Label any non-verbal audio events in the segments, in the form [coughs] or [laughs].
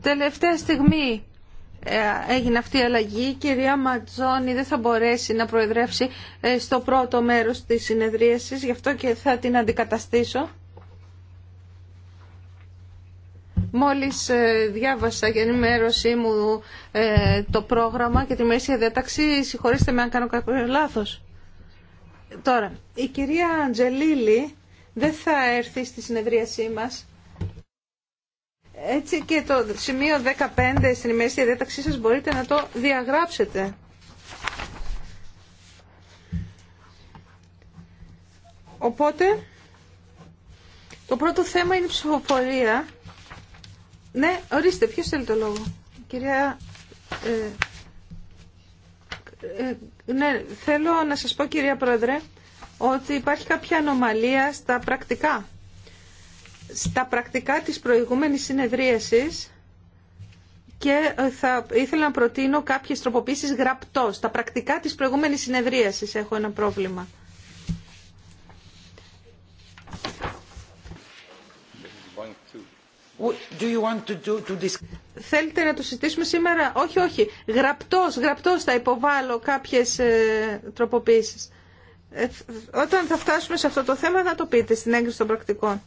Τελευταία στιγμή ε, έγινε αυτή η αλλαγή. Η κυρία Ματζόνη δεν θα μπορέσει να προεδρεύσει ε, στο πρώτο μέρος της συνεδρίασης, γι' αυτό και θα την αντικαταστήσω. Μόλις ε, διάβασα για ενημέρωσή μου το πρόγραμμα και τη μέση διάταξη, συγχωρήστε με αν κάνω κάποιο λάθος. Τώρα, η κυρία Αντζελίλη δεν θα έρθει στη συνεδρίασή μας. Έτσι και το σημείο 15 στην ημερήσια διάταξή σας μπορείτε να το διαγράψετε. Οπότε, το πρώτο θέμα είναι η ψηφοφορία. Ναι, ορίστε, ποιος θέλει το λόγο. κυρία ε, ε ναι, θέλω να σας πω κυρία Πρόεδρε ότι υπάρχει κάποια ανομαλία στα πρακτικά. Στα πρακτικά της προηγούμενης συνεδρίασης και ε, θα ήθελα να προτείνω κάποιες τροποποίησεις γραπτώς. Στα πρακτικά της προηγούμενης συνεδρίασης έχω ένα πρόβλημα. Θέλετε να το συζητήσουμε σήμερα. Όχι, όχι. Γραπτός, γραπτός θα υποβάλω κάποιες ε, τροποποίησεις. Ε, όταν θα φτάσουμε σε αυτό το θέμα θα το πείτε στην έγκριση των πρακτικών.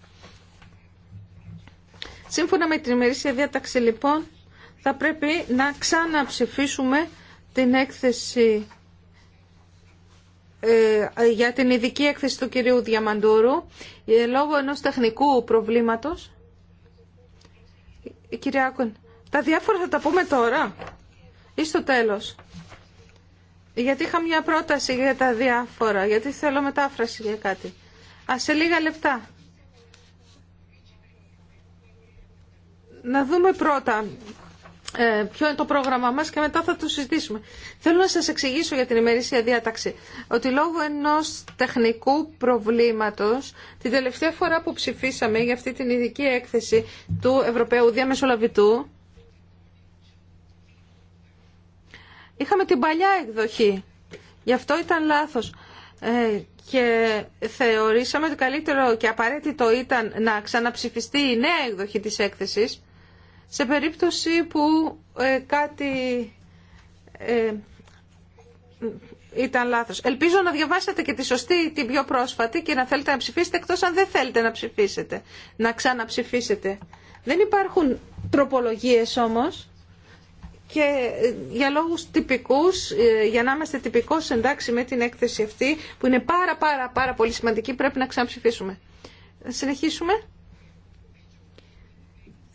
Σύμφωνα με την ημερήσια διάταξη λοιπόν θα πρέπει να ξαναψηφίσουμε την έκθεση ε, για την ειδική έκθεση του κυρίου Διαμαντούρου ε, λόγω ενός τεχνικού προβλήματος κυρία τα διάφορα θα τα πούμε τώρα ή στο τέλος. Γιατί είχα μια πρόταση για τα διάφορα, γιατί θέλω μετάφραση για κάτι. Α, σε λίγα λεπτά. Να δούμε πρώτα ε, ποιο είναι το πρόγραμμά μας και μετά θα το συζητήσουμε. Θέλω να σας εξηγήσω για την ημερήσια διάταξη ότι λόγω ενός τεχνικού προβλήματος την τελευταία φορά που ψηφίσαμε για αυτή την ειδική έκθεση του Ευρωπαίου Διαμεσολαβητού είχαμε την παλιά εκδοχή. Γι' αυτό ήταν λάθος. Ε, και θεωρήσαμε ότι καλύτερο και απαραίτητο ήταν να ξαναψηφιστεί η νέα εκδοχή της έκθεσης σε περίπτωση που ε, κάτι ε, ήταν λάθος. Ελπίζω να διαβάσετε και τη σωστή, την πιο πρόσφατη και να θέλετε να ψηφίσετε εκτός αν δεν θέλετε να ψηφίσετε, να ξαναψηφίσετε. Δεν υπάρχουν τροπολογίες όμως και ε, για λόγους τυπικούς, ε, για να είμαστε τυπικώς εντάξει με την έκθεση αυτή που είναι πάρα πάρα πάρα πολύ σημαντική πρέπει να ξαναψηφίσουμε. Να συνεχίσουμε.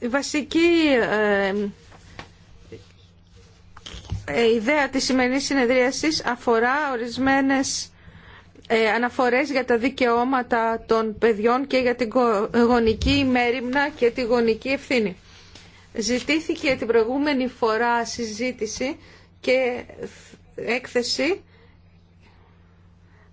Η βασική ε, ε, ιδέα της σημερινής συνεδρίασης αφορά ορισμένες ε, αναφορές για τα δικαιώματα των παιδιών και για την γονική μέρημνα και τη γονική ευθύνη. Ζητήθηκε την προηγούμενη φορά συζήτηση και έκθεση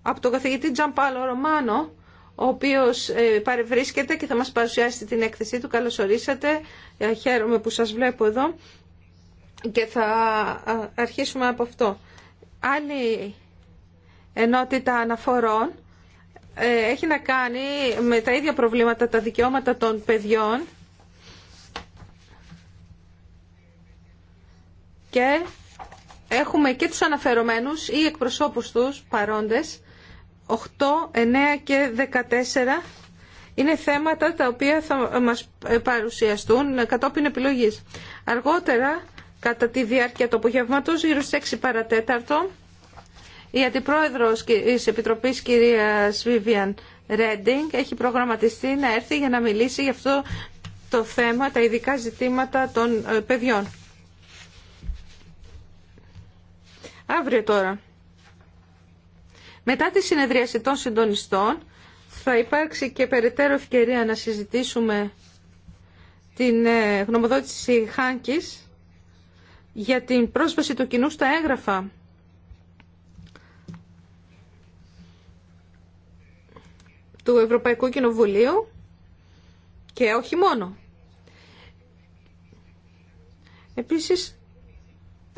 από τον καθηγητή Τζαμπάλο Ρωμάνο ο οποίος ε, παρευρίσκεται και θα μας παρουσιάσει την έκθεσή του. Καλώς ορίσατε. Ε, χαίρομαι που σας βλέπω εδώ και θα ε, αρχίσουμε από αυτό. Άλλη ενότητα αναφορών έχει να κάνει με τα ίδια προβλήματα, τα δικαιώματα των παιδιών και έχουμε και τους αναφερομένους ή εκπροσώπους τους παρόντες 8, 9 και 14 είναι θέματα τα οποία θα μας παρουσιαστούν κατόπιν επιλογής. Αργότερα, κατά τη διάρκεια του απογευματός, γύρω στις 6 παρατέταρτο, η Αντιπρόεδρος της Επιτροπής, κυρία Βίβιαν Ρέντινγκ, έχει προγραμματιστεί να έρθει για να μιλήσει για αυτό το θέμα, τα ειδικά ζητήματα των ε, παιδιών. Αύριο τώρα. Μετά τη συνεδρίαση των συντονιστών θα υπάρξει και περαιτέρω ευκαιρία να συζητήσουμε την ε, γνωμοδότηση Χάνκης για την πρόσβαση του κοινού στα έγγραφα. του Ευρωπαϊκού Κοινοβουλίου και όχι μόνο. Επίσης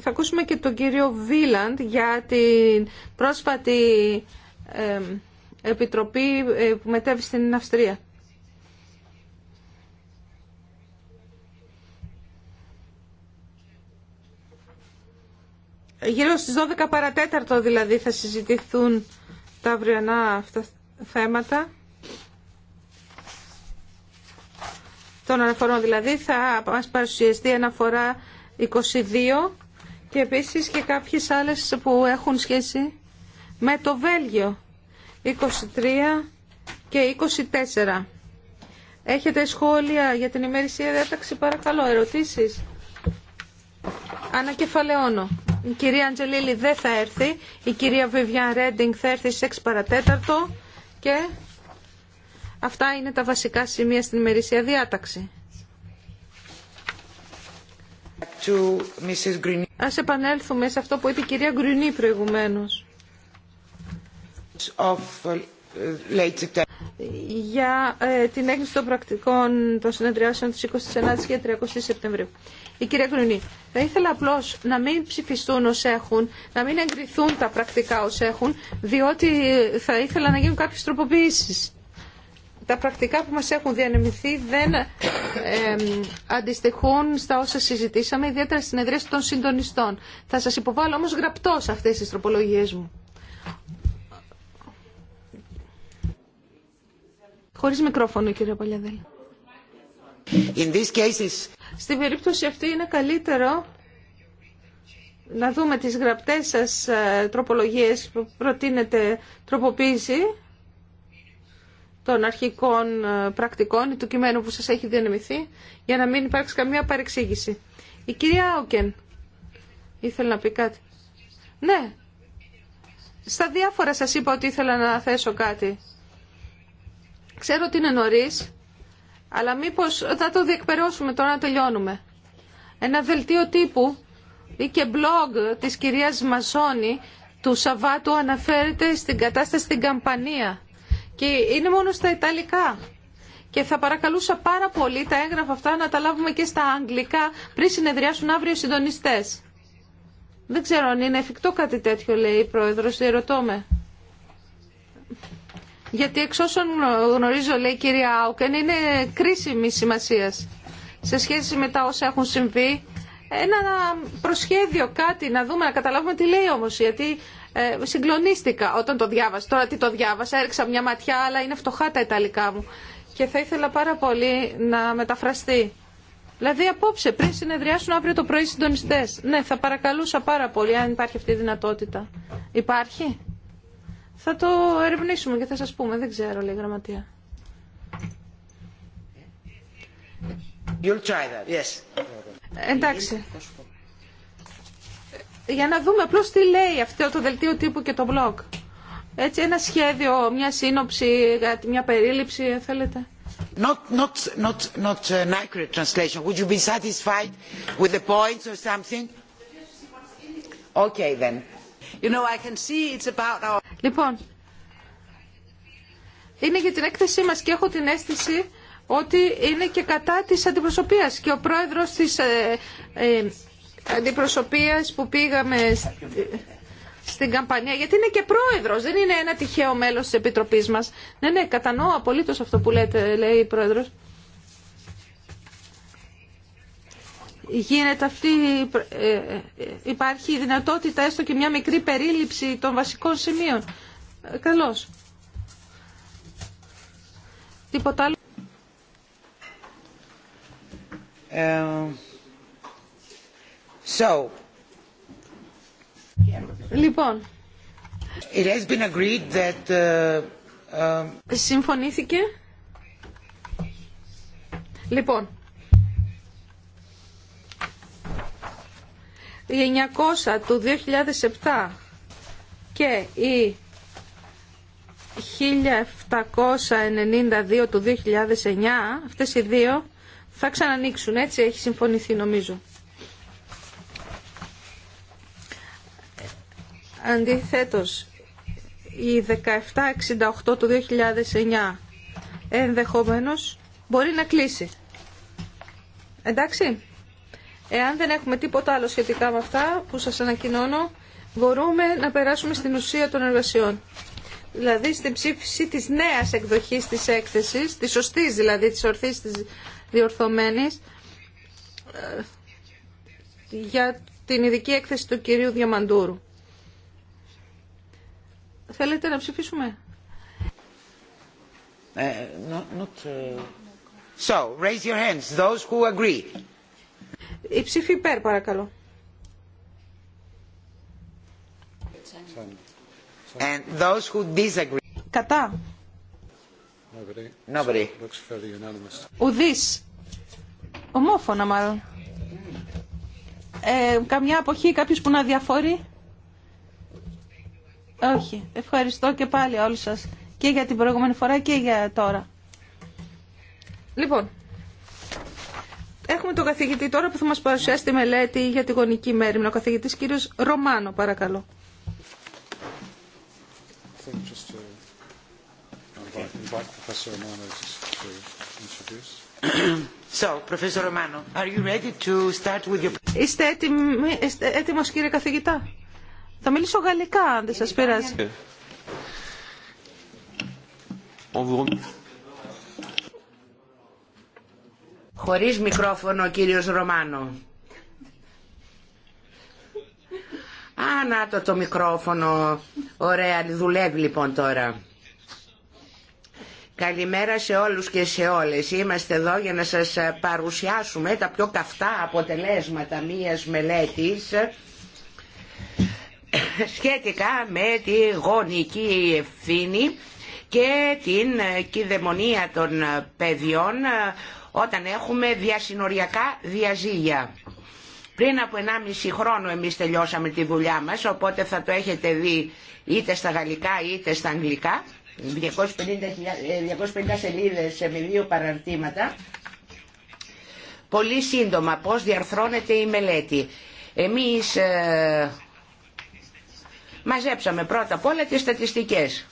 θα ακούσουμε και τον κύριο Βίλαντ για την πρόσφατη επιτροπή ε, που μετέβη στην Αυστρία. Γύρω στις 12 παρατέταρτο δηλαδή θα συζητηθούν τα αυριανά αυτά θέματα. Τον αναφορών δηλαδή θα μας παρουσιαστεί αναφορά 22 και επίσης και κάποιες άλλες που έχουν σχέση με το Βέλγιο 23 και 24. Έχετε σχόλια για την ημερησία διάταξη, παρακαλώ, ερωτήσεις. Ανακεφαλαιώνω. Η κυρία Αντζελίλη δεν θα έρθει, η κυρία Βιβιάν Ρέντινγκ θα έρθει στις 6 παρατέταρτο και αυτά είναι τα βασικά σημεία στην ημερησία διάταξη. Ας επανέλθουμε σε αυτό που είπε η κυρία Γκρινή προηγουμένως. Uh, για ε, την έγκριση των πρακτικών των συνεδριάσεων της 29ης και 30 Σεπτεμβρίου. Η κυρία Γκρουνή, θα ήθελα απλώς να μην ψηφιστούν ως έχουν, να μην εγκριθούν τα πρακτικά ως έχουν, διότι θα ήθελα να γίνουν κάποιες τροποποίησεις τα πρακτικά που μας έχουν διανεμηθεί δεν ε, αντιστοιχούν στα όσα συζητήσαμε, ιδιαίτερα στις συνεδρίες των συντονιστών. Θα σας υποβάλω όμως γραπτός αυτές τις τροπολογίες μου. Χωρίς μικρόφωνο, κύριε Παλιαδέλη. Στην περίπτωση αυτή είναι καλύτερο να δούμε τις γραπτές σας ε, τροπολογίες που προτείνετε τροποποίηση των αρχικών ε, πρακτικών ή του κειμένου που σας έχει διανεμηθεί για να μην υπάρξει καμία παρεξήγηση. Η κυρία Άουκεν ήθελε να πει κάτι. Ναι, στα διάφορα σας είπα ότι ήθελα να θέσω κάτι. Ξέρω ότι είναι νωρί, αλλά μήπως θα το διεκπαιρώσουμε τώρα να τελειώνουμε. Ένα δελτίο τύπου ή και blog της κυρίας Μαζόνη του Σαββάτου αναφέρεται στην κατάσταση στην Καμπανία και είναι μόνο στα Ιταλικά. Και θα παρακαλούσα πάρα πολύ τα έγγραφα αυτά να τα λάβουμε και στα Αγγλικά πριν συνεδριάσουν αύριο οι συντονιστές. Δεν ξέρω αν είναι εφικτό κάτι τέτοιο, λέει η Πρόεδρος, ρωτώ με. Γιατί εξ όσων γνωρίζω, λέει η κυρία Άουκεν, είναι κρίσιμη σημασία σε σχέση με τα όσα έχουν συμβεί. Ένα προσχέδιο, κάτι, να δούμε, να καταλάβουμε τι λέει όμως, γιατί ε, συγκλονίστηκα όταν το διάβασα. Τώρα τι το διάβασα, έριξα μια ματιά, αλλά είναι φτωχά τα Ιταλικά μου. Και θα ήθελα πάρα πολύ να μεταφραστεί. Δηλαδή απόψε, πριν συνεδριάσουν αύριο το πρωί συντονιστέ. Ναι, θα παρακαλούσα πάρα πολύ αν υπάρχει αυτή η δυνατότητα. Υπάρχει. Θα το ερευνήσουμε και θα σας πούμε. Δεν ξέρω, λέει η γραμματεία. Ε, εντάξει για να δούμε απλώς τι λέει αυτό το δελτίο τύπου και το blog. Έτσι ένα σχέδιο, μια σύνοψη, μια περίληψη, θέλετε. Not, not, not, not an accurate translation. Would you be satisfied with the points or something? Okay then. You know, I can see it's about our... Λοιπόν, είναι για την έκθεσή μας και έχω την αίσθηση ότι είναι και κατά της αντιπροσωπείας και ο πρόεδρος της ε, ε, αντιπροσωπείας που πήγαμε στην καμπανία, γιατί είναι και πρόεδρος, δεν είναι ένα τυχαίο μέλος της Επιτροπής μας. Ναι, ναι, κατανοώ απολύτως αυτό που λέτε, λέει η πρόεδρος. Γίνεται αυτή, ε, ε, ε, υπάρχει δυνατότητα έστω και μια μικρή περίληψη των βασικών σημείων. Καλώς. Τίποτα άλλο λοιπόν, uh, uh, συμφωνήθηκε. Λοιπόν, η 900 του 2007 και η 1792 του 2009, αυτές οι δύο θα ξανανοίξουν, έτσι έχει συμφωνηθεί νομίζω. Αντιθέτως, η 1768 του 2009 ενδεχομένως μπορεί να κλείσει. Εντάξει. Εάν δεν έχουμε τίποτα άλλο σχετικά με αυτά που σας ανακοινώνω, μπορούμε να περάσουμε στην ουσία των εργασιών. Δηλαδή στην ψήφιση της νέας εκδοχής της έκθεσης, της σωστής δηλαδή, της ορθής, της διορθωμένης, ε, για την ειδική έκθεση του κυρίου Διαμαντούρου. Θέλετε να ψηφίσουμε. Uh, not, not, ε. uh... So, raise your hands, those who agree. Η ψήφη υπέρ, παρακαλώ. And those who disagree. Κατά. Nobody. Nobody. Ουδής. Ομόφωνα μάλλον. Ε, καμιά αποχή, κάποιος που να διαφορεί. Όχι. Ευχαριστώ και πάλι όλους σας και για την προηγούμενη φορά και για τώρα. Λοιπόν, έχουμε τον καθηγητή τώρα που θα μας παρουσιάσει τη μελέτη για τη γονική μέρη. Ο καθηγητής κύριος Ρωμάνο, παρακαλώ. So, Professor Romano, are you ready to start with your... Είστε έτοιμοι, είστε έτοιμος κύριε καθηγητά. Θα μιλήσω γαλλικά, αν δεν σας πειράζει. Ε, Χωρίς μικρόφωνο ο κύριος Ρωμάνο. Α, το το μικρόφωνο. Ωραία, δουλεύει λοιπόν τώρα. Καλημέρα σε όλους και σε όλες. Είμαστε εδώ για να σας παρουσιάσουμε τα πιο καυτά αποτελέσματα μίας μελέτης σχετικά με τη γονική ευθύνη και την κυδαιμονία των παιδιών ε, όταν έχουμε διασυνοριακά διαζύγια. Πριν από 1,5 χρόνο εμείς τελειώσαμε τη δουλειά μας, οπότε θα το έχετε δει είτε στα γαλλικά είτε στα αγγλικά. 250, 250 ε, σελίδες με δύο παραρτήματα. Πολύ σύντομα πώς διαρθρώνεται η μελέτη. Εμείς ε, Μαζέψαμε πρώτα απ' όλα τις στατιστικές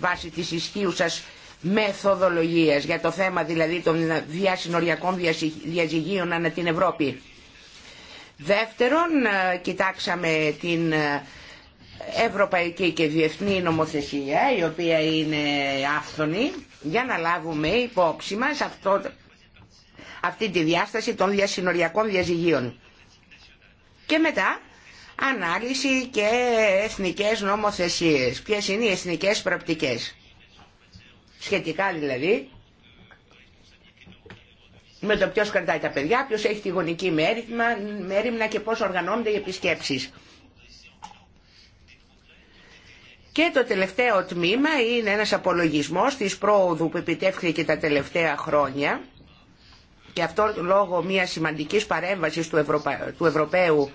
βάσει της ισχύουσας μεθοδολογίας για το θέμα δηλαδή των διασυνοριακών διαζυγίων ανά την Ευρώπη. Δεύτερον, ε, κοιτάξαμε την ε, ευρωπαϊκή και διεθνή νομοθεσία η οποία είναι άφθονη για να λάβουμε υπόψη μας αυτό, αυτή τη διάσταση των διασυνοριακών διαζυγίων. Και μετά ανάλυση και εθνικές νομοθεσίες. Ποιες είναι οι εθνικές πρακτικές. Σχετικά δηλαδή με το ποιος κρατάει τα παιδιά, ποιος έχει τη γονική μέρημνα και πώς οργανώνονται οι επισκέψεις. Και το τελευταίο τμήμα είναι ένας απολογισμός της πρόοδου που επιτεύχθηκε τα τελευταία χρόνια και αυτό λόγω μια σημαντικής παρέμβασης του, του Ευρωπαίου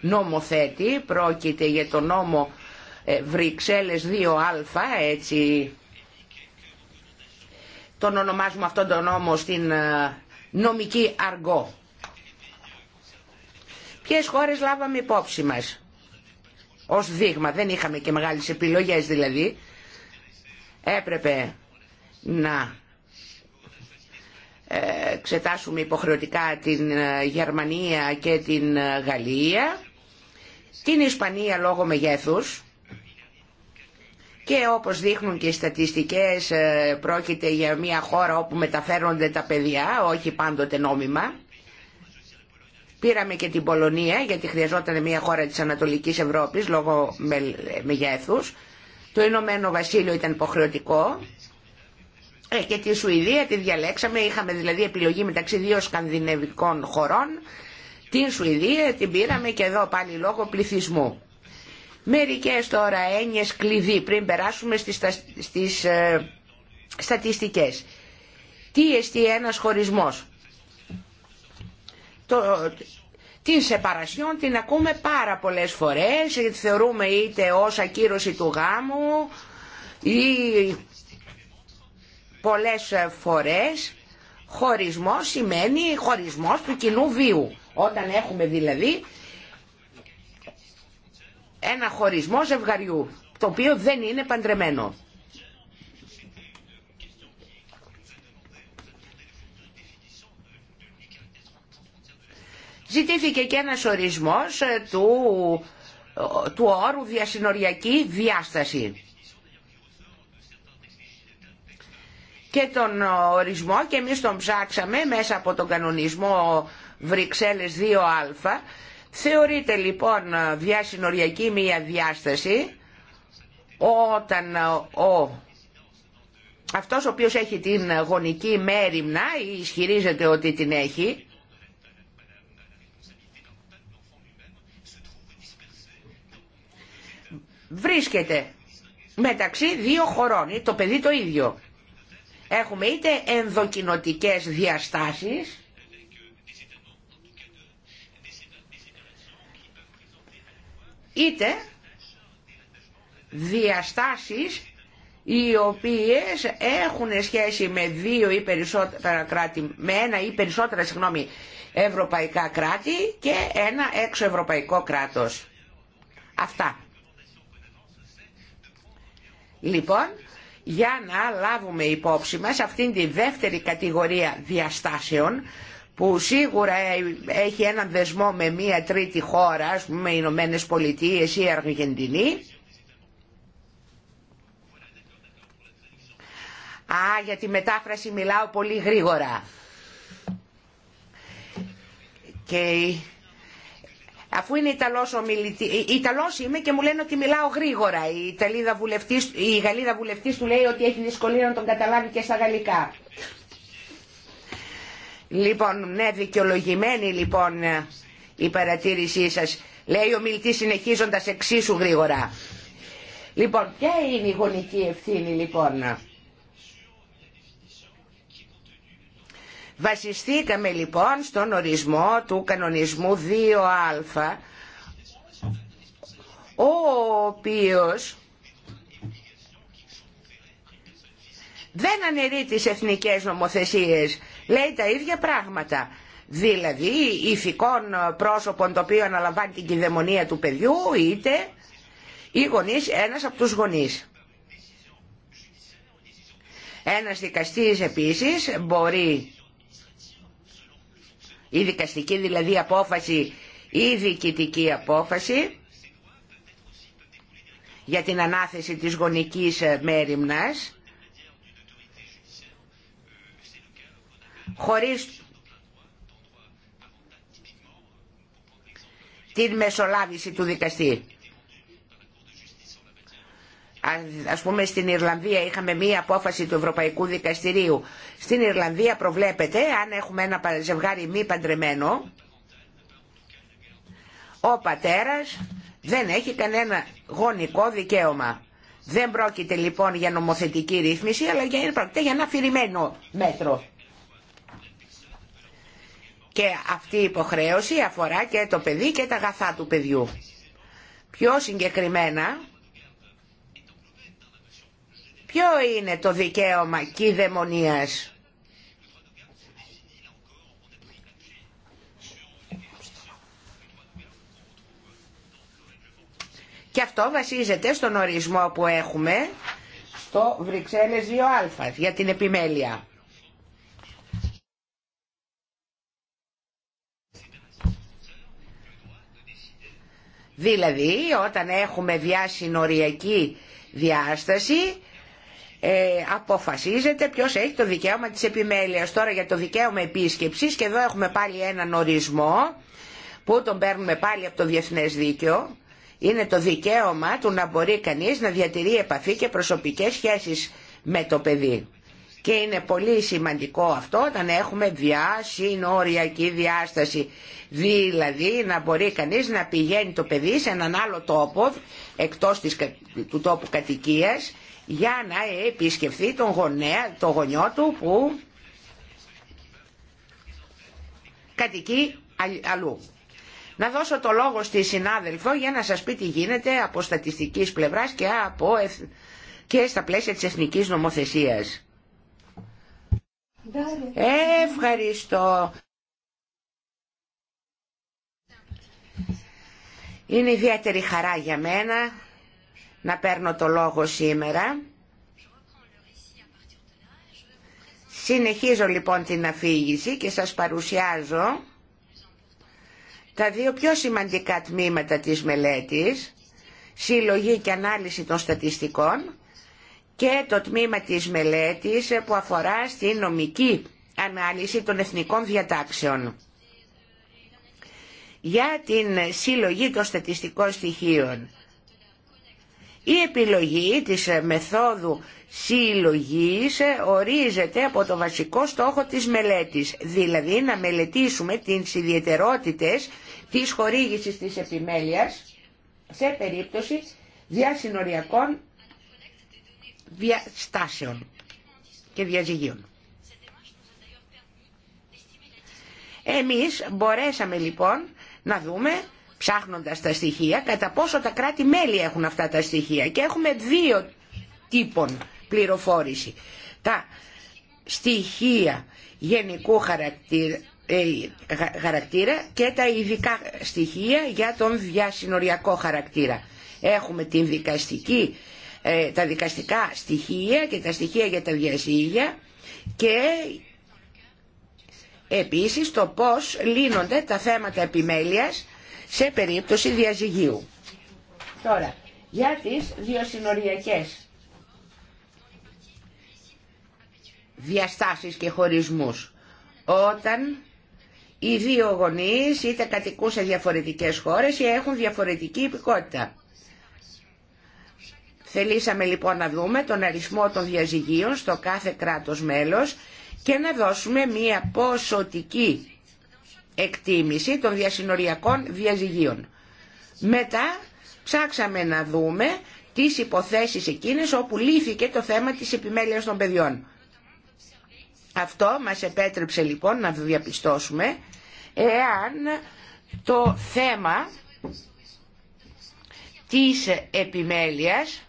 νομοθέτη, πρόκειται για το νόμο ε, Βρυξέλλες 2α, έτσι τον ονομάζουμε αυτόν τον νόμο στην ε, νομική αργό. Ποιες χώρες λάβαμε υπόψη μας ως δείγμα, δεν είχαμε και μεγάλες επιλογές δηλαδή, έπρεπε να Ξετάσουμε υποχρεωτικά την ε, Γερμανία και την ε, Γαλλία, την Ισπανία λόγω μεγέθους και όπως δείχνουν και οι στατιστικές ε, πρόκειται για μια χώρα όπου μεταφέρονται τα παιδιά, όχι πάντοτε νόμιμα. Πήραμε και την Πολωνία γιατί χρειαζόταν μια χώρα της Ανατολικής Ευρώπης λόγω μεγέθους. Το Ηνωμένο Βασίλειο ήταν υποχρεωτικό ε, και τη Σουηδία τη διαλέξαμε, είχαμε δηλαδή επιλογή μεταξύ δύο σκανδιναβικών χωρών. Την Σουηδία την πήραμε και εδώ πάλι λόγω πληθυσμού. Μερικές τώρα έννοιες κλειδί πριν περάσουμε στις, στις ε, στατιστικές. Τι εστί ένας χωρισμός. Το, την σεπαρασιόν την ακούμε πάρα πολλές φορές, γιατί θεωρούμε είτε ως ακύρωση του γάμου ή πολλές ε, φορές χωρισμός σημαίνει χωρισμός του κοινού βίου. Όταν έχουμε δηλαδή ένα χωρισμό ζευγαριού, το οποίο δεν είναι παντρεμένο. Ζητήθηκε και ένας ορισμός ε, του, ε, του όρου διασυνοριακή διάσταση. και τον ε, ορισμό και εμείς τον ψάξαμε μέσα από τον κανονισμό Βρυξέλλες 2α. Θεωρείται λοιπόν ε, διασυνοριακή μία διάσταση όταν ε, ο αυτός ο οποίος έχει την γονική μέρημνα ή ισχυρίζεται ότι την έχει βρίσκεται μεταξύ δύο χωρών, το παιδί το ίδιο. Έχουμε είτε ενδοκινοτικές διαστάσεις, είτε διαστάσεις οι οποίες έχουν σχέση με δύο ή περισσότερα κράτη, με ένα ή περισσότερα συγγνώμη, ευρωπαϊκά κράτη και ένα εξωευρωπαϊκό κράτος. Αυτά. Λοιπόν, για να λάβουμε υπόψη μας αυτήν τη δεύτερη κατηγορία διαστάσεων που σίγουρα έχει έναν δεσμό με μία τρίτη χώρα, ας πούμε οι Ηνωμένε Πολιτείε ή η αργεντινη Α, για τη μετάφραση μιλάω πολύ γρήγορα. Και αφού είναι Ιταλός, ομιλητή, ε, Ιταλός είμαι και μου λένε ότι μιλάω γρήγορα. Η, Ιταλίδα βουλευτής, η Γαλλίδα βουλευτής του λέει ότι έχει δυσκολία να τον καταλάβει και στα γαλλικά. Λοιπόν, ναι, δικαιολογημένη λοιπόν η παρατήρησή σας. Λέει ο μιλητής συνεχίζοντας εξίσου γρήγορα. Λοιπόν, ποια είναι η γονική ευθύνη λοιπόν. Βασιστήκαμε λοιπόν στον ορισμό του κανονισμού 2α, ο οποίος δεν αναιρεί τις εθνικές νομοθεσίες, λέει τα ίδια πράγματα. Δηλαδή ηθικών πρόσωπων το οποίο αναλαμβάνει την κυδαιμονία του παιδιού, είτε ή γονείς, ένας από τους γονείς. Ένας δικαστής επίσης μπορεί η δικαστική δηλαδή απόφαση ή διοικητική απόφαση για την ανάθεση της γονικής ε, μέριμνας χωρίς την μεσολάβηση του δικαστή. Ας πούμε στην Ιρλανδία είχαμε μία απόφαση του Ευρωπαϊκού Δικαστηρίου. Στην Ιρλανδία προβλέπεται, αν έχουμε ένα ζευγάρι μη παντρεμένο, ο πατέρας δεν έχει κανένα γονικό δικαίωμα. Δεν πρόκειται λοιπόν για νομοθετική ρύθμιση, αλλά για, πρόκειται για ένα αφηρημένο μέτρο. Και αυτή η υποχρέωση αφορά και το παιδί και τα αγαθά του παιδιού. Πιο συγκεκριμένα, Ποιο είναι το δικαίωμα κυδαιμονίας. Και αυτό βασίζεται στον ορισμό που έχουμε στο Βρυξέλλες 2α για την επιμέλεια. Δηλαδή όταν έχουμε διασυνοριακή διάσταση ε, αποφασίζεται ποιος έχει το δικαίωμα της επιμέλειας. Τώρα για το δικαίωμα επίσκεψης και εδώ έχουμε πάλι έναν ορισμό που τον παίρνουμε πάλι από το Διεθνές Δίκαιο. Είναι το δικαίωμα του να μπορεί κανείς να διατηρεί επαφή και προσωπικές σχέσεις με το παιδί. Και είναι πολύ σημαντικό αυτό όταν έχουμε διασυνοριακή διάσταση. Δηλαδή να μπορεί κανείς να πηγαίνει το παιδί σε έναν άλλο τόπο εκτός του τόπου κατοικίας για να επισκεφθεί τον, γονέα, τον γονιό του που κατοικεί αλλού. Να δώσω το λόγο στη συνάδελφο για να σας πει τι γίνεται από στατιστικής πλευράς και, από και στα πλαίσια της εθνικής νομοθεσίας. Ευχαριστώ. Είναι ιδιαίτερη χαρά για μένα να παίρνω το λόγο σήμερα. Συνεχίζω λοιπόν την αφήγηση και σας παρουσιάζω τα δύο πιο σημαντικά τμήματα της μελέτης, συλλογή και ανάλυση των στατιστικών και το τμήμα της μελέτης που αφορά στη νομική ανάλυση των εθνικών διατάξεων. Για την συλλογή των στατιστικών στοιχείων η επιλογή της ε, μεθόδου συλλογής ε, ορίζεται από το βασικό στόχο της μελέτης, δηλαδή να μελετήσουμε τις ιδιαιτερότητες της χορήγησης της επιμέλειας σε περίπτωση διασυνοριακών διαστάσεων και διαζυγίων. Εμείς μπορέσαμε λοιπόν να δούμε ψάχνοντας τα στοιχεία κατά πόσο τα κράτη-μέλη έχουν αυτά τα στοιχεία και έχουμε δύο τύπων πληροφόρηση. Τα στοιχεία γενικού χαρακτήρα, ε, και τα ειδικά στοιχεία για τον διασυνοριακό χαρακτήρα. Έχουμε την δικαστική, ε, τα δικαστικά στοιχεία και τα στοιχεία για τα διασύγια και επίσης το πώς λύνονται τα θέματα επιμέλειας σε περίπτωση διαζυγίου. Τώρα, για τις διοσυνοριακές διαστάσεις και χωρισμούς. Όταν οι δύο γονείς είτε κατοικούν σε διαφορετικές χώρες ή έχουν διαφορετική υπηκότητα. Θελήσαμε λοιπόν να δούμε τον αριθμό των διαζυγίων στο κάθε κράτος μέλος και να δώσουμε μία ποσοτική εκτίμηση των διασυνοριακών διαζυγίων. Μετά ψάξαμε να δούμε τις υποθέσεις εκείνες όπου λύθηκε το θέμα της επιμέλειας των παιδιών. Αυτό μας επέτρεψε λοιπόν να διαπιστώσουμε εάν το θέμα της επιμέλειας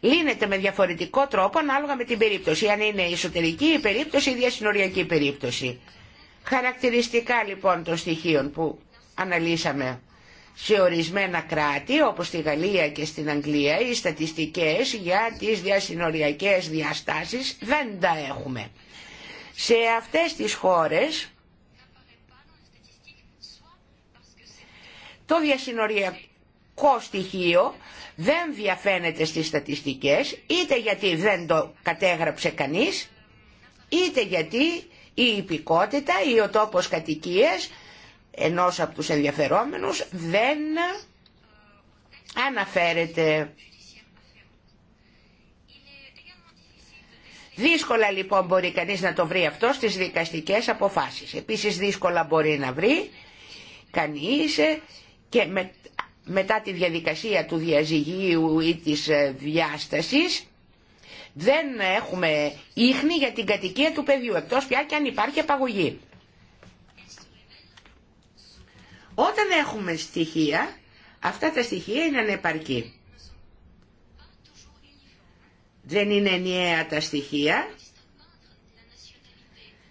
λύνεται με διαφορετικό τρόπο ανάλογα με την περίπτωση. Αν είναι εσωτερική η περίπτωση ή διασυνοριακή περίπτωση. Χαρακτηριστικά λοιπόν των στοιχείων που αναλύσαμε σε ορισμένα κράτη όπως στη Γαλλία και στην Αγγλία οι στατιστικές για τις διασυνοριακές διαστάσεις δεν τα έχουμε. Σε αυτές τις χώρες το διασυνοριακό στοιχείο δεν διαφαίνεται στις στατιστικές είτε γιατί δεν το κατέγραψε κανείς είτε γιατί η υπηκότητα ή ο τόπος κατοικίας ενός από τους ενδιαφερόμενους δεν αναφέρεται. Δύσκολα λοιπόν μπορεί κανείς να το βρει αυτό στις δικαστικές αποφάσεις. Επίσης δύσκολα μπορεί να βρει κανείς ε, και με μετά τη διαδικασία του διαζυγίου ή της ε, διάστασης δεν έχουμε ίχνη για την κατοικία του παιδιού εκτός πια και αν υπάρχει απαγωγή. Όταν έχουμε στοιχεία, αυτά τα στοιχεία είναι ανεπαρκή. Δεν είναι ενιαία τα στοιχεία,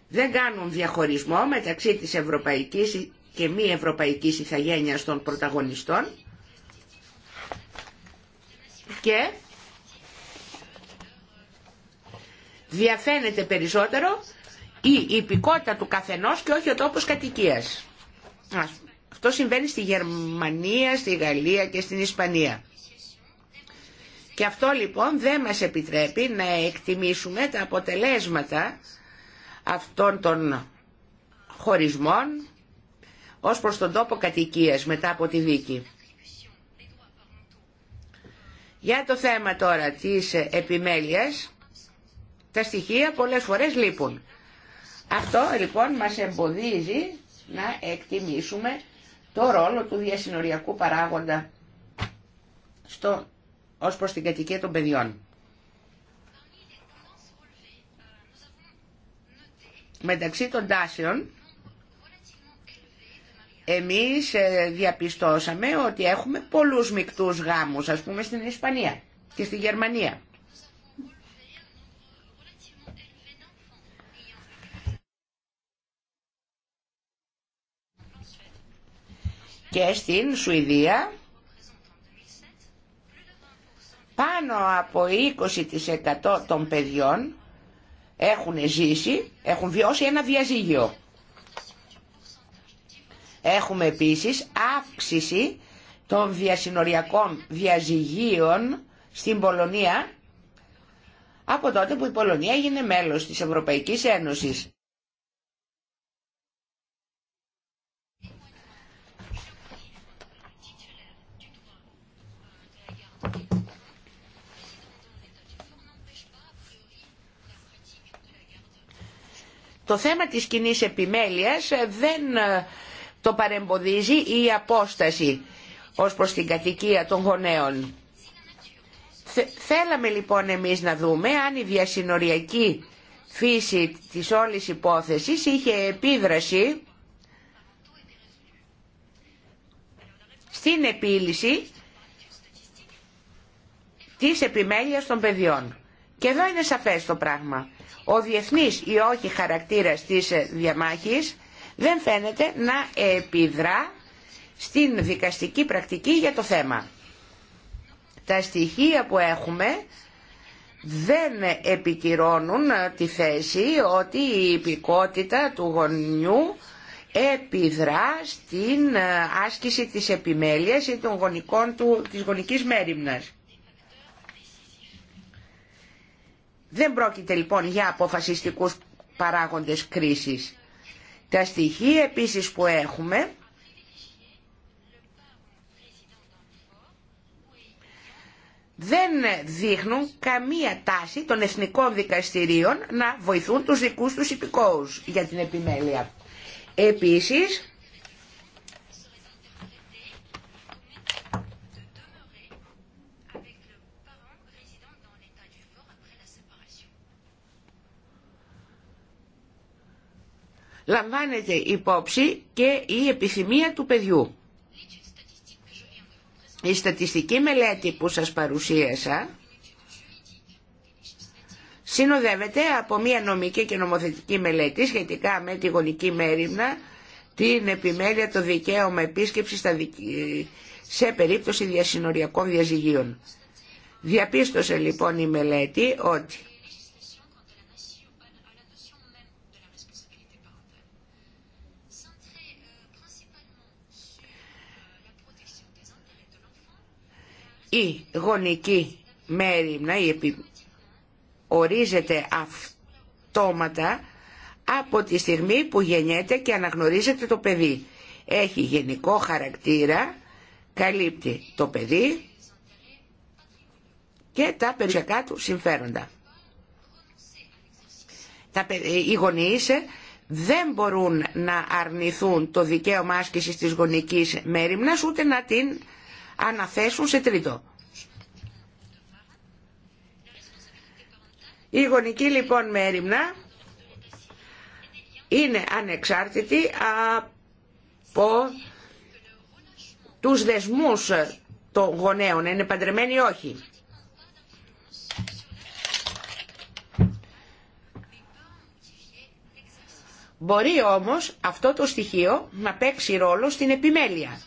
δεν κάνουν διαχωρισμό μεταξύ της ευρωπαϊκής και μη ευρωπαϊκής ηθαγένειας των πρωταγωνιστών και διαφαίνεται περισσότερο η υπηκότητα του καθενός και όχι ο τόπος κατοικίας. Αυτό συμβαίνει στη Γερμανία, στη Γαλλία και στην Ισπανία. Και αυτό λοιπόν δεν μας επιτρέπει να εκτιμήσουμε τα αποτελέσματα αυτών των χωρισμών ως προς τον τόπο κατοικίας μετά από τη δίκη. Για το θέμα τώρα της επιμέλειας, τα στοιχεία πολλές φορές λείπουν. Αυτό λοιπόν μας εμποδίζει να εκτιμήσουμε το ρόλο του διασυνοριακού παράγοντα στο, ως προς την κατοικία των παιδιών. Μεταξύ των τάσεων εμείς ε, διαπιστώσαμε ότι έχουμε πολλούς μικτούς γάμους, ας πούμε στην Ισπανία και στη Γερμανία. Και στην Σουηδία πάνω από 20% των παιδιών έχουν ζήσει, έχουν βιώσει ένα διαζύγιο. Έχουμε επίσης αύξηση των διασυνοριακών διαζυγίων στην Πολωνία από τότε που η Πολωνία έγινε μέλος της Ευρωπαϊκής Ένωσης. Το θέμα της κοινή επιμέλειας δεν το παρεμποδίζει η απόσταση ως προς την κατοικία των γονέων. Θέλαμε λοιπόν εμείς να δούμε αν η διασυνοριακή φύση της όλης υπόθεσης είχε επίδραση στην επίλυση της επιμέλειας των παιδιών. Και εδώ είναι σαφές το πράγμα. Ο διεθνής ή όχι χαρακτήρας της διαμάχης δεν φαίνεται να επιδρά στην δικαστική πρακτική για το θέμα. Τα στοιχεία που έχουμε δεν επικυρώνουν τη θέση ότι η υπηκότητα του γονιού επιδρά στην άσκηση της επιμέλειας ή των γονικών του, της γονικής μέρημνας. Δεν πρόκειται λοιπόν για αποφασιστικούς παράγοντες κρίσης. Τα στοιχεία επίσης που έχουμε δεν δείχνουν καμία τάση των εθνικών δικαστηρίων να βοηθούν τους δικούς τους υπηκόους για την επιμέλεια. Επίσης, λαμβάνεται υπόψη και η επιθυμία του παιδιού. Η στατιστική μελέτη που σας παρουσίασα συνοδεύεται από μια νομική και νομοθετική μελέτη σχετικά με τη γονική μέρημνα, την επιμέλεια, το δικαίωμα επίσκεψη σε περίπτωση διασυνοριακών διαζυγίων. Διαπίστωσε λοιπόν η μελέτη ότι η γονική μέρημνα η επι... ορίζεται αυτόματα από τη στιγμή που γεννιέται και αναγνωρίζεται το παιδί. Έχει γενικό χαρακτήρα, καλύπτει το παιδί και τα περιουσιακά του συμφέροντα. Τα, οι γονείς δεν μπορούν να αρνηθούν το δικαίωμα άσκησης της γονικής μέρημνας ούτε να την αναθέσουν σε τρίτο. Η γονική λοιπόν μέρημνα είναι ανεξάρτητη από τους δεσμούς των γονέων, είναι παντρεμένοι ή όχι. Μπορεί όμως αυτό το στοιχείο να παίξει ρόλο στην επιμέλεια.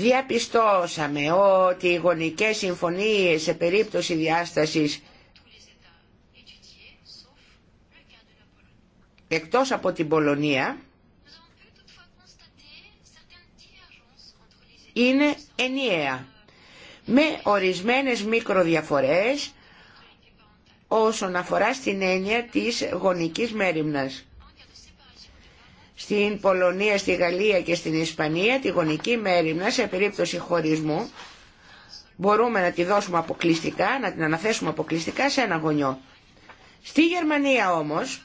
διαπιστώσαμε ότι οι γονικές συμφωνίες σε περίπτωση διάστασης εκτός από την Πολωνία είναι ενιαία με ορισμένες μικροδιαφορές όσον αφορά στην έννοια της γονικής μέρημνας στην Πολωνία, στη Γαλλία και στην Ισπανία τη γονική μέρημνα σε περίπτωση χωρισμού μπορούμε να τη δώσουμε αποκλειστικά, να την αναθέσουμε αποκλειστικά σε ένα γονιό. Στη Γερμανία όμως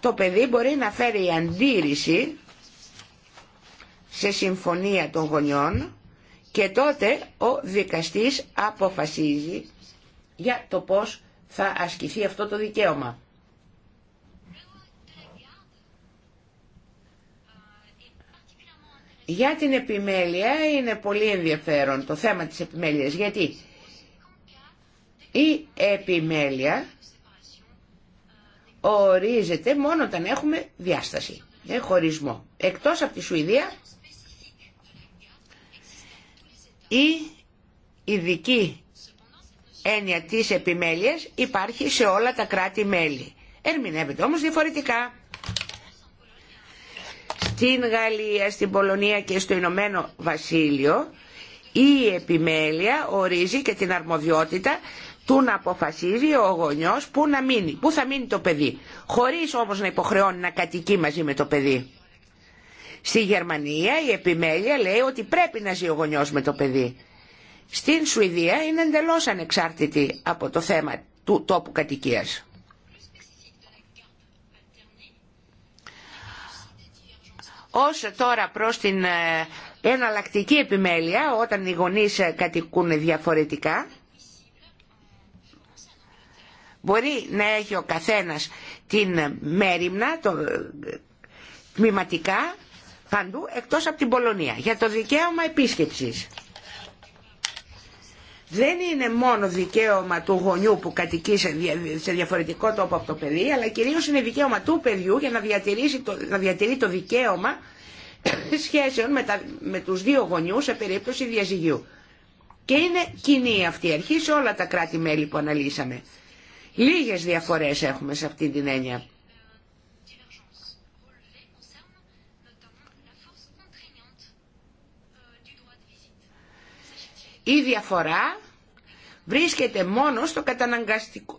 το παιδί μπορεί να φέρει αντίρρηση σε συμφωνία των γονιών και τότε ο δικαστής αποφασίζει για το πώς θα ασκηθεί αυτό το δικαίωμα. Για την επιμέλεια είναι πολύ ενδιαφέρον το θέμα της επιμέλειας. Γιατί η επιμέλεια ορίζεται μόνο όταν έχουμε διάσταση, ε, χωρισμό. Εκτός από τη Σουηδία, η ειδική έννοια της επιμέλειας υπάρχει σε όλα τα κράτη-μέλη. Ερμηνεύεται όμως διαφορετικά. Στην Γαλλία, στην Πολωνία και στο Ηνωμένο Βασίλειο η επιμέλεια ορίζει και την αρμοδιότητα του να αποφασίζει ο γονιός που, να μείνει, που θα μείνει το παιδί, χωρίς όμως να υποχρεώνει να κατοικεί μαζί με το παιδί. Στη Γερμανία η επιμέλεια λέει ότι πρέπει να ζει ο γονιός με το παιδί. Στην Σουηδία είναι εντελώς ανεξάρτητη από το θέμα του τόπου κατοικίας. Ως τώρα προς την ε, εναλλακτική επιμέλεια, όταν οι γονείς ε, κατοικούν διαφορετικά, μπορεί να έχει ο καθένας την ε, μέρημνα το, τμηματικά παντού εκτός από την Πολωνία για το δικαίωμα επίσκεψης δεν είναι μόνο δικαίωμα του γονιού που κατοικεί σε διαφορετικό τόπο από το παιδί, αλλά κυρίως είναι δικαίωμα του παιδιού για να, διατηρήσει το, να διατηρεί το δικαίωμα [coughs] σχέσεων με, τα, με τους δύο γονιούς σε περίπτωση διαζυγίου. Και είναι κοινή αυτή η αρχή σε όλα τα κράτη-μέλη που αναλύσαμε. Λίγες διαφορές έχουμε σε αυτή την έννοια. Η διαφορά βρίσκεται μόνο στο, καταναγκαστικό,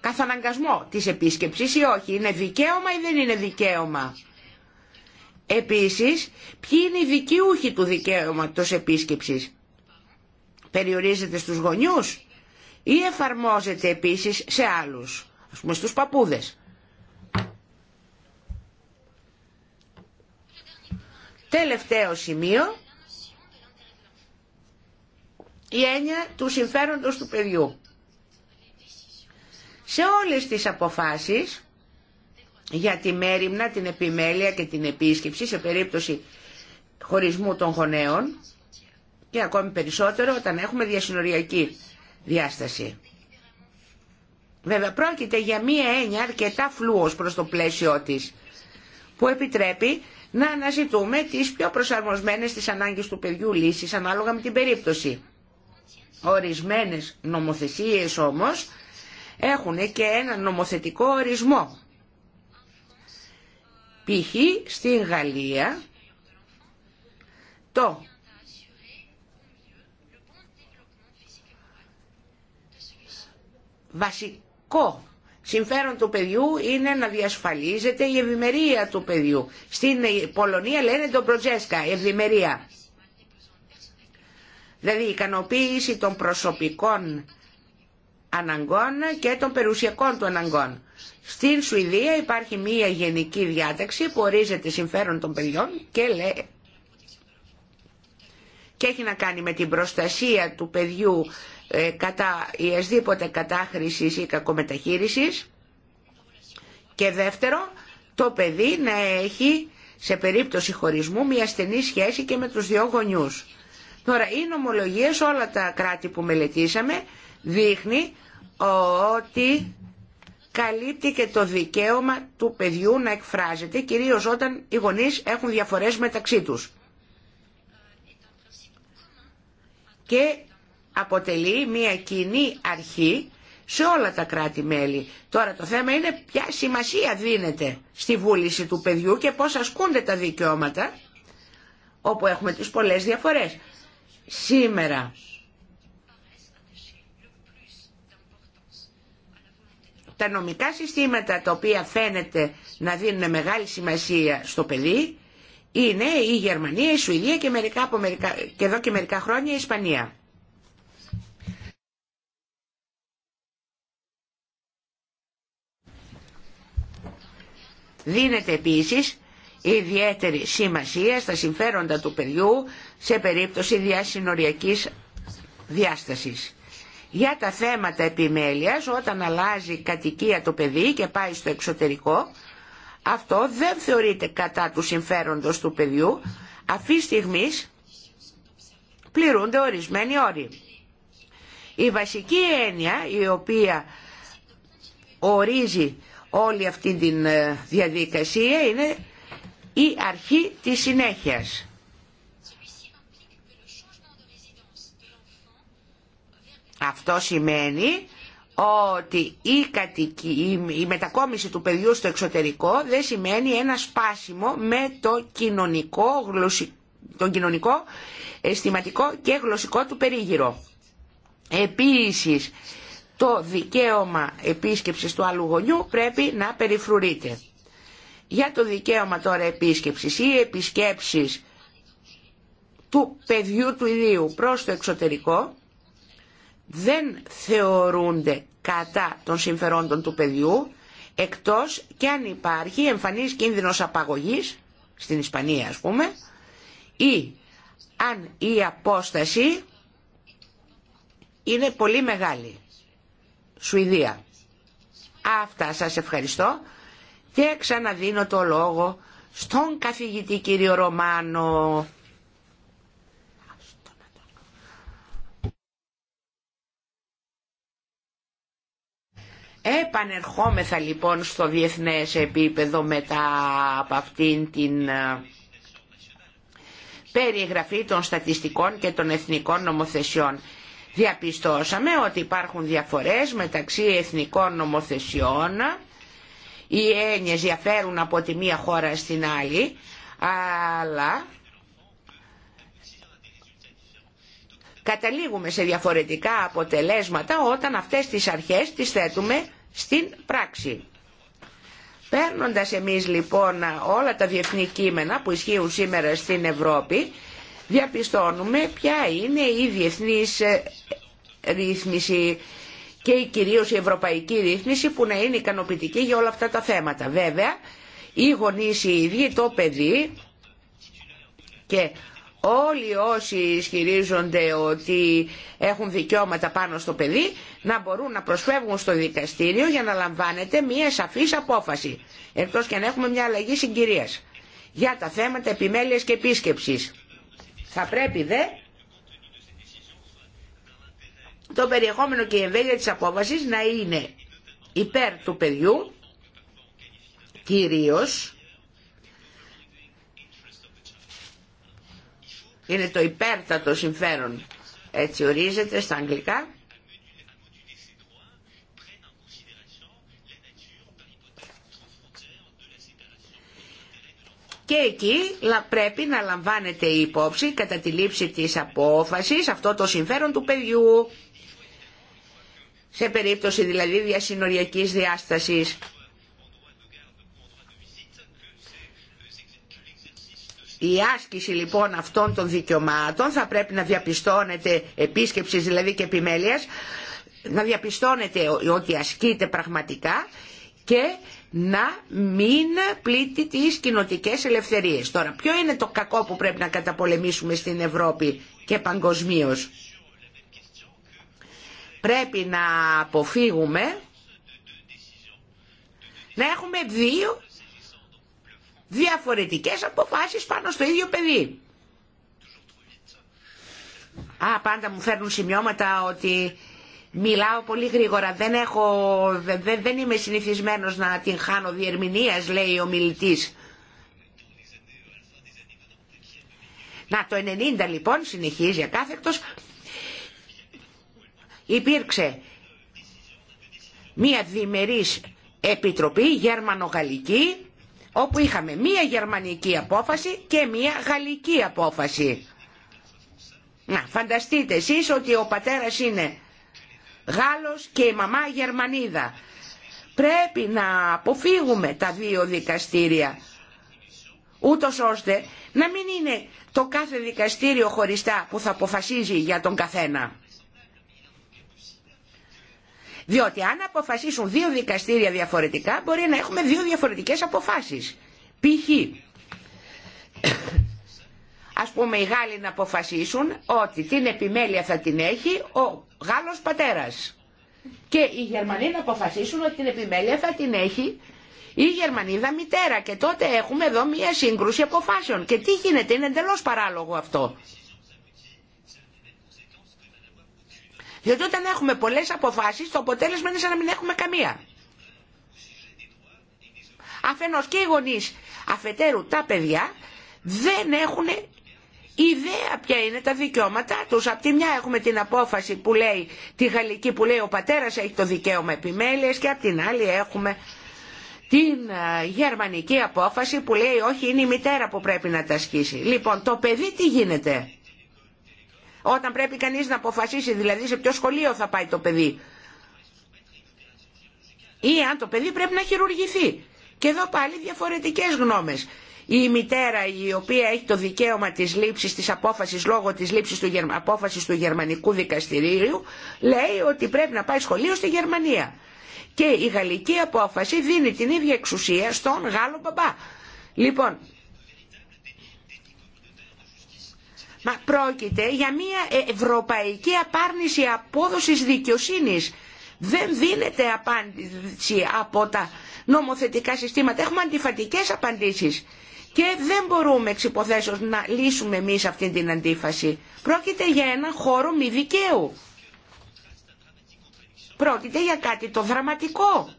καθαναγκασμό της επίσκεψης ή όχι. Είναι δικαίωμα ή δεν είναι δικαίωμα. Επίσης, ποιοι είναι οι δικαιούχοι του δικαίωματος επίσκεψης. Περιορίζεται στους γονιούς ή εφαρμόζεται επίσης σε άλλους, ας πούμε στους παππούδες. Τελευταίο σημείο η έννοια του συμφέροντος του παιδιού. Σε όλες τις αποφάσεις για τη μέρημνα, την επιμέλεια και την επίσκεψη σε περίπτωση χωρισμού των γονέων και ακόμη περισσότερο όταν έχουμε διασυνοριακή διάσταση. Βέβαια πρόκειται για μία έννοια αρκετά φλούος προς το πλαίσιο της που επιτρέπει να αναζητούμε τις πιο προσαρμοσμένες στις ανάγκες του παιδιού λύσεις ανάλογα με την περίπτωση. Ορισμένες νομοθεσίες όμως έχουν και ένα νομοθετικό ορισμό. Π.χ. στην Γαλλία το βασικό συμφέρον του παιδιού είναι να διασφαλίζεται η ευημερία του παιδιού. Στην Πολωνία λένε το προτζέσκα, ευημερία δηλαδή η ικανοποίηση των προσωπικών αναγκών και των περιουσιακών του αναγκών. Στην Σουηδία υπάρχει μία γενική διάταξη που ορίζεται συμφέρον των παιδιών και λέει και έχει να κάνει με την προστασία του παιδιού ε, κατά ιασδήποτε κατάχρησης ή κακομεταχείρισης και δεύτερο το παιδί να έχει σε περίπτωση χωρισμού μια στενή σχέση και με τους δυο γονιούς. Τώρα, οι νομολογίες, όλα τα κράτη που μελετήσαμε, δείχνει ότι καλύπτει και το δικαίωμα του παιδιού να εκφράζεται, κυρίως όταν οι γονείς έχουν διαφορές μεταξύ τους. Και αποτελεί μια κοινή αρχή σε όλα τα κράτη-μέλη. Τώρα το θέμα είναι ποια σημασία δίνεται στη βούληση του παιδιού και πώς ασκούνται τα δικαιώματα όπου έχουμε τις πολλές διαφορές σήμερα. Τα νομικά συστήματα τα οποία φαίνεται να δίνουν μεγάλη σημασία στο παιδί είναι η Γερμανία, η Σουηδία και, μερικά από και εδώ και μερικά χρόνια η Ισπανία. Δίνεται επίσης ιδιαίτερη σημασία στα συμφέροντα του παιδιού σε περίπτωση διασυνοριακής διάστασης. Για τα θέματα επιμέλειας, όταν αλλάζει κατοικία το παιδί και πάει στο εξωτερικό, αυτό δεν θεωρείται κατά του συμφέροντος του παιδιού, αυτή στιγμή πληρούνται ορισμένοι όροι. Η βασική έννοια η οποία ορίζει όλη αυτή την ε, διαδικασία είναι η αρχή της συνέχειας. Αυτό σημαίνει ότι η, κατοική, μετακόμιση του παιδιού στο εξωτερικό δεν σημαίνει ένα σπάσιμο με το κοινωνικό, τον κοινωνικό, αισθηματικό και γλωσσικό του περίγυρο. Επίσης, το δικαίωμα επίσκεψης του άλλου γονιού πρέπει να περιφρουρείται. Για το δικαίωμα τώρα επίσκεψης ή επισκέψεις του παιδιού του ιδίου προς το εξωτερικό δεν θεωρούνται κατά των συμφερόντων του παιδιού εκτός και αν υπάρχει εμφανής κίνδυνος απαγωγής στην Ισπανία ας πούμε ή αν η απόσταση είναι πολύ μεγάλη. Σουηδία. Αυτά σας ευχαριστώ. Και ξαναδίνω το λόγο στον καθηγητή κύριο Ρωμάνο. Επανερχόμεθα λοιπόν στο διεθνές επίπεδο μετά από αυτήν την ε, περιγραφή των στατιστικών και των εθνικών νομοθεσιών. Διαπιστώσαμε ότι υπάρχουν διαφορές μεταξύ εθνικών νομοθεσιών οι έννοιες διαφέρουν από τη μία χώρα στην άλλη, αλλά καταλήγουμε σε διαφορετικά αποτελέσματα όταν αυτές τις αρχές τις θέτουμε στην πράξη. Παίρνοντας εμείς λοιπόν όλα τα διεθνή κείμενα που ισχύουν σήμερα στην Ευρώπη, διαπιστώνουμε ποια είναι η διεθνής ρύθμιση και κυρίως η ευρωπαϊκή ρύθμιση που να είναι ικανοποιητική για όλα αυτά τα θέματα. Βέβαια, οι γονείς οι ίδιοι, το παιδί και όλοι όσοι ισχυρίζονται ότι έχουν δικαιώματα πάνω στο παιδί να μπορούν να προσφεύγουν στο δικαστήριο για να λαμβάνεται μια σαφής απόφαση εκτός και να έχουμε μια αλλαγή συγκυρίας για τα θέματα επιμέλειας και επίσκεψης. Θα πρέπει δε το περιεχόμενο και η εμβέλεια της απόφασης να είναι υπέρ του παιδιού, κυρίως, είναι το υπέρτατο συμφέρον, έτσι ορίζεται στα αγγλικά, Και εκεί πρέπει να λαμβάνεται η υπόψη κατά τη λήψη της απόφασης αυτό το συμφέρον του παιδιού σε περίπτωση δηλαδή διασυνοριακής διάστασης. Η άσκηση λοιπόν αυτών των δικαιωμάτων θα πρέπει να διαπιστώνεται επίσκεψη δηλαδή και επιμέλειας να διαπιστώνεται ότι ασκείται πραγματικά και να μην πλήττει τις κοινοτικέ ελευθερίες. Τώρα, ποιο είναι το κακό που πρέπει να καταπολεμήσουμε στην Ευρώπη και παγκοσμίω. Πρέπει να αποφύγουμε να έχουμε δύο διαφορετικές αποφάσεις πάνω στο ίδιο παιδί. Α, πάντα μου φέρνουν σημειώματα ότι μιλάω πολύ γρήγορα, δεν, έχω, δεν είμαι συνηθισμένος να την χάνω διερμηνίας, λέει ο μιλητής. Να, το 90 λοιπόν συνεχίζει ακάθεκτος, υπήρξε μία διμερής επιτροπή γερμανογαλλική όπου είχαμε μία γερμανική απόφαση και μία γαλλική απόφαση. Να, φανταστείτε εσείς ότι ο πατέρας είναι Γάλλος και η μαμά Γερμανίδα. Πρέπει να αποφύγουμε τα δύο δικαστήρια, ούτως ώστε να μην είναι το κάθε δικαστήριο χωριστά που θα αποφασίζει για τον καθένα. Διότι αν αποφασίσουν δύο δικαστήρια διαφορετικά μπορεί να έχουμε δύο διαφορετικές αποφάσεις. Π.χ. Ας πούμε οι Γάλλοι να αποφασίσουν ότι την επιμέλεια θα την έχει ο Γάλλος πατέρας. Και οι Γερμανοί να αποφασίσουν ότι την επιμέλεια θα την έχει η Γερμανίδα μητέρα. Και τότε έχουμε εδώ μία σύγκρουση αποφάσεων. Και τι γίνεται, είναι εντελώς παράλογο αυτό. Γιατί όταν έχουμε πολλές αποφάσεις το αποτέλεσμα είναι σαν να μην έχουμε καμία. Αφενός και οι γονείς αφετέρου τα παιδιά δεν έχουν ιδέα ποια είναι τα δικαιώματά τους. Απ' τη μια έχουμε την απόφαση που λέει, τη γαλλική που λέει ο πατέρας έχει το δικαίωμα επιμέλεια και απ' την άλλη έχουμε την ε, γερμανική απόφαση που λέει όχι είναι η μητέρα που πρέπει να τα ασκήσει. Λοιπόν το παιδί τι γίνεται όταν πρέπει κανείς να αποφασίσει δηλαδή σε ποιο σχολείο θα πάει το παιδί ή αν το παιδί πρέπει να χειρουργηθεί. Και εδώ πάλι διαφορετικές γνώμες. Η μητέρα η οποία έχει το δικαίωμα της λήψης της απόφασης λόγω της λήψης του, απόφασης του γερμανικού δικαστηρίου λέει ότι πρέπει να πάει σχολείο στη Γερμανία. Και η γαλλική απόφαση δίνει την ίδια εξουσία στον Γάλλο μπαμπά. Λοιπόν, Μα πρόκειται για μια ευρωπαϊκή απάρνηση απόδοσης δικαιοσύνης. Δεν δίνεται απάντηση από τα νομοθετικά συστήματα. Έχουμε αντιφατικές απαντήσεις. Και δεν μπορούμε εξ να λύσουμε εμείς αυτή την αντίφαση. Πρόκειται για ένα χώρο μη δικαίου. Πρόκειται για κάτι το δραματικό.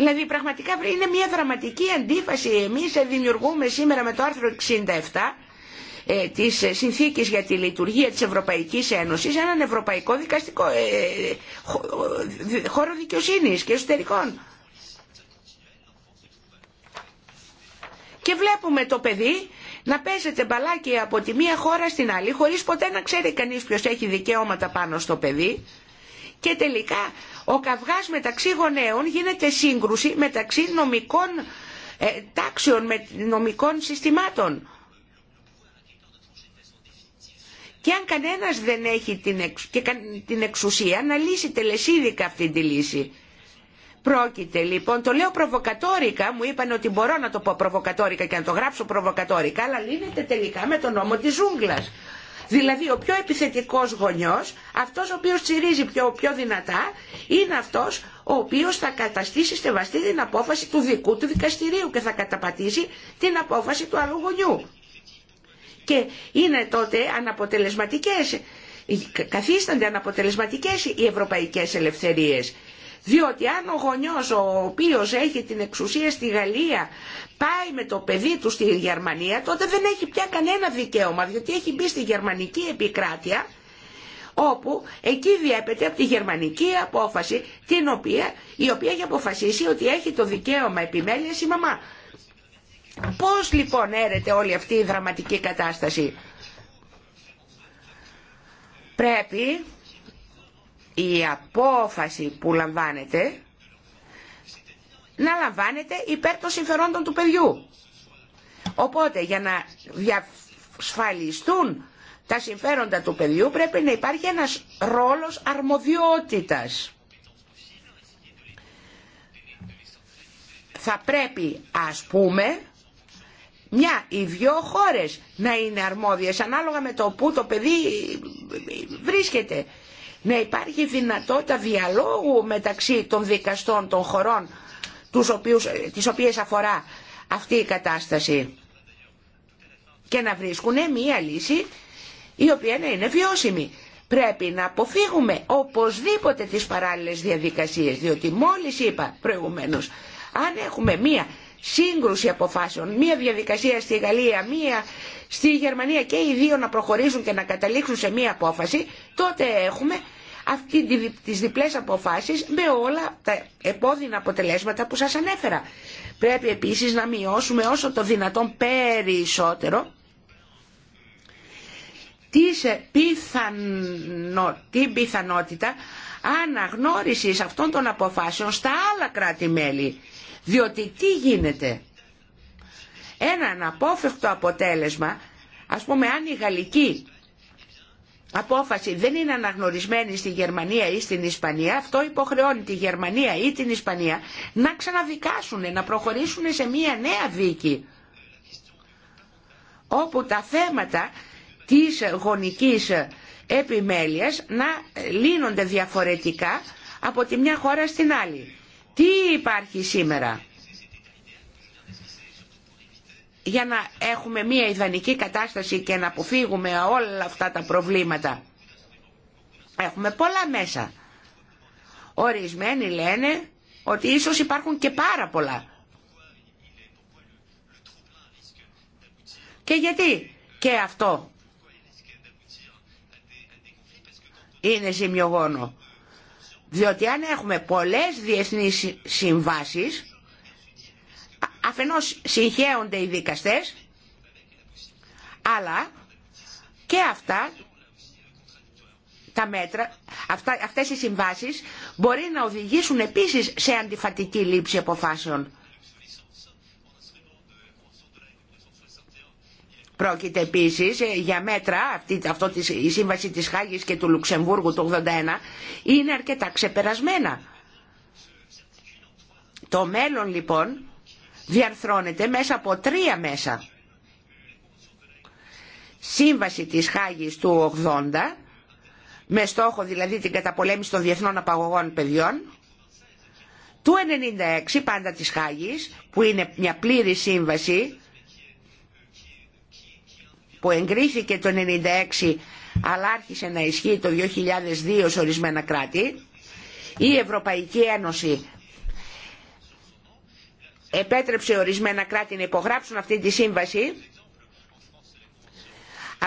Δηλαδή πραγματικά είναι μια δραματική αντίφαση. Εμείς δημιουργούμε σήμερα με το άρθρο 67 τη ε, της συνθήκης για τη λειτουργία της Ευρωπαϊκής Ένωσης έναν ευρωπαϊκό δικαστικό ε, ε, χώρο δικαιοσύνης και εσωτερικών. Και βλέπουμε το παιδί να παίζεται μπαλάκι από τη μία χώρα στην άλλη χωρίς ποτέ να ξέρει κανεί ποιος έχει δικαιώματα πάνω στο παιδί και τελικά ο καυγάς μεταξύ γονέων γίνεται σύγκρουση μεταξύ νομικών ε, τάξεων, με, νομικών συστημάτων. Και αν κανένας δεν έχει την, και την εξουσία να λύσει τελεσίδικα αυτή τη λύση. Πρόκειται λοιπόν, το λέω προβοκατόρικα, μου είπαν ότι μπορώ να το πω προβοκατόρικα και να το γράψω προβοκατόρικα, αλλά λύνεται τελικά με το νόμο της ζούγκλας. Δηλαδή ο πιο επιθετικός γονιός, αυτός ο οποίος τσιρίζει πιο, πιο δυνατά, είναι αυτός ο οποίος θα καταστήσει στεβαστή την απόφαση του δικού του δικαστηρίου και θα καταπατήσει την απόφαση του άλλου γονιού. Και είναι τότε αναποτελεσματικές, καθίστανται αναποτελεσματικές οι ευρωπαϊκές ελευθερίες διότι αν ο γονιός ο οποίος έχει την εξουσία στη Γαλλία πάει με το παιδί του στη Γερμανία τότε δεν έχει πια κανένα δικαίωμα διότι έχει μπει στη γερμανική επικράτεια όπου εκεί διέπεται από τη γερμανική απόφαση την οποία, η οποία έχει αποφασίσει ότι έχει το δικαίωμα επιμέλειας η μαμά. Πώς λοιπόν έρεται όλη αυτή η δραματική κατάσταση. Πρέπει η απόφαση που λαμβάνεται να λαμβάνεται υπέρ των συμφερόντων του παιδιού. Οπότε για να διασφαλιστούν τα συμφέροντα του παιδιού πρέπει να υπάρχει ένας ρόλος αρμοδιότητας. Θα πρέπει ας πούμε μια ή δυο χώρες να είναι αρμόδιες ανάλογα με το που το παιδί βρίσκεται να υπάρχει δυνατότητα διαλόγου μεταξύ των δικαστών των χωρών τους οποίους, τις οποίες αφορά αυτή η κατάσταση και να βρίσκουν μία λύση η οποία να είναι βιώσιμη. Πρέπει να αποφύγουμε οπωσδήποτε τις παράλληλες διαδικασίες, διότι μόλις είπα προηγουμένως, αν έχουμε μία σύγκρουση αποφάσεων. Μία διαδικασία στη Γαλλία, μία στη Γερμανία και οι δύο να προχωρήσουν και να καταλήξουν σε μία απόφαση, τότε έχουμε αυτή, τις διπλές αποφάσεις με όλα τα επώδυνα αποτελέσματα που σας ανέφερα. Πρέπει επίσης να μειώσουμε όσο το δυνατόν περισσότερο τις πιθανο, την πιθανότητα αναγνώρισης αυτών των αποφάσεων στα άλλα κράτη-μέλη. Διότι τι γίνεται. Ένα αναπόφευκτο αποτέλεσμα, ας πούμε αν η γαλλική απόφαση δεν είναι αναγνωρισμένη στη Γερμανία ή στην Ισπανία, αυτό υποχρεώνει τη Γερμανία ή την Ισπανία να ξαναδικάσουν, να προχωρήσουν σε μία νέα δίκη όπου τα θέματα της γονικής επιμέλειας να λύνονται διαφορετικά από τη μια χώρα στην άλλη. Τι υπάρχει σήμερα για να έχουμε μία ιδανική κατάσταση και να αποφύγουμε όλα αυτά τα προβλήματα. Έχουμε πολλά μέσα. Ορισμένοι λένε ότι ίσως υπάρχουν και πάρα πολλά. Και γιατί και αυτό είναι ζημιογόνο. Διότι αν έχουμε πολλές διεθνείς συμβάσεις, αφενός συγχέονται οι δικαστές, αλλά και αυτά τα μέτρα, αυτά, αυτές οι συμβάσεις μπορεί να οδηγήσουν επίσης σε αντιφατική λήψη αποφάσεων. Πρόκειται επίση για μέτρα, αυτή, της, η σύμβαση της Χάγης και του Λουξεμβούργου του 81 είναι αρκετά ξεπερασμένα. Το μέλλον λοιπόν διαρθρώνεται μέσα από τρία μέσα. Σύμβαση της Χάγης του 80, με στόχο δηλαδή την καταπολέμηση των διεθνών απαγωγών παιδιών, του 96 πάντα της Χάγης, που είναι μια πλήρη σύμβαση, που εγκρίθηκε το 1996 αλλά άρχισε να ισχύει το 2002 σε ορισμένα κράτη, η Ευρωπαϊκή Ένωση επέτρεψε ορισμένα κράτη να υπογράψουν αυτή τη σύμβαση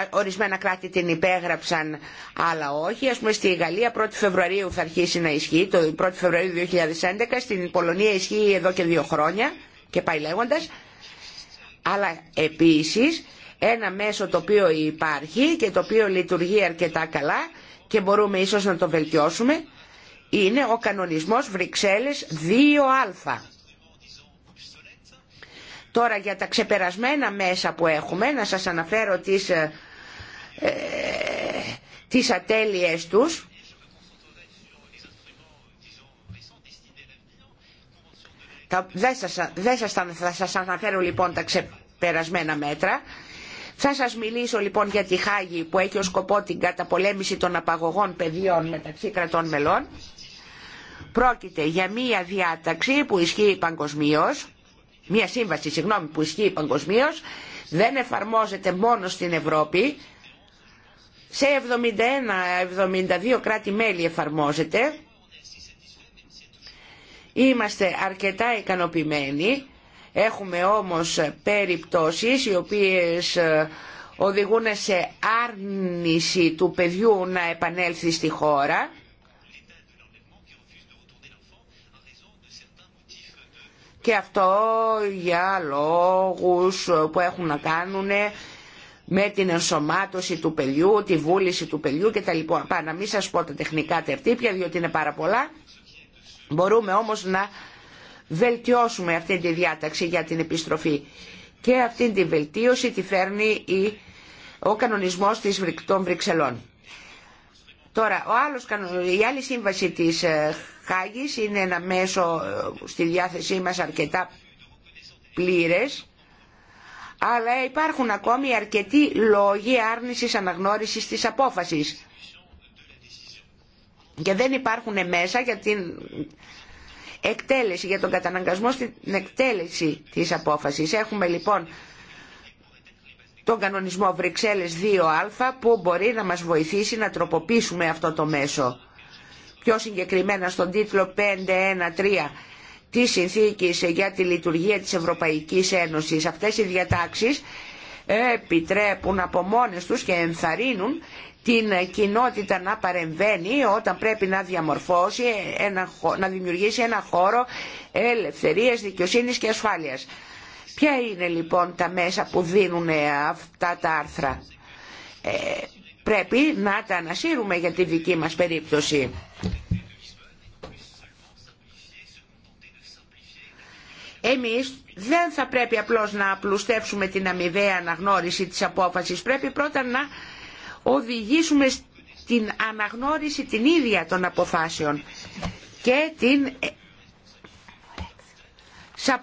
ορισμένα κράτη την υπέγραψαν άλλα όχι. Ας πούμε στη Γαλλία 1η Φεβρουαρίου θα αρχίσει να ισχύει, το 1η Φεβρουαρίου 2011, στην Πολωνία ισχύει εδώ και δύο χρόνια και πάει λέγοντας. Αλλά επίσης ένα μέσο το οποίο υπάρχει και το οποίο λειτουργεί αρκετά καλά και μπορούμε ίσως να το βελτιώσουμε είναι ο κανονισμός Βρυξέλλες 2α. Τώρα για τα ξεπερασμένα μέσα που έχουμε, να σας αναφέρω τις, ε, ε τις ατέλειες τους. Δεν σας, θα σας αναφέρω λοιπόν τα ξεπερασμένα μέτρα. Θα σας μιλήσω λοιπόν για τη Χάγη που έχει ως σκοπό την καταπολέμηση των απαγωγών παιδίων μεταξύ κρατών μελών. Πρόκειται για μία διάταξη που ισχύει παγκοσμίω, μία σύμβαση συγγνώμη, που ισχύει παγκοσμίω, δεν εφαρμόζεται μόνο στην Ευρώπη, σε 71-72 κράτη-μέλη εφαρμόζεται. Είμαστε αρκετά ικανοποιημένοι Έχουμε όμως περιπτώσεις οι οποίες ε, οδηγούν σε άρνηση του παιδιού να επανέλθει στη χώρα και αυτό για λόγους που έχουν να κάνουν με την ενσωμάτωση του παιδιού, τη βούληση του παιδιού και τα λοιπά. Να μην σας πω τα τεχνικά τερτύπια διότι είναι πάρα πολλά. Μπορούμε όμως να βελτιώσουμε αυτή τη διάταξη για την επιστροφή. Και αυτή τη βελτίωση τη φέρνει ο κανονισμός της, των Βρυξελών. Τώρα, ο άλλος, η άλλη σύμβαση της ε, Χάγης είναι ένα μέσο ε, στη διάθεσή μας αρκετά πλήρες, αλλά υπάρχουν ακόμη αρκετοί λόγοι άρνησης αναγνώρισης της απόφασης. Και δεν υπάρχουν μέσα για την εκτέλεση, για τον καταναγκασμό στην εκτέλεση της απόφασης. Έχουμε λοιπόν τον κανονισμό Βρυξέλλες 2α που μπορεί να μας βοηθήσει να τροποποιήσουμε αυτό το μέσο. Πιο συγκεκριμένα στον τίτλο 513 της συνθήκης για τη λειτουργία της Ευρωπαϊκής Ένωσης. Αυτές οι διατάξεις επιτρέπουν από μόνες τους και ενθαρρύνουν την κοινότητα να παρεμβαίνει όταν πρέπει να διαμορφώσει, ένα, να δημιουργήσει ένα χώρο ελευθερίας, δικαιοσύνης και ασφάλειας. Ποια είναι λοιπόν τα μέσα που δίνουν αυτά τα άρθρα. Ε, πρέπει να τα ανασύρουμε για τη δική μας περίπτωση. Εμείς δεν θα πρέπει απλώς να απλουστεύσουμε την αμοιβαία αναγνώριση της απόφασης. Πρέπει πρώτα να οδηγήσουμε στην αναγνώριση την ίδια των αποφάσεων και την ε, σε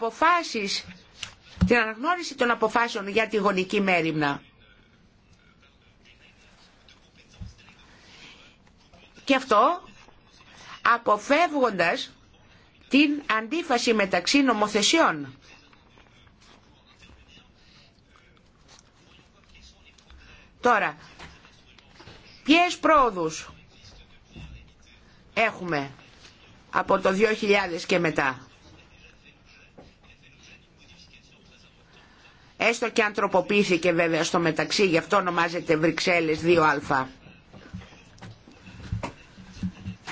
την αναγνώριση των αποφάσεων για τη γονική μέρημνα. Και αυτό αποφεύγοντας την αντίφαση μεταξύ νομοθεσιών. Τώρα, Ποιες πρόοδους έχουμε από το 2000 και μετά. Έστω και αν τροποποιήθηκε βέβαια στο μεταξύ, γι' αυτό ονομάζεται Βρυξέλλες 2α.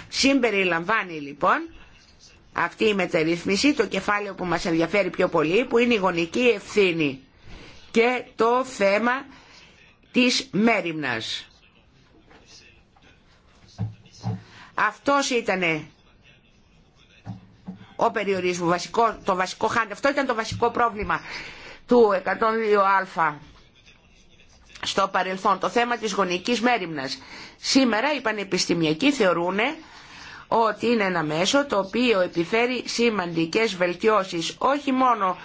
Συμπεριλαμβάνει λοιπόν αυτή η μεταρρύθμιση το κεφάλαιο που μας ενδιαφέρει πιο πολύ που είναι η γονική ευθύνη και το θέμα της μέρημνας. Αυτός ήταν ο περιορισμός, βασικό, το βασικό Αυτό ήταν το βασικό πρόβλημα του 102α στο παρελθόν, το θέμα της γονικής μέρημνας. Σήμερα οι πανεπιστημιακοί θεωρούν ότι είναι ένα μέσο το οποίο επιφέρει σημαντικές βελτιώσεις όχι μόνο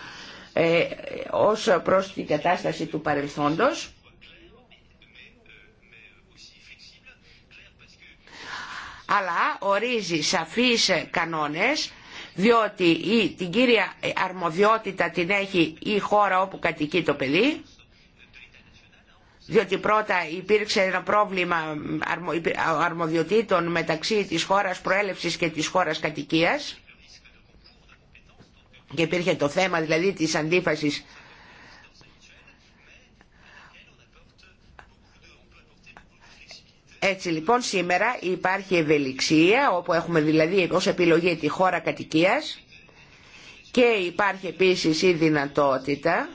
ε, ως προς την κατάσταση του παρελθόντος αλλά ορίζει σαφείς κανόνες διότι η, την κύρια αρμοδιότητα την έχει η χώρα όπου κατοικεί το παιδί διότι πρώτα υπήρξε ένα πρόβλημα αρμοδιοτήτων μεταξύ της χώρας προέλευσης και της χώρας κατοικίας και υπήρχε το θέμα δηλαδή της αντίφασης Έτσι λοιπόν σήμερα υπάρχει ευελιξία όπου έχουμε δηλαδή ως επιλογή τη χώρα κατοικίας και υπάρχει επίσης η δυνατότητα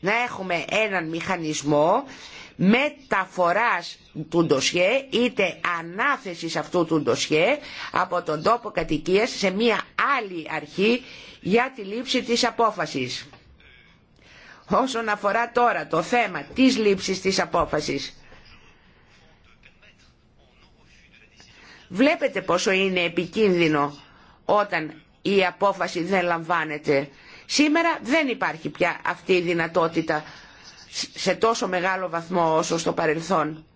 να έχουμε έναν μηχανισμό μεταφοράς του ντοσιέ είτε ανάθεσης αυτού του ντοσιέ από τον τόπο κατοικίας σε μία άλλη αρχή για τη λήψη της απόφασης. Όσον αφορά τώρα το θέμα της λήψης της απόφασης, βλέπετε πόσο είναι επικίνδυνο όταν η απόφαση δεν λαμβάνεται. Σήμερα δεν υπάρχει πια αυτή η δυνατότητα σε τόσο μεγάλο βαθμό όσο στο παρελθόν.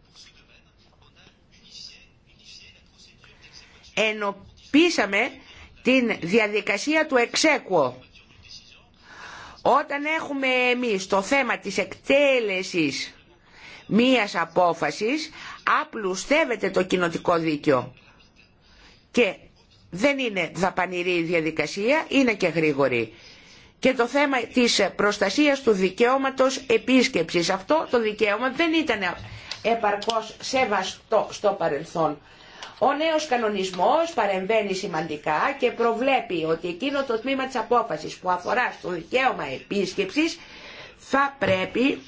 Ενοπίσαμε την διαδικασία του εξέκουο. Όταν έχουμε εμείς το θέμα της εκτέλεσης μίας απόφασης, απλουστεύεται το κοινοτικό δίκαιο. Και δεν είναι δαπανηρή η διαδικασία, είναι και γρήγορη. Και το θέμα της προστασίας του δικαιώματος επίσκεψης. Αυτό το δικαίωμα δεν ήταν επαρκώς σεβαστό στο παρελθόν. Ο νέος κανονισμός παρεμβαίνει σημαντικά και προβλέπει ότι εκείνο το τμήμα της απόφασης που αφορά στο δικαίωμα επίσκεψης θα πρέπει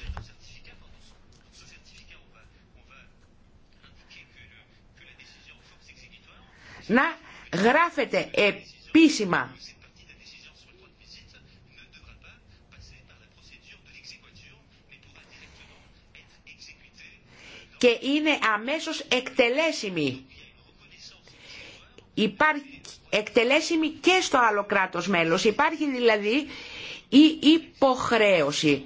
να γράφεται επίσημα και είναι αμέσως εκτελέσιμη υπάρχει εκτελέσιμη και στο άλλο κράτος μέλος. Υπάρχει δηλαδή η υποχρέωση.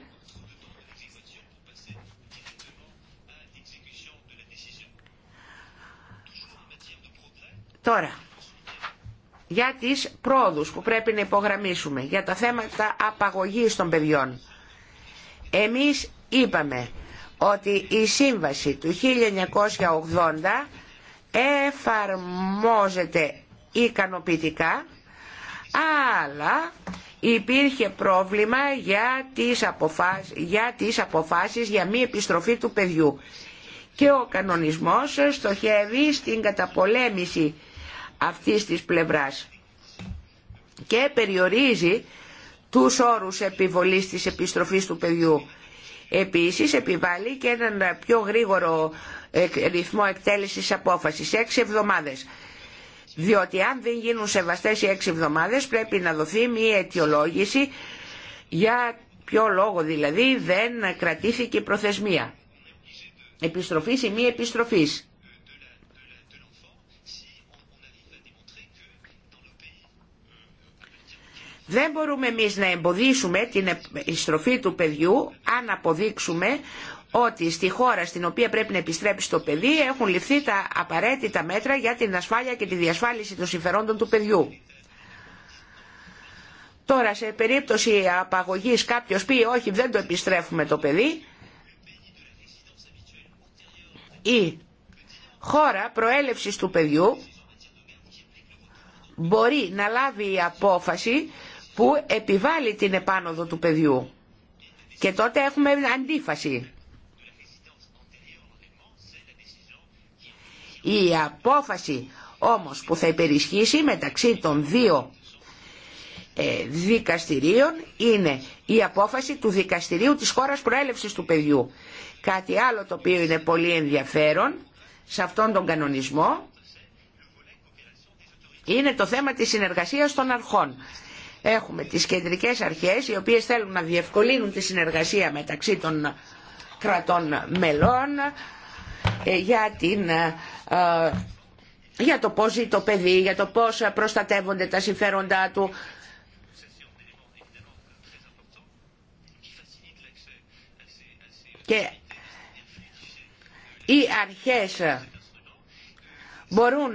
Τώρα, για τις πρόοδους που πρέπει να υπογραμμίσουμε, για τα θέματα απαγωγής των παιδιών. Εμείς είπαμε ότι η σύμβαση του 1980 εφαρμόζεται ικανοποιητικά αλλά υπήρχε πρόβλημα για τις, αποφάσεις, για αποφάσεις μη επιστροφή του παιδιού και ο κανονισμός στοχεύει στην καταπολέμηση αυτής της πλευράς και περιορίζει τους όρους επιβολής της επιστροφής του παιδιού Επίσης επιβάλλει και έναν πιο γρήγορο ρυθμό εκτέλεσης απόφασης, έξι εβδομάδες. Διότι αν δεν γίνουν σεβαστές οι έξι εβδομάδες πρέπει να δοθεί μία αιτιολόγηση για ποιο λόγο δηλαδή δεν κρατήθηκε η προθεσμία. Επιστροφής ή μη επιστροφής. Δεν μπορούμε εμείς να εμποδίσουμε την επιστροφή του παιδιού αν αποδείξουμε ότι στη χώρα στην οποία πρέπει να επιστρέψει το παιδί έχουν ληφθεί τα απαραίτητα μέτρα για την ασφάλεια και τη διασφάλιση των συμφερόντων του παιδιού. Τώρα σε περίπτωση απαγωγής κάποιος πει όχι δεν το επιστρέφουμε το παιδί η χώρα προέλευσης του παιδιού μπορεί να λάβει η απόφαση που επιβάλλει την επάνωδο του παιδιού. Και τότε έχουμε αντίφαση. Η απόφαση όμως που θα υπερισχύσει μεταξύ των δύο ε, δικαστηρίων είναι η απόφαση του δικαστηρίου της χώρας προέλευσης του παιδιού. Κάτι άλλο το οποίο είναι πολύ ενδιαφέρον σε αυτόν τον κανονισμό είναι το θέμα της συνεργασίας των αρχών. Έχουμε τις κεντρικές αρχές οι οποίες θέλουν να διευκολύνουν τη συνεργασία μεταξύ των κρατών μελών ε, για, την, ε, ε, για το πώς ζει το παιδί, για το πώς προστατεύονται τα συμφέροντά του. Και οι αρχές μπορούν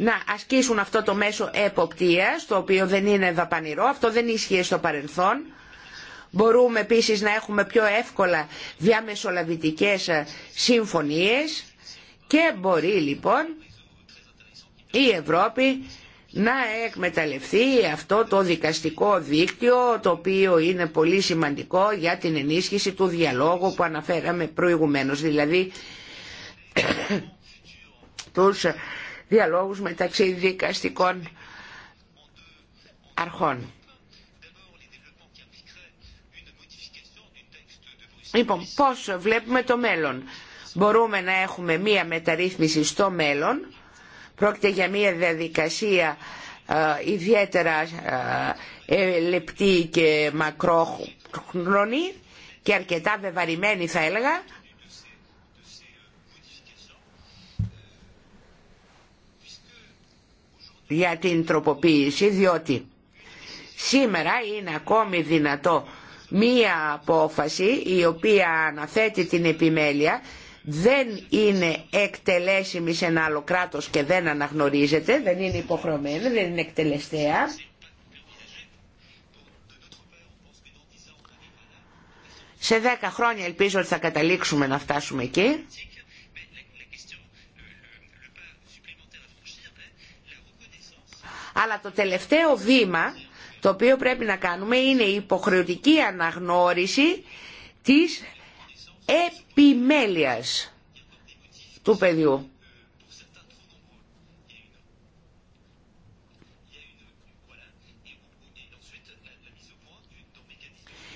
να ασκήσουν αυτό το μέσο εποπτείας, το οποίο δεν είναι δαπανηρό, αυτό δεν ίσχυε στο παρελθόν. Μπορούμε επίσης να έχουμε πιο εύκολα διαμεσολαβητικές συμφωνίες και μπορεί λοιπόν η Ευρώπη να εκμεταλλευτεί αυτό το δικαστικό δίκτυο το οποίο είναι πολύ σημαντικό για την ενίσχυση του διαλόγου που αναφέραμε προηγουμένως δηλαδή [coughs] τους διαλόγους μεταξύ δικαστικών αρχών. Λοιπόν, πώς βλέπουμε το μέλλον. Μπορούμε να έχουμε μία μεταρρύθμιση στο μέλλον. Πρόκειται για μία διαδικασία ε, ιδιαίτερα ε, λεπτή και μακρόχρονη και αρκετά βεβαρημένη θα έλεγα για την τροποποίηση διότι σήμερα είναι ακόμη δυνατό μία απόφαση η οποία αναθέτει την επιμέλεια δεν είναι εκτελέσιμη σε ένα άλλο κράτος και δεν αναγνωρίζεται, δεν είναι υποχρεωμένη, δεν είναι εκτελεστέα. Σε δέκα χρόνια ελπίζω ότι θα καταλήξουμε να φτάσουμε εκεί. Αλλά το τελευταίο βήμα το οποίο πρέπει να κάνουμε είναι η υποχρεωτική αναγνώριση της επιμέλειας του παιδιού.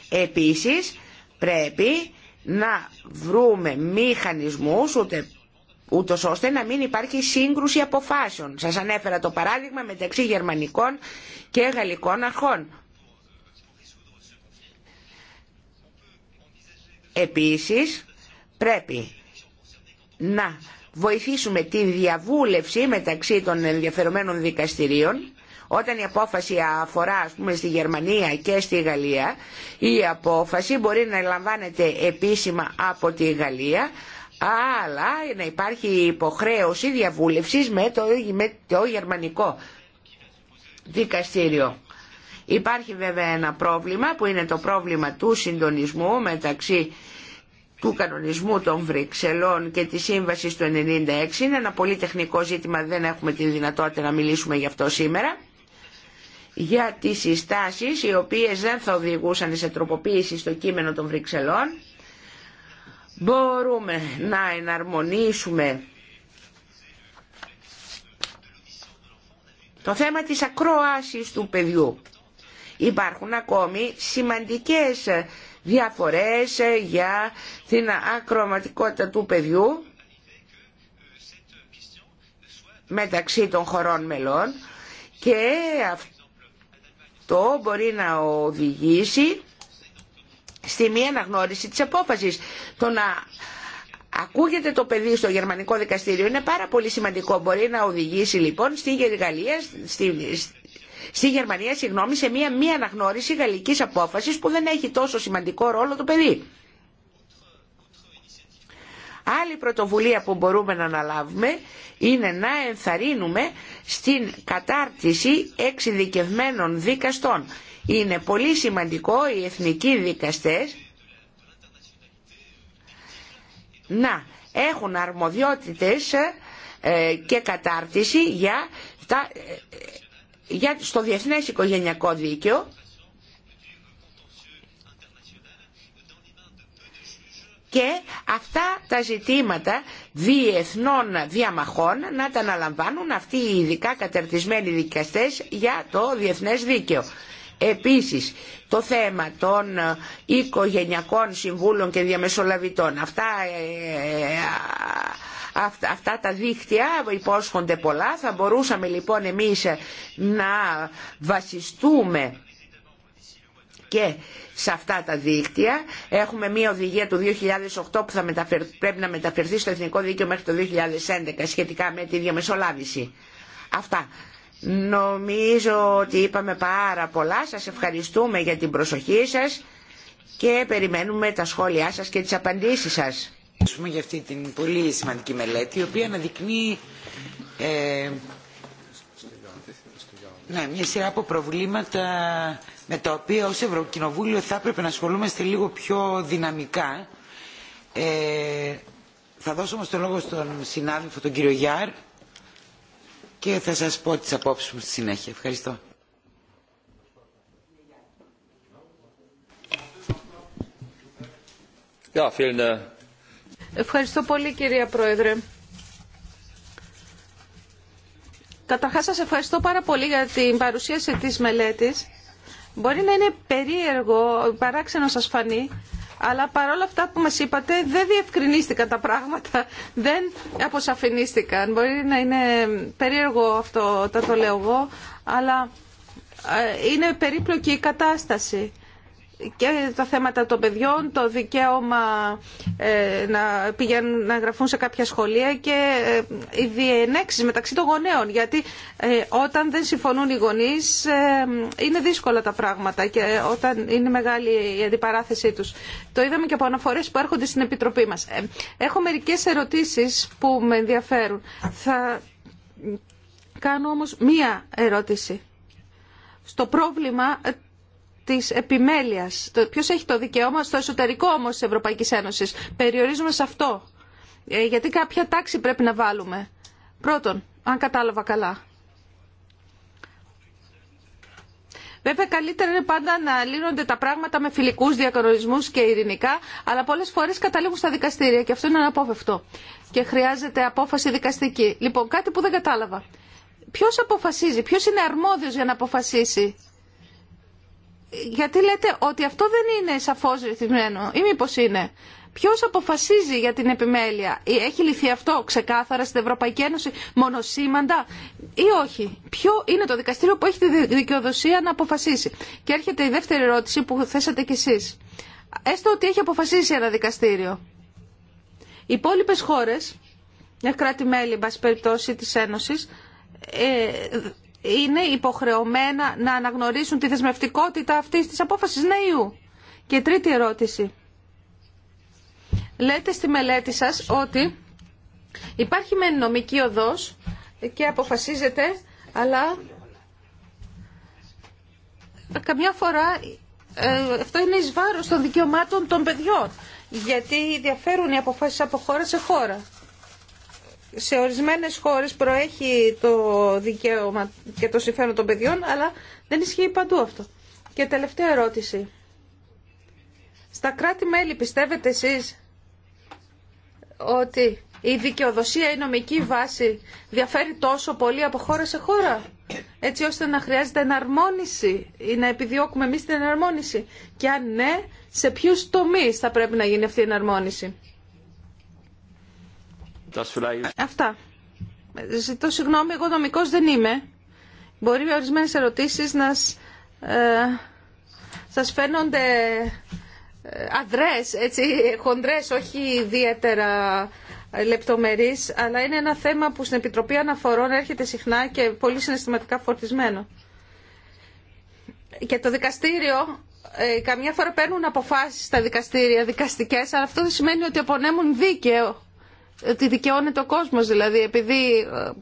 Επίσης πρέπει να βρούμε μηχανισμούς ούτε ούτως ώστε να μην υπάρχει σύγκρουση αποφάσεων. Σας ανέφερα το παράδειγμα μεταξύ γερμανικών και γαλλικών αρχών. Επίσης πρέπει να βοηθήσουμε τη διαβούλευση μεταξύ των ενδιαφερομένων δικαστηρίων όταν η απόφαση αφορά ας πούμε στη Γερμανία και στη Γαλλία η απόφαση μπορεί να λαμβάνεται επίσημα από τη Γαλλία αλλά να υπάρχει υποχρέωση διαβούλευσης με το, με γερμανικό δικαστήριο. Υπάρχει βέβαια ένα πρόβλημα που είναι το πρόβλημα του συντονισμού μεταξύ του κανονισμού των Βρυξελών και της σύμβασης του 1996. Είναι ένα πολύ τεχνικό ζήτημα, δεν έχουμε τη δυνατότητα να μιλήσουμε γι' αυτό σήμερα. Για τις συστάσεις οι οποίες δεν θα οδηγούσαν σε τροποποίηση στο κείμενο των Βρυξελών μπορούμε να εναρμονίσουμε το θέμα της ακρόασης του παιδιού. Υπάρχουν ακόμη σημαντικές διαφορές για την ακροματικότητα του παιδιού μεταξύ των χωρών μελών και αυτό μπορεί να οδηγήσει στη μία αναγνώριση της απόφασης. Το να ακούγεται το παιδί στο γερμανικό δικαστήριο είναι πάρα πολύ σημαντικό. Μπορεί να οδηγήσει λοιπόν στη στη, στη Γερμανία συγγνώμη, σε μία μία αναγνώριση γαλλικής απόφασης που δεν έχει τόσο σημαντικό ρόλο το παιδί. Άλλη πρωτοβουλία που μπορούμε να αναλάβουμε είναι να ενθαρρύνουμε στην κατάρτιση εξειδικευμένων δικαστών είναι πολύ σημαντικό οι εθνικοί δικαστές να έχουν αρμοδιότητες ε, και κατάρτιση για, τα, ε, για στο διεθνές οικογενειακό δίκαιο και αυτά τα ζητήματα διεθνών διαμαχών να τα αναλαμβάνουν αυτοί οι ειδικά κατερτισμένοι δικαστές για το διεθνές δίκαιο. Επίσης το θέμα των ε, οικογενειακών συμβούλων και διαμεσολαβητών. Αυτά, ε, ε, αυτά, αυτά τα δίκτυα υπόσχονται πολλά. Θα μπορούσαμε λοιπόν εμείς να βασιστούμε και σε αυτά τα δίκτυα. Έχουμε μία οδηγία του 2008 που θα πρέπει να μεταφερθεί στο Εθνικό Δίκαιο μέχρι το 2011 σχετικά με τη διαμεσολάβηση. Αυτά. Νομίζω ότι είπαμε πάρα πολλά. Σας ευχαριστούμε για την προσοχή σας και περιμένουμε τα σχόλιά σας και τις απαντήσεις σας. Ευχαριστούμε για αυτή την πολύ σημαντική μελέτη, η οποία αναδεικνύει ε, ναι, μια σειρά από προβλήματα με τα οποία ως Ευρωκοινοβούλιο θα έπρεπε να ασχολούμαστε λίγο πιο δυναμικά. Ε, θα δώσω όμως το λόγο στον συνάδελφο, τον κύριο Γιάρ και θα σας πω τις απόψεις μου στη συνέχεια. Ευχαριστώ. Äh, ευχαριστώ πολύ κυρία Πρόεδρε. Καταρχάς σας ευχαριστώ πάρα πολύ για την παρουσίαση της μελέτης. Μπορεί να είναι περίεργο, παράξενο σας φανεί, αλλά παρόλα αυτά που μας είπατε δεν διευκρινίστηκαν τα πράγματα, δεν αποσαφινίστηκαν. Μπορεί να είναι περίεργο αυτό όταν το λέω εγώ, αλλά ε, είναι περίπλοκη η κατάσταση και τα θέματα των παιδιών, το δικαίωμα ε, να πηγαίνουν να γραφούν σε κάποια σχολεία και ε, οι διενέξεις μεταξύ των γονέων. Γιατί ε, όταν δεν συμφωνούν οι γονείς είναι δύσκολα τα πράγματα και όταν είναι μεγάλη η αντιπαράθεσή τους. Το είδαμε και από αναφορές που έρχονται στην Επιτροπή μας. Έχω μερικές ερωτήσεις που με ενδιαφέρουν. Θα κάνω όμως μία ερώτηση. Στο πρόβλημα Τη επιμέλεια. Ποιο έχει το δικαίωμα στο εσωτερικό όμω τη Ευρωπαϊκή Ένωση. Περιορίζουμε σε αυτό. Ε, γιατί κάποια τάξη πρέπει να βάλουμε. Πρώτον, αν κατάλαβα καλά. Βέβαια, καλύτερα είναι πάντα να λύνονται τα πράγματα με φιλικού διακανονισμού και ειρηνικά, αλλά πολλέ φορέ καταλήγουν στα δικαστήρια και αυτό είναι αναπόφευκτο. Και χρειάζεται απόφαση δικαστική. Λοιπόν, κάτι που δεν κατάλαβα. Ποιο αποφασίζει, ποιο είναι αρμόδιο για να αποφασίσει γιατί λέτε ότι αυτό δεν είναι σαφώ ρυθμισμένο ή μήπω είναι. Ποιο αποφασίζει για την επιμέλεια, έχει λυθεί αυτό ξεκάθαρα στην Ευρωπαϊκή Ένωση μονοσήμαντα ή όχι. Ποιο είναι το δικαστήριο που έχει τη δικαιοδοσία να αποφασίσει. Και έρχεται η δεύτερη ερώτηση που θέσατε κι εσείς. Έστω ότι έχει αποφασίσει ένα δικαστήριο. Οι υπόλοιπε χώρες, κράτη-μέλη, εν πάση περιπτώσει, τη ενωση ε, είναι υποχρεωμένα να αναγνωρίσουν τη δεσμευτικότητα αυτής της απόφασης νέου. Και τρίτη ερώτηση. Λέτε στη μελέτη σας ότι υπάρχει μεν νομική οδός και αποφασίζεται, αλλά καμιά φορά ε, αυτό είναι εις βάρος των δικαιωμάτων των παιδιών, γιατί διαφέρουν οι αποφάσεις από χώρα σε χώρα σε ορισμένες χώρες προέχει το δικαίωμα και το συμφέρον των παιδιών, αλλά δεν ισχύει παντού αυτό. Και τελευταία ερώτηση. Στα κράτη-μέλη πιστεύετε εσείς ότι η δικαιοδοσία, η νομική βάση διαφέρει τόσο πολύ από χώρα σε χώρα, έτσι ώστε να χρειάζεται εναρμόνιση ή να επιδιώκουμε εμείς την εναρμόνιση. Και αν ναι, σε ποιους τομείς θα πρέπει να γίνει αυτή η εναρμόνιση. Αυτά. Ζητώ συγγνώμη, εγώ νομικό δεν είμαι. Μπορεί με ορισμένες ερωτήσεις να ε, σας φαίνονται ε, αδρές, έτσι, χοντρές, όχι ιδιαίτερα λεπτομερεί, αλλά είναι ένα θέμα που στην Επιτροπή Αναφορών έρχεται συχνά και πολύ συναισθηματικά φορτισμένο. Και το δικαστήριο, ε, καμιά φορά παίρνουν αποφάσεις στα δικαστήρια δικαστικές, αλλά αυτό δεν σημαίνει ότι απονέμουν δίκαιο ότι δικαιώνεται ο κόσμος δηλαδή επειδή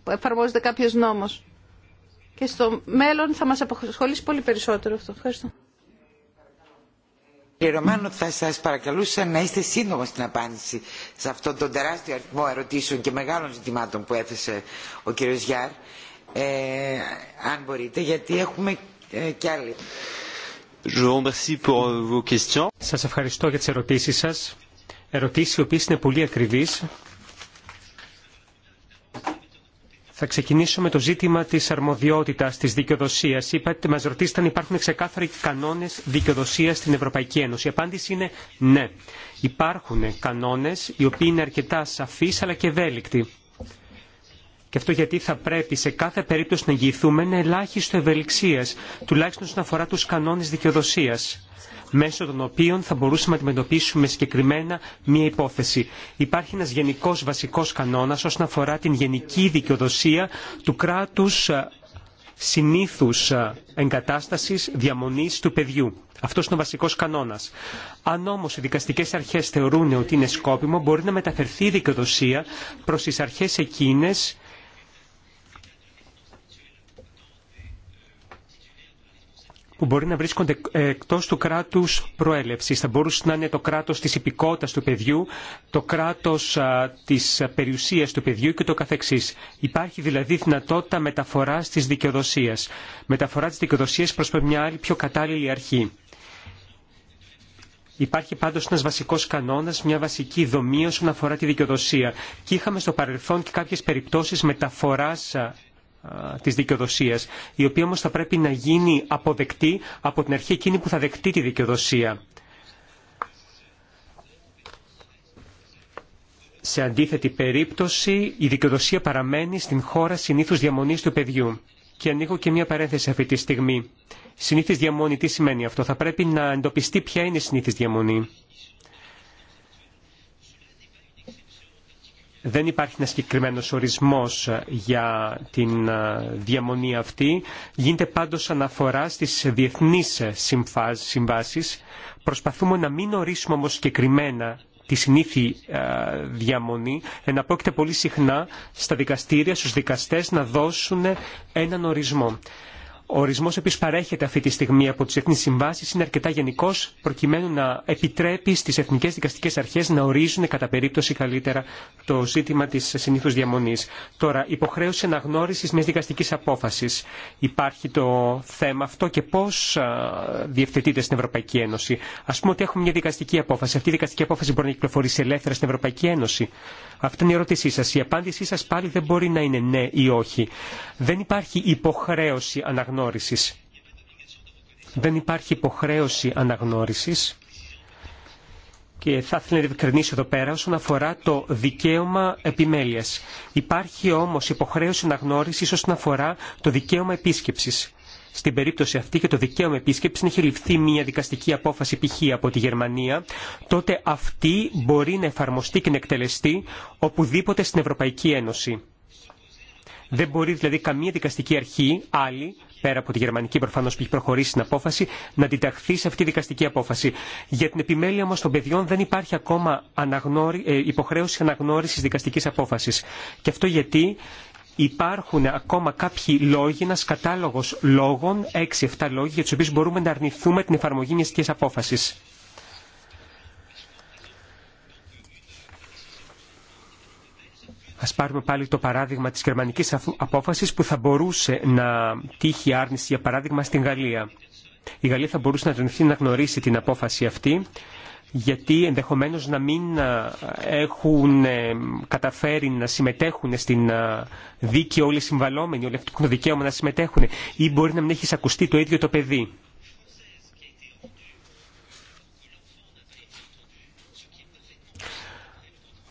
ε, εφαρμόζεται κάποιο νόμο. Και στο μέλλον θα μας αποσχολήσει πολύ περισσότερο αυτό. Ευχαριστώ. Ρωμάνο, θα σα παρακαλούσα να είστε σύντομο στην απάντηση σε αυτόν τον τεράστιο αριθμό ερωτήσεων και μεγάλων ζητημάτων που έθεσε ο κύριος Γιάρ. Ε, αν μπορείτε, γιατί έχουμε ε, κι άλλοι. Euh, σας ευχαριστώ για τις ερωτήσεις σας. Ερωτήσεις οι οποίες είναι πολύ ακριβείς Θα ξεκινήσω με το ζήτημα της αρμοδιότητα, της δικαιοδοσία. Είπατε, μας ρωτήσατε αν υπάρχουν ξεκάθαροι κανόνες δικαιοδοσίας στην Ευρωπαϊκή Ένωση. Η απάντηση είναι ναι. Υπάρχουν κανόνες οι οποίοι είναι αρκετά σαφεί αλλά και ευέλικτοι. Και αυτό γιατί θα πρέπει σε κάθε περίπτωση να εγγυηθούμε ένα ελάχιστο ευελιξία, τουλάχιστον όσον αφορά του κανόνε δικαιοδοσία μέσω των οποίων θα μπορούσαμε να αντιμετωπίσουμε συγκεκριμένα μία υπόθεση. Υπάρχει ένας γενικός βασικός κανόνας όσον αφορά την γενική δικαιοδοσία του κράτους ε, συνήθους ε, εγκατάστασης διαμονής του παιδιού. Αυτός είναι ο βασικός κανόνας. Αν όμως οι δικαστικέ αρχές θεωρούν ότι είναι σκόπιμο, μπορεί να μεταφερθεί η δικαιοδοσία προ τι αρχέ εκείνε που μπορεί να βρίσκονται εκτό του κράτου προέλευση. Θα μπορούσε να είναι το κράτο τη υπηκότητα του παιδιού, το κράτο τη περιουσία του παιδιού και το καθεξής. Υπάρχει δηλαδή δυνατότητα μεταφορά τη δικαιοδοσία. Μεταφορά τη δικαιοδοσία προ μια άλλη πιο κατάλληλη αρχή. Υπάρχει πάντω ένα βασικό κανόνα, μια βασική δομή όσον αφορά τη δικαιοδοσία. Και είχαμε στο παρελθόν και κάποιε περιπτώσει μεταφορά ε, τη δικαιοδοσία, η οποία όμω θα πρέπει να γίνει αποδεκτή από την αρχή εκείνη που θα δεκτεί τη δικαιοδοσία. Σε αντίθετη περίπτωση, η δικαιοδοσία παραμένει στην χώρα συνήθους διαμονής του παιδιού. Και ανοίγω και μία παρένθεση αυτή τη στιγμή. Συνήθις διαμονή, τι σημαίνει αυτό. Θα πρέπει να εντοπιστεί ποια είναι η συνήθις διαμονή. δεν υπάρχει ένα συγκεκριμένο ορισμός ε, για την ε, διαμονή αυτή. Γίνεται πάντω αναφορά στι διεθνεί ε, συμβάσεις. Προσπαθούμε να μην ορίσουμε όμω συγκεκριμένα τη συνήθη διαμονή, εναπόκειται πολύ συχνά στα δικαστήρια, στους δικαστές να δώσουν έναν ορισμό. Ο ορισμό ο παρέχεται αυτή τη στιγμή από τι Εθνεί Συμβάσει είναι αρκετά γενικό προκειμένου να επιτρέπει στι Εθνικέ Δικαστικέ Αρχέ να ορίζουν κατά περίπτωση καλύτερα το ζήτημα τη συνήθου διαμονή. Τώρα, υποχρέωση αναγνώριση μια δικαστική απόφαση. Υπάρχει το θέμα αυτό και πώ διευθετείται στην Ευρωπαϊκή Ένωση. Α πούμε ότι έχουμε μια δικαστική απόφαση. Αυτή η δικαστική απόφαση μπορεί να κυκλοφορήσει ελεύθερα στην Ευρωπαϊκή Ένωση. Αυτή είναι η ερώτησή σας. Η απάντησή σας πάλι δεν μπορεί να είναι ναι ή όχι. Δεν υπάρχει υποχρέωση αναγνώρισης. Δεν υπάρχει υποχρέωση αναγνώρισης. Και θα ήθελα να διευκρινίσω εδώ πέρα όσον αφορά το δικαίωμα επιμέλειας. Υπάρχει όμως υποχρέωση αναγνώρισης όσον αφορά το δικαίωμα επίσκεψης στην περίπτωση αυτή και το δικαίωμα επίσκεψη, έχει ληφθεί μια δικαστική απόφαση π.χ. από τη Γερμανία, τότε αυτή μπορεί να εφαρμοστεί και να εκτελεστεί οπουδήποτε στην Ευρωπαϊκή Ένωση. Δεν μπορεί δηλαδή καμία δικαστική αρχή άλλη, πέρα από τη γερμανική προφανώ που έχει προχωρήσει στην απόφαση, να αντιταχθεί σε αυτή τη δικαστική απόφαση. Για την επιμέλεια όμω των παιδιών δεν υπάρχει ακόμα αναγνώρι... Ε, υποχρέωση αναγνώριση δικαστική απόφαση. Και αυτό γιατί υπάρχουν ακόμα κάποιοι λόγοι, ένα κατάλογο λόγων, έξι-εφτά λόγοι, για του οποίου μπορούμε να αρνηθούμε την εφαρμογή μια τέτοια απόφαση. Ας πάρουμε πάλι το παράδειγμα της γερμανικής απόφασης που θα μπορούσε να τύχει άρνηση, για παράδειγμα, στην Γαλλία. Η Γαλλία θα μπορούσε να αρνηθεί να γνωρίσει την απόφαση αυτή γιατί ενδεχομένως να μην ε, έχουν ε, καταφέρει να συμμετέχουν στην ε, δίκη όλοι οι συμβαλόμενοι, όλοι έχουν το δικαίωμα να συμμετέχουν ή μπορεί να μην έχει ακουστεί το ίδιο το παιδί.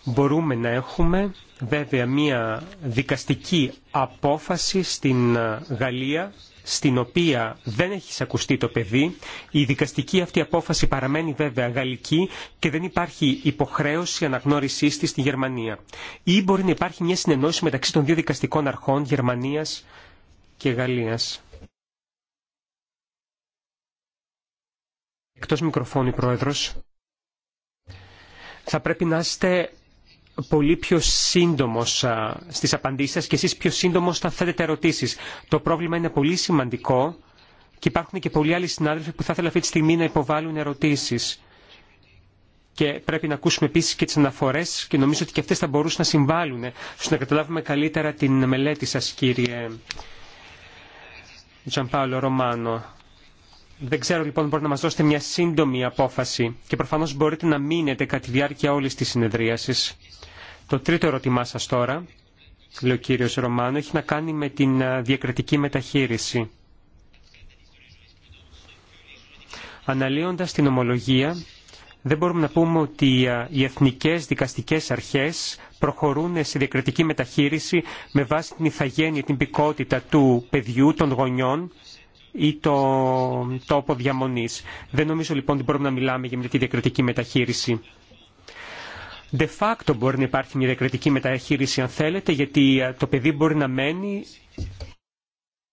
Μπορούμε να έχουμε βέβαια μία δικαστική απόφαση στην Γαλλία στην οποία δεν έχει ακουστεί το παιδί. Η δικαστική αυτή απόφαση παραμένει βέβαια γαλλική και δεν υπάρχει υποχρέωση αναγνώρισή τη στη Γερμανία. Ή μπορεί να υπάρχει μια συνεννόηση μεταξύ των δύο δικαστικών αρχών Γερμανία και Γαλλία. Εκτό μικροφώνη, Πρόεδρος. Θα πρέπει να είστε πολύ πιο σύντομο στι απαντήσει σα και εσεί πιο σύντομο θα θέτετε ερωτήσει. Το πρόβλημα είναι πολύ σημαντικό και υπάρχουν και πολλοί άλλοι συνάδελφοι που θα ήθελα αυτή τη στιγμή να υποβάλουν ερωτήσει. Και πρέπει να ακούσουμε επίση και τι αναφορέ και νομίζω ότι και αυτέ θα μπορούσαν να συμβάλλουν στο να καταλάβουμε καλύτερα την μελέτη σα, κύριε Τζανπάολο Ρωμάνο. Δεν ξέρω λοιπόν, μπορείτε να μα δώσετε μια σύντομη απόφαση και προφανώ μπορείτε να μείνετε κατά τη διάρκεια όλη τη συνεδρίαση. Το τρίτο ερώτημά σας τώρα, λέει ο κύριος Ρωμάνο, έχει να κάνει με την διακριτική μεταχείριση. Αναλύοντας την ομολογία, δεν μπορούμε να πούμε ότι οι εθνικές δικαστικές αρχές προχωρούν σε διακριτική μεταχείριση με βάση την ηθαγένεια, την πικότητα του παιδιού, των γονιών ή το τόπο διαμονής. Δεν νομίζω λοιπόν ότι μπορούμε να μιλάμε για μια διακριτική μεταχείριση. De facto μπορεί να υπάρχει μια διακριτική μεταχείριση αν θέλετε, γιατί ε, το παιδί μπορεί να μένει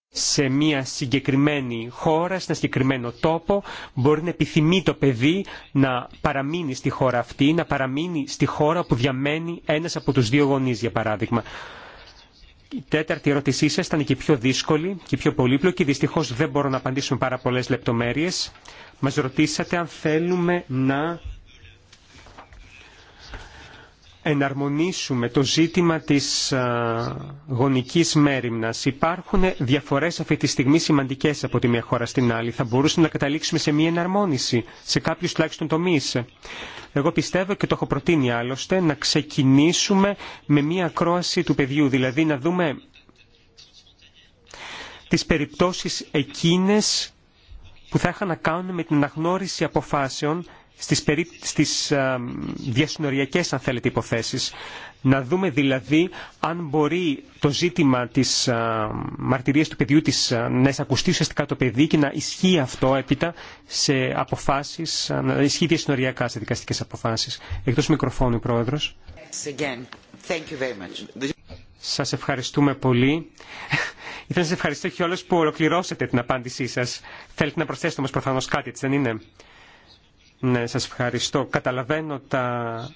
σε μια συγκεκριμένη χώρα, σε ένα συγκεκριμένο τόπο, μπορεί να επιθυμεί το παιδί να παραμείνει στη χώρα αυτή, να παραμείνει στη χώρα που διαμένει ένας από τους δύο γονείς, για παράδειγμα. Η τέταρτη ερώτησή σα ήταν και πιο δύσκολη και πιο πολύπλοκη. Δυστυχώ δεν μπορώ να απαντήσω με πάρα πολλέ λεπτομέρειε. Μα ρωτήσατε αν θέλουμε να εναρμονίσουμε το ζήτημα της γονικής μέρημνας. Υπάρχουν διαφορές αυτή τη στιγμή σημαντικές από τη μία χώρα στην άλλη. Θα μπορούσαμε να καταλήξουμε σε μία εναρμόνιση, σε κάποιους τουλάχιστον τομείς. Εγώ πιστεύω και το έχω προτείνει άλλωστε να ξεκινήσουμε με μία ακρόαση του παιδιού, δηλαδή να δούμε τις περιπτώσεις εκείνες που θα είχαν να κάνουν με την αναγνώριση αποφάσεων στις, ε, διασυνοριακές αν θέλετε υποθέσεις. Να δούμε δηλαδή αν μπορεί το ζήτημα της ε, μαρτυρίας του παιδιού της ε, να εισακουστεί ουσιαστικά το παιδί και να ισχύει αυτό έπειτα σε αποφάσεις, να ισχύει διασυνοριακά σε δικαστικές αποφάσεις. Εκτός μικροφώνου, Πρόεδρος. Σας ευχαριστούμε πολύ. [laughs] Ήθελα να σας ευχαριστώ και όλους που ολοκληρώσετε την απάντησή σας. Θέλετε να προσθέσετε όμως προφανώς κάτι, έτσι δεν είναι. Ναι, σας ευχαριστώ. Καταλαβαίνω τα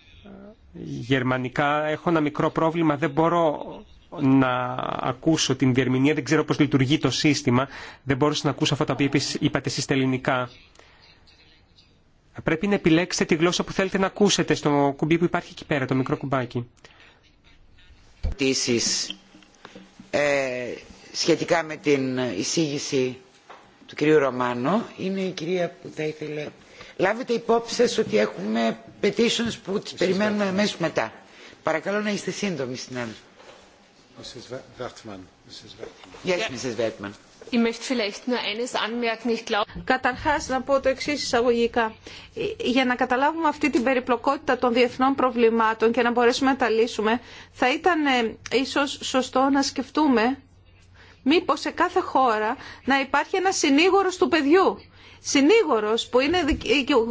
γερμανικά. Έχω ένα μικρό πρόβλημα. Δεν μπορώ να ακούσω την διερμηνία. Δεν ξέρω πώς λειτουργεί το σύστημα. Δεν μπορούσα να ακούσω αυτά τα οποία είπατε εσείς τα ελληνικά. Πρέπει να επιλέξετε τη γλώσσα που θέλετε να ακούσετε στο κουμπί που υπάρχει εκεί πέρα, το μικρό κουμπάκι. Ε, σχετικά με την εισήγηση του κυρίου Ρωμάνο είναι η κυρία που θα ήθελε λάβετε υπόψη σας ότι έχουμε petitions που τις περιμένουμε αμέσως μετά. Παρακαλώ να είστε σύντομοι συνάδελφοι. Καταρχά να πω το εξή εισαγωγικά. Ε, για να καταλάβουμε αυτή την περιπλοκότητα των διεθνών προβλημάτων και να μπορέσουμε να τα λύσουμε, θα ήταν ε, ίσω σωστό να σκεφτούμε μήπω σε κάθε χώρα να υπάρχει ένα συνήγορο του παιδιού συνήγορος που είναι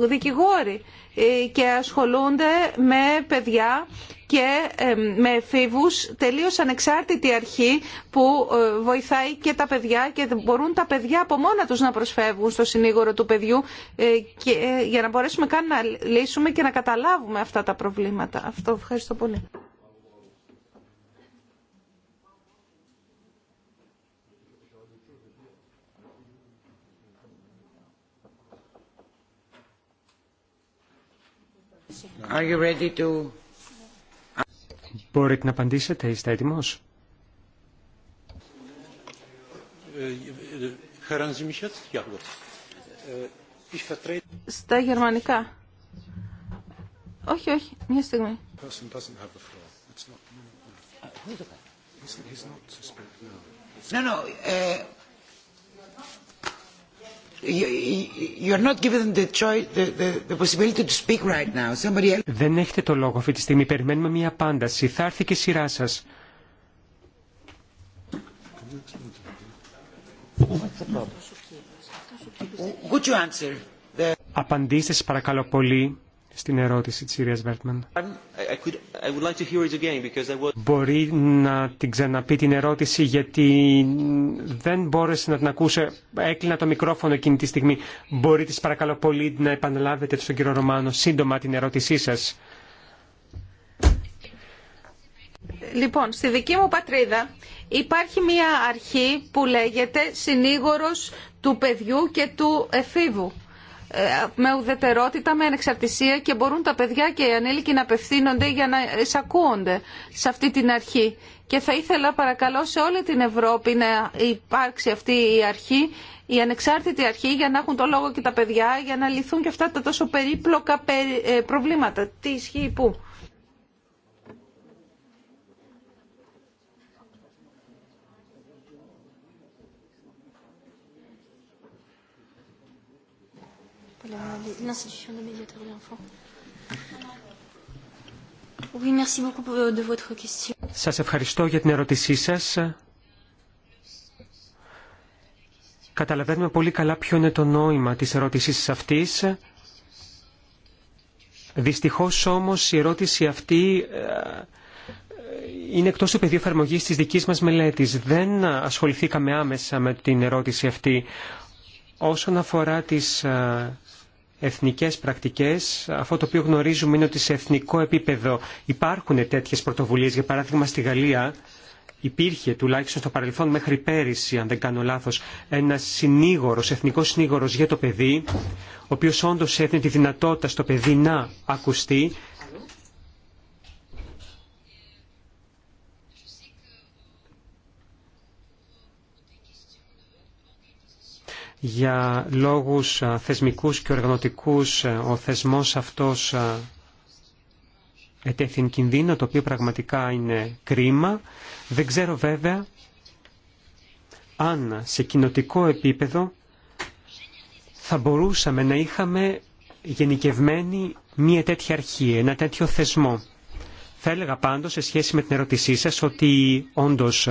ε, δικηγόροι ε, και ασχολούνται με παιδιά και ε, με εφήβους τελείως ανεξάρτητη αρχή που βοηθάει και τα παιδιά και μπορούν τα παιδιά από μόνα τους να προσφεύγουν στο συνήγορο του παιδιού και για να μπορέσουμε καν να λύσουμε και να καταλάβουμε αυτά τα προβλήματα. Αυτό ευχαριστώ πολύ. Are you ready to... Μπορείτε να απαντήσετε, είστε έτοιμος. Στα γερμανικά. Όχι, όχι, μια στιγμή. No, no, ε, δεν έχετε το λόγο αυτή τη στιγμή. Περιμένουμε μία απάνταση. Θα έρθει και η σειρά σα. Απαντήστε, παρακαλώ πολύ, στην ερώτηση της κυρίας Βέρτμαν. Μπορεί να την ξαναπεί την ερώτηση γιατί δεν μπόρεσε να την ακούσε. Έκλεινα το μικρόφωνο εκείνη τη στιγμή. Μπορεί της παρακαλώ πολύ να επαναλάβετε στον κύριο Ρωμάνο σύντομα την ερώτησή σας. Λοιπόν, στη δική μου πατρίδα υπάρχει μια αρχή που λέγεται συνήγορος του παιδιού και του εφήβου. Ε, με ουδετερότητα, με ανεξαρτησία και μπορούν τα παιδιά και οι ανήλικοι να απευθύνονται για να εισακούονται σε αυτή την αρχή. Και θα ήθελα παρακαλώ σε όλη την Ευρώπη να υπάρξει αυτή η αρχή, η ανεξάρτητη αρχή για να έχουν το λόγο και τα παιδιά, για να λυθούν και αυτά τα τόσο περίπλοκα ε, προβλήματα. Τι ισχύει πού. l'institution euh, Σας ευχαριστώ για την ερώτησή σας. Καταλαβαίνουμε πολύ καλά ποιο είναι το νόημα της ερώτησής αυτής. Δυστυχώς όμως η ερώτηση αυτή ε, είναι εκτός του πεδίου εφαρμογή της δικής μας μελέτης. Δεν ασχοληθήκαμε άμεσα με την ερώτηση αυτή. Όσον αφορά τις ε, εθνικές πρακτικές. Αυτό το οποίο γνωρίζουμε είναι ότι σε εθνικό επίπεδο υπάρχουν τέτοιες πρωτοβουλίες. Για παράδειγμα στη Γαλλία υπήρχε τουλάχιστον στο παρελθόν μέχρι πέρυσι, αν δεν κάνω λάθος, ένας συνήγορος, εθνικός συνήγορος για το παιδί, ο οποίος όντως έδινε τη δυνατότητα στο παιδί να ακουστεί για λόγους θεσμικούς και οργανωτικούς ο θεσμός αυτός ετέθην κινδύνο, το οποίο πραγματικά είναι κρίμα. Δεν ξέρω βέβαια αν σε κοινοτικό επίπεδο θα μπορούσαμε να είχαμε γενικευμένη μία τέτοια αρχή, ένα τέτοιο θεσμό. Θα έλεγα πάντως σε σχέση με την ερώτησή σας ότι όντως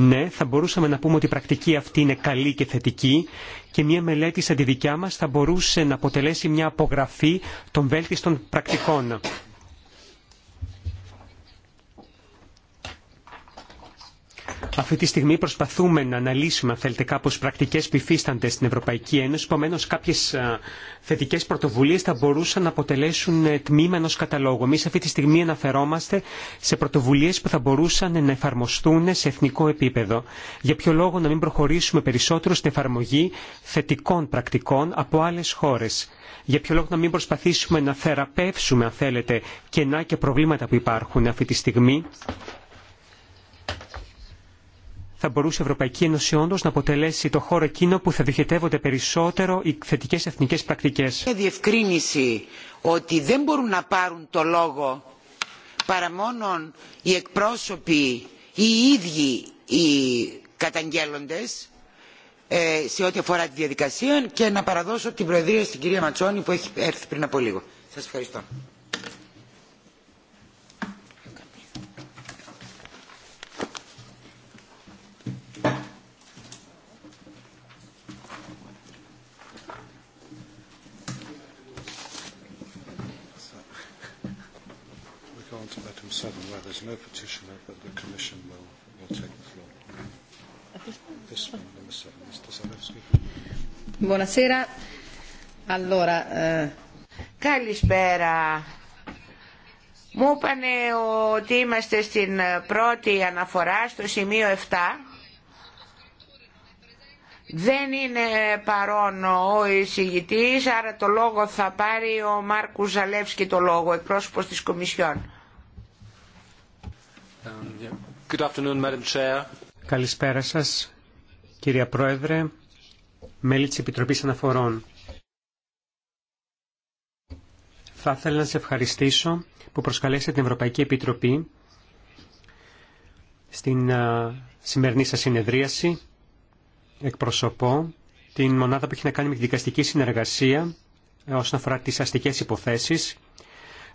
ναι, θα μπορούσαμε να πούμε ότι η πρακτική αυτή είναι καλή και θετική και μια μελέτη σαν τη δικιά μας θα μπορούσε να αποτελέσει μια απογραφή των βέλτιστων πρακτικών. Αυτή τη στιγμή προσπαθούμε να αναλύσουμε, αν θέλετε, κάπω πρακτικέ που υφίστανται στην Ευρωπαϊκή Ένωση. Επομένω, κάποιε θετικέ πρωτοβουλίε θα μπορούσαν να αποτελέσουν ε, τμήμα ενό καταλόγου. Εμεί αυτή τη στιγμή αναφερόμαστε σε πρωτοβουλίε που θα μπορούσαν να εφαρμοστούν σε εθνικό επίπεδο. Για ποιο λόγο να μην προχωρήσουμε περισσότερο στην εφαρμογή θετικών πρακτικών από άλλε χώρε. Για ποιο λόγο να μην προσπαθήσουμε να θεραπεύσουμε, αν θέλετε, κενά και προβλήματα που υπάρχουν αυτή τη στιγμή θα μπορούσε η Ευρωπαϊκή Ένωση όντω να αποτελέσει το χώρο εκείνο που θα διοχετεύονται περισσότερο οι θετικέ εθνικέ πρακτικέ. Μια διευκρίνηση ότι δεν μπορούν να πάρουν το λόγο παρά μόνο οι εκπρόσωποι ή οι ίδιοι οι καταγγέλλοντες ε, σε ό,τι αφορά τη διαδικασία και να παραδώσω την Προεδρία στην κυρία Ματσόνη που έχει έρθει πριν από λίγο. Σας ευχαριστώ. Buonasera. Allora, eh... Καλησπέρα. Μου είπανε ότι είμαστε στην πρώτη αναφορά στο σημείο 7. Δεν είναι παρόν ο εισηγητής, άρα το λόγο θα πάρει ο Μάρκου Ζαλεύσκη το λόγο, εκπρόσωπος της Κομισιόν. Good afternoon, Madam Chair. Καλησπέρα σας, κυρία Πρόεδρε, μέλη της Επιτροπής Αναφορών. Θα ήθελα να σε ευχαριστήσω που προσκαλέσατε την Ευρωπαϊκή Επιτροπή στην σημερινή σας συνεδρίαση. Εκπροσωπώ την μονάδα που έχει να κάνει με τη δικαστική συνεργασία ε, όσον αφορά τις αστικές υποθέσεις.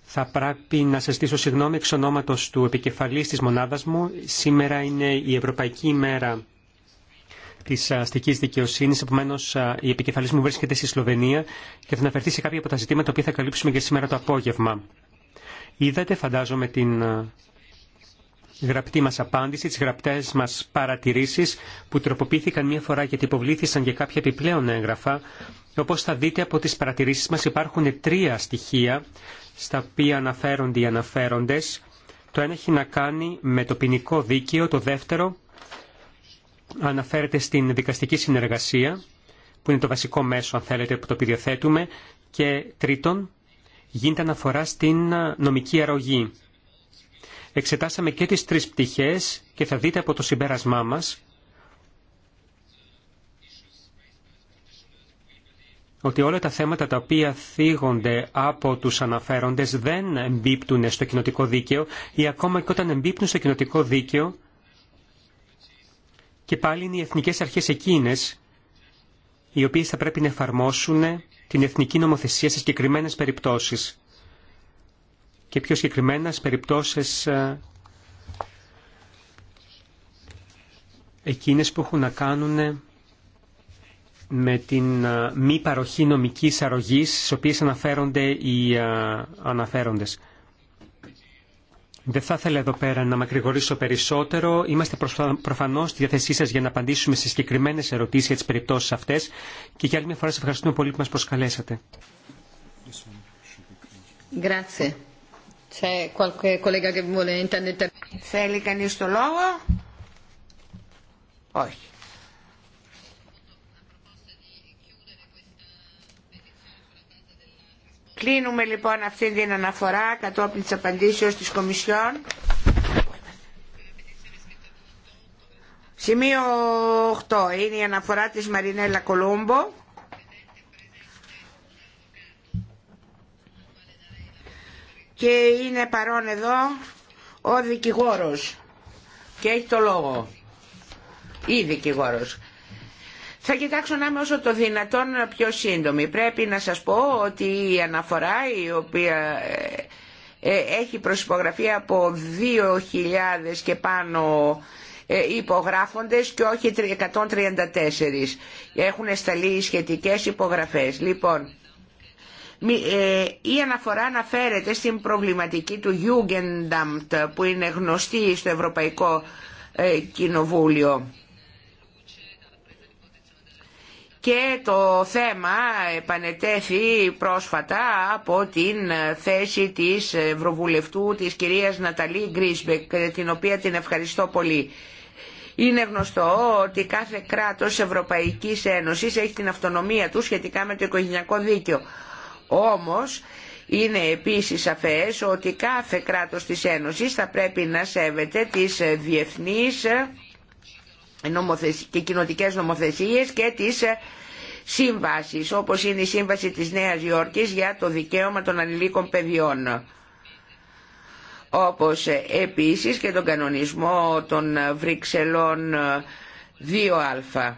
Θα πρέπει να σας ζητήσω συγγνώμη εξ ονόματος του επικεφαλής της μονάδας μου. Σήμερα είναι η Ευρωπαϊκή ημέρα Τη αστική δικαιοσύνη, επομένω, η επικεφαλή μου βρίσκεται στη Σλοβενία και θα αναφερθεί σε κάποια από τα ζητήματα που θα καλύψουμε και σήμερα το απόγευμα. Είδατε, φαντάζομαι, την γραπτή μα απάντηση, τι γραπτέ μα παρατηρήσει που τροποποιήθηκαν μία φορά γιατί υποβλήθησαν για κάποια επιπλέον έγγραφα. Όπω θα δείτε από τι παρατηρήσει μα υπάρχουν τρία στοιχεία στα οποία αναφέρονται οι αναφέροντε. Το ένα έχει να κάνει με το ποινικό δίκαιο, το δεύτερο αναφέρεται στην δικαστική συνεργασία, που είναι το βασικό μέσο, αν θέλετε, που το επιδιοθέτουμε, και τρίτον, γίνεται αναφορά στην νομική αρρωγή. Εξετάσαμε και τις τρεις πτυχές και θα δείτε από το συμπέρασμά μας ότι όλα τα θέματα τα οποία θίγονται από τους αναφέροντες δεν εμπίπτουν στο κοινοτικό δίκαιο ή ακόμα και όταν εμπίπτουν στο κοινοτικό δίκαιο και πάλι είναι οι εθνικές αρχές εκείνες οι οποίες θα πρέπει να εφαρμόσουν την εθνική νομοθεσία σε συγκεκριμένε περιπτώσεις και πιο συγκεκριμένα σε περιπτώσεις ε, εκείνες που έχουν να κάνουν με την ε, μη παροχή νομικής αρρωγής στις οποίες αναφέρονται οι ε, αναφέροντες. Δεν θα ήθελα εδώ πέρα να μακρηγορήσω περισσότερο. Είμαστε προφανώ στη διάθεσή σα για να απαντήσουμε σε συγκεκριμένε ερωτήσει για τι περιπτώσει αυτέ και για άλλη μια φορά σα ευχαριστούμε πολύ που μα προσκαλέσατε. Θέλει κανεί το λόγο. Όχι. Κλείνουμε λοιπόν αυτή την αναφορά κατόπιν της απαντήσεως της Κομισιόν. Σημείο 8 είναι η αναφορά της Μαρινέλα Κολούμπο. Και είναι παρόν εδώ ο δικηγόρος και έχει το λόγο. Ή δικηγόρος. Θα κοιτάξω να είμαι όσο το δυνατόν πιο σύντομη. Πρέπει να σας πω ότι η αναφορά η οποία ε, ε, έχει προσυπογραφεί από 2.000 και πάνω ε, υπογράφοντες και όχι 134. Έχουν σταλεί σχετικές υπογραφές. Λοιπόν, η αναφορά αναφέρεται στην προβληματική του Jugendamt που είναι γνωστή στο Ευρωπαϊκό Κοινοβούλιο και το θέμα επανετέθη πρόσφατα από την θέση της Ευρωβουλευτού της κυρίας Ναταλή Γκρίσμπεκ, την οποία την ευχαριστώ πολύ. Είναι γνωστό ότι κάθε κράτος Ευρωπαϊκής Ένωσης έχει την αυτονομία του σχετικά με το οικογενειακό δίκαιο. Όμως είναι επίσης σαφές ότι κάθε κράτος της Ένωσης θα πρέπει να σέβεται τις διεθνείς και κοινοτικές νομοθεσίες και τις ε, σύμβασεις, όπως είναι η Σύμβαση της Νέας Υόρκης για το δικαίωμα των ανηλίκων παιδιών. Όπως ε, επίσης και τον κανονισμό των Βρυξελών 2α ε,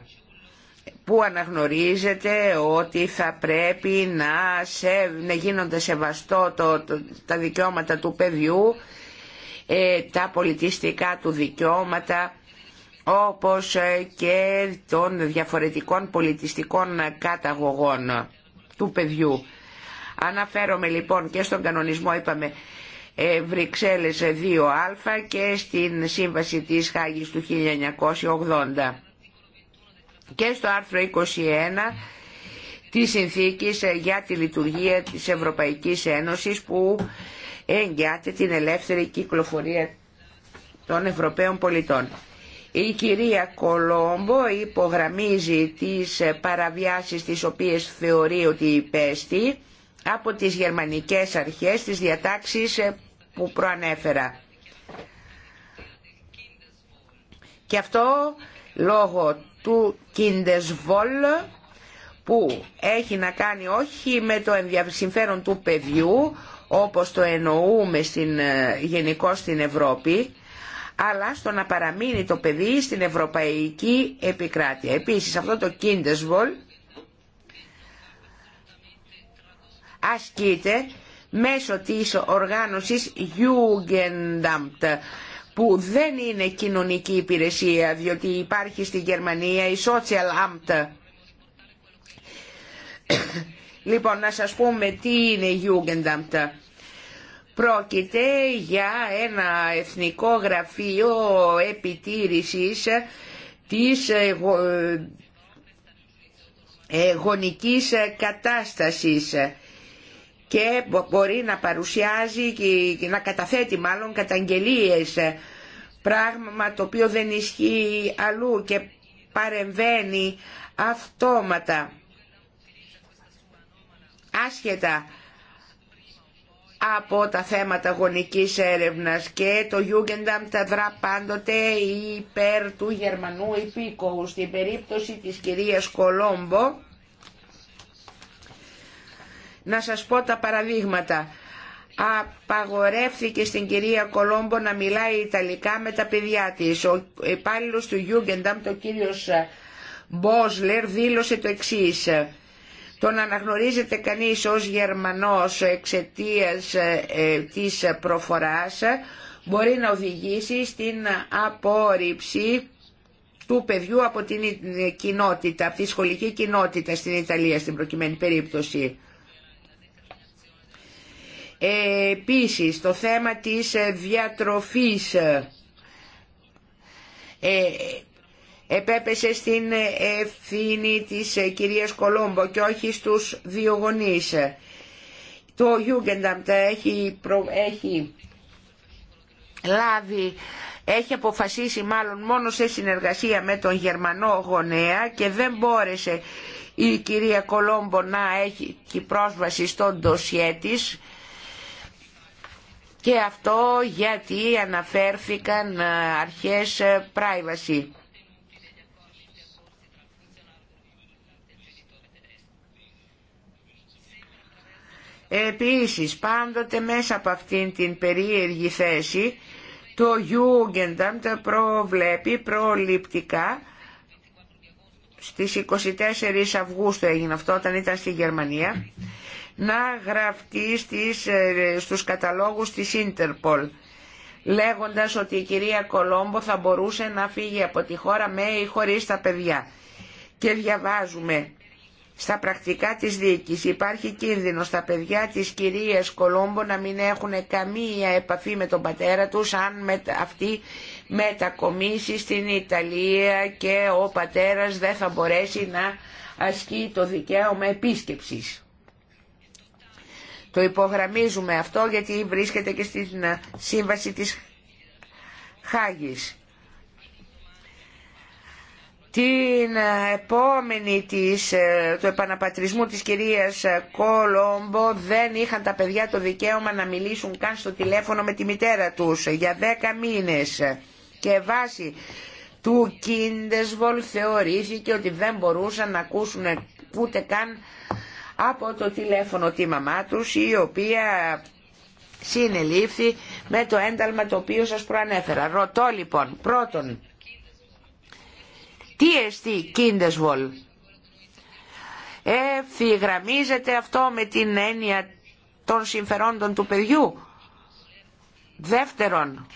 που αναγνωρίζεται ότι θα πρέπει να, σε, να γίνονται σεβαστό το, τα δικαιώματα του παιδιού, τα πολιτιστικά του δικαιώματα όπως ε, και των διαφορετικών πολιτιστικών καταγωγών του παιδιού. Αναφέρομαι λοιπόν και στον κανονισμό, είπαμε, ε, Βρυξέλλες 2α και στην Σύμβαση της Χάγης του 1980 και στο άρθρο 21 της Συνθήκης ε, για τη λειτουργία της Ευρωπαϊκής Ένωσης που εγγυάται την ελεύθερη κυκλοφορία των Ευρωπαίων πολιτών. Η κυρία Κολόμπο υπογραμμίζει τις παραβιάσεις τις οποίες θεωρεί ότι υπέστη από τις γερμανικές αρχές τις διατάξεις που προανέφερα. Και αυτό λόγω του Kindeswohl που έχει να κάνει όχι με το ενδιαφερόν του παιδιού όπως το εννοούμε στην, ε, γενικώ στην Ευρώπη αλλά στο να παραμείνει το παιδί στην ευρωπαϊκή επικράτεια. Επίσης αυτό το Kindeswohl ασκείται μέσω της οργάνωσης Jugendamt που δεν είναι κοινωνική υπηρεσία διότι υπάρχει στη Γερμανία η Social Amt. [coughs] λοιπόν να σας πούμε τι είναι Jugendamt. Πρόκειται για ένα εθνικό γραφείο επιτήρησης της ε, ε, ε, γονικής κατάστασης και μπορεί να παρουσιάζει και να καταθέτει μάλλον καταγγελίες πράγμα το οποίο δεν ισχύει αλλού και παρεμβαίνει αυτόματα άσχετα από τα θέματα γονικής έρευνας και το Jugendamt τα δρά πάντοτε υπέρ του Γερμανού υπήκοου. Στην περίπτωση της κυρίας Κολόμπο, να σας πω τα παραδείγματα. Απαγορεύθηκε στην κυρία Κολόμπο να μιλάει Ιταλικά με τα παιδιά της. Ο υπάλληλος του Jugendamt, ο κύριος Μπόσλερ, δήλωσε το εξής το να αναγνωρίζεται κανείς ως Γερμανός εξαιτίας ε, της προφοράς μπορεί να οδηγήσει στην απόρριψη του παιδιού από την κοινότητα, από τη σχολική κοινότητα στην Ιταλία στην προκειμένη περίπτωση. Ε, επίσης το θέμα της διατροφής ε, επέπεσε στην ευθύνη της ε, κυρίας Κολόμπο και όχι στους δύο γονείς. Το Jugendamt έχει, έχει λάβει έχει αποφασίσει μάλλον μόνο σε συνεργασία με τον Γερμανό γονέα και δεν μπόρεσε η κυρία Κολόμπο να έχει πρόσβαση στον ντοσιέ της και αυτό γιατί αναφέρθηκαν ε, αρχές ε, privacy. Επίσης πάντοτε μέσα από αυτήν την περίεργη θέση το Jugendamt προβλέπει προληπτικά στις 24 Αυγούστου έγινε αυτό όταν ήταν στη Γερμανία να γραφτεί στις, ε, στους καταλόγους της Interpol λέγοντας ότι η κυρία Κολόμπο θα μπορούσε να φύγει από τη χώρα με ή χωρίς τα παιδιά και διαβάζουμε στα πρακτικά της δίκης. Υπάρχει κίνδυνος στα παιδιά της κυρίας Κολόμπο να μην έχουν καμία επαφή με τον πατέρα τους αν αυτή μετακομίσει στην Ιταλία και ο πατέρας δεν θα μπορέσει να ασκεί το δικαίωμα επίσκεψης. Το υπογραμμίζουμε αυτό γιατί βρίσκεται και στην ε, σύμβαση της Χάγης την επόμενη της, ε, του επαναπατρισμού της κυρίας Κολόμπο δεν είχαν τα παιδιά το δικαίωμα να μιλήσουν καν στο τηλέφωνο με τη μητέρα τους για δέκα μήνες και βάσει του Κίντεσβολ θεωρήθηκε ότι δεν μπορούσαν να ακούσουν ούτε καν από το τηλέφωνο τη μαμά τους η οποία συνελήφθη με το ένταλμα το οποίο σας προανέφερα. Ρωτώ λοιπόν πρώτον τι εστί, Κίντεσβολ, Ευθυγραμμίζεται αυτό με την έννοια των συμφερόντων του παιδιού. Δεύτερον,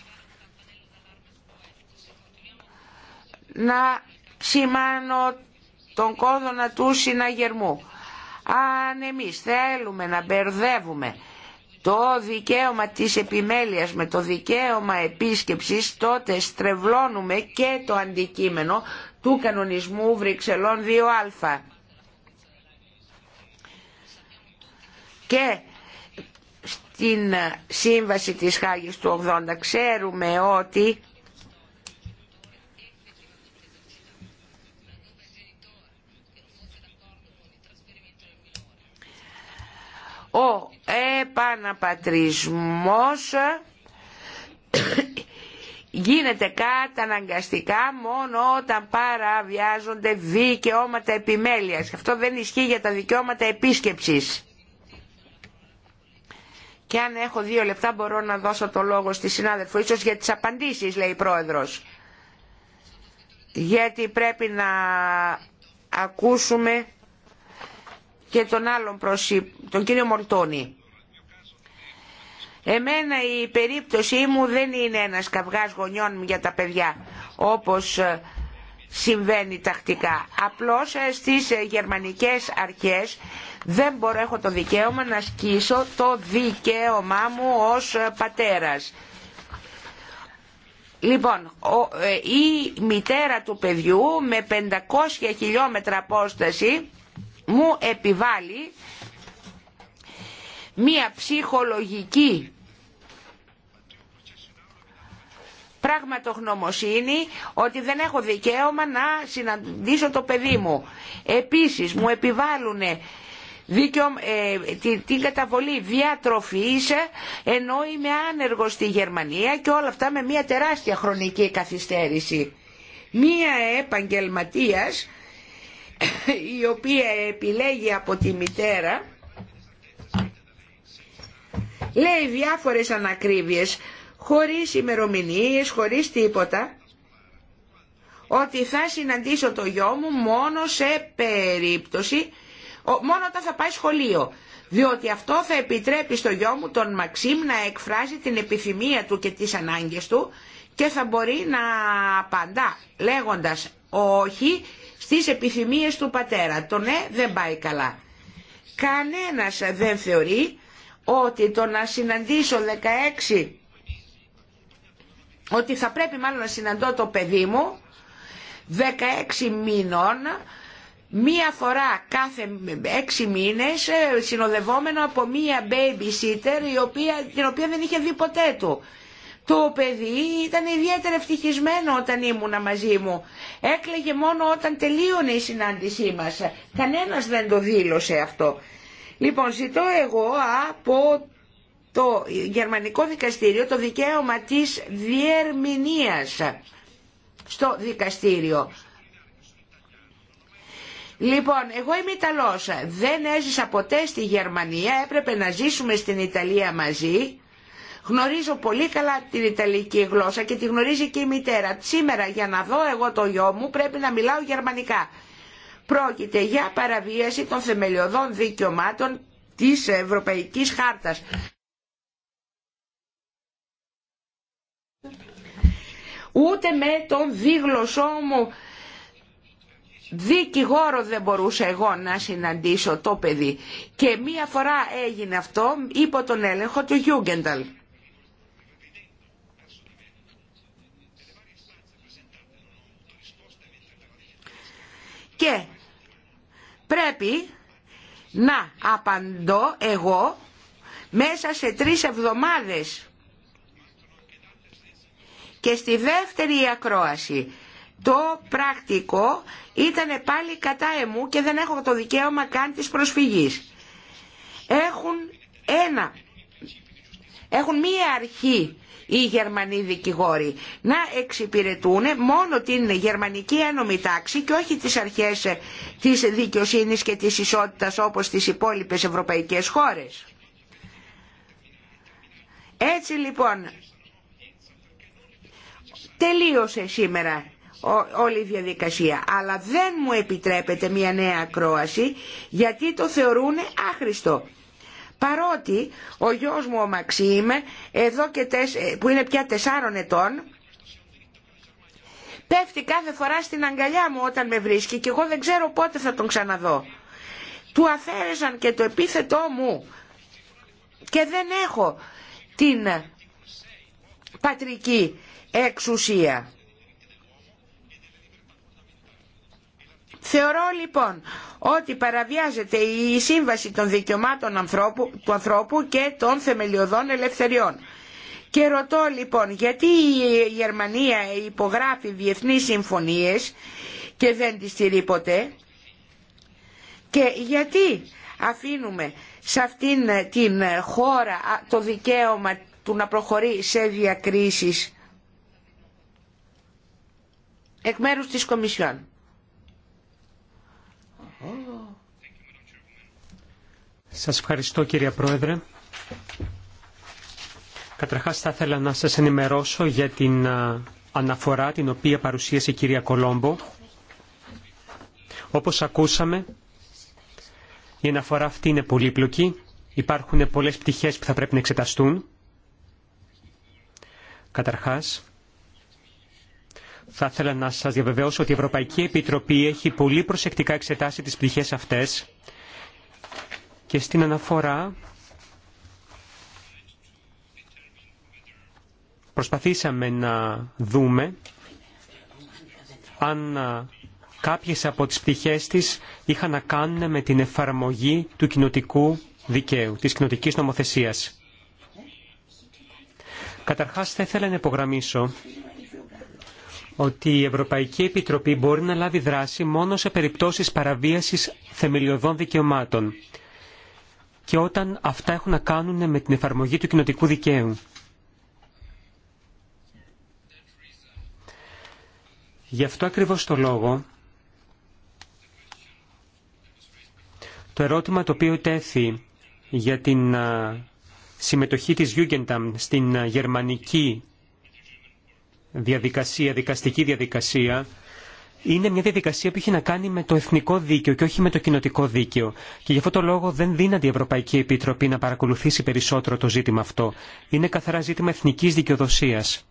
να σημάνω τον κόδωνα του συναγερμού. Αν εμείς θέλουμε να μπερδεύουμε το δικαίωμα της επιμέλειας με το δικαίωμα επίσκεψης, τότε στρεβλώνουμε και το αντικείμενο του κανονισμού Βρυξελών 2α. Και στην σύμβαση της Χάγης του 80 ξέρουμε ότι ο επαναπατρισμός γίνεται καταναγκαστικά μόνο όταν παραβιάζονται δικαιώματα επιμέλειας. Αυτό δεν ισχύει για τα δικαιώματα επίσκεψης. Και αν έχω δύο λεπτά μπορώ να δώσω το λόγο στη συνάδελφο, ίσως για τις απαντήσεις λέει η πρόεδρος. Γιατί πρέπει να ακούσουμε και τον άλλον προσύ... τον κύριο Μορτώνη. Εμένα η περίπτωσή μου δεν είναι ένας καυγάς γονιών για τα παιδιά όπως ε, συμβαίνει τακτικά. Απλώς ε, στις ε, γερμανικές αρχές δεν μπορώ, έχω το δικαίωμα να σκίσω το δικαίωμά μου ως πατέρας. Λοιπόν, η μητέρα του παιδιού με 500 χιλιόμετρα απόσταση μου επιβάλλει μία ψυχολογική πραγματογνωμοσύνη ότι δεν έχω δικαίωμα να συναντήσω το παιδί μου. Επίσης μου επιβάλλουν ε, την, την καταβολή διατροφής ενώ είμαι άνεργος στη Γερμανία και όλα αυτά με μια τεράστια χρονική καθυστέρηση. Μία επαγγελματίας η οποία επιλέγει από τη μητέρα λέει διάφορες ανακρίβειες χωρίς ημερομηνίε, χωρίς τίποτα ότι θα συναντήσω το γιο μου μόνο σε περίπτωση μόνο όταν θα πάει σχολείο διότι αυτό θα επιτρέπει στο γιο μου τον Μαξίμ να εκφράζει την επιθυμία του και τις ανάγκες του και θα μπορεί να απαντά λέγοντας όχι στις επιθυμίες του πατέρα. Το ναι δεν πάει καλά. Κανένας δεν θεωρεί ότι το να συναντήσω 16 ότι θα πρέπει μάλλον να συναντώ το παιδί μου 16 μήνων μία φορά κάθε 6 μήνες ε, συνοδευόμενο από μία babysitter η οποία, την οποία δεν είχε δει ποτέ του. Το παιδί ήταν ιδιαίτερα ευτυχισμένο όταν ήμουνα μαζί μου. Έκλαιγε μόνο όταν τελείωνε η συνάντησή μας. Κανένας δεν το δήλωσε αυτό. Λοιπόν, ζητώ εγώ από το γερμανικό δικαστήριο το δικαίωμα της διερμηνίας στο δικαστήριο. Λοιπόν, εγώ είμαι Ιταλός, δεν έζησα ποτέ στη Γερμανία, έπρεπε να ζήσουμε στην Ιταλία μαζί. Γνωρίζω πολύ καλά την Ιταλική γλώσσα και τη γνωρίζει και η μητέρα. Σήμερα για να δω εγώ το γιο μου πρέπει να μιλάω γερμανικά πρόκειται για παραβίαση των θεμελιωδών δικαιωμάτων της Ευρωπαϊκής Χάρτας. Ούτε με τον δίγλωσό μου δικηγόρο δεν μπορούσα εγώ να συναντήσω το παιδί. Και μία φορά έγινε αυτό υπό τον έλεγχο του Γιούγκενταλ. Και πρέπει να απαντώ εγώ μέσα σε τρεις εβδομάδες και στη δεύτερη ακρόαση το πρακτικό ήταν πάλι κατά εμού και δεν έχω το δικαίωμα καν της προσφυγής. Έχουν ένα, έχουν μία αρχή οι Γερμανοί δικηγόροι να εξυπηρετούν μόνο την γερμανική ένωμη τάξη και όχι τις αρχές της δικαιοσύνης και της ισότητας όπως τις υπόλοιπες ευρωπαϊκές χώρες. Έτσι λοιπόν τελείωσε σήμερα όλη η διαδικασία αλλά δεν μου επιτρέπεται μια νέα ακρόαση γιατί το θεωρούν άχρηστο Παρότι ο γιος μου ο Μαξίμ, εδώ και ε, που είναι πια τεσσάρων ετών, πέφτει κάθε φορά στην αγκαλιά μου όταν με βρίσκει και εγώ δεν ξέρω πότε θα τον ξαναδώ. Του αφαίρεσαν και το επίθετό μου και δεν έχω την πατρική εξουσία. Θεωρώ λοιπόν ότι παραβιάζεται η σύμβαση των δικαιωμάτων του ανθρώπου και των θεμελιωδών ελευθεριών. Και ρωτώ λοιπόν γιατί η Γερμανία υπογράφει διεθνείς συμφωνίες και δεν τις στηρεί ποτέ και γιατί αφήνουμε σε αυτήν την χώρα το δικαίωμα του να προχωρεί σε διακρίσεις εκ μέρους της Κομισιόν. Σας ευχαριστώ κύριε Πρόεδρε. Καταρχάς θα ήθελα να σας ενημερώσω για την αναφορά την οποία παρουσίασε η κυρία Κολόμπο. Όπως ακούσαμε, η αναφορά αυτή είναι πολύπλοκη. Υπάρχουν πολλές πτυχές που θα πρέπει να εξεταστούν. Καταρχάς, θα ήθελα να σας διαβεβαιώσω ότι η Ευρωπαϊκή Επιτροπή έχει πολύ προσεκτικά εξετάσει τις πτυχές αυτές και στην αναφορά προσπαθήσαμε να δούμε αν κάποιες από τις πτυχές της είχαν να κάνουν με την εφαρμογή του κοινοτικού δικαίου, της κοινοτικής νομοθεσίας. Καταρχάς θα ήθελα να υπογραμμίσω ότι η Ευρωπαϊκή Επιτροπή μπορεί να λάβει δράση μόνο σε περιπτώσεις παραβίασης θεμελιωδών δικαιωμάτων και όταν αυτά έχουν να κάνουν με την εφαρμογή του κοινοτικού δικαίου. Γι' αυτό ακριβώς το λόγο, το ερώτημα το οποίο τέθη για την συμμετοχή της Jugendamt στην γερμανική διαδικασία, δικαστική διαδικασία, είναι μια διαδικασία που έχει να κάνει με το εθνικό δίκαιο και όχι με το κοινοτικό δίκαιο. Και γι' αυτό το λόγο δεν δύναται η Ευρωπαϊκή Επιτροπή να παρακολουθήσει περισσότερο το ζήτημα αυτό. Είναι καθαρά ζήτημα εθνικής δικαιοδοσίας.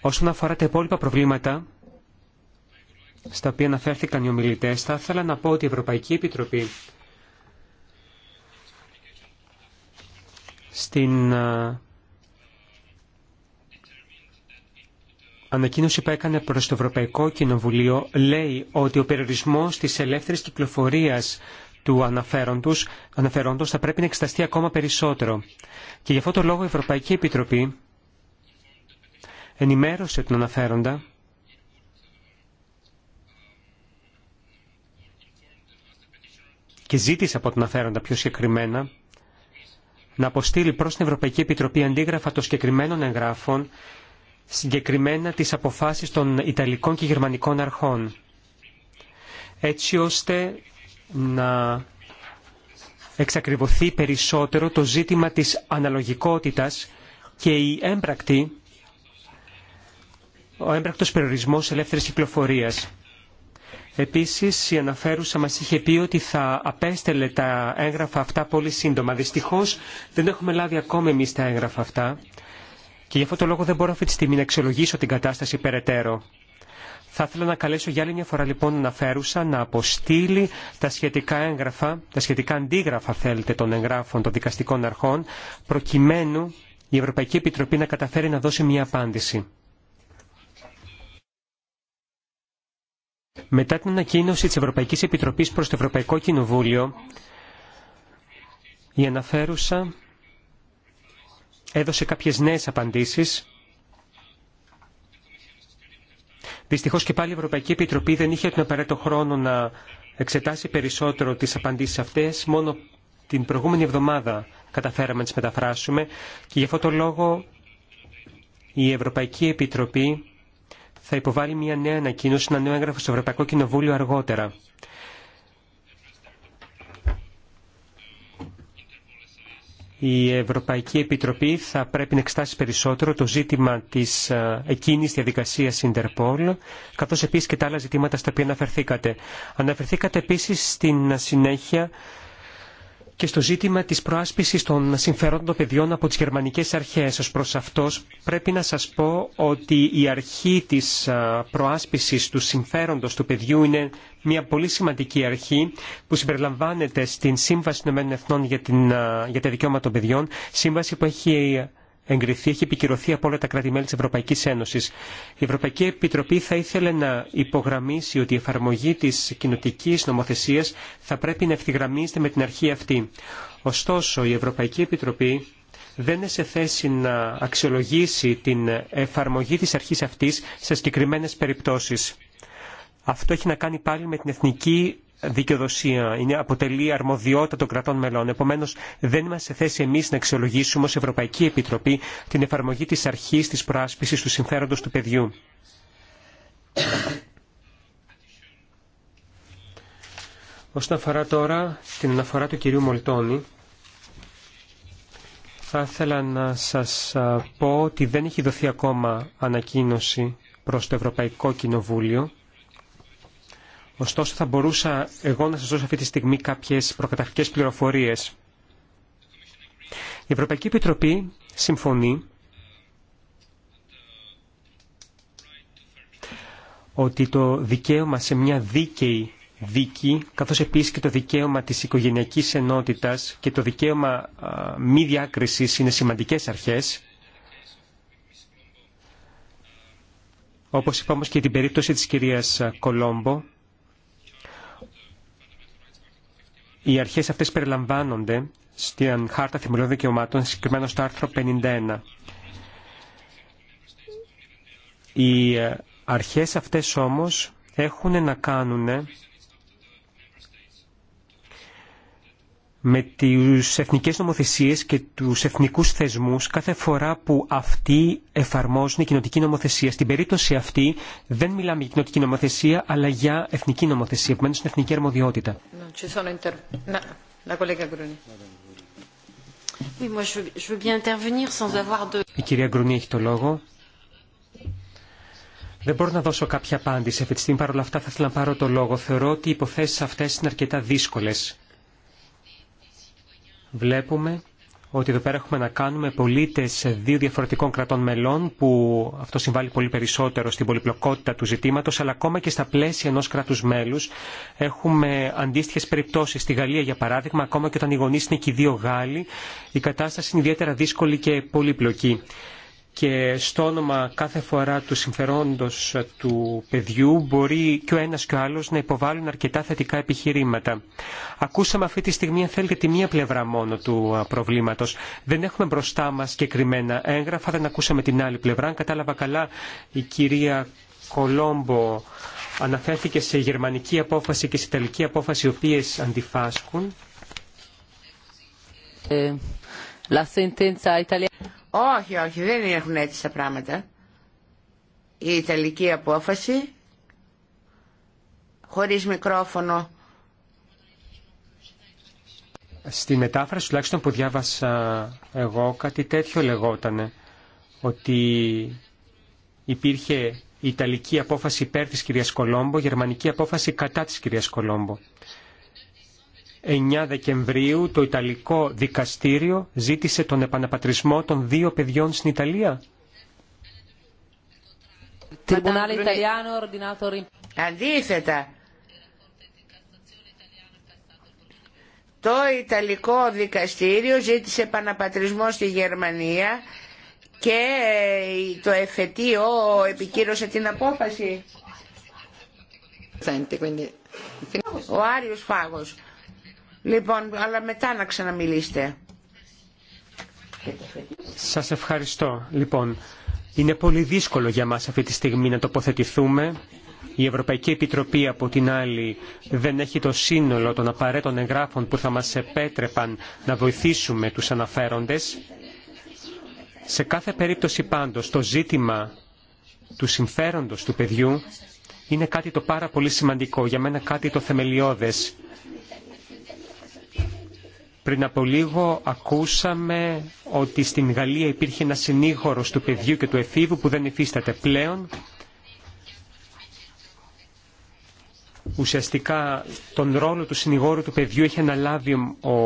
Όσον αφορά τα υπόλοιπα προβλήματα στα οποία αναφέρθηκαν οι ομιλητέ, θα ήθελα να πω ότι η Ευρωπαϊκή Επιτροπή στην ανακοίνωση που έκανε προς το Ευρωπαϊκό Κοινοβουλίο λέει ότι ο περιορισμό τη ελεύθερη κυκλοφορία του αναφέροντος, αναφέροντος θα πρέπει να εξεταστεί ακόμα περισσότερο. Και γι' αυτό το λόγο η Ευρωπαϊκή Επιτροπή ενημέρωσε τον αναφέροντα και ζήτησε από τον αναφέροντα πιο συγκεκριμένα να αποστείλει προς την Ευρωπαϊκή Επιτροπή αντίγραφα των συγκεκριμένων εγγράφων συγκεκριμένα τις αποφάσεις των Ιταλικών και Γερμανικών αρχών, έτσι ώστε να εξακριβωθεί περισσότερο το ζήτημα της αναλογικότητας και η έμπρακτη, ο έμπρακτος περιορισμός ελεύθερης κυκλοφορίας. Επίσης, η αναφέρουσα μας είχε πει ότι θα απέστελε τα έγγραφα αυτά πολύ σύντομα. Δυστυχώς, δεν έχουμε λάβει ακόμη εμείς τα έγγραφα αυτά. Και γι' αυτό το λόγο δεν μπορώ αυτή τη στιγμή να αξιολογήσω την κατάσταση περαιτέρω. Θα ήθελα να καλέσω για άλλη μια φορά λοιπόν να φέρουσα να αποστείλει τα σχετικά έγγραφα, τα σχετικά αντίγραφα θέλετε των εγγράφων των δικαστικών αρχών, προκειμένου η Ευρωπαϊκή Επιτροπή να καταφέρει να δώσει μια απάντηση. Μετά την ανακοίνωση της Ευρωπαϊκής Επιτροπής προς το Ευρωπαϊκό Κοινοβούλιο, η αναφέρουσα έδωσε κάποιες νέες απαντήσεις. Δυστυχώς και πάλι η Ευρωπαϊκή Επιτροπή δεν είχε τον απαραίτητο χρόνο να εξετάσει περισσότερο τις απαντήσεις αυτές. Μόνο την προηγούμενη εβδομάδα καταφέραμε να τις μεταφράσουμε και γι' αυτό το λόγο η Ευρωπαϊκή Επιτροπή θα υποβάλει μια νέα ανακοίνωση, ένα νέο έγγραφο στο Ευρωπαϊκό Κοινοβούλιο αργότερα. η Ευρωπαϊκή Επιτροπή θα πρέπει να εξετάσει περισσότερο το ζήτημα της ε, εκείνης διαδικασίας Ιντερπόλ καθώς επίσης και τα άλλα ζητήματα στα οποία αναφερθήκατε. Αναφερθήκατε επίσης στην συνέχεια και στο ζήτημα της προάσπισης των συμφερόντων των παιδιών από τις γερμανικές αρχές. Ως προς αυτός πρέπει να σας πω ότι η αρχή της προάσπισης του συμφέροντος του παιδιού είναι μια πολύ σημαντική αρχή που συμπεριλαμβάνεται στην Σύμβαση των Εθνών για, για τα Δικαιώματα των Παιδιών, σύμβαση που έχει εγκριθεί, έχει επικυρωθεί από όλα τα κράτη-μέλη της Ευρωπαϊκής Ένωσης. Η Ευρωπαϊκή Επιτροπή θα ήθελε να υπογραμμίσει ότι η εφαρμογή της κοινοτική νομοθεσίας θα πρέπει να ευθυγραμμίζεται με την αρχή αυτή. Ωστόσο, η Ευρωπαϊκή Επιτροπή δεν είναι σε θέση να αξιολογήσει την εφαρμογή της αρχής αυτής σε συγκεκριμένες περιπτώσεις. Αυτό έχει να κάνει πάλι με την εθνική δικαιοδοσία, είναι, αποτελεί αρμοδιότητα των κρατών μελών. Επομένως δεν είμαστε σε θέση εμείς να αξιολογήσουμε ως Ευρωπαϊκή Επιτροπή την εφαρμογή της αρχής της προάσπισης του συμφέροντος του παιδιού. Όσον αφορά τώρα την αναφορά του κυρίου Μολτόνη, θα ήθελα να σας πω ότι δεν έχει δοθεί ακόμα ανακοίνωση προς το Ευρωπαϊκό Κοινοβούλιο Ωστόσο θα μπορούσα εγώ να σας δώσω αυτή τη στιγμή κάποιες προκαταρχικές πληροφορίες. Η Ευρωπαϊκή Επιτροπή συμφωνεί ότι το δικαίωμα σε μια δίκαιη δίκη, καθώς επίσης και το δικαίωμα της οικογενειακής ενότητας και το δικαίωμα μη διάκρισης είναι σημαντικές αρχές. Όπως είπα όμως και την περίπτωση της κυρίας Κολόμπο, Οι αρχές αυτές περιλαμβάνονται στην Χάρτα Θεμελιών Δικαιωμάτων, συγκεκριμένα στο άρθρο 51. Οι αρχές αυτές όμως έχουν να κάνουν με τις εθνικές νομοθεσίες και τους εθνικούς θεσμούς κάθε φορά που αυτοί εφαρμόζουν η κοινοτική νομοθεσία. Στην περίπτωση αυτή δεν μιλάμε για κοινοτική νομοθεσία αλλά για εθνική νομοθεσία, επομένως στην εθνική αρμοδιότητα. Η κυρία Γκρουνή έχει το λόγο. Δεν μπορώ να δώσω κάποια απάντηση αυτή τη στιγμή, παρόλα αυτά θα ήθελα να πάρω το λόγο. Θεωρώ ότι οι υποθέσεις αυτές είναι αρκετά δύσκολες βλέπουμε ότι εδώ πέρα έχουμε να κάνουμε πολίτες δύο διαφορετικών κρατών μελών που αυτό συμβάλλει πολύ περισσότερο στην πολυπλοκότητα του ζητήματος αλλά ακόμα και στα πλαίσια ενός κράτους μέλους έχουμε αντίστοιχες περιπτώσεις. Στη Γαλλία για παράδειγμα ακόμα και όταν οι γονείς είναι και οι δύο Γάλλοι η κατάσταση είναι ιδιαίτερα δύσκολη και πολύπλοκη και στο όνομα κάθε φορά του συμφερόντος του παιδιού μπορεί και ο ένας και ο άλλος να υποβάλουν αρκετά θετικά επιχειρήματα. Ακούσαμε αυτή τη στιγμή, αν θέλετε, τη μία πλευρά μόνο του προβλήματος. Δεν έχουμε μπροστά μας συγκεκριμένα έγγραφα, δεν ακούσαμε την άλλη πλευρά. Αν κατάλαβα καλά, η κυρία Κολόμπο αναφέρθηκε σε γερμανική απόφαση και σε ιταλική απόφαση, οι οποίες αντιφάσκουν. Ε, όχι, όχι, δεν έχουν έτσι τα πράγματα. Η Ιταλική απόφαση, χωρίς μικρόφωνο. Στη μετάφραση τουλάχιστον που διάβασα εγώ κάτι τέτοιο λεγότανε ότι υπήρχε Ιταλική απόφαση υπέρ της κυρίας Κολόμπο, Γερμανική απόφαση κατά της κυρίας Κολόμπο. 9 Δεκεμβρίου το Ιταλικό Δικαστήριο ζήτησε τον επαναπατρισμό των δύο παιδιών στην Ιταλία. Αντίθετα, το Ιταλικό Δικαστήριο ζήτησε επαναπατρισμό στη Γερμανία και ε, το εφετείο επικύρωσε την απόφαση. Ο Άριος Φάγος. Λοιπόν, αλλά μετά να ξαναμιλήσετε. Σας ευχαριστώ. Λοιπόν, είναι πολύ δύσκολο για μας αυτή τη στιγμή να τοποθετηθούμε. Η Ευρωπαϊκή Επιτροπή από την άλλη δεν έχει το σύνολο των απαραίτητων εγγράφων που θα μας επέτρεπαν να βοηθήσουμε τους αναφέροντες. Σε κάθε περίπτωση πάντως το ζήτημα του συμφέροντος του παιδιού είναι κάτι το πάρα πολύ σημαντικό, για μένα κάτι το θεμελιώδες πριν από λίγο ακούσαμε ότι στην Γαλλία υπήρχε ένα συνήγορος του παιδιού και του εφήβου που δεν υφίσταται πλέον. Ουσιαστικά τον ρόλο του συνηγόρου του παιδιού έχει αναλάβει ο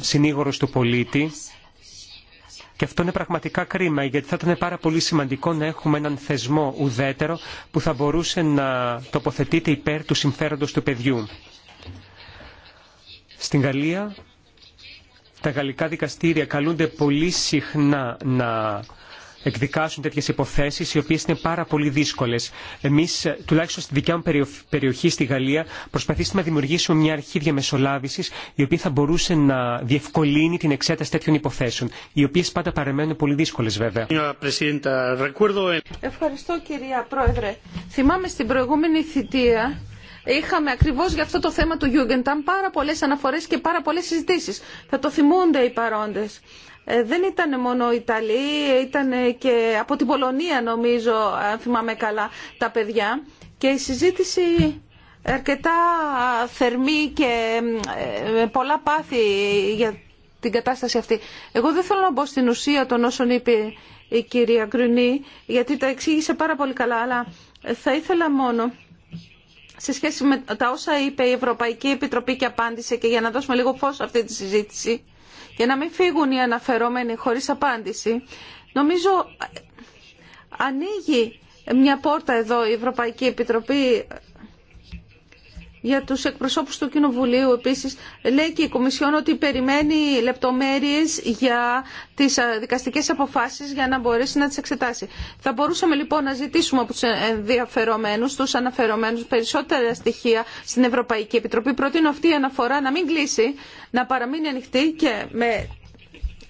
συνήγορος του πολίτη. Και αυτό είναι πραγματικά κρίμα, γιατί θα ήταν πάρα πολύ σημαντικό να έχουμε έναν θεσμό ουδέτερο που θα μπορούσε να τοποθετείται υπέρ του συμφέροντος του παιδιού. Στην Γαλλία τα γαλλικά δικαστήρια καλούνται πολύ συχνά να εκδικάσουν τέτοιε υποθέσει, οι οποίε είναι πάρα πολύ δύσκολε. Εμεί, τουλάχιστον στη δικιά μου περιοχή στη Γαλλία, προσπαθήσαμε να δημιουργήσουμε μια αρχή διαμεσολάβηση, η οποία θα μπορούσε να διευκολύνει την εξέταση τέτοιων υποθέσεων, οι οποίε πάντα παρεμένουν πολύ δύσκολε βέβαια. Ευχαριστώ κυρία Πρόεδρε. Θυμάμαι στην προηγούμενη θητεία είχαμε ακριβώς για αυτό το θέμα του Jugendamt πάρα πολλές αναφορές και πάρα πολλές συζητήσεις. Θα το θυμούνται οι παρόντες. Ε, δεν ήταν μόνο Ιταλοί, ήταν και από την Πολωνία νομίζω, αν θυμάμαι καλά, τα παιδιά. Και η συζήτηση αρκετά θερμή και με ε, πολλά πάθη για την κατάσταση αυτή. Εγώ δεν θέλω να μπω στην ουσία των όσων είπε η κυρία Γκρουνή, γιατί τα εξήγησε πάρα πολύ καλά, αλλά θα ήθελα μόνο σε σχέση με τα όσα είπε η Ευρωπαϊκή Επιτροπή και απάντησε και για να δώσουμε λίγο φως αυτή τη συζήτηση για να μην φύγουν οι αναφερόμενοι χωρίς απάντηση νομίζω ανοίγει μια πόρτα εδώ η Ευρωπαϊκή Επιτροπή για τους εκπροσώπους του Κοινοβουλίου επίσης. Λέει και η Κομισιόν ότι περιμένει λεπτομέρειες για τις δικαστικές αποφάσεις για να μπορέσει να τις εξετάσει. Θα μπορούσαμε λοιπόν να ζητήσουμε από τους ενδιαφερομένους, τους αναφερομένους περισσότερα στοιχεία στην Ευρωπαϊκή Επιτροπή. Προτείνω αυτή η αναφορά να μην κλείσει, να παραμείνει ανοιχτή και με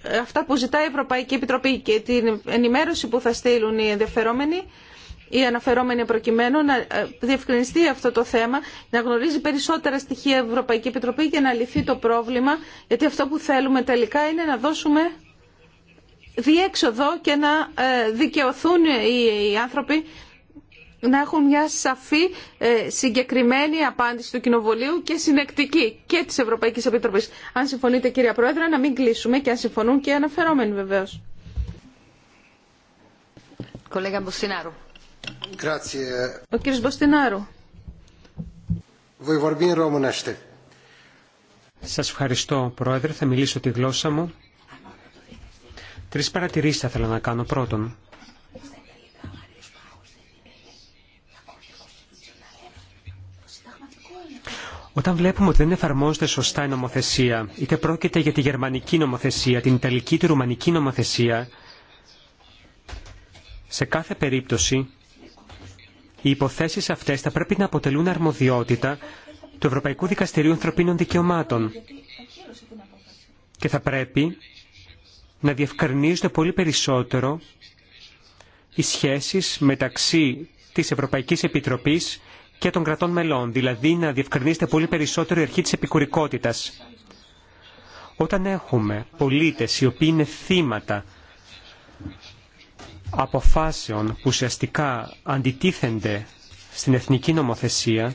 ε, αυτά που ζητάει η Ευρωπαϊκή Επιτροπή και την ενημέρωση που θα στείλουν οι ενδιαφερόμενοι η αναφερόμενη προκειμένου να ε, διευκρινιστεί αυτό το θέμα, να γνωρίζει περισσότερα στοιχεία η Ευρωπαϊκή Επιτροπή για να λυθεί το πρόβλημα, γιατί αυτό που θέλουμε τελικά είναι να δώσουμε διέξοδο και να ε, δικαιωθούν οι άνθρωποι να έχουν μια σαφή, ε, συγκεκριμένη απάντηση του Κοινοβουλίου και συνεκτική και της Ευρωπαϊκής Επιτροπής. Αν συμφωνείτε κυρία Πρόεδρε, να μην κλείσουμε και αν συμφωνούν και αναφερόμενοι βεβαίως. Κολέγα ο Σας ευχαριστώ, Πρόεδρε. Θα μιλήσω τη γλώσσα μου. Τρεις παρατηρήσεις θα ήθελα να κάνω. Πρώτον, Όταν βλέπουμε ότι δεν εφαρμόζεται σωστά η νομοθεσία, είτε πρόκειται για τη γερμανική νομοθεσία, την ιταλική, τη ρουμανική νομοθεσία, σε κάθε περίπτωση οι υποθέσει αυτέ θα πρέπει να αποτελούν αρμοδιότητα του Ευρωπαϊκού Δικαστηρίου Ανθρωπίνων Δικαιωμάτων και θα πρέπει να διευκρινίζονται πολύ περισσότερο οι σχέσεις μεταξύ της Ευρωπαϊκής Επιτροπής και των κρατών μελών, δηλαδή να διευκρινίζεται πολύ περισσότερο η αρχή τη επικουρικότητα. Όταν έχουμε πολίτε οι οποίοι είναι θύματα αποφάσεων που ουσιαστικά αντιτίθενται στην εθνική νομοθεσία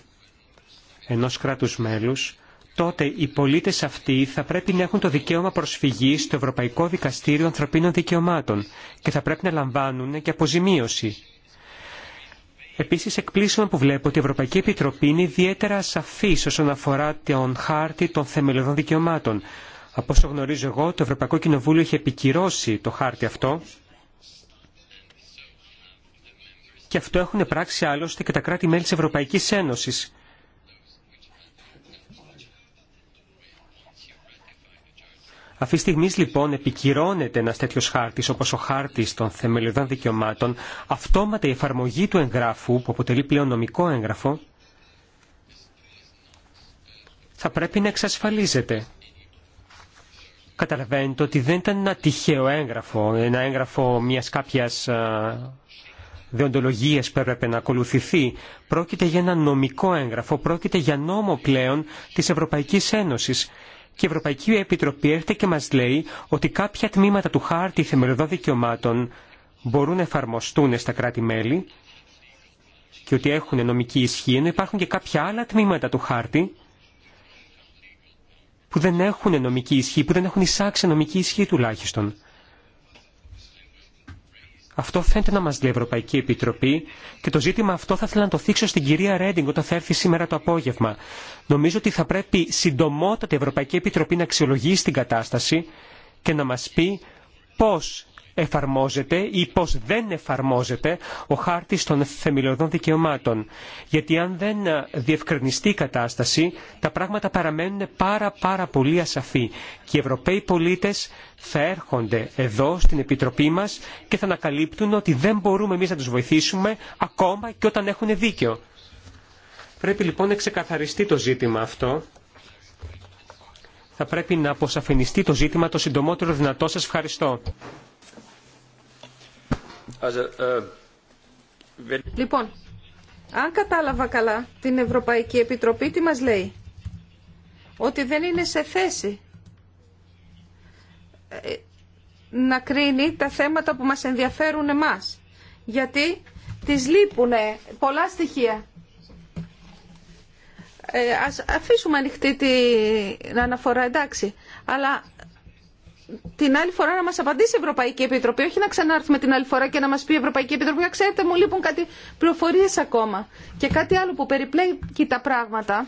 ενός κράτους μέλους, τότε οι πολίτες αυτοί θα πρέπει να έχουν το δικαίωμα προσφυγής στο Ευρωπαϊκό Δικαστήριο Ανθρωπίνων Δικαιωμάτων και θα πρέπει να λαμβάνουν και αποζημίωση. Επίσης εκπλήσω που βλέπω ότι η Ευρωπαϊκή Επιτροπή είναι ιδιαίτερα ασαφής όσον αφορά τον χάρτη των θεμελιωδών δικαιωμάτων. Από όσο γνωρίζω εγώ, το Ευρωπαϊκό Κοινοβούλιο έχει επικυρώσει το χάρτη αυτό Και αυτό έχουν πράξει άλλωστε και τα κράτη-μέλη της Ευρωπαϊκής Ένωσης. Αυτή τη στιγμή λοιπόν επικυρώνεται ένα τέτοιο χάρτη, όπω ο χάρτη των θεμελιωδών δικαιωμάτων, αυτόματα η εφαρμογή του εγγράφου, που αποτελεί πλέον νομικό έγγραφο, θα πρέπει να εξασφαλίζεται. Καταλαβαίνετε ότι δεν ήταν ένα τυχαίο έγγραφο, ένα έγγραφο μιας κάποιας δεοντολογίας που έπρεπε να ακολουθηθεί. Πρόκειται για ένα νομικό έγγραφο, πρόκειται για νόμο πλέον της Ευρωπαϊκής Ένωσης. Και η Ευρωπαϊκή Επιτροπή έρχεται και μας λέει ότι κάποια τμήματα του χάρτη θεμελιωδών δικαιωμάτων μπορούν να εφαρμοστούν στα κράτη-μέλη και ότι έχουν νομική ισχύ, ενώ υπάρχουν και κάποια άλλα τμήματα του χάρτη που δεν έχουν νομική ισχύ, που δεν έχουν εισάξει νομική ισχύ τουλάχιστον. Αυτό φαίνεται να μας λέει η Ευρωπαϊκή Επιτροπή και το ζήτημα αυτό θα ήθελα να το θίξω στην κυρία Ρέντινγκ όταν θα έρθει σήμερα το απόγευμα. Νομίζω ότι θα πρέπει συντομότατα η Ευρωπαϊκή Επιτροπή να αξιολογήσει την κατάσταση και να μας πει πώς εφαρμόζεται ή πώς δεν εφαρμόζεται ο χάρτης των θεμελιωδών δικαιωμάτων. Γιατί αν δεν διευκρινιστεί η κατάσταση, τα πράγματα παραμένουν πάρα πάρα πολύ ασαφή και οι Ευρωπαίοι πολίτες θα έρχονται εδώ στην Επιτροπή μας και θα ανακαλύπτουν ότι δεν μπορούμε εμείς να τους βοηθήσουμε ακόμα και όταν έχουν δίκιο. Πρέπει λοιπόν να ξεκαθαριστεί το ζήτημα αυτό θα πρέπει να αποσαφινιστεί το ζήτημα το συντομότερο δυνατό. Σας ευχαριστώ. Äh, λοιπόν, αν κατάλαβα καλά την Ευρωπαϊκή Επιτροπή, τι μας λέει. Ότι δεν είναι σε θέση ε, να κρίνει τα θέματα που μας ενδιαφέρουν εμάς. Γιατί τις λείπουν πολλά στοιχεία. Ε, ας αφήσουμε ανοιχτή την αναφορά, εντάξει. Αλλά την άλλη φορά να μα απαντήσει η Ευρωπαϊκή Επιτροπή, όχι να ξανάρθουμε την άλλη φορά και να μα πει η Ευρωπαϊκή Επιτροπή, ξέρετε μου λείπουν κάτι πληροφορίε ακόμα. Και κάτι άλλο που περιπλέκει τα πράγματα,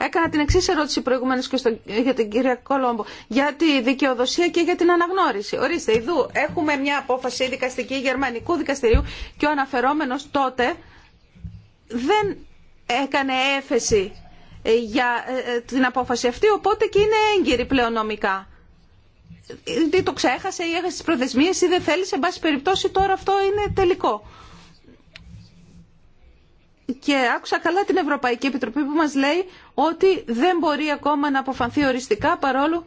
Έκανα την εξή ερώτηση προηγουμένω και στο, για την κυρία Κολόμπο. Για τη δικαιοδοσία και για την αναγνώριση. Ορίστε, ειδού έχουμε μια απόφαση δικαστική γερμανικού δικαστηρίου και ο αναφερόμενο τότε δεν έκανε έφεση ε, για ε, ε, την απόφαση αυτή, οπότε και είναι έγκυρη πλέον νομικά. Δεν το ξέχασε ή έχασε τις προθεσμίες ή δεν θέλει, σε περιπτώσει τώρα αυτό είναι τελικό. Και άκουσα καλά την Ευρωπαϊκή Επιτροπή που μας λέει ότι δεν μπορεί ακόμα να αποφανθεί οριστικά παρόλο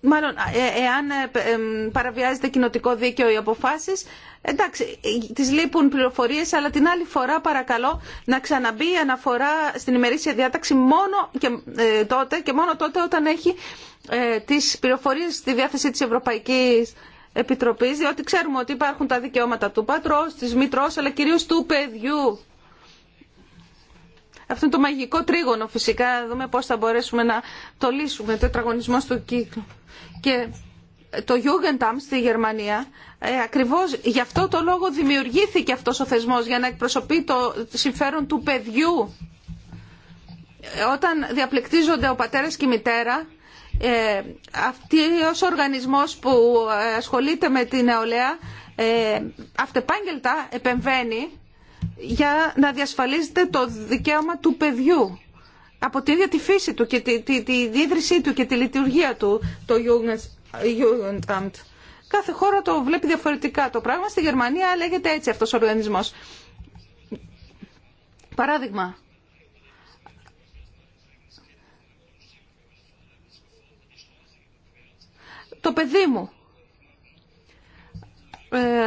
μάλλον εάν παραβιάζεται κοινοτικό δίκαιο οι αποφάσεις Εντάξει, τις λείπουν πληροφορίες, αλλά την άλλη φορά παρακαλώ να ξαναμπεί η αναφορά στην ημερήσια διάταξη μόνο και, ε, τότε και μόνο τότε όταν έχει ε, τις πληροφορίες στη διάθεση τη Ευρωπαϊκής Επιτροπής, διότι ξέρουμε ότι υπάρχουν τα δικαιώματα του πατρός, της Μητρό, αλλά κυρίω του παιδιού. Αυτό είναι το μαγικό τρίγωνο φυσικά, δούμε πώ θα μπορέσουμε να το λύσουμε, το τετραγωνισμό του κύκλου. Και το Jugendamt στη Γερμανία, ε, ακριβώς γι' αυτό το λόγο δημιουργήθηκε αυτός ο θεσμός, για να εκπροσωπεί το συμφέρον του παιδιού. Όταν διαπληκτίζονται ο πατέρας και η μητέρα, ε, αυτός ο οργανισμός που ε, ασχολείται με την νεολαία ε, αυτεπάγγελτα επεμβαίνει για να διασφαλίζεται το δικαίωμα του παιδιού από την ίδια τη φύση του και τη, τη, του και τη λειτουργία του το Jugendamt Jugendamt. Κάθε χώρα το βλέπει διαφορετικά το πράγμα. Στη Γερμανία λέγεται έτσι αυτός ο οργανισμός. Παράδειγμα, το παιδί μου. Ε,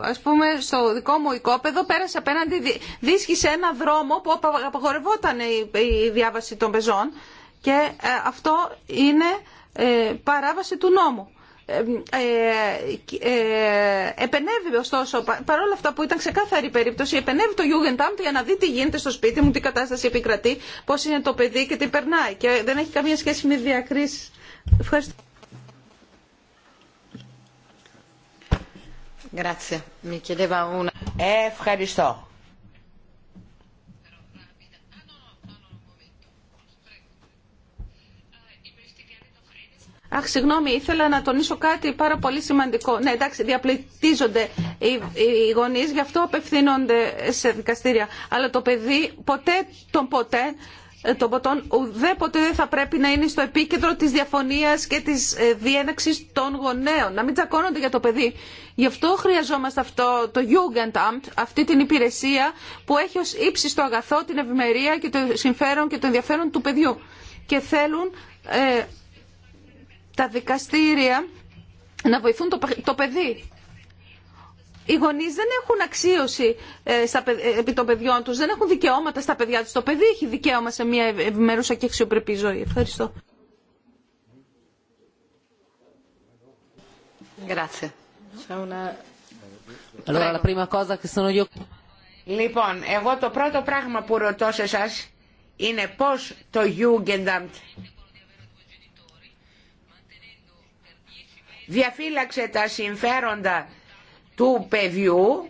ας πούμε στο δικό μου οικόπεδο πέρασε απέναντι δίσχυσε ένα δρόμο που απαγορευόταν η, διάβαση των πεζών και ε, αυτό είναι ε, παράβαση του νόμου. Ε, ε, ε επενεύει ωστόσο, παρόλα αυτά που ήταν ξεκάθαρη περίπτωση, επενεύει το Jugendamt για να δει τι γίνεται στο σπίτι μου, τι κατάσταση επικρατεί, πώς είναι το παιδί και τι περνάει. Και δεν έχει καμία σχέση με διακρίσει. Ευχαριστώ. Ευχαριστώ. Αχ, συγγνώμη, ήθελα να τονίσω κάτι πάρα πολύ σημαντικό. Ναι, εντάξει, διαπληκτίζονται οι, οι γονείς, γι' αυτό απευθύνονται σε δικαστήρια. Αλλά το παιδί ποτέ τον ποτέ τον ποτόν, ουδέποτε δεν θα πρέπει να είναι στο επίκεντρο της διαφωνίας και της ε, διέναξης των γονέων. Να μην τσακώνονται για το παιδί. Γι' αυτό χρειαζόμαστε αυτό το Jugendamt, αυτή την υπηρεσία που έχει ως ύψιστο αγαθό την ευημερία και το συμφέρον και το ενδιαφέρον του παιδιού. Και θέλουν ε, τα δικαστήρια να βοηθούν το παιδί. Οι γονεί δεν έχουν αξίωση ε, στα, ε, επί των παιδιών του, δεν έχουν δικαιώματα στα παιδιά του. Το παιδί έχει δικαίωμα σε μια ευημερούσα και αξιοπρεπή ζωή. Ευχαριστώ. Λοιπόν, εγώ το πρώτο πράγμα που ρωτώ σε εσά είναι πώ το Jugendamt διαφύλαξε τα συμφέροντα του παιδιού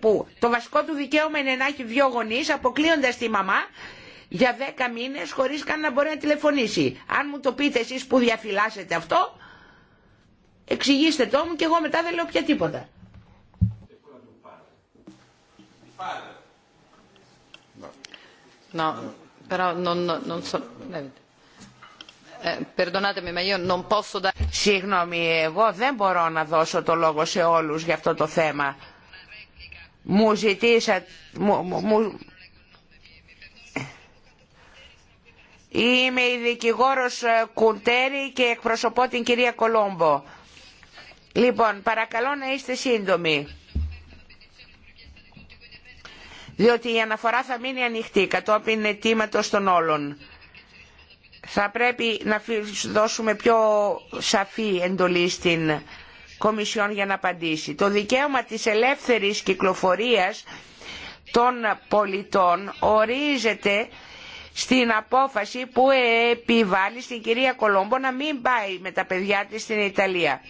που το βασικό του δικαίωμα είναι να έχει δυο γονείς αποκλείοντας τη μαμά για δέκα μήνες χωρίς καν να μπορεί να τηλεφωνήσει. Αν μου το πείτε εσείς που διαφυλάσσετε αυτό, εξηγήστε το μου και εγώ μετά δεν λέω πια τίποτα. No, però non, non so. Συγγνώμη, εγώ δεν μπορώ να δώσω το λόγο σε όλους για αυτό το θέμα. Μου ζητήσατε... Είμαι η δικηγόρος ε, Κουντέρη και εκπροσωπώ την κυρία Κολόμπο. Λοιπόν, παρακαλώ να είστε σύντομοι. Διότι η αναφορά θα μείνει ανοιχτή κατόπιν αιτήματος των όλων θα πρέπει να δώσουμε πιο σαφή εντολή στην Κομισιόν για να απαντήσει. Το δικαίωμα της ελεύθερης κυκλοφορίας των πολιτών ορίζεται στην απόφαση που επιβάλλει στην κυρία Κολόμπο να μην πάει με τα παιδιά της στην Ιταλία.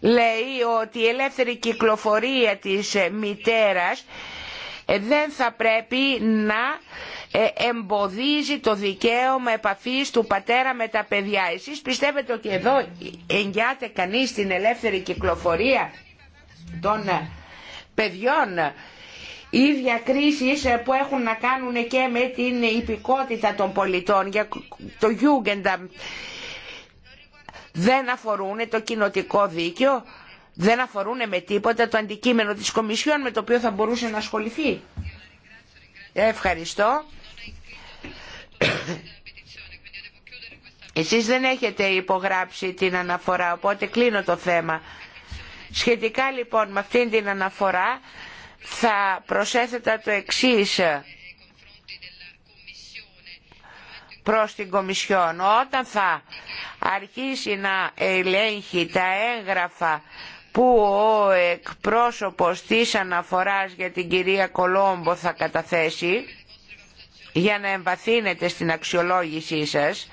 Λέει ότι η ελεύθερη κυκλοφορία της μητέρας ε, δεν θα πρέπει να ε, εμποδίζει το δικαίωμα επαφής του πατέρα με τα παιδιά. Εσείς πιστεύετε ότι εδώ εγγυάται κανείς την ελεύθερη κυκλοφορία των ε, παιδιών ή διακρίσεις που έχουν να κάνουν και με την υπηκότητα των πολιτών για το Jugendamt δεν αφορούν το κοινοτικό δίκαιο δεν αφορούν με τίποτα το αντικείμενο της Κομισιόν με το οποίο θα μπορούσε να ασχοληθεί. Ευχαριστώ. Εσείς δεν έχετε υπογράψει την αναφορά, οπότε κλείνω το θέμα. Σχετικά λοιπόν με αυτήν την αναφορά θα προσέθετα το εξής προς την Κομισιόν. Όταν θα αρχίσει να ελέγχει τα έγγραφα που ο εκπρόσωπος της αναφοράς για την κυρία Κολόμπο θα καταθέσει για να εμβαθύνετε στην αξιολόγησή σας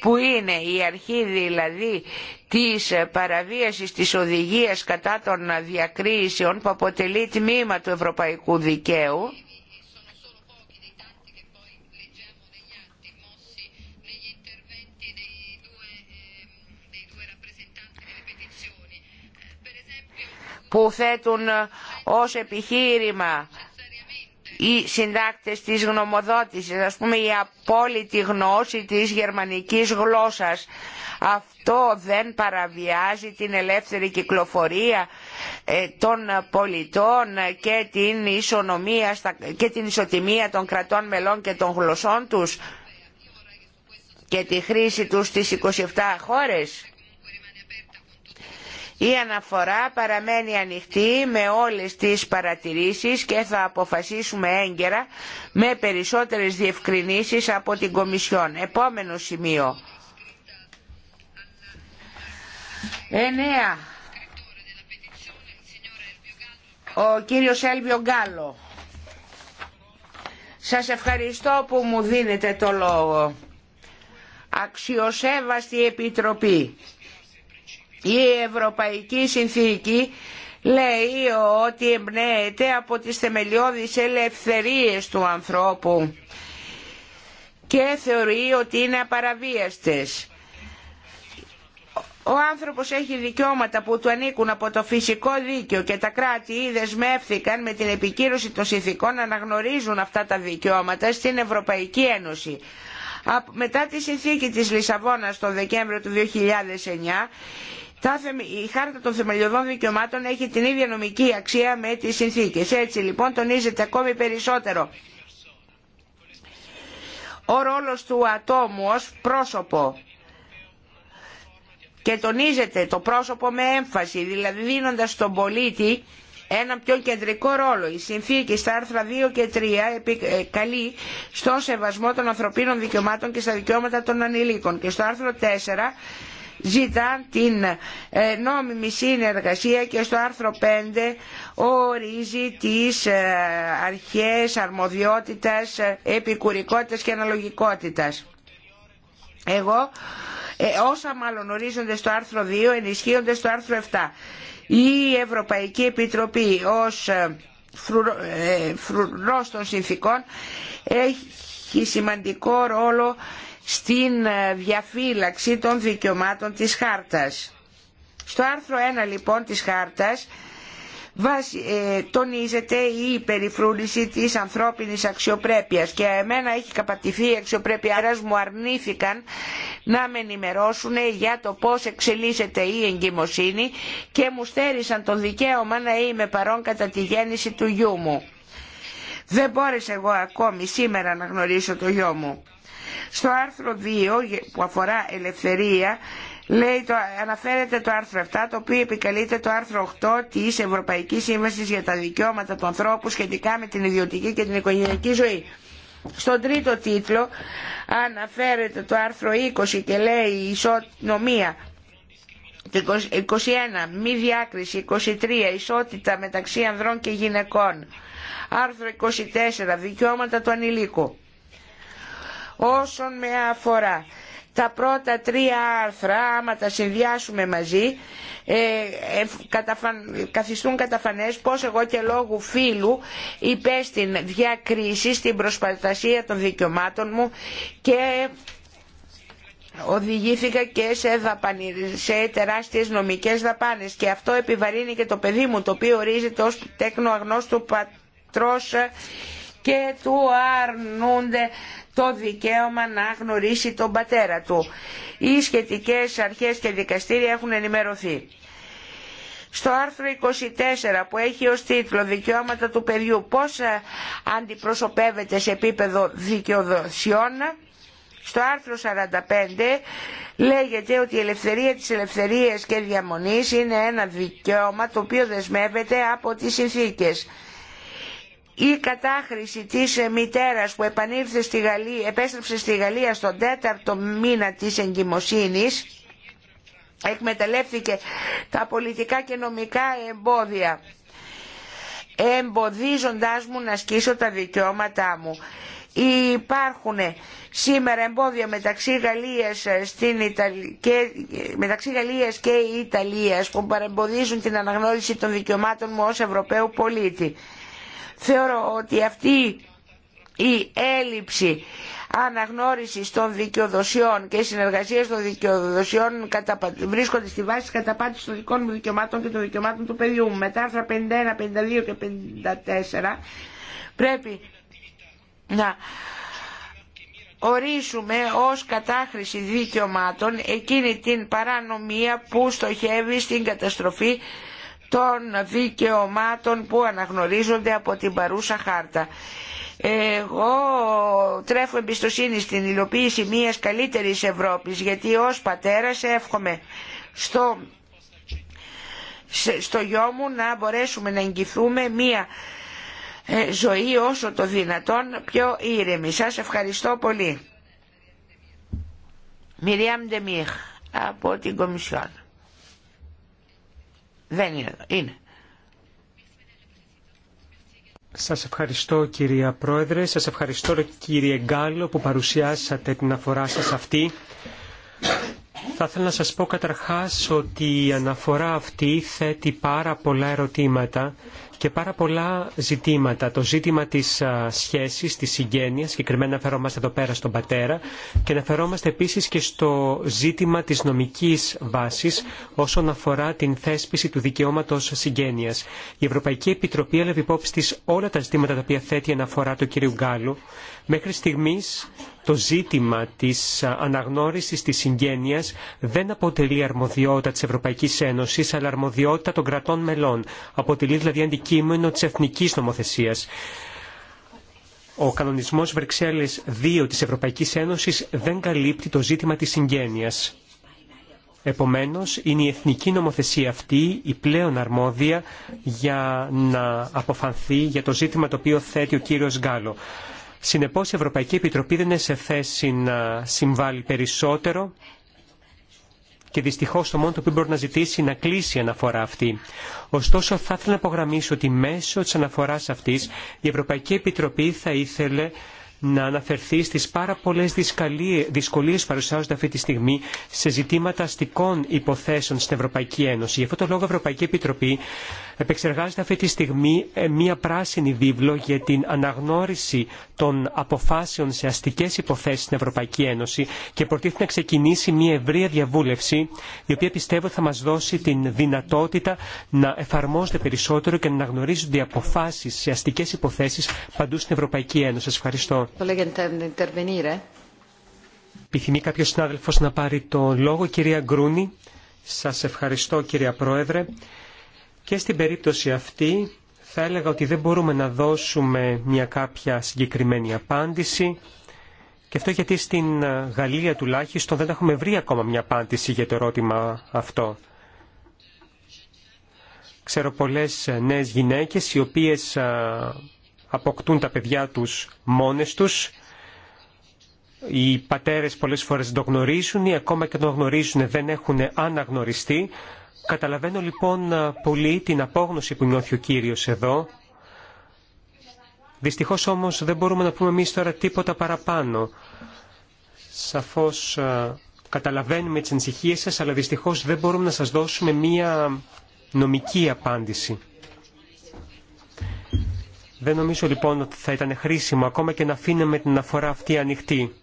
που είναι η αρχή δηλαδή της παραβίασης της οδηγίας κατά των διακρίσεων που αποτελεί τμήμα του ευρωπαϊκού δικαίου που θέτουν ε, ως επιχείρημα οι συντάκτες της γνωμοδότησης, ας πούμε η απόλυτη γνώση της γερμανικής γλώσσας. Αυτό δεν παραβιάζει την ελεύθερη κυκλοφορία ε, των πολιτών και την, και ισοτιμία των κρατών μελών και των γλωσσών τους και τη χρήση τους στις 27 χώρες. Η αναφορά παραμένει ανοιχτή με όλες τις παρατηρήσεις και θα αποφασίσουμε έγκαιρα με περισσότερες διευκρινήσεις από την Κομισιόν. Επόμενο σημείο. 9. Ο κύριος Έλβιο Γκάλο. Σας ευχαριστώ που μου δίνετε το λόγο. Αξιοσέβαστη Επιτροπή. Η Ευρωπαϊκή Συνθήκη λέει ότι εμπνέεται από τις θεμελιώδεις ελευθερίες του ανθρώπου και θεωρεί ότι είναι απαραβίαστες. Ο άνθρωπος έχει δικαιώματα που του ανήκουν από το φυσικό δίκαιο και τα κράτη δεσμεύθηκαν με την επικύρωση των συνθήκων να αναγνωρίζουν αυτά τα δικαιώματα στην Ευρωπαϊκή Ένωση. Μετά τη συνθήκη της Λισαβόνας το Δεκέμβριο του 2009 η χάρτα των θεμελιωδών δικαιωμάτων έχει την ίδια νομική αξία με τις συνθήκες. Έτσι λοιπόν τονίζεται ακόμη περισσότερο ο ρόλος του ατόμου ως πρόσωπο και τονίζεται το πρόσωπο με έμφαση, δηλαδή δίνοντας στον πολίτη ένα πιο κεντρικό ρόλο. Η συνθήκη στα άρθρα 2 και 3 ε, καλεί στον σεβασμό των ανθρωπίνων δικαιωμάτων και στα δικαιώματα των ανηλίκων και στο άρθρο 4 ζητάν την ε, νόμιμη συνεργασία και στο άρθρο 5 ορίζει τις ε, αρχές αρμοδιότητας, ε, επικουρικότητας και αναλογικότητας. Εγώ, όσα μάλλον ορίζονται στο άρθρο 2 ενισχύονται στο άρθρο 7. Η Ευρωπαϊκή Επιτροπή ως φρουρός των συνθήκων έχει σημαντικό ρόλο στην ε, διαφύλαξη των δικαιωμάτων της χάρτας. Στο άρθρο 1 λοιπόν της χάρτας ε, τονίζεται η περιφρούνηση της ανθρώπινης αξιοπρέπειας και εμένα έχει καπατηθεί η αξιοπρέπειά μου αρνήθηκαν να με ενημερώσουν για το πώς εξελίσσεται η εγκυμοσύνη και μου στέρισαν το δικαίωμα να είμαι παρόν κατά τη γέννηση του γιού μου. Δεν μπόρεσα εγώ ακόμη σήμερα να γνωρίσω το γιο μου. Στο άρθρο 2 που αφορά ελευθερία λέει το, αναφέρεται το άρθρο 7 το οποίο επικαλείται το άρθρο 8 της Ευρωπαϊκής Σύμβασης για τα Δικαιώματα του Ανθρώπου σχετικά με την ιδιωτική και την οικογενειακή ζωή. Στον τρίτο τίτλο αναφέρεται το άρθρο 20 και λέει ισονομία 21, μη διάκριση, 23, ισότητα μεταξύ ανδρών και γυναικών. Άρθρο 24, δικαιώματα του ανηλίκου όσον με αφορά. Τα πρώτα τρία άρθρα, άμα τα συνδυάσουμε μαζί, ε, ε καθιστούν καταφανές πως εγώ και λόγου φίλου στην διακρίση στην προσπατασία των δικαιωμάτων μου και οδηγήθηκα και σε, δαπανι, σε τεράστιες νομικές δαπάνες και αυτό επιβαρύνει και το παιδί μου το οποίο ορίζεται ως τέκνο αγνώστου πατρός και του αρνούνται το δικαίωμα να γνωρίσει τον πατέρα του. Οι σχετικές αρχές και δικαστήρια έχουν ενημερωθεί. Στο άρθρο 24 που έχει ως τίτλο «Δικαιώματα του παιδιού» πώς ε, αντιπροσωπεύεται σε επίπεδο δικαιοδοσιών, στο άρθρο 45 λέγεται ότι η ελευθερία της ελευθερίας και διαμονής είναι ένα δικαίωμα το οποίο δεσμεύεται από τις συνθήκες η κατάχρηση της ε, μητέρας που επανήλθε στη Γαλλία, επέστρεψε στη Γαλλία στον τέταρτο μήνα της εγκυμοσύνης εκμεταλλεύτηκε τα πολιτικά και νομικά εμπόδια εμποδίζοντάς μου να ασκήσω τα δικαιώματά μου. Υπάρχουν ε, σήμερα εμπόδια μεταξύ Γαλλίας, ε, στην και... μεταξύ Γαλλίας και Ιταλίας που παρεμποδίζουν την αναγνώριση των δικαιωμάτων μου ως Ευρωπαίου πολίτη. Θεωρώ ότι αυτή η έλλειψη αναγνώρισης των δικαιοδοσιών και συνεργασίας των δικαιοδοσιών βρίσκονται στη βάση της καταπάτησης των δικών μου δικαιωμάτων και των δικαιωμάτων του παιδιού μου. Μετά άρθρα 51, 52 και 54 πρέπει να ορίσουμε ως κατάχρηση δικαιωμάτων εκείνη την παρανομία που στοχεύει στην καταστροφή των δικαιωμάτων που αναγνωρίζονται από την παρούσα χάρτα. Εγώ τρέφω εμπιστοσύνη στην υλοποίηση μιας καλύτερης Ευρώπης γιατί ως πατέρας εύχομαι στο, στο γιο μου να μπορέσουμε να εγγυθούμε μια ε, ζωή όσο το δυνατόν πιο ήρεμη. Σας ευχαριστώ πολύ. Μυριάμ Ντεμίχ από την Κομισιόν. Δεν είναι εδώ. Είναι. Σας ευχαριστώ κυρία Πρόεδρε, σας ευχαριστώ κύριε Γκάλο που παρουσιάσατε την αφορά σας αυτή. Θα ήθελα να σας πω καταρχάς ότι η αναφορά αυτή θέτει πάρα πολλά ερωτήματα και πάρα πολλά ζητήματα. Το ζήτημα της σχέσης, της συγγένειας, συγκεκριμένα αναφερόμαστε εδώ πέρα στον πατέρα και αναφερόμαστε επίσης και στο ζήτημα της νομικής βάσης όσον αφορά την θέσπιση του δικαιώματος συγγένειας. Η Ευρωπαϊκή Επιτροπή έλαβε υπόψη της όλα τα ζητήματα τα οποία θέτει αναφορά του κ. Γκάλου Μέχρι στιγμής το ζήτημα της αναγνώρισης της συγγένειας δεν αποτελεί αρμοδιότητα της Ευρωπαϊκής Ένωσης, αλλά αρμοδιότητα των κρατών μελών. Αποτελεί δηλαδή αντικείμενο της εθνικής νομοθεσίας. Ο κανονισμός Βρυξέλλες 2 της Ευρωπαϊκής Ένωσης δεν καλύπτει το ζήτημα της συγγένειας. Επομένως, είναι η εθνική νομοθεσία αυτή η πλέον αρμόδια για να αποφανθεί για το ζήτημα το οποίο θέτει ο κύριος Γκάλο. Συνεπώς η Ευρωπαϊκή Επιτροπή δεν είναι σε θέση να συμβάλλει περισσότερο και δυστυχώς το μόνο το οποίο μπορεί να ζητήσει είναι να κλείσει η αναφορά αυτή. Ωστόσο, θα ήθελα να απογραμμίσω ότι μέσω της αναφοράς αυτής η Ευρωπαϊκή Επιτροπή θα ήθελε να αναφερθεί στις πάρα πολλές δυσκολίε που παρουσιάζονται αυτή τη στιγμή σε ζητήματα αστικών υποθέσεων στην Ευρωπαϊκή Ένωση. Γι' αυτό το λόγο η Ευρωπαϊκή Επιτροπή επεξεργάζεται αυτή τη στιγμή ε, μία πράσινη βίβλο για την αναγνώριση των αποφάσεων σε αστικές υποθέσεις στην Ευρωπαϊκή Ένωση και προτίθεται να ξεκινήσει μία ευρεία διαβούλευση η οποία πιστεύω θα μας δώσει την δυνατότητα να εφαρμόζεται περισσότερο και να αναγνωρίζονται οι αποφάσεις σε αστικές υποθέσεις παντού στην Ευρωπαϊκή Ένωση. Σας ευχαριστώ. Επιθυμεί κάποιος συνάδελφος να πάρει το λόγο. Κυρία Γκρούνη, σας ευχαριστώ κυρία Πρόεδρε. Και στην περίπτωση αυτή θα έλεγα ότι δεν μπορούμε να δώσουμε μια κάποια συγκεκριμένη απάντηση και αυτό γιατί στην Γαλλία τουλάχιστον δεν έχουμε βρει ακόμα μια απάντηση για το ερώτημα αυτό. Ξέρω πολλές νέες γυναίκες οι οποίες αποκτούν τα παιδιά τους μόνες τους. Οι πατέρες πολλές φορές δεν το γνωρίζουν ή ακόμα και το γνωρίζουν δεν έχουν αναγνωριστεί. Καταλαβαίνω λοιπόν πολύ την απόγνωση που νιώθει ο Κύριος εδώ. Δυστυχώς όμως δεν μπορούμε να πούμε εμεί τώρα τίποτα παραπάνω. Σαφώς καταλαβαίνουμε τις ανησυχίες σας, αλλά δυστυχώς δεν μπορούμε να σας δώσουμε μία νομική απάντηση. Δεν νομίζω λοιπόν ότι θα ήταν χρήσιμο ακόμα και να αφήνουμε την αφορά αυτή ανοιχτή.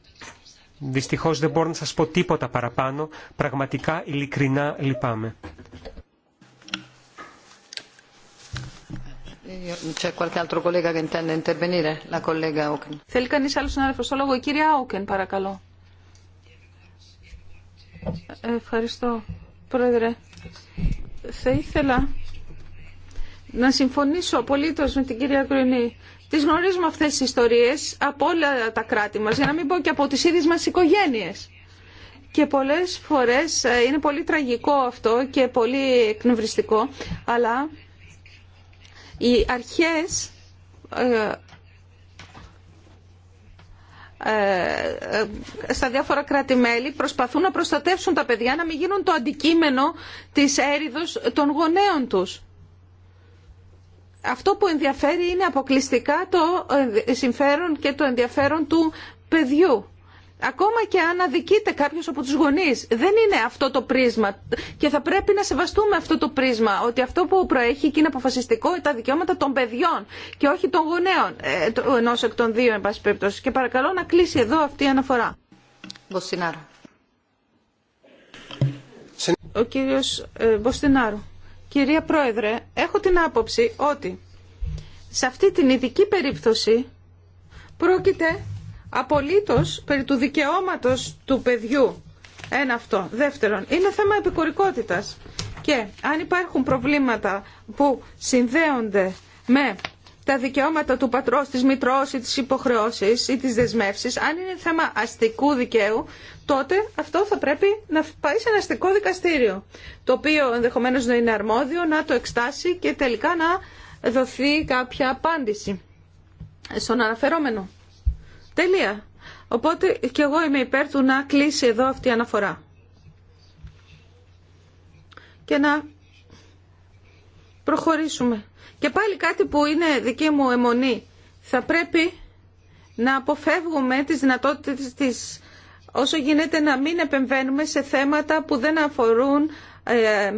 Δυστυχώς δεν μπορώ να σας πω τίποτα παραπάνω. Πραγματικά, ειλικρινά, λυπάμαι. Θέλει κανείς άλλος να στο λόγο. Η κυρία Όκεν, παρακαλώ. Ευχαριστώ, Πρόεδρε. Θα ήθελα να συμφωνήσω απολύτως με την κυρία Γκρινή. Τι γνωρίζουμε αυτές τις ιστορίες από όλα τα κράτη μας, για να μην πω και από τις ίδιε μα οικογένειε. Και πολλές φορές ε, είναι πολύ τραγικό αυτό και πολύ εκνευριστικό, αλλά οι αρχές ε, ε, στα διάφορα κράτη-μέλη προσπαθούν να προστατεύσουν τα παιδιά να μην γίνουν το αντικείμενο της έρηδος των γονέων τους αυτό που ενδιαφέρει είναι αποκλειστικά το ε, συμφέρον και το ενδιαφέρον του παιδιού. Ακόμα και αν αδικείται κάποιος από τους γονείς. Δεν είναι αυτό το πρίσμα και θα πρέπει να σεβαστούμε αυτό το πρίσμα ότι αυτό που προέχει και είναι αποφασιστικό είναι τα δικαιώματα των παιδιών και όχι των γονέων ε, ενό εκ των δύο εν πάση περιπτώσει. Και παρακαλώ να κλείσει εδώ αυτή η αναφορά. Ο κύριος ε, Κυρία Πρόεδρε, έχω την άποψη ότι σε αυτή την ειδική περίπτωση πρόκειται απολύτως περί του δικαιώματος του παιδιού. Ένα αυτό. Δεύτερον, είναι θέμα επικορικότητας. Και αν υπάρχουν προβλήματα που συνδέονται με τα δικαιώματα του πατρός, της μητρός ή της υποχρεώσεις ή της δεσμεύσης, αν είναι θέμα αστικού δικαίου, τότε αυτό θα πρέπει να πάει σε ένα αστικό δικαστήριο, το οποίο ενδεχομένως να είναι αρμόδιο, να το εξτάσει και τελικά να δοθεί κάποια απάντηση στον αναφερόμενο. Τελεία. Οπότε και εγώ είμαι υπέρ του να κλείσει εδώ αυτή η αναφορά. Και να προχωρήσουμε και πάλι κάτι που είναι δική μου αιμονή. Θα πρέπει να αποφεύγουμε τις δυνατότητες της όσο γίνεται να μην επεμβαίνουμε σε θέματα που δεν αφορούν ε,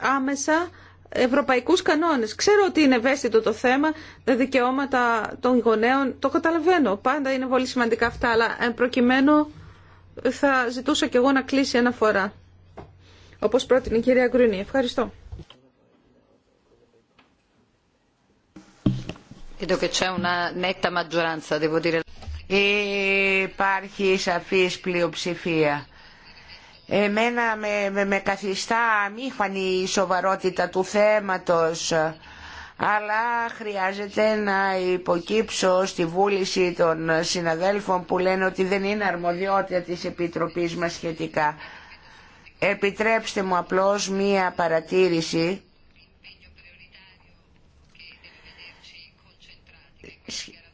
άμεσα ευρωπαϊκούς κανόνες. Ξέρω ότι είναι ευαίσθητο το θέμα, τα δικαιώματα των γονέων, το καταλαβαίνω. Πάντα είναι πολύ σημαντικά αυτά, αλλά προκειμένου θα ζητούσα κι εγώ να κλείσει ένα φορά. Όπως πρότεινε η κυρία Γκρίνη. Ευχαριστώ. Υπάρχει σαφής πλειοψηφία. Εμένα με, με καθιστά αμήφανη η σοβαρότητα του θέματος, αλλά χρειάζεται να υποκύψω στη βούληση των συναδέλφων που λένε ότι δεν είναι αρμοδιότητα της Επιτροπής μας σχετικά. Επιτρέψτε μου απλώς μία παρατήρηση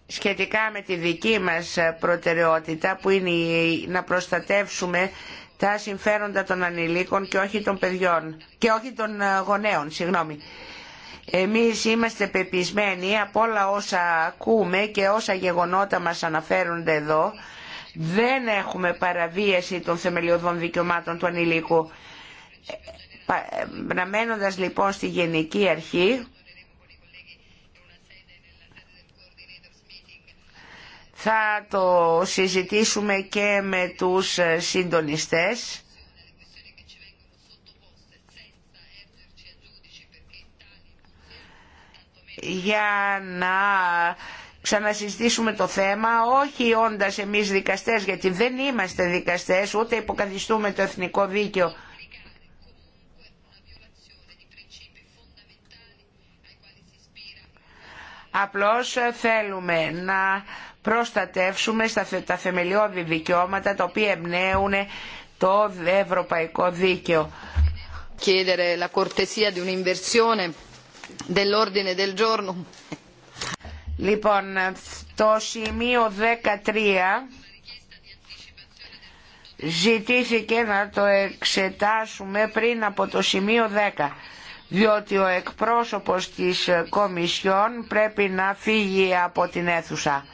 σχετικά με τη δική μας προτεραιότητα που είναι να προστατεύσουμε τα συμφέροντα των ανηλίκων και όχι των παιδιών και όχι των ε, γονέων, συγγνώμη. Εμείς είμαστε πεπισμένοι από όλα όσα ακούμε και όσα γεγονότα μας αναφέρονται εδώ δεν έχουμε παραβίαση των θεμελιωδών δικαιωμάτων του ανηλίκου. Ε, ε, μένοντας λοιπόν στη Γενική Αρχή Θα το συζητήσουμε και με τους συντονιστές. για να ξανασυζητήσουμε το θέμα, όχι όντας εμείς δικαστές, γιατί δεν είμαστε δικαστές, ούτε υποκαθιστούμε το εθνικό δίκαιο. Απλώς θέλουμε να προστατεύσουμε τα θεμελιώδη δικαιώματα τα οποία εμπνέουν το ευρωπαϊκό δίκαιο. Λοιπόν, το σημείο 13 ζητήθηκε να το εξετάσουμε πριν από το σημείο 10 διότι ο εκπρόσωπος της Κομισιόν πρέπει να φύγει από την αίθουσα.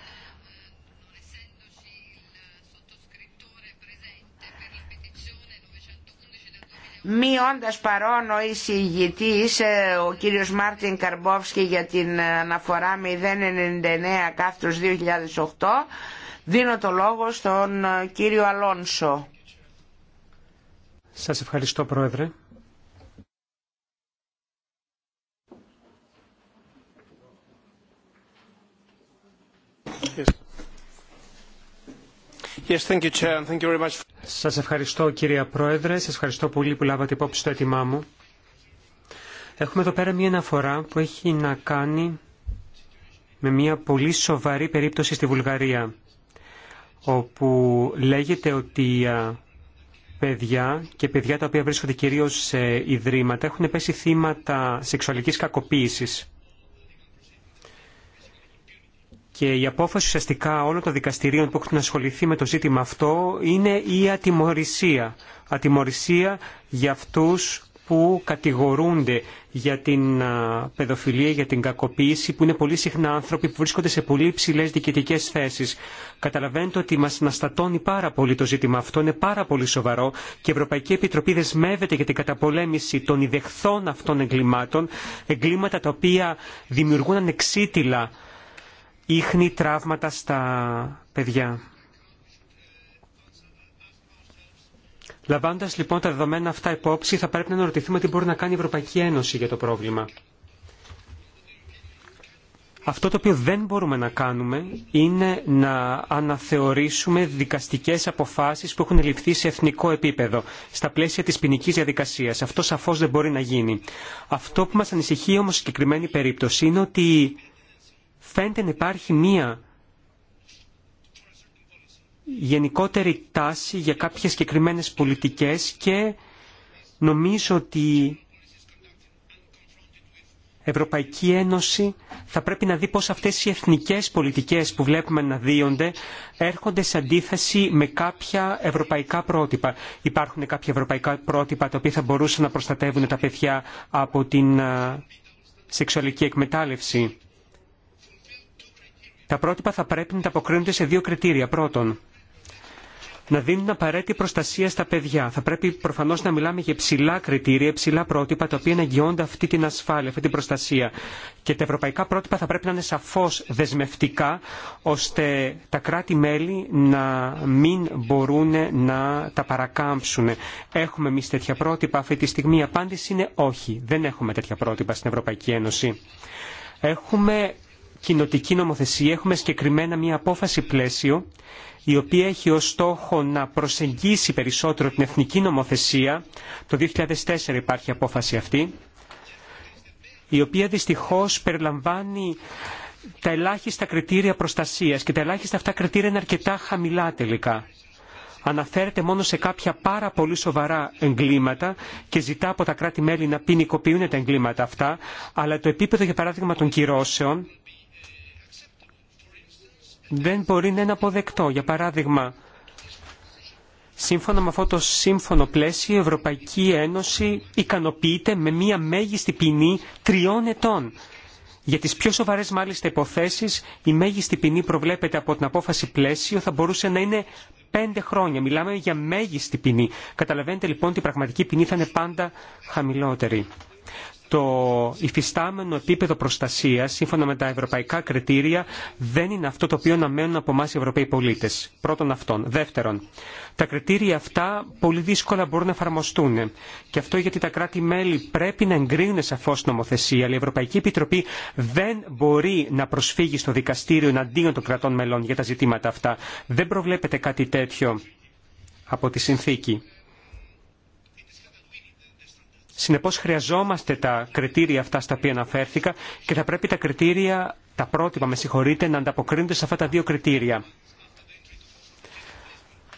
όντας παρόν ο εισηγητής ε, ο κύριος Μάρτιν Καρμπόφσκι για την ε, αναφορά 099 2008 δίνω το λόγο στον ε, κύριο Αλόνσο. Σας ευχαριστώ Πρόεδρε. Σας ευχαριστώ κυρία Πρόεδρε, σας ευχαριστώ πολύ που λάβατε υπόψη στο έτοιμά μου. Έχουμε εδώ πέρα μία αναφορά που έχει να κάνει με μία πολύ σοβαρή περίπτωση στη Βουλγαρία, όπου λέγεται ότι παιδιά και παιδιά τα οποία βρίσκονται κυρίως σε ιδρύματα έχουν πέσει θύματα σεξουαλικής κακοποίησης. Και η απόφαση ουσιαστικά όλων των δικαστηρίων που έχουν ασχοληθεί με το ζήτημα αυτό είναι η ατιμορρησία. Ατιμορρησία για αυτούς που κατηγορούνται για την παιδοφιλία, για την κακοποίηση, που είναι πολύ συχνά άνθρωποι που βρίσκονται σε πολύ υψηλέ διοικητικέ θέσει. Καταλαβαίνετε ότι μα αναστατώνει πάρα πολύ το ζήτημα αυτό, είναι πάρα πολύ σοβαρό και η Ευρωπαϊκή Επιτροπή δεσμεύεται για την καταπολέμηση των ιδεχθών αυτών εγκλημάτων, εγκλήματα τα οποία δημιουργούν ανεξίτηλα ίχνη τραύματα στα παιδιά. Λαμβάνοντα λοιπόν τα δεδομένα αυτά υπόψη, θα πρέπει να αναρωτηθούμε τι μπορεί να κάνει η Ευρωπαϊκή Ένωση για το πρόβλημα. Αυτό το οποίο δεν μπορούμε να κάνουμε είναι να αναθεωρήσουμε δικαστικές αποφάσεις που έχουν ληφθεί σε εθνικό επίπεδο, στα πλαίσια της ποινική διαδικασίας. Αυτό σαφώς δεν μπορεί να γίνει. Αυτό που μας ανησυχεί όμως σε συγκεκριμένη περίπτωση είναι ότι φαίνεται να υπάρχει μία γενικότερη τάση για κάποιες συγκεκριμένε πολιτικές και νομίζω ότι η Ευρωπαϊκή Ένωση θα πρέπει να δει πώς αυτές οι εθνικές πολιτικές που βλέπουμε να δίονται έρχονται σε αντίθεση με κάποια ευρωπαϊκά πρότυπα. Υπάρχουν κάποια ευρωπαϊκά πρότυπα τα οποία θα μπορούσαν να προστατεύουν τα παιδιά από την σεξουαλική εκμετάλλευση. Τα πρότυπα θα πρέπει να τα αποκρίνονται σε δύο κριτήρια. Πρώτον, να δίνουν απαραίτητη προστασία στα παιδιά. Θα πρέπει προφανώ να μιλάμε για υψηλά κριτήρια, υψηλά πρότυπα, τα οποία να εγγυώνται αυτή την ασφάλεια, αυτή την προστασία. Και τα ευρωπαϊκά πρότυπα θα πρέπει να είναι σαφώ δεσμευτικά, ώστε τα κράτη-μέλη να μην μπορούν να τα παρακάμψουν. Έχουμε εμεί τέτοια πρότυπα αυτή τη στιγμή. Η απάντηση είναι όχι. Δεν έχουμε τέτοια πρότυπα στην Ευρωπαϊκή Ένωση. Έχουμε κοινοτική νομοθεσία έχουμε συγκεκριμένα μια απόφαση πλαίσιο η οποία έχει ως στόχο να προσεγγίσει περισσότερο την εθνική νομοθεσία. Το 2004 υπάρχει απόφαση αυτή, η οποία δυστυχώς περιλαμβάνει τα ελάχιστα κριτήρια προστασίας και τα ελάχιστα αυτά κριτήρια είναι αρκετά χαμηλά τελικά. Αναφέρεται μόνο σε κάποια πάρα πολύ σοβαρά εγκλήματα και ζητά από τα κράτη-μέλη να ποινικοποιούν τα εγκλήματα αυτά, αλλά το επίπεδο για παράδειγμα των κυρώσεων δεν μπορεί να είναι αποδεκτό. Για παράδειγμα, σύμφωνα με αυτό το σύμφωνο πλαίσιο, η Ευρωπαϊκή Ένωση ικανοποιείται με μία μέγιστη ποινή τριών ετών. Για τις πιο σοβαρές μάλιστα υποθέσεις, η μέγιστη ποινή προβλέπεται από την απόφαση πλαίσιο θα μπορούσε να είναι πέντε χρόνια. Μιλάμε για μέγιστη ποινή. Καταλαβαίνετε λοιπόν ότι η πραγματική ποινή θα είναι πάντα χαμηλότερη το υφιστάμενο επίπεδο προστασίας σύμφωνα με τα ευρωπαϊκά κριτήρια δεν είναι αυτό το οποίο αναμένουν από εμά οι Ευρωπαίοι πολίτες. Πρώτον αυτόν. Δεύτερον, τα κριτήρια αυτά πολύ δύσκολα μπορούν να εφαρμοστούν. Και αυτό γιατί τα κράτη-μέλη πρέπει να εγκρίνουν σαφώ νομοθεσία, αλλά η Ευρωπαϊκή Επιτροπή δεν μπορεί να προσφύγει στο δικαστήριο εναντίον των κρατών μελών για τα ζητήματα αυτά. Δεν προβλέπεται κάτι τέτοιο από τη συνθήκη. Συνεπώς χρειαζόμαστε τα κριτήρια αυτά στα οποία αναφέρθηκα και θα πρέπει τα κριτήρια, τα πρότυπα με να ανταποκρίνονται σε αυτά τα δύο κριτήρια.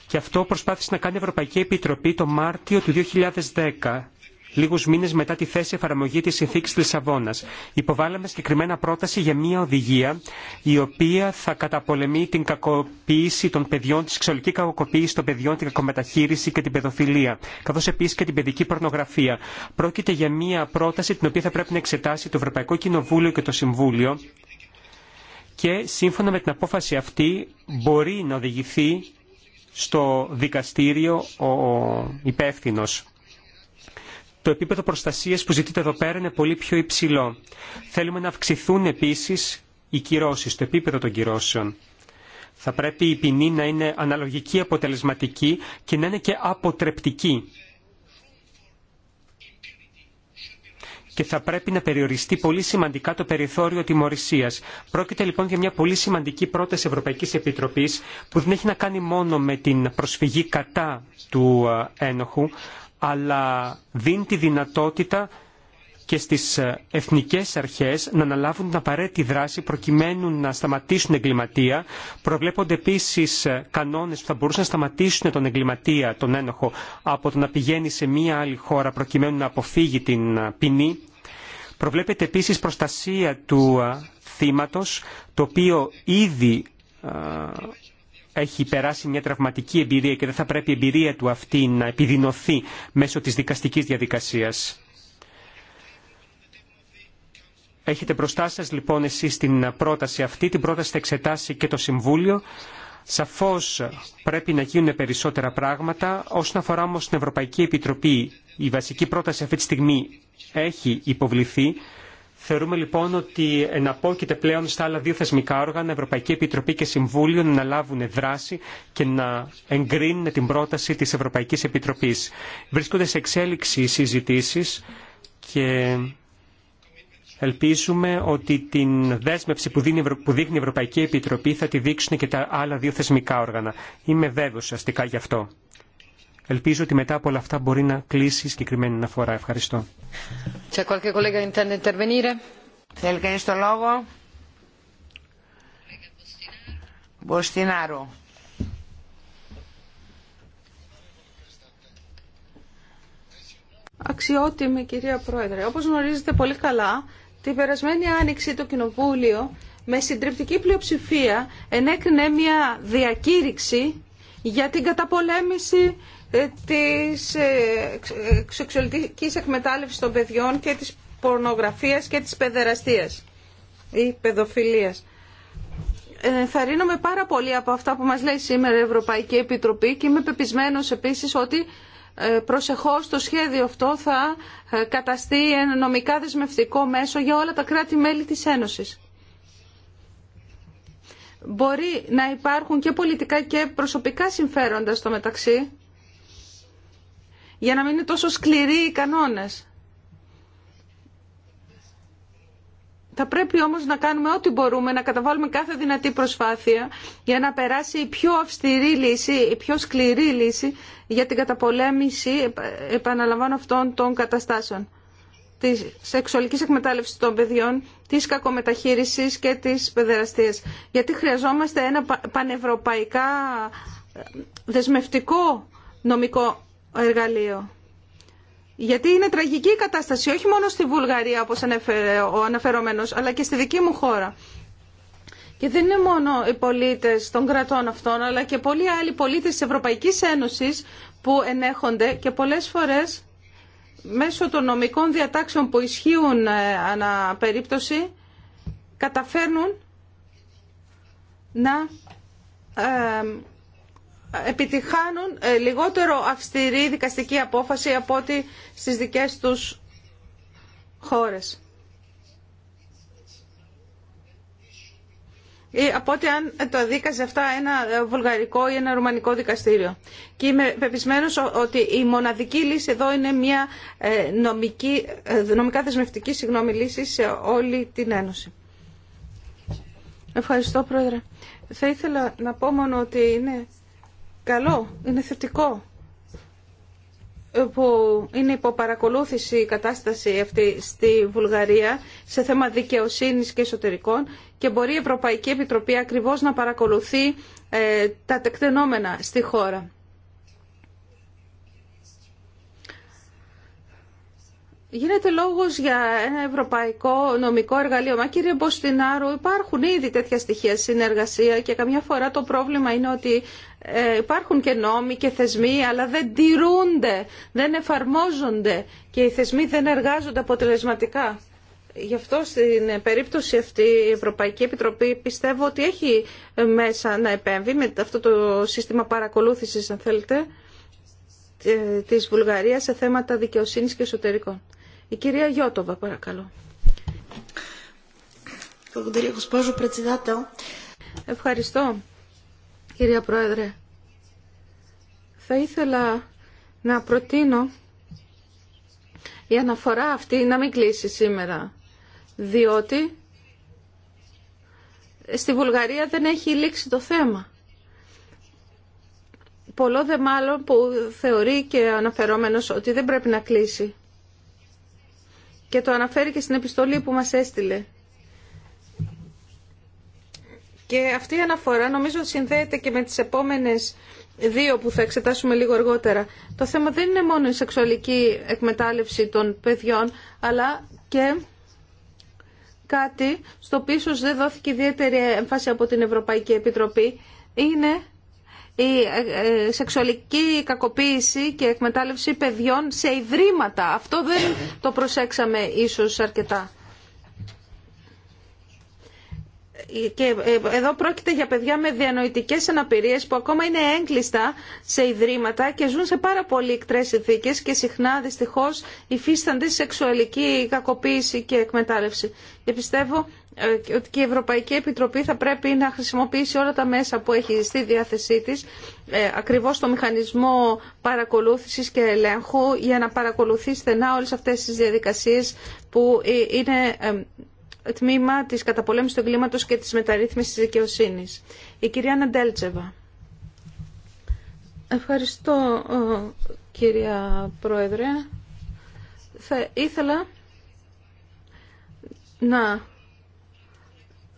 Και αυτό προσπάθησε να κάνει η Ευρωπαϊκή Επιτροπή το Μάρτιο του 2010 Λίγου μήνε μετά τη θέση εφαρμογή της συνθήκης Λισαβόνα, Υποβάλαμε συγκεκριμένα πρόταση για μια οδηγία η οποία θα καταπολεμεί την κακοποίηση των παιδιών, τη σεξουαλική κακοποίηση των παιδιών, την κακομεταχείριση και την παιδοφιλία, καθώ επίση και την παιδική πορνογραφία. Πρόκειται για μια πρόταση την οποία θα πρέπει να εξετάσει το Ευρωπαϊκό Κοινοβούλιο και το Συμβούλιο και σύμφωνα με την απόφαση αυτή μπορεί να οδηγηθεί στο δικαστήριο ο υπεύθυνος το επίπεδο προστασίας που ζητείται εδώ πέρα είναι πολύ πιο υψηλό. Θέλουμε να αυξηθούν επίσης οι κυρώσεις, το επίπεδο των κυρώσεων. Θα πρέπει η ποινή να είναι αναλογική, αποτελεσματική και να είναι και αποτρεπτική. και θα πρέπει να περιοριστεί πολύ σημαντικά το περιθώριο τιμωρησία. Πρόκειται λοιπόν για μια πολύ σημαντική πρόταση Ευρωπαϊκής Επιτροπής που δεν έχει να κάνει μόνο με την προσφυγή κατά του ε, ένοχου, αλλά δίνει τη δυνατότητα και στις ε, εθνικές αρχές να αναλάβουν την απαραίτητη δράση προκειμένου να σταματήσουν εγκληματία. Προβλέπονται επίσης ε, κανόνες που θα μπορούσαν να σταματήσουν τον εγκληματία, τον ένοχο, από το να πηγαίνει σε μία άλλη χώρα προκειμένου να αποφύγει την ε, ποινή. Προβλέπεται επίσης προστασία του θύματος, το οποίο ήδη έχει περάσει μια τραυματική εμπειρία και δεν θα πρέπει η εμπειρία του αυτή να επιδεινωθεί μέσω της δικαστικής διαδικασίας. Έχετε μπροστά σας λοιπόν εσείς την πρόταση αυτή, την πρόταση θα εξετάσει και το Συμβούλιο. Σαφώς πρέπει να γίνουν περισσότερα πράγματα. Όσον αφορά όμως την Ευρωπαϊκή Επιτροπή, η βασική πρόταση αυτή τη στιγμή έχει υποβληθεί. Θεωρούμε λοιπόν ότι εναπόκειται πλέον στα άλλα δύο θεσμικά όργανα, Ευρωπαϊκή Επιτροπή και Συμβούλιο, να λάβουν δράση και να εγκρίνουν την πρόταση της Ευρωπαϊκής Επιτροπής. Βρίσκονται σε εξέλιξη οι συζητήσεις και ελπίζουμε ότι την δέσμευση που, δίνει, που δείχνει η Ευρωπαϊκή Επιτροπή θα τη δείξουν και τα άλλα δύο θεσμικά όργανα. Είμαι βέβαιος αστικά γι' αυτό. Ελπίζω ότι μετά από όλα αυτά μπορεί να κλείσει η συγκεκριμένη αναφορά. Ευχαριστώ. Θέλει κανεί το λόγο. Μποστινάρου. Αξιότιμη κυρία Πρόεδρε, όπως γνωρίζετε πολύ καλά, την περασμένη άνοιξη το Κοινοβούλιο με συντριπτική πλειοψηφία ενέκρινε μια διακήρυξη για την καταπολέμηση ε, της ε, ε, σεξουαλικής εκμετάλλευσης των παιδιών και της πορνογραφίας και της παιδεραστίας ή παιδοφιλίας. Ε, θα ρίνομαι πάρα πολύ από αυτά που μας λέει σήμερα η Ευρωπαϊκή Επιτροπή και είμαι πεπισμένος επίσης ότι προσεχώς το σχέδιο αυτό θα καταστεί ένα νομικά δεσμευτικό μέσο για όλα τα κράτη-μέλη της Ένωσης. Μπορεί να υπάρχουν και πολιτικά και προσωπικά συμφέροντα στο μεταξύ για να μην είναι τόσο σκληροί οι κανόνες. Θα πρέπει όμως να κάνουμε ό,τι μπορούμε, να καταβάλουμε κάθε δυνατή προσπάθεια για να περάσει η πιο αυστηρή λύση, η πιο σκληρή λύση για την καταπολέμηση, επαναλαμβάνω αυτών των καταστάσεων της σεξουαλικής εκμετάλλευσης των παιδιών, της κακομεταχείρισης και της παιδεραστίας. Γιατί χρειαζόμαστε ένα πανευρωπαϊκά ε, δεσμευτικό νομικό εργαλείο. Γιατί είναι τραγική η κατάσταση, όχι μόνο στη Βουλγαρία, όπως ανέφερε ο αναφερόμενος, αλλά και στη δική μου χώρα. Και δεν είναι μόνο οι πολίτες των κρατών αυτών, αλλά και πολλοί άλλοι πολίτες της Ευρωπαϊκής Ένωσης που ενέχονται και πολλές φορές μέσω των νομικών διατάξεων που ισχύουν ε, ανά περίπτωση καταφέρνουν να ε, επιτυχάνουν ε, λιγότερο αυστηρή δικαστική απόφαση από ό,τι στις δικές τους χώρες. Ή από ό,τι αν το δίκαζε αυτά ένα ε, βουλγαρικό ή ένα ρουμανικό δικαστήριο. Και είμαι πεπισμένος ότι η μοναδική λύση εδώ είναι μια ε, νομική, νομικά δεσμευτική συγγνώμη, λύση σε όλη την Ένωση. Ευχαριστώ, Πρόεδρε. Θα ήθελα να πω μόνο ότι είναι καλό, είναι θετικό που είναι υπό παρακολούθηση η κατάσταση αυτή στη Βουλγαρία σε θέμα δικαιοσύνης και εσωτερικών και μπορεί η Ευρωπαϊκή Επιτροπή ακριβώς να παρακολουθεί ε, τα τεκτενόμενα στη χώρα. Γίνεται λόγος για ένα ευρωπαϊκό νομικό εργαλείο. Μα κύριε Μποστινάρου υπάρχουν ήδη τέτοια στοιχεία συνεργασία και καμιά φορά το πρόβλημα είναι ότι ε, υπάρχουν και νόμοι και θεσμοί, αλλά δεν τηρούνται, δεν εφαρμόζονται και οι θεσμοί δεν εργάζονται αποτελεσματικά. Γι' αυτό στην περίπτωση αυτή η Ευρωπαϊκή Επιτροπή πιστεύω ότι έχει μέσα να επέμβει με αυτό το σύστημα παρακολούθησης, αν θέλετε, ε, της Βουλγαρίας σε θέματα δικαιοσύνης και εσωτερικών. Η κυρία Γιώτοβα, παρακαλώ. Ευχαριστώ κυρία Πρόεδρε. Θα ήθελα να προτείνω η αναφορά αυτή να μην κλείσει σήμερα, διότι στη Βουλγαρία δεν έχει λήξει το θέμα. Πολλό δε μάλλον που θεωρεί και αναφερόμενος ότι δεν πρέπει να κλείσει. Και το αναφέρει και στην επιστολή που μας έστειλε. Και αυτή η αναφορά νομίζω συνδέεται και με τις επόμενες δύο που θα εξετάσουμε λίγο αργότερα. Το θέμα δεν είναι μόνο η σεξουαλική εκμετάλλευση των παιδιών, αλλά και κάτι στο πίσω δεν δόθηκε ιδιαίτερη έμφαση από την Ευρωπαϊκή Επιτροπή. Είναι η ε, ε, σεξουαλική κακοποίηση και εκμετάλλευση παιδιών σε ιδρύματα. Αυτό δεν το προσέξαμε ίσως αρκετά και ε, εδώ πρόκειται για παιδιά με διανοητικές αναπηρίες που ακόμα είναι έγκλειστα σε ιδρύματα και ζουν σε πάρα πολύ εκτρές συνθήκε και συχνά δυστυχώς υφίστανται σεξουαλική κακοποίηση και εκμετάλλευση. Και πιστεύω ε, ότι και η Ευρωπαϊκή Επιτροπή θα πρέπει να χρησιμοποιήσει όλα τα μέσα που έχει στη διάθεσή της ε, ακριβώς το μηχανισμό παρακολούθησης και ελέγχου για να παρακολουθεί στενά όλες αυτές τις διαδικασίες που είναι τμήμα της καταπολέμησης του εγκλήματος και της μεταρρύθμισης της δικαιοσύνης. Η κυρία Ναντέλτσεβα. Ευχαριστώ κυρία Πρόεδρε. Θα ήθελα να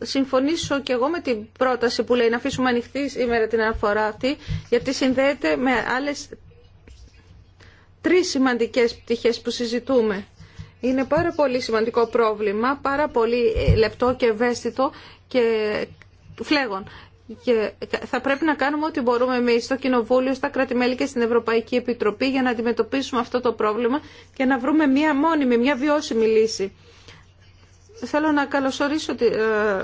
συμφωνήσω και εγώ με την πρόταση που λέει να αφήσουμε ανοιχτή σήμερα την αναφορά αυτή, γιατί συνδέεται με άλλες τρεις σημαντικές πτυχές που συζητούμε. Είναι πάρα πολύ σημαντικό πρόβλημα, πάρα πολύ ε, λεπτό και ευαίσθητο και φλέγον. Και θα πρέπει να κάνουμε ό,τι μπορούμε εμεί στο Κοινοβούλιο, στα κράτη-μέλη και στην Ευρωπαϊκή Επιτροπή για να αντιμετωπίσουμε αυτό το πρόβλημα και να βρούμε μία μόνιμη, μία βιώσιμη λύση. Θέλω να καλωσορίσω τη ε,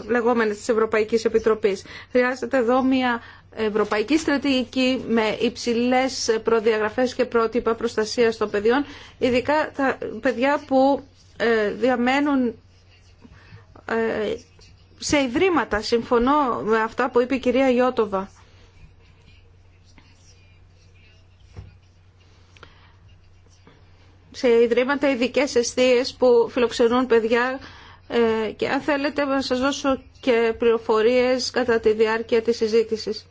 λεγόμενη της Ευρωπαϊκής Επιτροπής. Χρειάζεται εδώ μία ευρωπαϊκή στρατηγική με υψηλές προδιαγραφές και πρότυπα προστασίας των παιδιών, ειδικά τα παιδιά που ε, διαμένουν ε, σε ιδρύματα. Συμφωνώ με αυτά που είπε η κυρία Γιώτοβα. σε ιδρύματα ειδικέ αιστείες που φιλοξενούν παιδιά ε, και αν θέλετε να σας δώσω και πληροφορίες κατά τη διάρκεια της συζήτησης.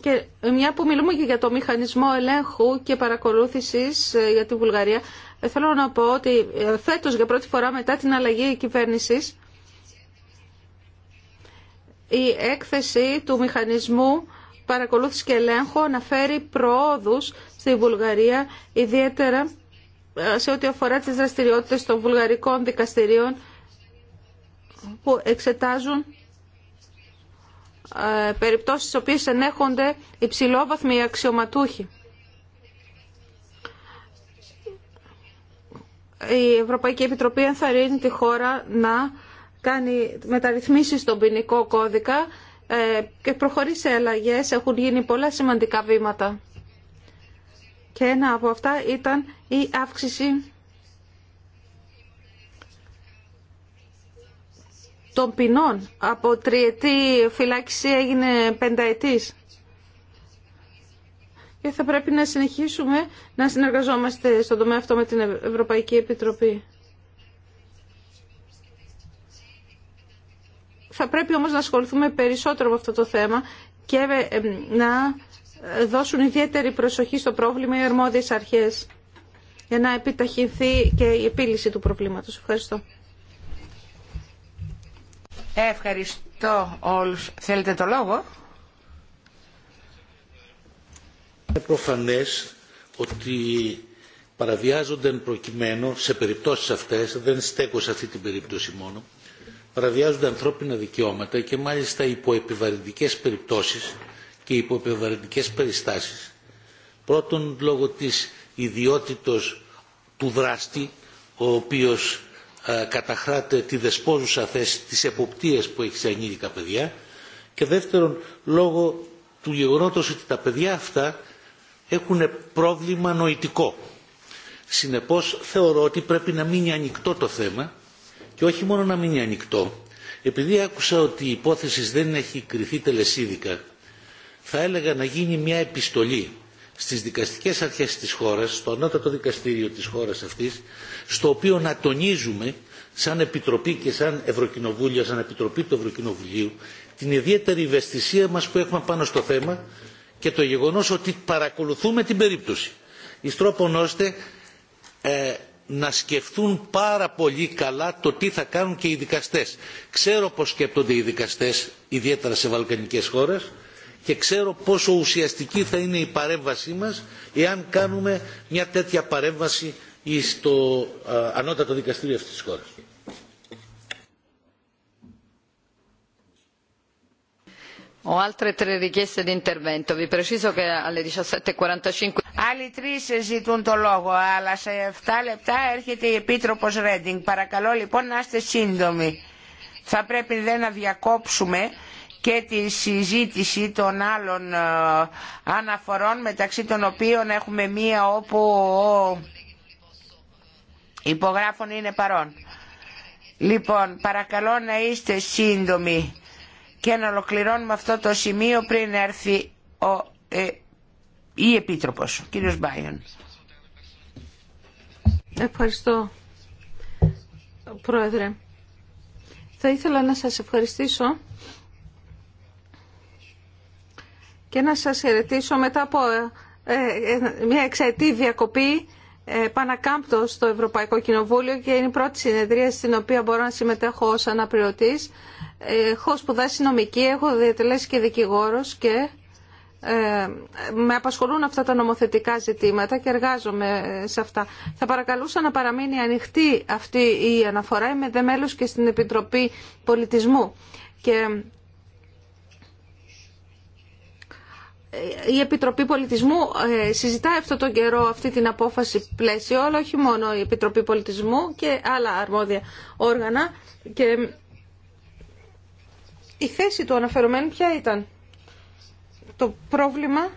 Και μια που μιλούμε και για το μηχανισμό ελέγχου και παρακολούθησης ε, για τη Βουλγαρία, ε, θέλω να πω ότι ε, φέτος για πρώτη φορά μετά την αλλαγή κυβέρνησης, η έκθεση του μηχανισμού παρακολούθησης και ελέγχου αναφέρει προόδους στη Βουλγαρία, ιδιαίτερα σε ό,τι αφορά τις δραστηριότητες των βουλγαρικών δικαστηρίων που εξετάζουν ε, περιπτώσεις στις οποίες ενέχονται υψηλόβαθμοι αξιωματούχοι. Η Ευρωπαϊκή Επιτροπή ενθαρρύνει τη χώρα να κάνει μεταρρυθμίσεις στον ποινικό κώδικα ε, και προχωρεί σε αλλαγές. Έχουν γίνει πολλά σημαντικά βήματα. Και ένα από αυτά ήταν η αύξηση των Από τριετή φυλάξη έγινε πενταετής. Και θα πρέπει να συνεχίσουμε να συνεργαζόμαστε στον τομέα αυτό με την Ευρωπαϊκή Επιτροπή. Θα πρέπει όμως να ασχοληθούμε περισσότερο με αυτό το θέμα και ε, να δώσουν ιδιαίτερη προσοχή στο πρόβλημα οι αρμόδιες αρχές για να επιταχυνθεί και η επίλυση του προβλήματος. Ευχαριστώ. Ευχαριστώ όλους. Θέλετε το λόγο. Είναι προφανές ότι παραβιάζονται προκειμένου σε περιπτώσεις αυτές, δεν στέκω σε αυτή την περίπτωση μόνο, παραβιάζονται ανθρώπινα δικαιώματα και μάλιστα υπό επιβαρυντικές περιπτώσεις και υπό επιβαρυντικές περιστάσεις. Πρώτον, λόγω της ιδιότητος του δράστη, ο οποίος ε, καταχράτε τη δεσπόζουσα θέση της εποπτείας που έχει σε ανήλικα παιδιά και δεύτερον λόγω του γεγονότος ότι τα παιδιά αυτά έχουν πρόβλημα νοητικό. Συνεπώς θεωρώ ότι πρέπει να μείνει ανοιχτό το θέμα και όχι μόνο να μείνει ανοιχτό. Επειδή άκουσα ότι η υπόθεση δεν έχει κρυθεί τελεσίδικα, θα έλεγα να γίνει μια επιστολή στις δικαστικές αρχές της χώρας, στο ανώτατο δικαστήριο της χώρας αυτής, στο οποίο να τονίζουμε σαν Επιτροπή και σαν Ευρωκοινοβούλιο, σαν Επιτροπή του Ευρωκοινοβουλίου, την ιδιαίτερη ευαισθησία μας που έχουμε πάνω στο θέμα και το γεγονός ότι παρακολουθούμε την περίπτωση. Εις τρόπον ώστε ε, να σκεφτούν πάρα πολύ καλά το τι θα κάνουν και οι δικαστές. Ξέρω πως σκέπτονται οι δικαστές, ιδιαίτερα σε βαλκανικές χώρες, και ξέρω πόσο ουσιαστική θα είναι η παρέμβασή μας εάν κάνουμε μια τέτοια παρέμβαση στο ε, ανώτατο δικαστήριο αυτής της χώρας. E Άλλοι τρει ζητούν το λόγο, αλλά σε 7 λεπτά έρχεται η Επίτροπο Ρέντινγκ. Παρακαλώ λοιπόν να είστε σύντομοι. Θα πρέπει δεν να διακόψουμε και τη συζήτηση των άλλων ε, αναφορών μεταξύ των οποίων έχουμε μία όπου ο υπογράφων είναι παρόν. Λοιπόν, παρακαλώ να είστε σύντομοι και να ολοκληρώνουμε αυτό το σημείο πριν έρθει ε, η Επίτροπος, κύριος Μπάιον. Ευχαριστώ, Πρόεδρε. Θα ήθελα να σας ευχαριστήσω και να σας χαιρετήσω μετά από ε, ε, ε, μια εξαιτή διακοπή πανακάμπτω στο Ευρωπαϊκό Κοινοβούλιο και είναι η πρώτη συνεδρία στην οποία μπορώ να συμμετέχω ως αναπληρωτής. Έχω σπουδάσει νομική, έχω διατελέσει και δικηγόρος και με απασχολούν αυτά τα νομοθετικά ζητήματα και εργάζομαι σε αυτά. Θα παρακαλούσα να παραμείνει ανοιχτή αυτή η αναφορά. Είμαι δε και στην Επιτροπή Πολιτισμού. Και η Επιτροπή Πολιτισμού ε, συζητά αυτό τον καιρό αυτή την απόφαση πλαίσιο, αλλά όχι μόνο η Επιτροπή Πολιτισμού και άλλα αρμόδια όργανα. Και η θέση του αναφερομένου ποια ήταν. Το πρόβλημα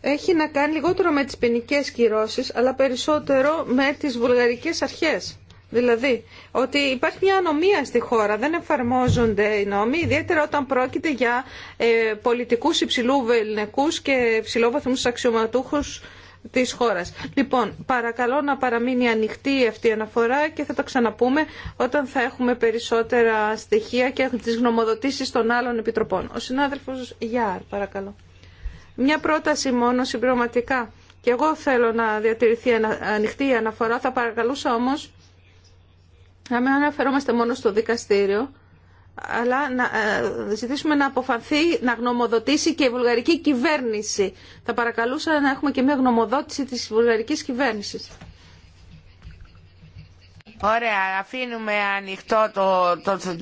έχει να κάνει λιγότερο με τις ποινικέ κυρώσεις, αλλά περισσότερο με τις βουλγαρικές αρχές. Δηλαδή, ότι υπάρχει μια ανομία στη χώρα, δεν εφαρμόζονται οι νόμοι, ιδιαίτερα όταν πρόκειται για ε, πολιτικούς υψηλού βελνεκούς και υψηλόβαθμους αξιωματούχους της χώρας. Λοιπόν, παρακαλώ να παραμείνει ανοιχτή αυτή η αναφορά και θα τα ξαναπούμε όταν θα έχουμε περισσότερα στοιχεία και τις γνωμοδοτήσεις των άλλων επιτροπών. Ο συνάδελφος Γιάρ, παρακαλώ. Μια πρόταση μόνο συμπληρωματικά. Και εγώ θέλω να διατηρηθεί ανοιχτή η αναφορά, θα παρακαλούσα όμως να μην αναφερόμαστε μόνο στο δικαστήριο, αλλά να ε, ζητήσουμε να αποφανθεί, να γνωμοδοτήσει και η βουλγαρική κυβέρνηση. Θα παρακαλούσα να έχουμε και μια γνωμοδότηση της βουλγαρικής κυβέρνησης. Ωραία, αφήνουμε ανοιχτό το, το, το,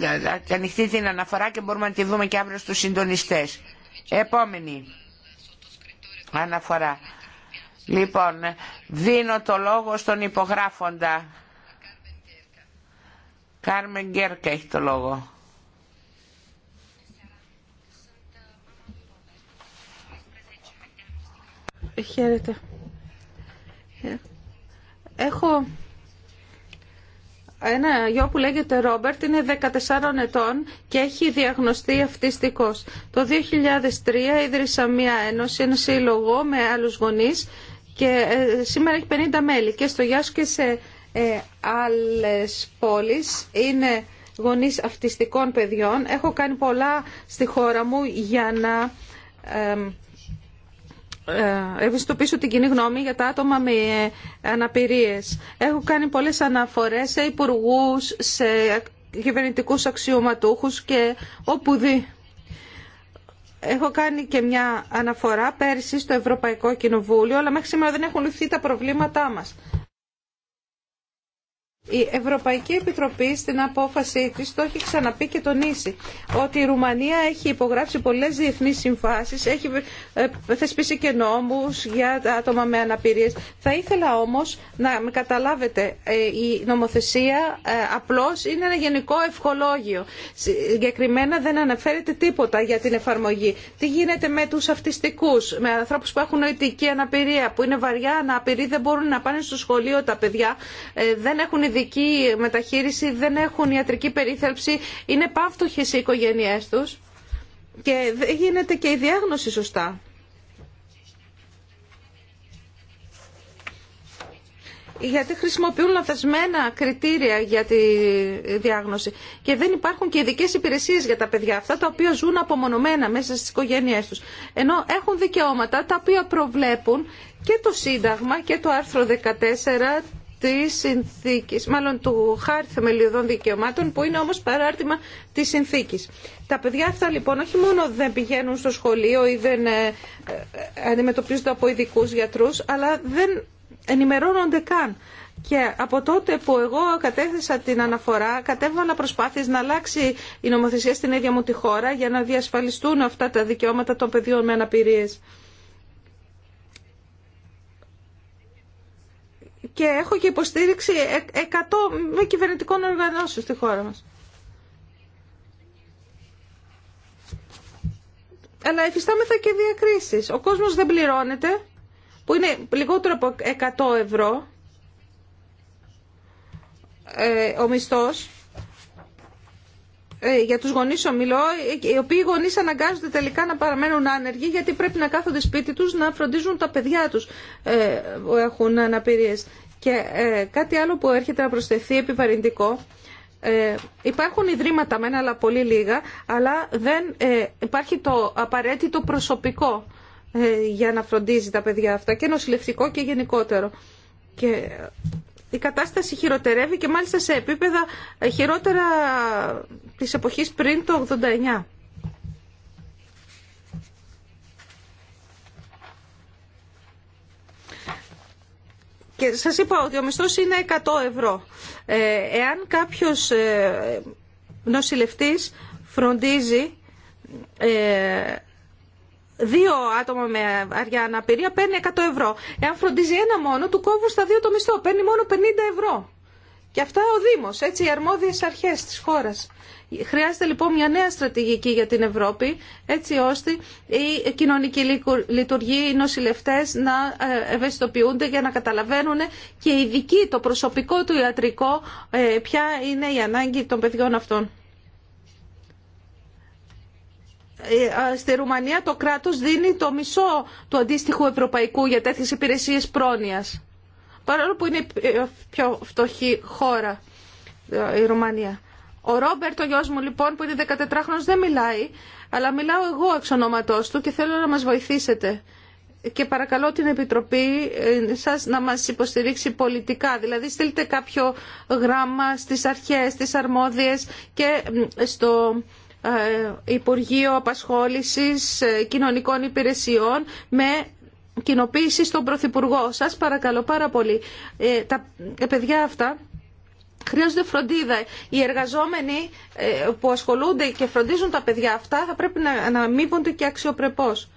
ανοιχτή την αναφορά και μπορούμε να τη δούμε και αύριο στους συντονιστές. Επόμενη αναφορά. Λοιπόν, δίνω το λόγο στον υπογράφοντα. Κάρμεν Γκέρκα έχει το λόγο. Χαίρετε. Έχω ένα γιο που λέγεται Ρόμπερτ, είναι 14 ετών και έχει διαγνωστεί αυτιστικός. Το 2003 ίδρυσα μία ένωση, ένα σύλλογο με άλλους γονείς και ε, σήμερα έχει 50 μέλη και στο Γιάσο και σε ε, άλλες πόλεις είναι γονείς αυτιστικών παιδιών. Έχω κάνει πολλά στη χώρα μου για να ε, ευαισθητοποιήσω την κοινή γνώμη για τα άτομα με ε, αναπηρίες. Έχω κάνει πολλές αναφορές σε υπουργούς, σε κυβερνητικούς αξιωματούχους και όπου δει. Έχω κάνει και μια αναφορά πέρσι στο Ευρωπαϊκό Κοινοβούλιο, αλλά μέχρι σήμερα δεν έχουν λυθεί τα προβλήματά μας. Η Ευρωπαϊκή Επιτροπή στην απόφαση τη το έχει ξαναπεί και τονίσει ότι η Ρουμανία έχει υπογράψει πολλέ διεθνεί συμφάσεις, έχει ε, θεσπίσει και νόμου για τα άτομα με αναπηρίε. Θα ήθελα όμω να με καταλάβετε, ε, η νομοθεσία ε, Απλώ είναι ένα γενικό ευχολόγιο. Συγκεκριμένα δεν αναφέρεται τίποτα για την εφαρμογή. Τι γίνεται με του αυτιστικού, με ανθρώπου που έχουν νοητική αναπηρία, που είναι βαριά αναπηροί, δεν μπορούν να πάνε στο σχολείο τα παιδιά, δεν έχουν ειδική μεταχείριση, δεν έχουν ιατρική περίθαλψη, είναι πάυτοχες οι οικογένειές τους και δεν γίνεται και η διάγνωση σωστά. γιατί χρησιμοποιούν λαθασμένα κριτήρια για τη διάγνωση και δεν υπάρχουν και ειδικέ υπηρεσίε για τα παιδιά αυτά τα οποία ζουν απομονωμένα μέσα στι οικογένειέ του. Ενώ έχουν δικαιώματα τα οποία προβλέπουν και το Σύνταγμα και το άρθρο 14 της συνθήκης, μάλλον του χάρτη θεμελιωδών δικαιωμάτων που είναι όμως παράρτημα της συνθήκης. Τα παιδιά αυτά λοιπόν όχι μόνο δεν πηγαίνουν στο σχολείο ή δεν ε, ε, αντιμετωπίζονται από ειδικού γιατρούς αλλά δεν ενημερώνονται καν. Και από τότε που εγώ κατέθεσα την αναφορά, κατέβαλα προσπάθειε να αλλάξει η νομοθεσία στην ίδια μου τη χώρα για να διασφαλιστούν αυτά τα δικαιώματα των παιδιών με αναπηρίες. και έχω και υποστήριξη 100 με κυβερνητικών οργανώσεων στη χώρα μας. Αλλά εφιστάμεθα και διακρίσεις. Ο κόσμος δεν πληρώνεται, που είναι λιγότερο από 100 ευρώ ε, ο μισθός. Ε, για τους γονείς ομιλώ, ε, οι οποίοι γονείς αναγκάζονται τελικά να παραμένουν άνεργοι γιατί πρέπει να κάθονται σπίτι τους να φροντίζουν τα παιδιά τους που έχουν αναπηρίες. Και ε, κάτι άλλο που έρχεται να προσθεθεί επιβαρυντικό. Ε, υπάρχουν ιδρύματα μένα, αλλά πολύ λίγα, αλλά δεν ε, υπάρχει το απαραίτητο προσωπικό ε, για να φροντίζει τα παιδιά αυτά και νοσηλευτικό και γενικότερο. Και η κατάσταση χειροτερεύει και μάλιστα σε επίπεδα χειρότερα της εποχής πριν το 89. Και σας είπα ότι ο μισθός είναι 100 ευρώ. Ε, εάν κάποιος ε, νοσηλευτής φροντίζει ε, δύο άτομα με αριά αναπηρία παίρνει 100 ευρώ. Εάν φροντίζει ένα μόνο, του κόβουν στα δύο το μισθό. Παίρνει μόνο 50 ευρώ. Και αυτά ο Δήμο. έτσι οι αρμόδιε αρχές της χώρα. Χρειάζεται λοιπόν μια νέα στρατηγική για την Ευρώπη, έτσι ώστε οι κοινωνικοί λειτουργοί, οι νοσηλευτέ να ε, ευαισθητοποιούνται για να καταλαβαίνουν και οι ειδικοί, το προσωπικό του ιατρικό, ε, ποια είναι η ανάγκη των παιδιών αυτών. Ε, στη Ρουμανία το κράτος δίνει το μισό του αντίστοιχου ευρωπαϊκού για τέτοιες υπηρεσίες πρόνοιας παρόλο που είναι η ε, πιο φτωχή χώρα ε, η Ρουμανία. Ο Ρόμπερτ, ο γιο μου λοιπόν που είναι 14χρονο, δεν μιλάει, αλλά μιλάω εγώ εξ ονόματό του και θέλω να μα βοηθήσετε. Και παρακαλώ την Επιτροπή ε, σας να μας υποστηρίξει πολιτικά. Δηλαδή στείλτε κάποιο γράμμα στις αρχές, στις αρμόδιες και στο Υπουργείο Απασχόλησης Κοινωνικών Υπηρεσιών κοινοποίηση στον Πρωθυπουργό. Σας παρακαλώ πάρα πολύ. Ε, τα ε, παιδιά αυτά χρειάζονται φροντίδα. Οι εργαζόμενοι ε, που ασχολούνται και φροντίζουν τα παιδιά αυτά θα πρέπει να αναμείβονται και αξιοπρεπώς.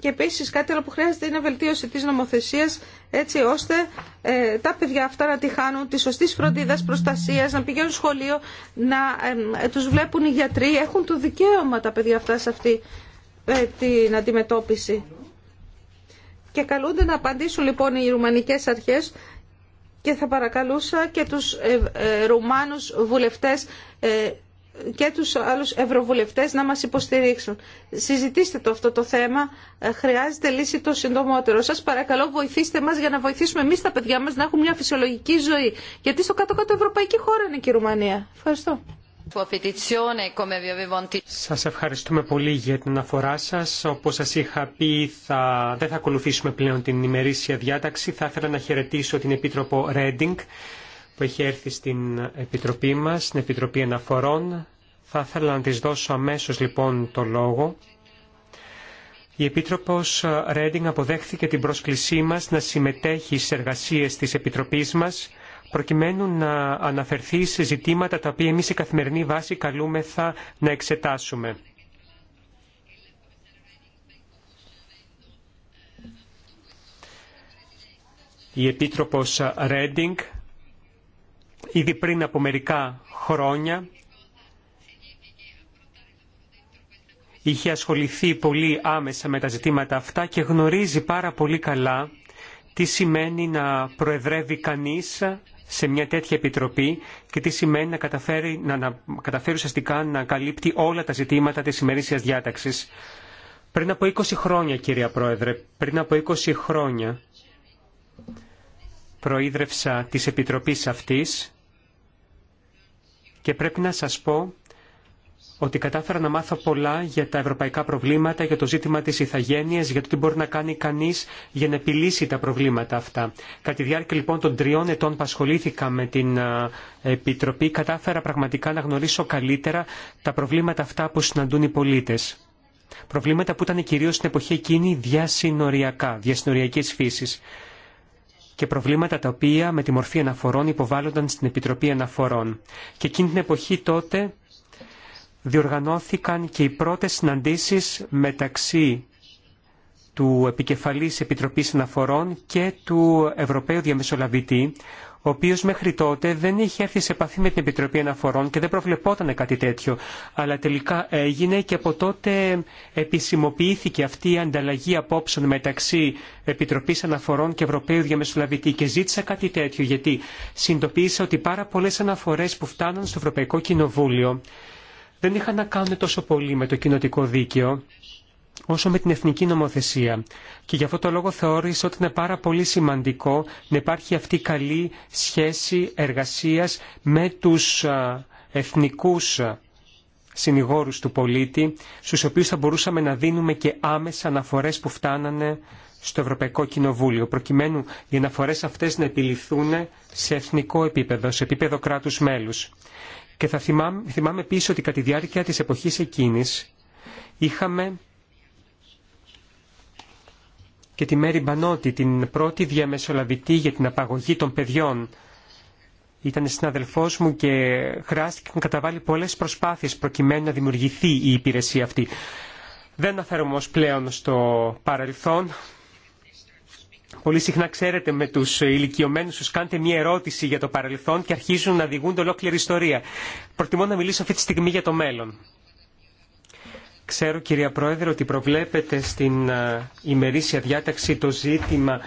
Και επίσης κάτι άλλο που χρειάζεται είναι βελτίωση τη νομοθεσία, έτσι ώστε τα παιδιά αυτά να τη χάνουν τη σωστή φροντίδα, προστασία, να πηγαίνουν σχολείο, να ε, τους βλέπουν οι γιατροί. Έχουν το δικαίωμα τα παιδιά αυτά σε αυτή ε, την αντιμετώπιση. Και καλούνται να απαντήσουν λοιπόν οι ρουμανικές αρχές και θα παρακαλούσα και τους ε, ε, Ρουμάνους βουλευτές και τους άλλους ευρωβουλευτές να μας υποστηρίξουν. Συζητήστε το αυτό το θέμα, χρειάζεται λύση το συντομότερο. Σας παρακαλώ βοηθήστε μας για να βοηθήσουμε εμείς τα παιδιά μας να έχουν μια φυσιολογική ζωή. Γιατί στο κάτω-κάτω ευρωπαϊκή χώρα είναι και η Ρουμανία. Ευχαριστώ. Σας ευχαριστούμε πολύ για την αναφορά σας. Όπως σας είχα πει, δεν θα ακολουθήσουμε πλέον την ημερήσια διάταξη. Θα ήθελα να χαιρετήσω την Επίτροπο Ρέντινγκ που έχει έρθει στην Επιτροπή μας, στην Επιτροπή Αναφορών. Θα ήθελα να της δώσω αμέσως λοιπόν το λόγο. Η Επίτροπος Ρέντινγκ αποδέχθηκε την πρόσκλησή μας να συμμετέχει στις εργασίες της Επιτροπής μας προκειμένου να αναφερθεί σε ζητήματα τα οποία εμείς σε καθημερινή βάση καλούμεθα να εξετάσουμε. Η Επίτροπος Ρέντινγκ ήδη πριν από μερικά χρόνια είχε ασχοληθεί πολύ άμεσα με τα ζητήματα αυτά και γνωρίζει πάρα πολύ καλά τι σημαίνει να προεδρεύει κανείς σε μια τέτοια επιτροπή και τι σημαίνει να καταφέρει, να, να καταφέρει ουσιαστικά να καλύπτει όλα τα ζητήματα της ημερήσιας διάταξης. Πριν από 20 χρόνια, κυρία Πρόεδρε, πριν από 20 χρόνια προείδρευσα της Επιτροπής αυτής και πρέπει να σας πω ότι κατάφερα να μάθω πολλά για τα ευρωπαϊκά προβλήματα, για το ζήτημα της ηθαγένειας, για το τι μπορεί να κάνει κανείς για να επιλύσει τα προβλήματα αυτά. Κατά τη διάρκεια λοιπόν των τριών ετών που ασχολήθηκα με την Επιτροπή, κατάφερα πραγματικά να γνωρίσω καλύτερα τα προβλήματα αυτά που συναντούν οι πολίτες. Προβλήματα που ήταν κυρίως στην εποχή εκείνη διασυνοριακά, διασυνοριακής φύσης και προβλήματα τα οποία με τη μορφή αναφορών υποβάλλονταν στην Επιτροπή Αναφορών. Και εκείνη την εποχή τότε διοργανώθηκαν και οι πρώτες συναντήσεις μεταξύ του Επικεφαλής Επιτροπής Αναφορών και του Ευρωπαίου Διαμεσολαβητή, ο οποίος μέχρι τότε δεν είχε έρθει σε επαφή με την Επιτροπή Αναφορών και δεν προβλεπόταν κάτι τέτοιο, αλλά τελικά έγινε και από τότε επισημοποιήθηκε αυτή η ανταλλαγή απόψεων μεταξύ Επιτροπής Αναφορών και Ευρωπαίου Διαμεσολαβητή και ζήτησα κάτι τέτοιο γιατί συνειδητοποίησα ότι πάρα πολλές αναφορές που φτάνουν στο Ευρωπαϊκό Κοινοβούλιο δεν είχαν να κάνουν τόσο πολύ με το κοινοτικό δίκαιο όσο με την εθνική νομοθεσία. Και γι' αυτό το λόγο θεώρησα ότι είναι πάρα πολύ σημαντικό να υπάρχει αυτή η καλή σχέση εργασίας με τους εθνικούς συνηγόρους του πολίτη, στους οποίους θα μπορούσαμε να δίνουμε και άμεσα αναφορές που φτάνανε στο Ευρωπαϊκό Κοινοβούλιο, προκειμένου οι αναφορές αυτές να επιληθούν σε εθνικό επίπεδο, σε επίπεδο κράτους μέλους. Και θα θυμάμαι, θυμάμαι ότι κατά τη διάρκεια της εποχής εκείνης είχαμε και τη Μέρη Μπανότη, την πρώτη διαμεσολαβητή για την απαγωγή των παιδιών. Ήταν συναδελφός μου και χρειάστηκε να καταβάλει πολλές προσπάθειες προκειμένου να δημιουργηθεί η υπηρεσία αυτή. Δεν αναφέρομαι όμω πλέον στο παρελθόν, πολύ συχνά ξέρετε με τους ηλικιωμένου του κάνετε μια ερώτηση για το παρελθόν και αρχίζουν να διηγούνται ολόκληρη ιστορία. Προτιμώ να μιλήσω αυτή τη στιγμή για το μέλλον. Ξέρω κυρία Πρόεδρε ότι προβλέπετε στην ημερήσια διάταξη το ζήτημα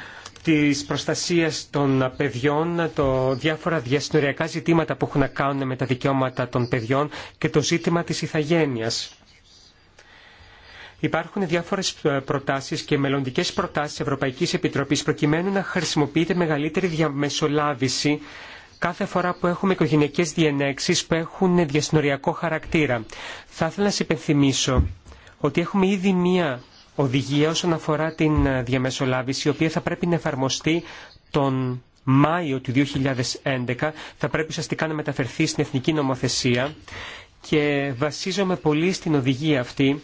της προστασίας των παιδιών, το διάφορα διασυνοριακά ζητήματα που έχουν να κάνουν με τα δικαιώματα των παιδιών και το ζήτημα της ηθαγένειας. Υπάρχουν διάφορε προτάσει και μελλοντικέ προτάσει Ευρωπαϊκή Επιτροπή προκειμένου να χρησιμοποιείται μεγαλύτερη διαμεσολάβηση κάθε φορά που έχουμε οικογενειακέ διενέξει που έχουν διασυνοριακό χαρακτήρα. Θα ήθελα να σα υπενθυμίσω ότι έχουμε ήδη μία οδηγία όσον αφορά την ε, διαμεσολάβηση, η οποία θα πρέπει να εφαρμοστεί τον Μάιο του 2011, θα πρέπει ουσιαστικά να μεταφερθεί στην Εθνική Νομοθεσία και βασίζομαι πολύ στην οδηγία αυτή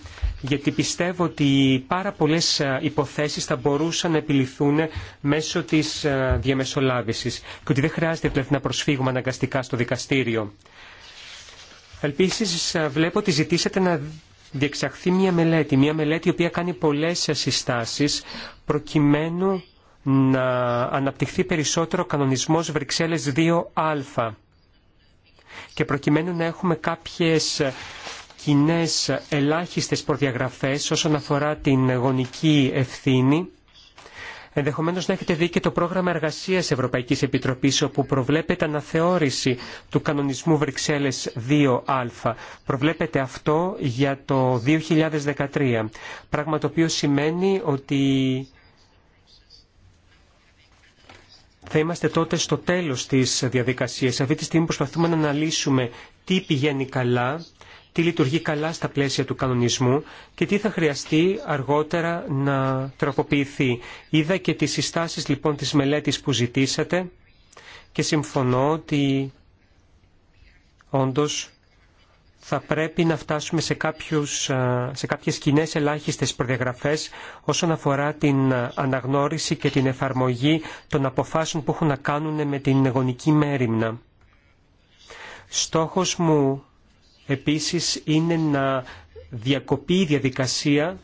γιατί πιστεύω ότι πάρα πολλές ε, υποθέσεις θα μπορούσαν να επιληθούν μέσω της ε, διαμεσολάβησης και ότι δεν χρειάζεται πλέον να προσφύγουμε αναγκαστικά στο δικαστήριο. Επίση, ε, βλέπω ότι ζητήσατε να διεξαχθεί μια μελέτη, μια μελέτη η οποία κάνει πολλές συστάσεις προκειμένου να αναπτυχθεί περισσότερο ο κανονισμός Βρυξέλλες 2α και προκειμένου να έχουμε κάποιες κοινέ ελάχιστες προδιαγραφές όσον αφορά την γονική ευθύνη. Ενδεχομένω να έχετε δει και το πρόγραμμα εργασία Ευρωπαϊκή Επιτροπή, όπου προβλέπεται αναθεώρηση του κανονισμου βρυξελλες Βρυξέλλε 2α. Προβλέπεται αυτό για το 2013. Πράγμα το οποίο σημαίνει ότι θα είμαστε τότε στο τέλος της διαδικασίας. Αυτή τη στιγμή προσπαθούμε να αναλύσουμε τι πηγαίνει καλά, τι λειτουργεί καλά στα πλαίσια του κανονισμού και τι θα χρειαστεί αργότερα να τροποποιηθεί. Είδα και τις συστάσεις λοιπόν της μελέτης που ζητήσατε και συμφωνώ ότι όντως θα πρέπει να φτάσουμε σε, κάποιους, σε κάποιες κοινέ ελάχιστες προδιαγραφές όσον αφορά την αναγνώριση και την εφαρμογή των αποφάσεων που έχουν να κάνουν με την γονική μέρημνα. Στόχος μου επίσης είναι να διακοπεί η διαδικασία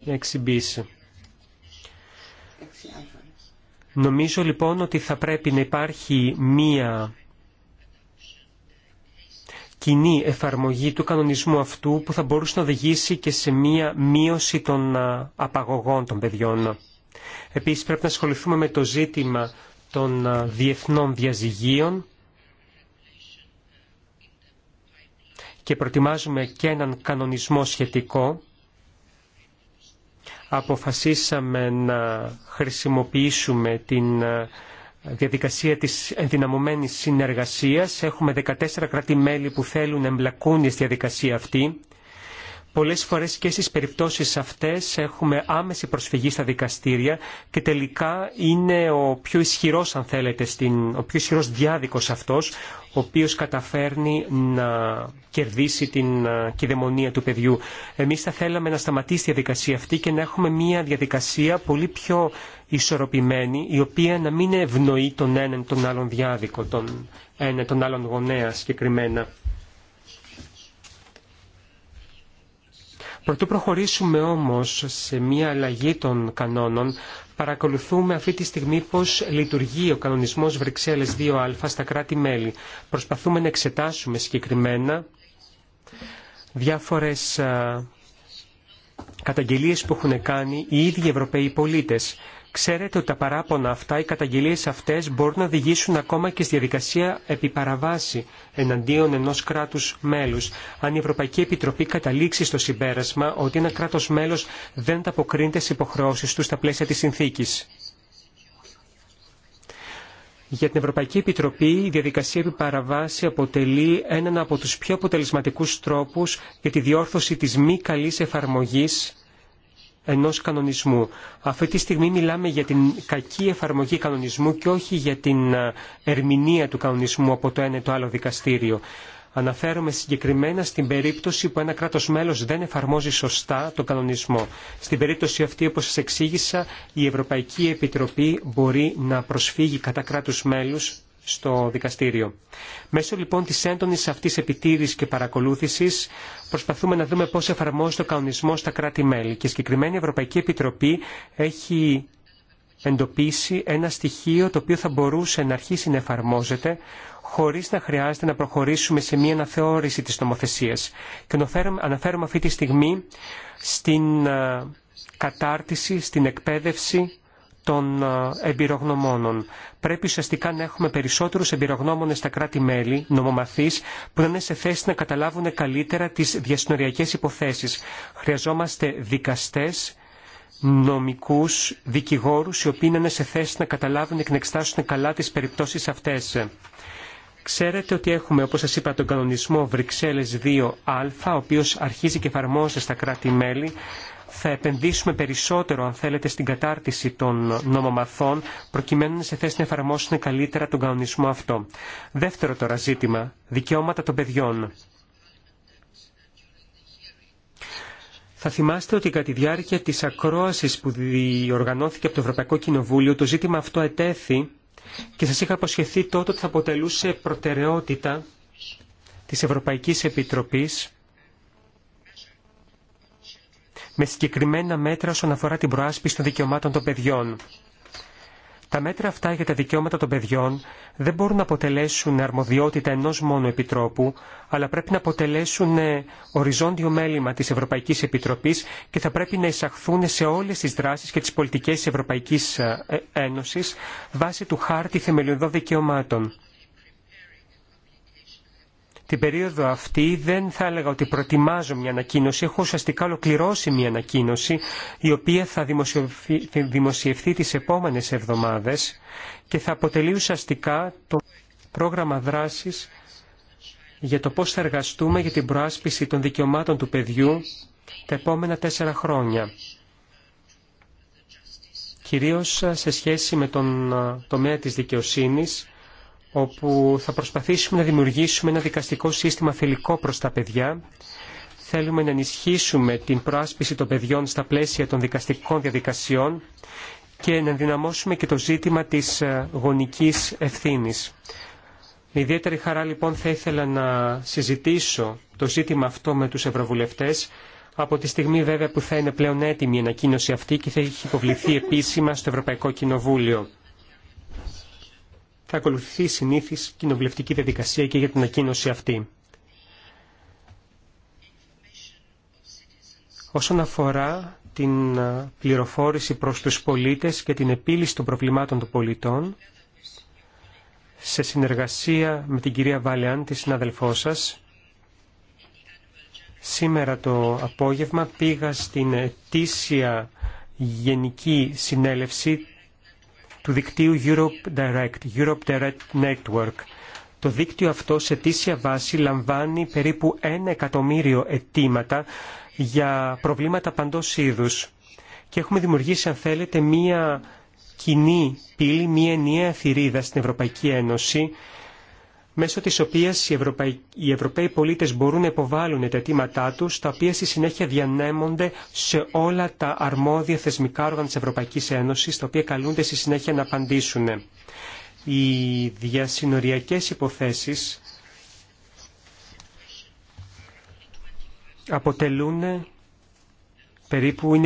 να εξυμπήσει. Νομίζω λοιπόν ότι θα πρέπει να υπάρχει μία κοινή εφαρμογή του κανονισμού αυτού που θα μπορούσε να οδηγήσει και σε μία μείωση των απαγωγών των παιδιών. Επίσης πρέπει να ασχοληθούμε με το ζήτημα των διεθνών διαζυγίων και προτιμάζουμε και έναν κανονισμό σχετικό. Αποφασίσαμε να χρησιμοποιήσουμε την διαδικασία της ενδυναμωμένης συνεργασίας. Έχουμε 14 κράτη-μέλη που θέλουν να εμπλακούν στη διαδικασία αυτή. Πολλές φορές και στις περιπτώσεις αυτές έχουμε άμεση προσφυγή στα δικαστήρια και τελικά είναι ο πιο ισχυρός, αν θέλετε, ο πιο ισχυρός διάδικος αυτός, ο οποίος καταφέρνει να κερδίσει την ε, κυδαιμονία του παιδιού. Εμείς θα θέλαμε να σταματήσει η διαδικασία αυτή και να έχουμε μια διαδικασία πολύ πιο ισορροπημένη, η οποία να μην ευνοεί τον έναν τον άλλον διάδικο, τον, ένα, τον άλλον γονέα συγκεκριμένα. Προτού προχωρήσουμε όμως σε μια αλλαγή των κανόνων, παρακολουθούμε αυτή τη στιγμή πώς λειτουργεί ο κανονισμός Βρυξέλλες 2α στα κράτη-μέλη. Προσπαθούμε να εξετάσουμε συγκεκριμένα διάφορες ε, καταγγελίες που έχουν κάνει οι ίδιοι Ευρωπαίοι πολίτες Ξέρετε ότι τα παράπονα αυτά, οι καταγγελίες αυτές μπορούν να οδηγήσουν ακόμα και στη διαδικασία επιπαραβάση εναντίον ενός κράτους μέλους. Αν η Ευρωπαϊκή Επιτροπή καταλήξει στο συμπέρασμα ότι ένα κράτος μέλος δεν τα αποκρίνεται στις υποχρεώσεις του στα πλαίσια της συνθήκης. Για την Ευρωπαϊκή Επιτροπή η διαδικασία επιπαραβάση αποτελεί έναν από τους πιο αποτελεσματικούς τρόπους για τη διόρθωση της μη καλής εφαρμογής ενός κανονισμού. Αυτή τη στιγμή μιλάμε για την κακή εφαρμογή κανονισμού και όχι για την ε, ερμηνεία του κανονισμού από το ένα ή το άλλο δικαστήριο. Αναφέρομαι συγκεκριμένα στην περίπτωση που ένα κράτος μέλος δεν εφαρμόζει σωστά τον κανονισμό. Στην περίπτωση αυτή, όπως σας εξήγησα, η Ευρωπαϊκή Επιτροπή μπορεί να προσφύγει κατά κράτους μέλους στο δικαστήριο. Μέσω λοιπόν της έντονης αυτής επιτήρησης και παρακολούθησης προσπαθούμε να δούμε πώς εφαρμόζεται ο κανονισμός στα κράτη-μέλη και συγκεκριμένη Ευρωπαϊκή Επιτροπή έχει εντοπίσει ένα στοιχείο το οποίο θα μπορούσε να αρχίσει να εφαρμόζεται χωρίς να χρειάζεται να προχωρήσουμε σε μια αναθεώρηση της νομοθεσίας. Και αναφέρομαι αυτή τη στιγμή στην ε, κατάρτιση, στην εκπαίδευση των εμπειρογνωμόνων. Πρέπει ουσιαστικά να έχουμε περισσότερου εμπειρογνώμονε στα κράτη-μέλη, νομομαθεί, που να είναι σε θέση να καταλάβουν καλύτερα τι διασυνοριακέ υποθέσει. Χρειαζόμαστε δικαστέ, νομικού, δικηγόρου, οι οποίοι να είναι σε θέση να καταλάβουν και να εξετάσουν καλά τι περιπτώσει αυτέ. Ξέρετε ότι έχουμε, όπως σας είπα, τον κανονισμό Βρυξέλλες 2α, ο οποίος αρχίζει και εφαρμόζεται στα κράτη-μέλη, θα επενδύσουμε περισσότερο, αν θέλετε, στην κατάρτιση των νομομαθών, προκειμένου να σε θέση να εφαρμόσουν καλύτερα τον κανονισμό αυτό. Δεύτερο τώρα ζήτημα, δικαιώματα των παιδιών. Θα θυμάστε ότι κατά τη διάρκεια της ακρόασης που διοργανώθηκε από το Ευρωπαϊκό Κοινοβούλιο, το ζήτημα αυτό ετέθη και σας είχα αποσχεθεί τότε ότι θα αποτελούσε προτεραιότητα της Ευρωπαϊκής Επιτροπής με συγκεκριμένα μέτρα όσον αφορά την προάσπιση των δικαιωμάτων των παιδιών. Τα μέτρα αυτά για τα δικαιώματα των παιδιών δεν μπορούν να αποτελέσουν αρμοδιότητα ενός μόνο επιτρόπου, αλλά πρέπει να αποτελέσουν ε, οριζόντιο μέλημα της Ευρωπαϊκής Επιτροπής και θα πρέπει να εισαχθούν σε όλες τις δράσεις και τις πολιτικές της Ευρωπαϊκής ε, Ένωσης βάσει του χάρτη θεμελιωδών δικαιωμάτων την περίοδο αυτή δεν θα έλεγα ότι προετοιμάζω μια ανακοίνωση. Έχω ουσιαστικά ολοκληρώσει μια ανακοίνωση η οποία θα δημοσιευθεί τις επόμενες εβδομάδες και θα αποτελεί ουσιαστικά το πρόγραμμα δράσης για το πώς θα εργαστούμε για την προάσπιση των δικαιωμάτων του παιδιού τα επόμενα τέσσερα χρόνια. Κυρίως ε, σε σχέση με τον ε, τομέα της δικαιοσύνης όπου θα προσπαθήσουμε να δημιουργήσουμε ένα δικαστικό σύστημα φιλικό προς τα παιδιά. Θέλουμε να ενισχύσουμε την προάσπιση των παιδιών στα πλαίσια των δικαστικών διαδικασιών και να ενδυναμώσουμε και το ζήτημα της ε, γονικής ευθύνης. Με ιδιαίτερη χαρά λοιπόν θα ήθελα να συζητήσω το ζήτημα αυτό με τους Ευρωβουλευτές από τη στιγμή βέβαια που θα είναι πλέον έτοιμη η ανακοίνωση αυτή και θα έχει υποβληθεί επίσημα στο Ευρωπαϊκό Κοινοβούλιο θα ακολουθεί η συνήθις κοινοβουλευτική διαδικασία και για την ανακοίνωση αυτή. Όσον αφορά την πληροφόρηση προς τους πολίτες και την επίλυση των προβλημάτων των πολιτών, σε συνεργασία με την κυρία Βάλεαν, τη συναδελφό σας, σήμερα το απόγευμα πήγα στην ετήσια Γενική Συνέλευση του δικτύου Europe Direct, Europe Direct Network. Το δίκτυο αυτό σε τήσια βάση λαμβάνει περίπου ένα εκατομμύριο αιτήματα για προβλήματα παντός είδους. Και έχουμε δημιουργήσει, αν θέλετε, μία κοινή πύλη, μία ενιαία θηρίδα στην Ευρωπαϊκή Ένωση μέσω της οποίας οι, Ευρωπαίοι πολίτες μπορούν να υποβάλουν τα αιτήματά τους, τα οποία στη συνέχεια διανέμονται σε όλα τα αρμόδια θεσμικά όργανα της Ευρωπαϊκής Ένωσης, τα οποία καλούνται στη συνέχεια να απαντήσουν. Οι διασυνοριακές υποθέσεις αποτελούν περίπου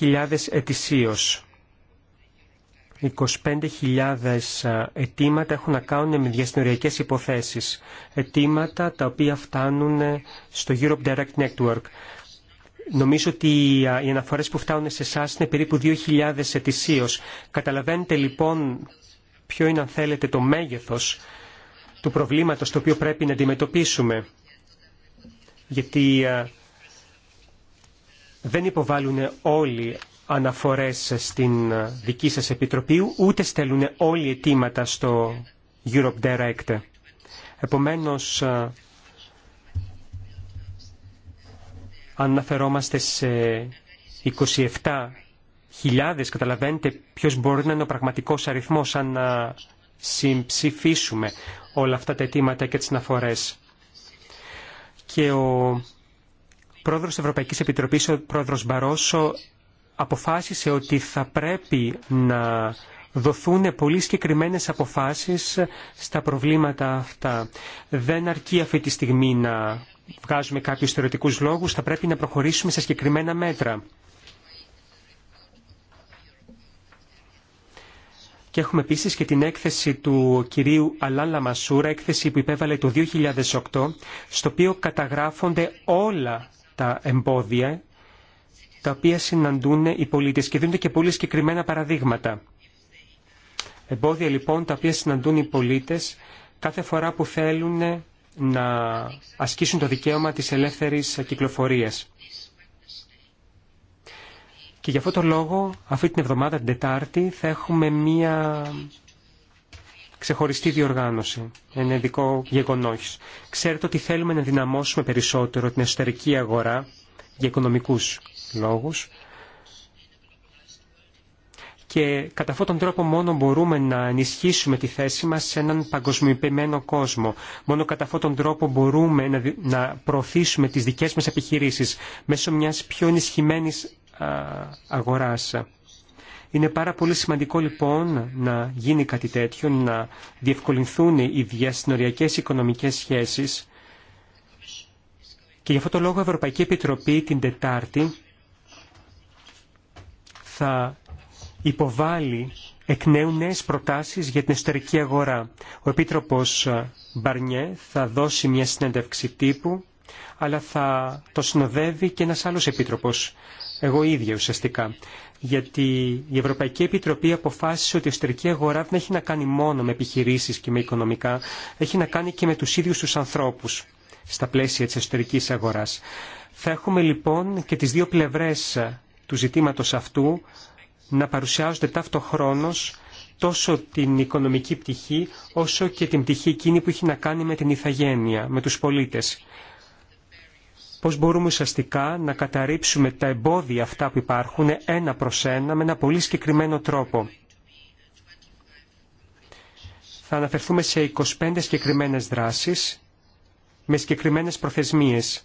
25.000 ετησίως. 25.000 ε, αιτήματα έχουν να κάνουν με διασυνοριακές υποθέσεις. Αιτήματα τα οποία φτάνουν ε, στο Europe Direct Network. Νομίζω ότι ε, οι αναφορές που φτάνουν σε εσά είναι περίπου 2.000 ετησίως. Καταλαβαίνετε λοιπόν ποιο είναι αν θέλετε το μέγεθος του προβλήματος το οποίο πρέπει να αντιμετωπίσουμε. Γιατί δεν υποβάλλουν όλοι αναφορές στην δική σας επιτροπή, ούτε στέλνουν όλοι αιτήματα στο Europe Direct. Επομένως, ε, αναφερόμαστε σε 27.000, καταλαβαίνετε ποιος μπορεί να είναι ο πραγματικός αριθμός αν να συμψηφίσουμε όλα αυτά τα αιτήματα και τις αναφορές. Και ο πρόεδρος της Ευρωπαϊκής Επιτροπής, ο πρόεδρος Μπαρόσο, αποφάσισε ότι θα πρέπει να δοθούν πολύ συγκεκριμένε αποφάσεις στα προβλήματα αυτά. Δεν αρκεί αυτή τη στιγμή να βγάζουμε κάποιους θεωρητικούς λόγους, θα πρέπει να προχωρήσουμε σε συγκεκριμένα μέτρα. Και έχουμε επίση και την έκθεση του κυρίου Αλάν Λαμασούρα, έκθεση που υπέβαλε το 2008, στο οποίο καταγράφονται όλα τα εμπόδια τα οποία συναντούν οι πολίτες και δίνονται και πολύ συγκεκριμένα παραδείγματα. Εμπόδια λοιπόν τα οποία συναντούν οι πολίτες κάθε φορά που θέλουν να ασκήσουν το δικαίωμα της ελεύθερης κυκλοφορίας. Και για αυτό το λόγο αυτή την εβδομάδα την Τετάρτη θα έχουμε μία ξεχωριστή διοργάνωση, ένα ειδικό γεγονός. Ξέρετε ότι θέλουμε να δυναμώσουμε περισσότερο την εσωτερική αγορά για οικονομικούς λόγους και κατά αυτόν τον τρόπο μόνο μπορούμε να ενισχύσουμε τη θέση μας σε έναν παγκοσμιοποιημένο κόσμο. Μόνο κατά αυτόν τον τρόπο μπορούμε να προωθήσουμε τις δικές μας επιχειρήσεις μέσω μιας πιο ενισχυμένης αγοράς. Είναι πάρα πολύ σημαντικό λοιπόν να γίνει κάτι τέτοιο, να διευκολυνθούν οι διασυνοριακές οικονομικές σχέσεις και γι' αυτό τον λόγο η Ευρωπαϊκή Επιτροπή την Τετάρτη θα υποβάλει εκ νέου νέες προτάσεις για την εσωτερική αγορά. Ο Επίτροπος Μπαρνιέ θα δώσει μια συνέντευξη τύπου, αλλά θα το συνοδεύει και ένας άλλος Επίτροπος, εγώ ίδια ουσιαστικά. Γιατί η Ευρωπαϊκή Επιτροπή αποφάσισε ότι η εσωτερική αγορά δεν έχει να κάνει μόνο με επιχειρήσεις και με οικονομικά, έχει να κάνει και με τους ίδιους τους ανθρώπους στα πλαίσια της εσωτερικής αγοράς. Θα έχουμε λοιπόν και τις δύο πλευρές του ζητήματος αυτού να παρουσιάζονται ταυτοχρόνως τόσο την οικονομική πτυχή όσο και την πτυχή εκείνη που έχει να κάνει με την ηθαγένεια, με τους πολίτες. Πώς μπορούμε ουσιαστικά να καταρρύψουμε τα εμπόδια αυτά που υπάρχουν ένα προς ένα με ένα πολύ συγκεκριμένο τρόπο. Θα αναφερθούμε σε 25 συγκεκριμένες δράσεις με συγκεκριμένες προθεσμίες.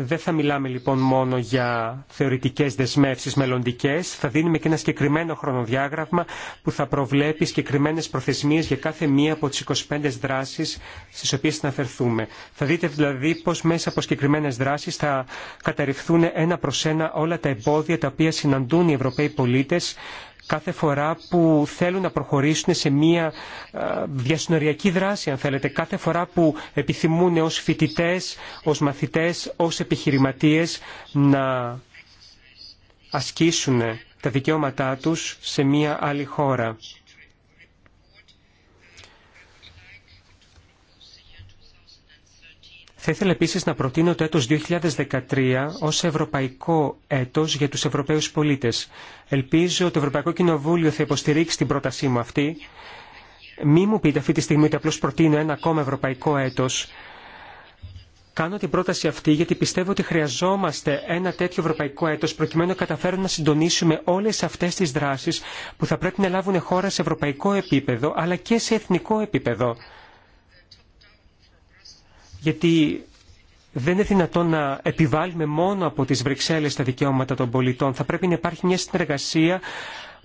Δεν θα μιλάμε λοιπόν μόνο για θεωρητικές δεσμεύσεις μελλοντικέ, θα δίνουμε και ένα συγκεκριμένο χρονοδιάγραμμα που θα προβλέπει συγκεκριμένε προθεσμίες για κάθε μία από τις 25 δράσεις στις οποίες αναφερθούμε. Θα δείτε δηλαδή πώς μέσα από συγκεκριμένες δράσεις θα καταρριφθούν ένα προς ένα όλα τα εμπόδια τα οποία συναντούν οι Ευρωπαίοι πολίτες κάθε φορά που θέλουν να προχωρήσουν σε μια ε, διασυνοριακή δράση, αν θέλετε, κάθε φορά που επιθυμούν ως φοιτητές, ως μαθητές, ως επιχειρηματίες να ασκήσουν τα δικαιώματά τους σε μια άλλη χώρα. Θα ήθελα επίσης να προτείνω το έτος 2013 ως ευρωπαϊκό έτος για τους Ευρωπαίους πολίτες. Ελπίζω ότι το Ευρωπαϊκό Κοινοβούλιο θα υποστηρίξει την πρότασή μου αυτή. Μη μου πείτε αυτή τη στιγμή ότι απλώς προτείνω ένα ακόμα ευρωπαϊκό έτος. Κάνω την πρόταση αυτή γιατί πιστεύω ότι χρειαζόμαστε ένα τέτοιο ευρωπαϊκό έτος προκειμένου να καταφέρουμε να συντονίσουμε όλες αυτές τις δράσεις που θα πρέπει να λάβουν χώρα σε ευρωπαϊκό επίπεδο αλλά και σε εθνικό επίπεδο γιατί δεν είναι δυνατόν να επιβάλλουμε μόνο από τις Βρυξέλλες τα δικαιώματα των πολιτών. Θα πρέπει να υπάρχει μια συνεργασία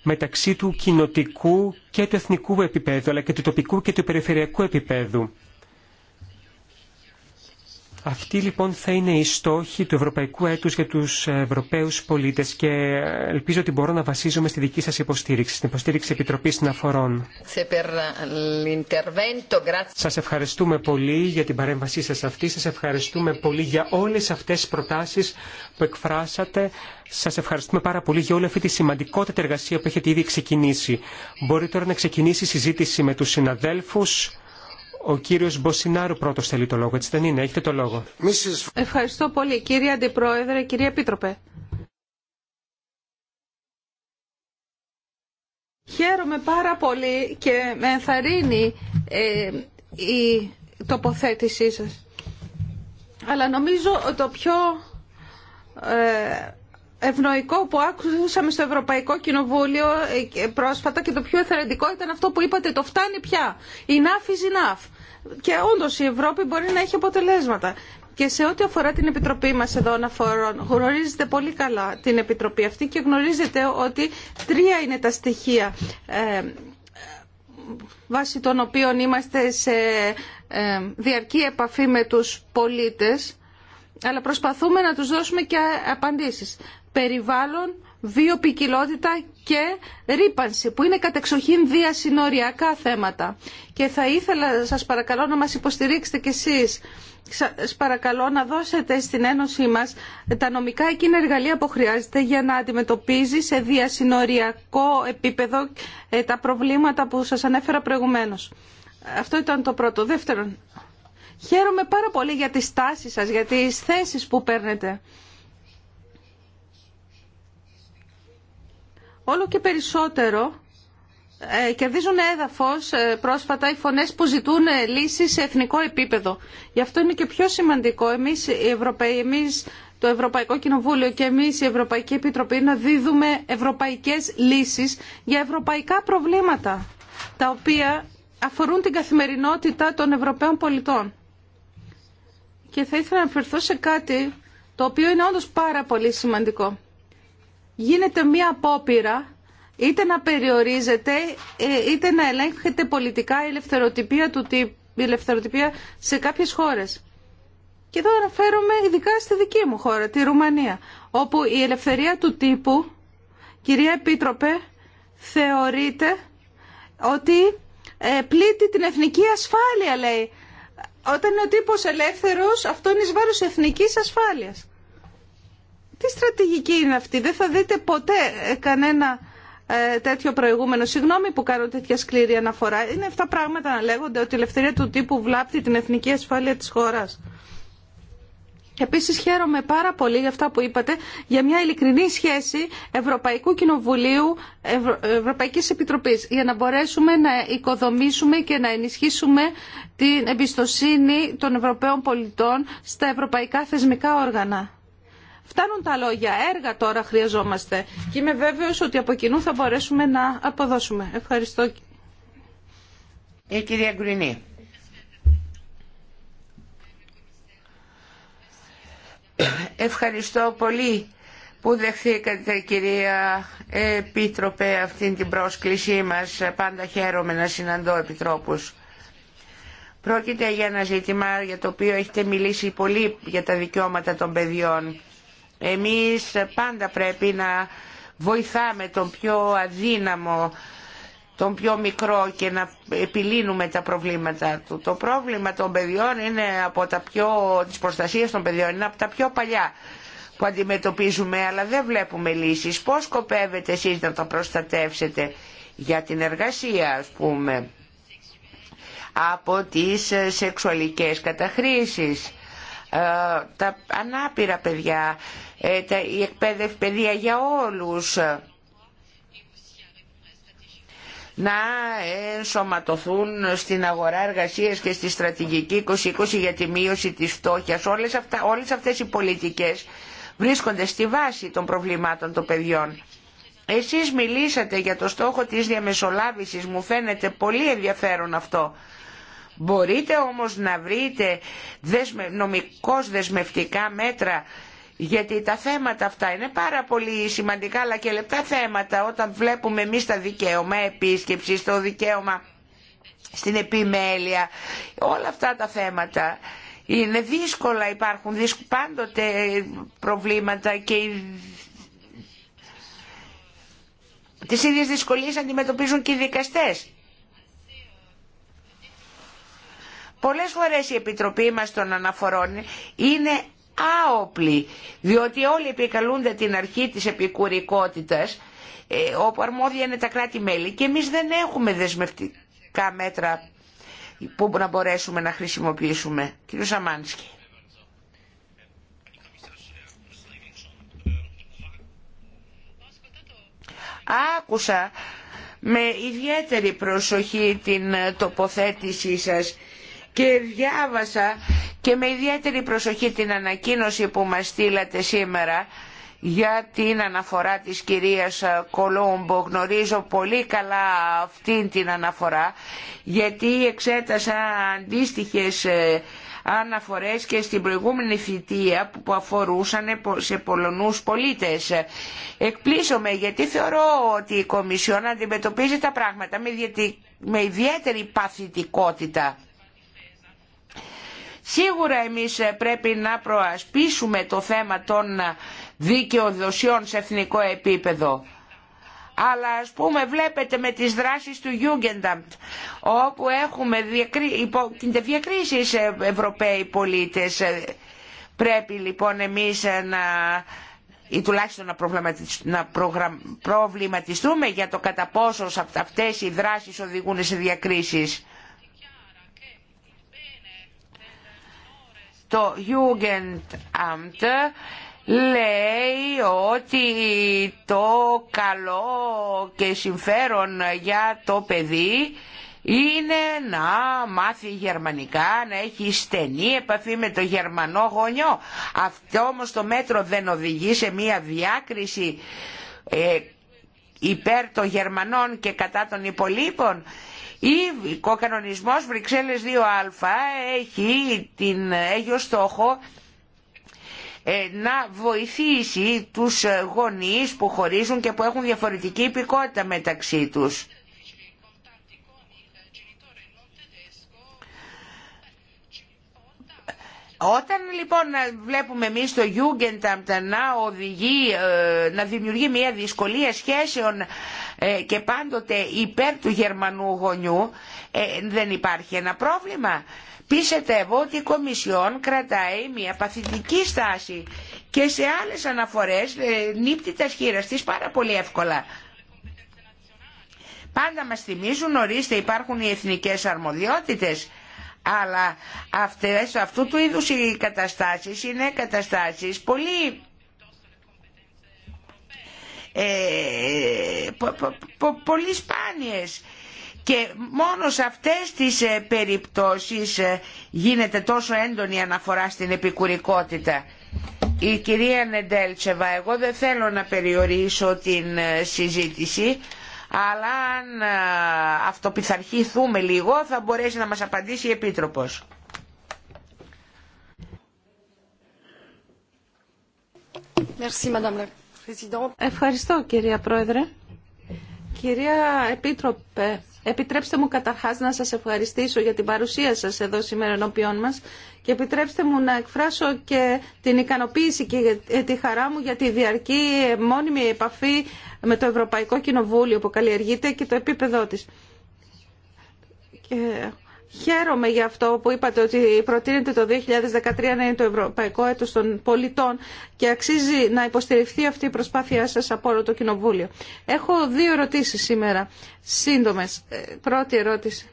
μεταξύ του κοινοτικού και του εθνικού επίπεδου, αλλά και του τοπικού και του περιφερειακού επίπεδου. Αυτή λοιπόν θα είναι η στόχη του Ευρωπαϊκού Έτους για τους Ευρωπαίους πολίτες και ελπίζω ότι μπορώ να βασίζομαι στη δική σας υποστήριξη, στην υποστήριξη Επιτροπής Συναφορών. Σας ευχαριστούμε πολύ για την παρέμβασή σας αυτή, σας ευχαριστούμε πολύ για όλες αυτές τις προτάσεις που εκφράσατε. Σας ευχαριστούμε πάρα πολύ για όλη αυτή τη σημαντικότητα εργασία που έχετε ήδη ξεκινήσει. Μπορεί τώρα να ξεκινήσει η συζήτηση με τους συναδέλφους. Ο κύριος Μποσινάρου πρώτος θέλει το λόγο, έτσι δεν είναι. Έχετε το λόγο. Ευχαριστώ πολύ κύριε Αντιπρόεδρε, κύριε Επίτροπε. Χαίρομαι πάρα πολύ και με ενθαρρύνει ε, η τοποθέτησή σας. Αλλά νομίζω το πιο ε, ευνοϊκό που άκουσαμε στο Ευρωπαϊκό Κοινοβούλιο ε, πρόσφατα και το πιο εθελοντικό ήταν αυτό που είπατε το φτάνει πια. Η is enough. Και όντω η Ευρώπη μπορεί να έχει αποτελέσματα. Και σε ό,τι αφορά την Επιτροπή μας εδώ αναφορών, γνωρίζετε πολύ καλά την Επιτροπή αυτή και γνωρίζετε ότι τρία είναι τα στοιχεία ε, βάσει των οποίων είμαστε σε ε, διαρκή επαφή με τους πολίτες, αλλά προσπαθούμε να τους δώσουμε και απαντήσεις. Περιβάλλον, βιοπικιλότητα και ρήπανση, που είναι κατεξοχήν διασυνοριακά θέματα. Και θα ήθελα, σας παρακαλώ, να μας υποστηρίξετε κι εσείς. Σας παρακαλώ να δώσετε στην Ένωσή μας τα νομικά εκείνα εργαλεία που χρειάζεται για να αντιμετωπίζει σε διασυνοριακό επίπεδο ε, τα προβλήματα που σας ανέφερα προηγουμένως. Αυτό ήταν το πρώτο. Δεύτερον, χαίρομαι πάρα πολύ για τις τάσεις σας, για τις θέσεις που παίρνετε. όλο και περισσότερο ε, κερδίζουν έδαφος ε, πρόσφατα οι φωνές που ζητούν ε, λύσεις σε εθνικό επίπεδο. Γι' αυτό είναι και πιο σημαντικό εμείς οι Ευρωπαίοι, εμείς το Ευρωπαϊκό Κοινοβούλιο και εμείς η Ευρωπαϊκή Επιτροπή να δίδουμε ευρωπαϊκές λύσεις για ευρωπαϊκά προβλήματα τα οποία αφορούν την καθημερινότητα των Ευρωπαίων πολιτών. Και θα ήθελα να αφαιρθώ σε κάτι το οποίο είναι όντως πάρα πολύ σημαντικό γίνεται μία απόπειρα είτε να περιορίζεται ε, είτε να ελέγχεται πολιτικά η ελευθεροτυπία, του, η ελευθεροτυπία σε κάποιες χώρες. Και εδώ αναφέρομαι ειδικά στη δική μου χώρα, τη Ρουμανία, όπου η ελευθερία του τύπου, κυρία Επίτροπε, θεωρείται ότι ε, πλήττει την εθνική ασφάλεια, λέει. Όταν είναι ο τύπος ελεύθερος, αυτό είναι εις βάρος εθνικής ασφάλειας. Τι στρατηγική είναι αυτή. Δεν θα δείτε ποτέ ε, κανένα ε, τέτοιο προηγούμενο. Συγγνώμη που κάνω τέτοια σκληρή αναφορά. Είναι αυτά πράγματα να λέγονται ότι η ελευθερία του τύπου βλάπτει την εθνική ασφάλεια της χώρας. Επίσης χαίρομαι πάρα πολύ για αυτά που είπατε για μια ειλικρινή σχέση Ευρωπαϊκού Κοινοβουλίου Ευρω... Ευρωπαϊκής Επιτροπής για να μπορέσουμε να οικοδομήσουμε και να ενισχύσουμε την εμπιστοσύνη των Ευρωπαίων πολιτών στα ευρωπαϊκά θεσμικά όργανα. Φτάνουν τα λόγια. Έργα τώρα χρειαζόμαστε. Και είμαι βέβαιο ότι από κοινού θα μπορέσουμε να αποδώσουμε. Ευχαριστώ. Η ε, κυρία Γκρινή. Ευχαριστώ πολύ που δεχθήκατε κυρία Επίτροπε αυτή την πρόσκλησή μας. Πάντα χαίρομαι να συναντώ επιτρόπους. Πρόκειται για ένα ζήτημα για το οποίο έχετε μιλήσει πολύ για τα δικαιώματα των παιδιών εμείς πάντα πρέπει να βοηθάμε τον πιο αδύναμο, τον πιο μικρό και να επιλύνουμε τα προβλήματα του. Το πρόβλημα των παιδιών είναι από τα πιο, της προστασίας των παιδιών είναι από τα πιο παλιά που αντιμετωπίζουμε αλλά δεν βλέπουμε λύσεις. Πώς σκοπεύετε εσείς να τα προστατεύσετε για την εργασία ας πούμε από τις σεξουαλικές καταχρήσεις ε, τα ανάπηρα παιδιά, ε, η εκπαίδευση παιδεία για όλους να ενσωματωθούν στην αγορά εργασίας και στη στρατηγική 2020 για τη μείωση της φτώχειας. Όλες, αυτά, όλες αυτές οι πολιτικές βρίσκονται στη βάση των προβλημάτων των παιδιών. Εσείς μιλήσατε για το στόχο της διαμεσολάβησης, μου φαίνεται πολύ ενδιαφέρον αυτό. Μπορείτε όμως να βρείτε δεσμε, νομικώς δεσμευτικά μέτρα γιατί τα θέματα αυτά είναι πάρα πολύ σημαντικά αλλά και λεπτά θέματα όταν βλέπουμε εμεί τα δικαίωμα επίσκεψη, το δικαίωμα στην επιμέλεια. Όλα αυτά τα θέματα είναι δύσκολα, υπάρχουν πάντοτε προβλήματα και τις ίδιες δυσκολίες αντιμετωπίζουν και οι δικαστές. Πολλές φορές η Επιτροπή μας των Αναφορών είναι άοπλη, διότι όλοι επικαλούνται την αρχή της επικουρικότητας, ε, όπου αρμόδια είναι τα κράτη-μέλη και εμείς δεν έχουμε δεσμευτικά μέτρα που να μπορέσουμε να χρησιμοποιήσουμε. Κύριο Σαμάνσκι. Άκουσα με ιδιαίτερη προσοχή την τοποθέτησή σας και διάβασα και με ιδιαίτερη προσοχή την ανακοίνωση που μας στείλατε σήμερα για την αναφορά της κυρίας Κολόμπο. Γνωρίζω πολύ καλά αυτήν την αναφορά γιατί εξέτασα αντίστοιχες ε, αναφορές και στην προηγούμενη θητεία που αφορούσαν σε Πολωνούς πολίτες. Εκπλήσωμαι γιατί θεωρώ ότι η Κομισιόν αντιμετωπίζει τα πράγματα με ιδιαίτερη παθητικότητα. Σίγουρα εμείς ε, πρέπει να προασπίσουμε το θέμα των ε, δικαιοδοσιών σε εθνικό επίπεδο. Αλλά ας πούμε βλέπετε με τις δράσεις του Jugendamt όπου έχουμε διακρίσεις ε, Ευρωπαίοι πολίτες πρέπει λοιπόν εμείς να ή τουλάχιστον να, να προβληματιστούμε για το κατά πόσο αυτές οι δράσεις οδηγούν σε διακρίσεις. το Jugendamt λέει ότι το καλό και συμφέρον για το παιδί είναι να μάθει γερμανικά, να έχει στενή επαφή με το γερμανό γονιό. Αυτό όμως το μέτρο δεν οδηγεί σε μία διάκριση ε, υπέρ των Γερμανών και κατά των υπολείπων ο κανονισμός Βρυξέλλες 2α έχει, την, έχει στόχο ε, να βοηθήσει τους γονείς που χωρίζουν και που έχουν διαφορετική υπηκότητα μεταξύ τους. Όταν λοιπόν βλέπουμε εμείς το Jugendamt να οδηγεί, ε, να δημιουργεί μια δυσκολία σχέσεων ε, και πάντοτε υπέρ του Γερμανού γονιού ε, δεν υπάρχει ένα πρόβλημα. Πίστευω ότι η Κομισιόν κρατάει μια παθητική στάση και σε άλλες αναφορές ε, νύπτει τα σχήρα πάρα πολύ εύκολα. Πάντα μας θυμίζουν, ορίστε υπάρχουν οι εθνικές αρμοδιότητες, αλλά αυτές, αυτού του είδους οι καταστάσεις είναι καταστάσεις πολύ ε, πο, πο, πολύ σπάνιες και μόνο σε αυτές τις ε, περιπτώσεις ε, γίνεται τόσο έντονη αναφορά στην επικουρικότητα. Η κυρία Νεντέλτσεβα, εγώ δεν θέλω να περιορίσω την συζήτηση, αλλά αν αυτοπιθαρχηθούμε λίγο θα μπορέσει να μας απαντήσει η Επίτροπος. Ευχαριστώ κυρία Πρόεδρε. Κυρία Επίτροπε, επιτρέψτε μου καταρχάς να σας ευχαριστήσω για την παρουσία σας εδώ σήμερα ενώπιόν μας και επιτρέψτε μου να εκφράσω και την ικανοποίηση και ε, τη χαρά μου για τη διαρκή μόνιμη επαφή με το Ευρωπαϊκό Κοινοβούλιο που καλλιεργείται και το επίπεδό της. Και Χαίρομαι για αυτό που είπατε ότι προτείνεται το 2013 να είναι το Ευρωπαϊκό Έτος των Πολιτών και αξίζει να υποστηριχθεί αυτή η προσπάθειά σας από όλο το Κοινοβούλιο. Έχω δύο ερωτήσεις σήμερα, σύντομες. Ε, πρώτη ερώτηση.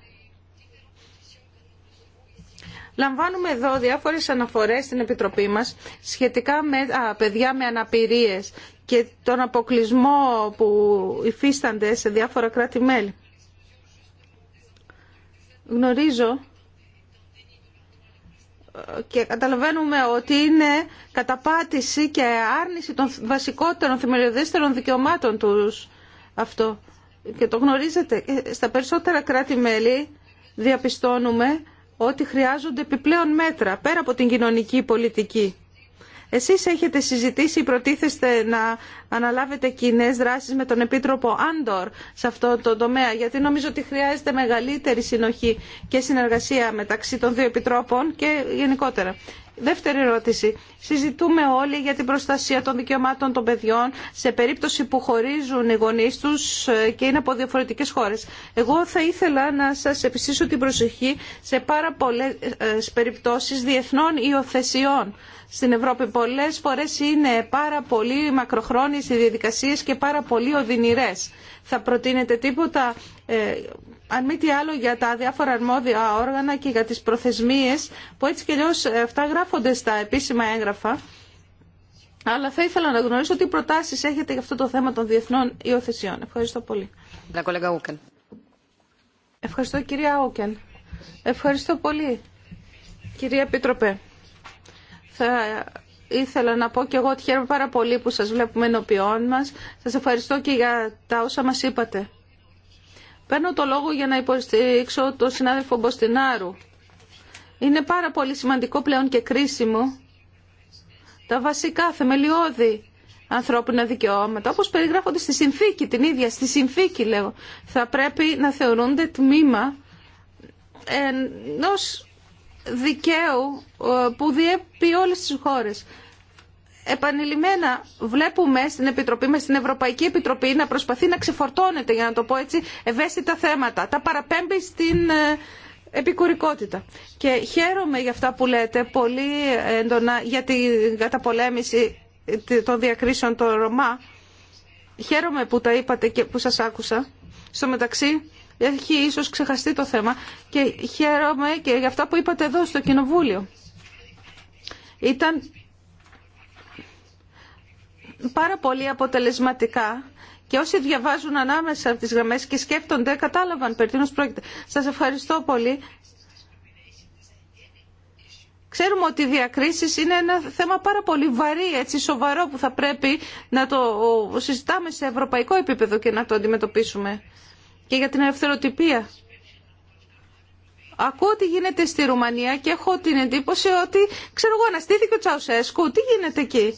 Λαμβάνουμε εδώ διάφορες αναφορές στην Επιτροπή μας σχετικά με α, παιδιά με αναπηρίες και τον αποκλεισμό που υφίστανται σε διάφορα κράτη-μέλη γνωρίζω και καταλαβαίνουμε ότι είναι καταπάτηση και άρνηση των βασικότερων θεμελιωδέστερων δικαιωμάτων τους αυτό. Και το γνωρίζετε. Ε, στα περισσότερα κράτη-μέλη διαπιστώνουμε ότι χρειάζονται επιπλέον μέτρα πέρα από την κοινωνική πολιτική. Εσείς έχετε συζητήσει, προτίθεστε να αναλάβετε κοινέ δράσεις με τον Επίτροπο Άντορ σε αυτό το τομέα, γιατί νομίζω ότι χρειάζεται μεγαλύτερη συνοχή και συνεργασία μεταξύ των δύο επιτρόπων και γενικότερα. Δεύτερη ερώτηση. Συζητούμε όλοι για την προστασία των δικαιωμάτων των παιδιών σε περίπτωση που χωρίζουν οι γονεί του ε, και είναι από διαφορετικέ χώρε. Εγώ θα ήθελα να σα επιστήσω την προσοχή σε πάρα πολλέ ε, περιπτώσει διεθνών υιοθεσιών. Στην Ευρώπη πολλέ φορέ είναι πάρα πολύ μακροχρόνιε οι διαδικασίε και πάρα πολύ οδυνηρέ. Θα προτείνετε τίποτα ε, αν μη τι άλλο για τα διάφορα αρμόδια όργανα και για τις προθεσμίες που έτσι και αλλιώς ε, αυτά γράφονται στα επίσημα έγγραφα. Αλλά θα ήθελα να γνωρίσω τι προτάσεις έχετε για αυτό το θέμα των διεθνών υιοθεσιών. Ευχαριστώ πολύ. Ευχαριστώ κυρία ουκέν Ευχαριστώ πολύ κυρία Επίτροπε. Θα ήθελα να πω και εγώ ότι χαίρομαι πάρα πολύ που σας βλέπουμε ενωπιών μας. Σας ευχαριστώ και για τα όσα μας είπατε. Παίρνω το λόγο για να υποστηρίξω τον συνάδελφο Μποστινάρου. Είναι πάρα πολύ σημαντικό πλέον και κρίσιμο τα βασικά θεμελιώδη ανθρώπινα δικαιώματα, όπως περιγράφονται στη συνθήκη, την ίδια στη συνθήκη λέω, θα πρέπει να θεωρούνται τμήμα ενός δικαίου ε, που διέπει όλες τις χώρες επανειλημμένα βλέπουμε στην Επιτροπή μας, στην Ευρωπαϊκή Επιτροπή να προσπαθεί να ξεφορτώνεται, για να το πω έτσι, ευαίσθητα θέματα. Τα παραπέμπει στην ε, επικουρικότητα. Και χαίρομαι για αυτά που λέτε πολύ έντονα για την καταπολέμηση των διακρίσεων των Ρωμά. Χαίρομαι που τα είπατε και που σας άκουσα. Στο μεταξύ έχει ίσως ξεχαστεί το θέμα και χαίρομαι και για αυτά που είπατε εδώ στο Κοινοβούλιο. Ήταν πάρα πολύ αποτελεσματικά και όσοι διαβάζουν ανάμεσα από τις γραμμές και σκέφτονται κατάλαβαν περί τίνος πρόκειται. Σας ευχαριστώ πολύ. Ξέρουμε ότι οι διακρίσεις είναι ένα θέμα πάρα πολύ βαρύ, έτσι σοβαρό που θα πρέπει να το συζητάμε σε ευρωπαϊκό επίπεδο και να το αντιμετωπίσουμε. Και για την ελευθεροτυπία. Ακούω τι γίνεται στη Ρουμανία και έχω την εντύπωση ότι, ξέρω εγώ, αναστήθηκε ο Τσαουσέσκου. Τι γίνεται εκεί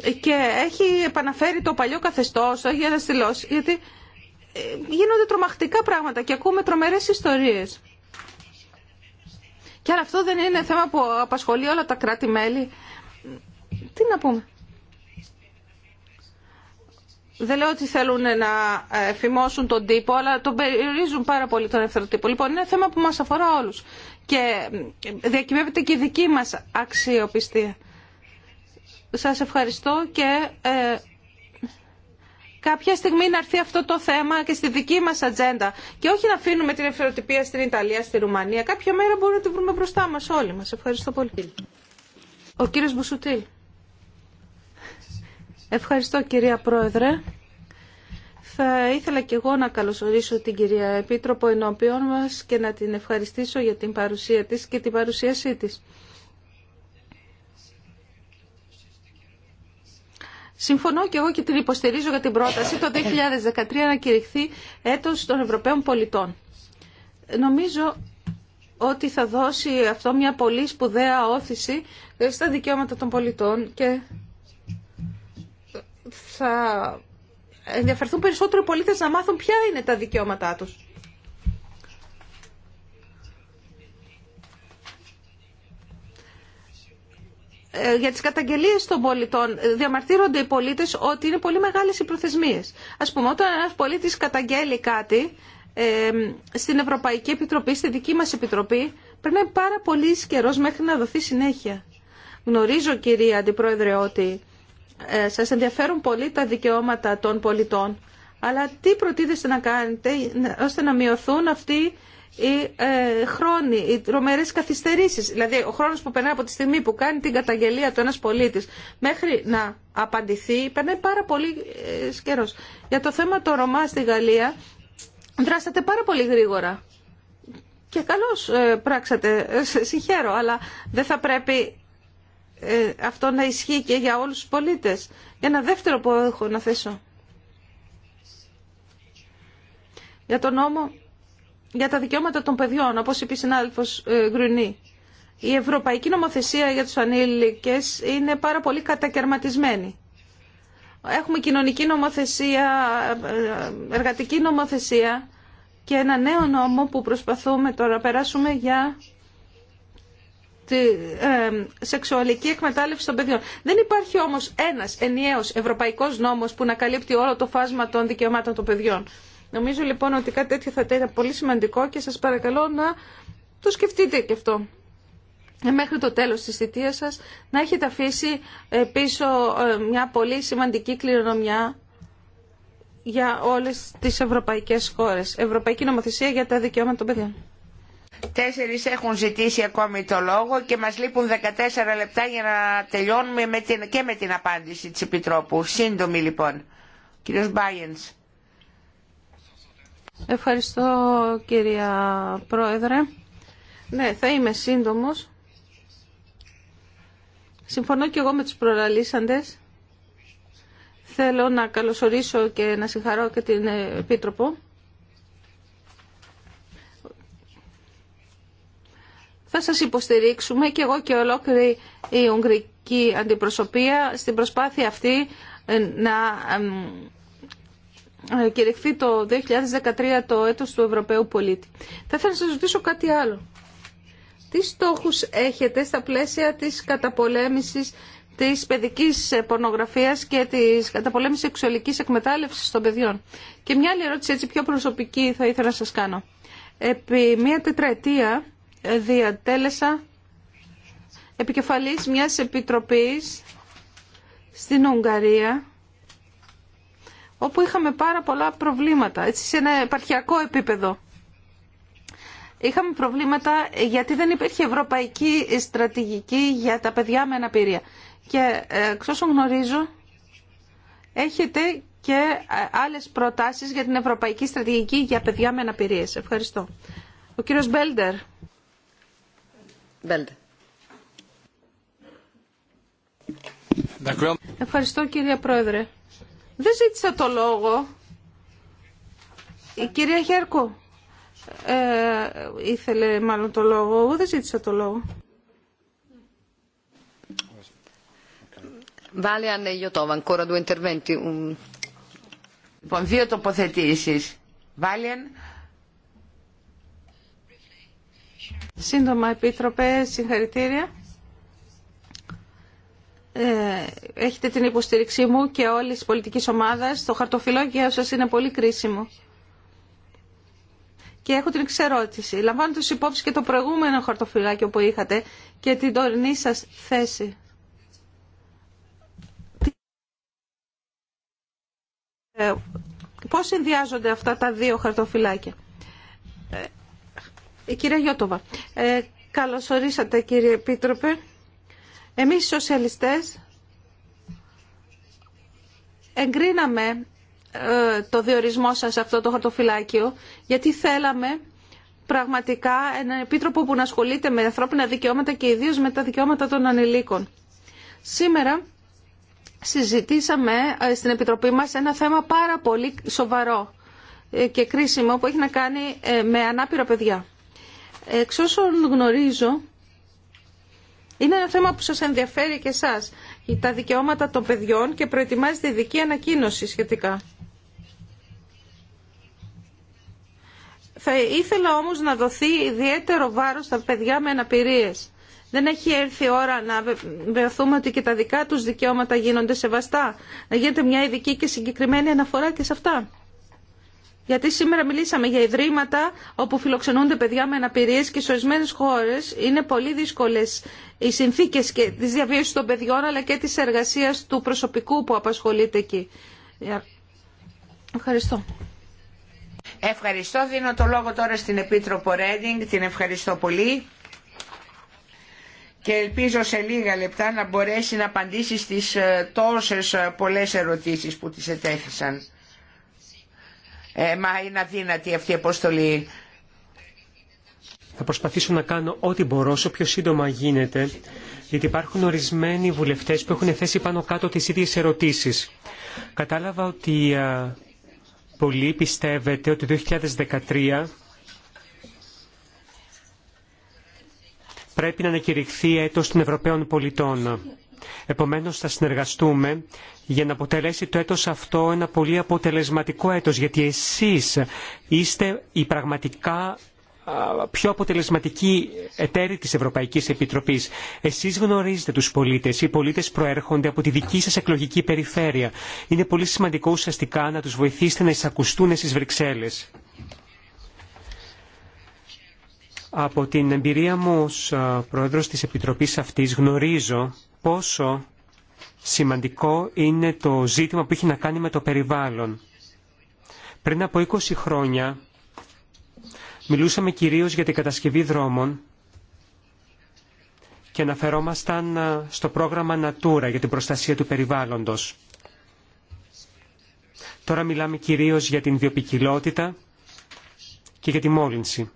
και έχει επαναφέρει το παλιό καθεστώς, το έχει αναστηλώσει, γιατί ε, γίνονται τρομακτικά πράγματα και ακούμε τρομερές ιστορίε. Και αν αυτό δεν είναι θέμα που απασχολεί όλα τα κράτη-μέλη, τι να πούμε. Δεν λέω ότι θέλουν να φημώσουν τον τύπο, αλλά τον περιορίζουν πάρα πολύ τον ελεύθερο τύπο. Λοιπόν, είναι θέμα που μας αφορά όλους. Και διακυβεύεται και η δική μας αξιοπιστία. Σας ευχαριστώ και ε, κάποια στιγμή να έρθει αυτό το θέμα και στη δική μας ατζέντα. Και όχι να αφήνουμε την ευθεροτυπία στην Ιταλία, στη Ρουμανία. Κάποια μέρα μπορούμε να τη βρούμε μπροστά μας όλοι μας. Ευχαριστώ πολύ. Ο κύριος Μπουσουτήλ. Ευχαριστώ κυρία Πρόεδρε. Θα ήθελα και εγώ να καλωσορίσω την κυρία Επίτροπο ενώπιον μας και να την ευχαριστήσω για την παρουσία της και την παρουσίασή της. Συμφωνώ και εγώ και την υποστηρίζω για την πρόταση το 2013 [coughs] να κηρυχθεί έτος των Ευρωπαίων πολιτών. Νομίζω ότι θα δώσει αυτό μια πολύ σπουδαία όθηση ε, στα δικαιώματα των πολιτών και θα ενδιαφερθούν περισσότερο οι πολίτες να μάθουν ποια είναι τα δικαιώματά τους. Ε, για τις καταγγελίες των πολιτών ε, διαμαρτύρονται οι πολίτες ότι είναι πολύ μεγάλες οι προθεσμίες. Ας πούμε, όταν ένας πολίτης καταγγέλει κάτι ε, στην Ευρωπαϊκή Επιτροπή, στη δική μας Επιτροπή, περνάει πάρα πολύ καιρό μέχρι να δοθεί συνέχεια. Γνωρίζω, κυρία Αντιπρόεδρε, ότι ε, σας ενδιαφέρουν πολύ τα δικαιώματα των πολιτών, αλλά τι προτίθεστε να κάνετε ώστε να μειωθούν αυτοί οι ε, χρόνοι, οι τρομερέ καθυστερήσει. Δηλαδή, ο χρόνο που περνάει από τη στιγμή που κάνει την καταγγελία του ένα πολίτη μέχρι να απαντηθεί, περνάει πάρα πολύ ε, Για το θέμα το Ρωμά στη Γαλλία, δράσατε πάρα πολύ γρήγορα. Και καλώ ε, πράξατε. Ε, συγχαίρω, αλλά δεν θα πρέπει ε, αυτό να ισχύει και για όλου του πολίτε. Ένα δεύτερο που έχω να θέσω. Για τον νόμο για τα δικαιώματα των παιδιών, όπως είπε η συνάδελφος ε, Γκρουνή. Η ευρωπαϊκή νομοθεσία για τους ανήλικες είναι πάρα πολύ κατακαιρματισμένη. Έχουμε κοινωνική νομοθεσία, ε, ε, εργατική νομοθεσία και ένα νέο νόμο που προσπαθούμε τώρα να περάσουμε για τη σεξουαλική εκμετάλλευση των παιδιών. Δεν υπάρχει όμως ένας ενιαίος ευρωπαϊκός νόμος που να καλύπτει όλο το φάσμα των δικαιωμάτων των παιδιών. Νομίζω λοιπόν ότι κάτι τέτοιο θα ήταν πολύ σημαντικό και σας παρακαλώ να το σκεφτείτε και αυτό. Ε, μέχρι το τέλος της θητείας σας να έχετε αφήσει ε, πίσω ε, μια πολύ σημαντική κληρονομιά για όλες τις ευρωπαϊκές χώρες. Ευρωπαϊκή νομοθεσία για τα δικαιώματα των παιδιών. Τέσσερις έχουν ζητήσει ακόμη το λόγο και μας λείπουν 14 λεπτά για να τελειώνουμε με την, και με την απάντηση της Επιτρόπου. Σύντομη λοιπόν. Κύριος Μπάιενς. Ευχαριστώ κυρία Πρόεδρε. Ναι, θα είμαι σύντομος. Συμφωνώ και εγώ με τους προλαλήσαντες. Θέλω να καλωσορίσω και να συγχαρώ και την Επίτροπο. Θα σας υποστηρίξουμε και εγώ και ολόκληρη η Ουγγρική Αντιπροσωπεία στην προσπάθεια αυτή να ε, κηρυχθεί το 2013 το έτος του Ευρωπαίου Πολίτη. Θα ήθελα να σας ρωτήσω κάτι άλλο. Τι στόχους έχετε στα πλαίσια της καταπολέμησης της παιδικής πορνογραφίας και της καταπολέμησης σεξουαλικής εκμετάλλευσης των παιδιών. Και μια άλλη ερώτηση έτσι πιο προσωπική θα ήθελα να σας κάνω. Επί μια τετραετία ε, διατέλεσα επικεφαλής μιας επιτροπής στην Ουγγαρία όπου είχαμε πάρα πολλά προβλήματα, έτσι σε ένα επαρχιακό επίπεδο. Είχαμε προβλήματα γιατί δεν υπήρχε ευρωπαϊκή στρατηγική για τα παιδιά με αναπηρία. Και ε, εξ όσων γνωρίζω, έχετε και ε, άλλες προτάσεις για την ευρωπαϊκή στρατηγική για παιδιά με αναπηρίες. Ευχαριστώ. Ο κύριος Μπέλντερ. Μπέλντερ. Ευχαριστώ κύριε Πρόεδρε. Δεν ζήτησα το λόγο. Η κυρία Χέρκο ε, ήθελε μάλλον το λόγο. Εγώ δεν ζήτησα το λόγο. Λοιπόν, δύο τοποθετήσεις. Βάλιαν. Σύντομα, Επίτροπε, συγχαρητήρια. έχετε την υποστήριξή μου και όλη τη πολιτική ομάδα. Το χαρτοφυλάκιο σα είναι πολύ κρίσιμο. Και έχω την εξερώτηση. Λαμβάνοντα υπόψη και το προηγούμενο χαρτοφυλάκιο που είχατε και την τωρινή σα θέση. Ε, πώς συνδυάζονται αυτά τα δύο χαρτοφυλάκια. Ε, κυρία Γιώτοβα, ε, ορίσατε κύριε Επίτροπε. Εμείς οι σοσιαλιστές εγκρίναμε ε, το διορισμό σας σε αυτό το χαρτοφυλάκιο, γιατί θέλαμε πραγματικά έναν επίτροπο που να ασχολείται με ανθρώπινα δικαιώματα και ιδίως με τα δικαιώματα των ανηλίκων. Σήμερα συζητήσαμε ε, στην Επιτροπή μας ένα θέμα πάρα πολύ σοβαρό ε, και κρίσιμο που έχει να κάνει με ανάπηρα παιδιά. Εξ όσων γνωρίζω, είναι ένα θέμα που σας ενδιαφέρει και εσάς τα δικαιώματα των παιδιών και προετοιμάζεται ειδική ανακοίνωση σχετικά. Θα ήθελα όμως να δοθεί ιδιαίτερο βάρος στα παιδιά με αναπηρίες. Δεν έχει έρθει η ώρα να βεβαιωθούμε ότι και τα δικά τους δικαιώματα γίνονται σεβαστά. Να γίνεται μια ειδική και συγκεκριμένη αναφορά και σε αυτά. Γιατί σήμερα μιλήσαμε για ιδρύματα όπου φιλοξενούνται παιδιά με αναπηρίες και σε ορισμένε χώρες είναι πολύ δύσκολε οι συνθήκε και της διαβίωσης των παιδιών αλλά και τη εργασία του προσωπικού που απασχολείται εκεί. Ευχαριστώ. Ευχαριστώ. Δίνω το λόγο τώρα στην Επίτροπο Ρέντινγκ. Την ευχαριστώ πολύ. Και ελπίζω σε λίγα λεπτά να μπορέσει να απαντήσει στις ε, τόσες ε, πολλές ερωτήσεις που της ετέθησαν. Ε, μα είναι αδύνατη αυτή η αποστολή. Θα προσπαθήσω να κάνω ό,τι μπορώ, όσο πιο σύντομα γίνεται, γιατί υπάρχουν ορισμένοι βουλευτές που έχουν θέσει πάνω κάτω τις ίδιες ερωτήσεις. Κατάλαβα ότι α, πολλοί πιστεύετε ότι το 2013 πρέπει να ανακηρυχθεί έτος των Ευρωπαίων πολιτών. Επομένως θα συνεργαστούμε για να αποτελέσει το έτος αυτό ένα πολύ αποτελεσματικό έτος γιατί εσείς είστε η πραγματικά πιο αποτελεσματική εταίροι της Ευρωπαϊκής Επιτροπής. Εσείς γνωρίζετε τους πολίτες. Οι πολίτες προέρχονται από τη δική σας εκλογική περιφέρεια. Είναι πολύ σημαντικό ουσιαστικά να τους βοηθήσετε να εισακουστούν στις Βρυξέλλες. Από την εμπειρία μου ως πρόεδρος της Επιτροπής αυτής γνωρίζω πόσο σημαντικό είναι το ζήτημα που έχει να κάνει με το περιβάλλον. Πριν από 20 χρόνια μιλούσαμε κυρίως για την κατασκευή δρόμων και αναφερόμασταν ε, στο πρόγραμμα Natura για την προστασία του περιβάλλοντος. Τώρα μιλάμε κυρίως για την βιοπικιλότητα και για τη μόλυνση.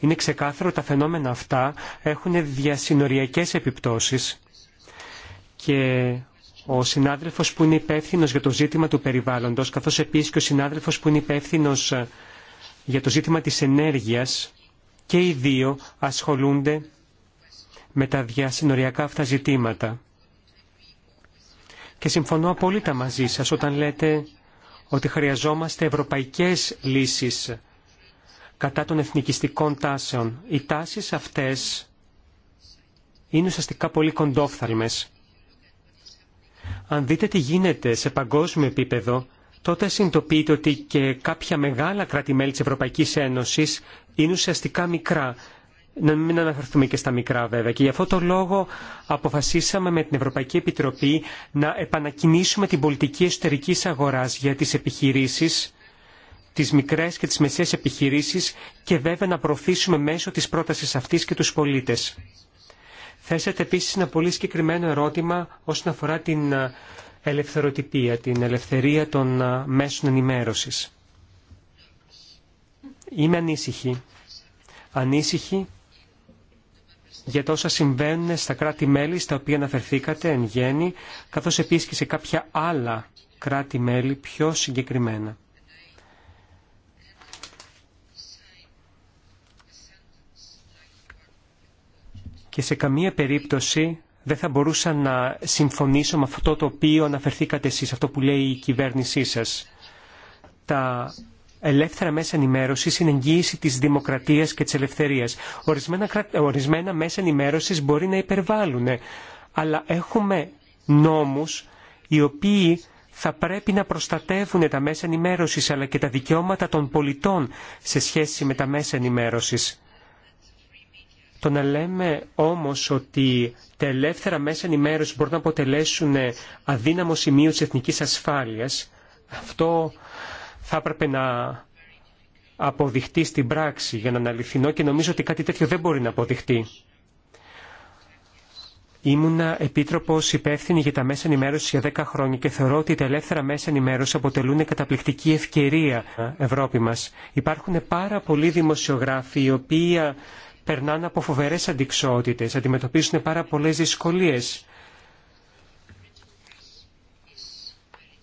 Είναι ξεκάθαρο τα φαινόμενα αυτά έχουν διασυνοριακές επιπτώσεις και ο συνάδελφος που είναι υπεύθυνο για το ζήτημα του περιβάλλοντος, καθώς επίσης και ο συνάδελφος που είναι υπεύθυνο ε, για το ζήτημα της ενέργειας και οι δύο ασχολούνται με τα διασυνοριακά αυτά ζητήματα. Και συμφωνώ απόλυτα μαζί σας όταν λέτε ότι χρειαζόμαστε ευρωπαϊκές λύσεις κατά των εθνικιστικών τάσεων. Οι τάσεις αυτές είναι ουσιαστικά πολύ κοντόφθαλμες. Αν δείτε τι γίνεται σε παγκόσμιο επίπεδο, τότε συνειδητοποιείτε ότι και κάποια μεγάλα κράτη-μέλη της Ευρωπαϊκής Ένωσης είναι ουσιαστικά μικρά. Να μην αναφερθούμε και στα μικρά βέβαια. Και γι' αυτό το λόγο αποφασίσαμε με την Ευρωπαϊκή Επιτροπή να επανακινήσουμε την πολιτική εσωτερικής αγοράς για τις επιχειρήσεις τις μικρές και τις μεσαίες επιχειρήσεις και βέβαια να προωθήσουμε μέσω της πρότασης αυτής και τους πολίτες. Θέσατε επίσης ένα πολύ συγκεκριμένο ερώτημα όσον αφορά την ε, ελευθεροτυπία, την ελευθερία των ε, μέσων ενημέρωσης. Είμαι ανήσυχη. Ανήσυχη για τα όσα συμβαίνουν στα κράτη-μέλη στα οποία αναφερθήκατε εν γέννη, καθώς επίσης και σε κάποια άλλα κράτη-μέλη πιο συγκεκριμένα. και σε καμία περίπτωση δεν θα μπορούσα να συμφωνήσω με αυτό το οποίο αναφερθήκατε εσείς, αυτό που λέει η κυβέρνησή σας. Τα ελεύθερα μέσα ενημέρωση είναι εγγύηση της δημοκρατίας και της ελευθερίας. Ορισμένα, ορισμένα μέσα ενημέρωση μπορεί να υπερβάλλουν, αλλά έχουμε νόμους οι οποίοι θα πρέπει να προστατεύουν τα μέσα ενημέρωση, αλλά και τα δικαιώματα των πολιτών σε σχέση με τα μέσα ενημέρωση. Το να λέμε όμως ότι τα ελεύθερα μέσα ενημέρωση μπορούν να αποτελέσουν αδύναμο σημείο της εθνικής ασφάλειας, αυτό θα έπρεπε να αποδειχτεί στην πράξη για να αναλυθεί και νομίζω ότι κάτι τέτοιο δεν μπορεί να αποδειχτεί. Ήμουνα επίτροπο υπεύθυνη για τα μέσα ενημέρωση για 10 χρόνια και θεωρώ ότι τα ελεύθερα μέσα ενημέρωση αποτελούν καταπληκτική ευκαιρία Ευρώπη μα. Υπάρχουν πάρα πολλοί δημοσιογράφοι οι οποίοι περνάνε από φοβερές αντικσότητες, αντιμετωπίζουν πάρα πολλές δυσκολίες.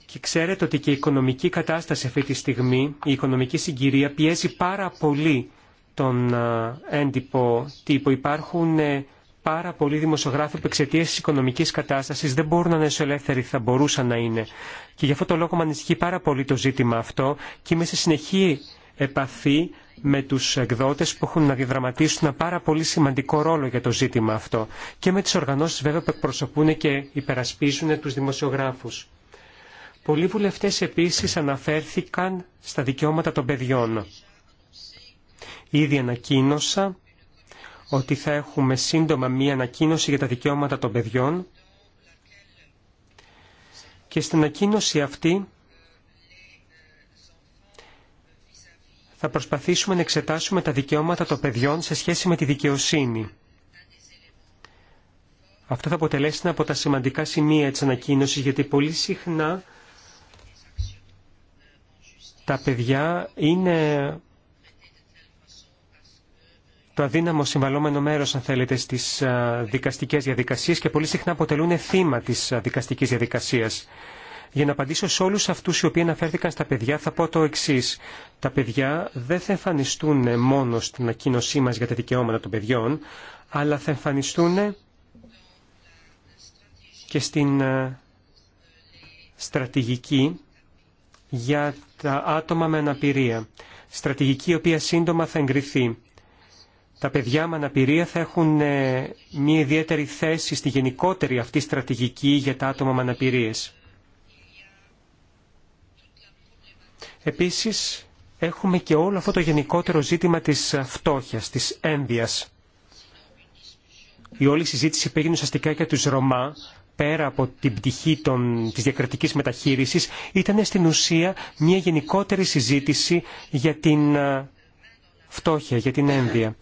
Και ξέρετε ότι και η οικονομική κατάσταση αυτή τη στιγμή, η οικονομική συγκυρία πιέζει πάρα πολύ τον έντυπο τύπο. Υπάρχουν ε, πάρα πολλοί δημοσιογράφοι που εξαιτία τη οικονομική κατάσταση δεν μπορούν να είναι σε ελεύθεροι, θα μπορούσαν να είναι. Και γι' αυτό το λόγο με ανησυχεί πάρα πολύ το ζήτημα αυτό και είμαι σε συνεχή επαφή με τους εκδότες που έχουν να διαδραματίσουν ένα πάρα πολύ σημαντικό ρόλο για το ζήτημα αυτό και με τις οργανώσεις βέβαια που εκπροσωπούν και υπερασπίζουν τους δημοσιογράφους. Πολλοί βουλευτές επίσης αναφέρθηκαν στα δικαιώματα των παιδιών. Ήδη ανακοίνωσα ότι θα έχουμε σύντομα μία ανακοίνωση για τα δικαιώματα των παιδιών και στην ανακοίνωση αυτή θα προσπαθήσουμε να εξετάσουμε τα δικαιώματα των παιδιών σε σχέση με τη δικαιοσύνη. Αυτό θα αποτελέσει ένα από τα σημαντικά σημεία της ανακοίνωσης, γιατί πολύ συχνά τα παιδιά είναι το αδύναμο συμβαλόμενο μέρος, αν θέλετε, στις δικαστικές διαδικασίες και πολύ συχνά αποτελούν θύμα της δικαστικής διαδικασίας. Για να απαντήσω σε όλους αυτούς οι οποίοι αναφέρθηκαν στα παιδιά θα πω το εξή. Τα παιδιά δεν θα εμφανιστούν μόνο στην ανακοίνωσή μας για τα δικαιώματα των παιδιών, αλλά θα εμφανιστούν και στην ε, στρατηγική για τα άτομα με αναπηρία. Στρατηγική η οποία σύντομα θα εγκριθεί. Τα παιδιά με αναπηρία θα έχουν ε, μια ιδιαίτερη θέση στη γενικότερη αυτή στρατηγική για τα άτομα με αναπηρίες. Επίσης, έχουμε και όλο αυτό το γενικότερο ζήτημα της φτώχειας, της ένδυας. Η όλη συζήτηση πήγαινε ουσιαστικά για τους Ρωμά, πέρα από την πτυχή των, της διακρατικής μεταχείρισης, ήταν στην ουσία μια γενικότερη συζήτηση για την ε, φτώχεια, για την ένδυα.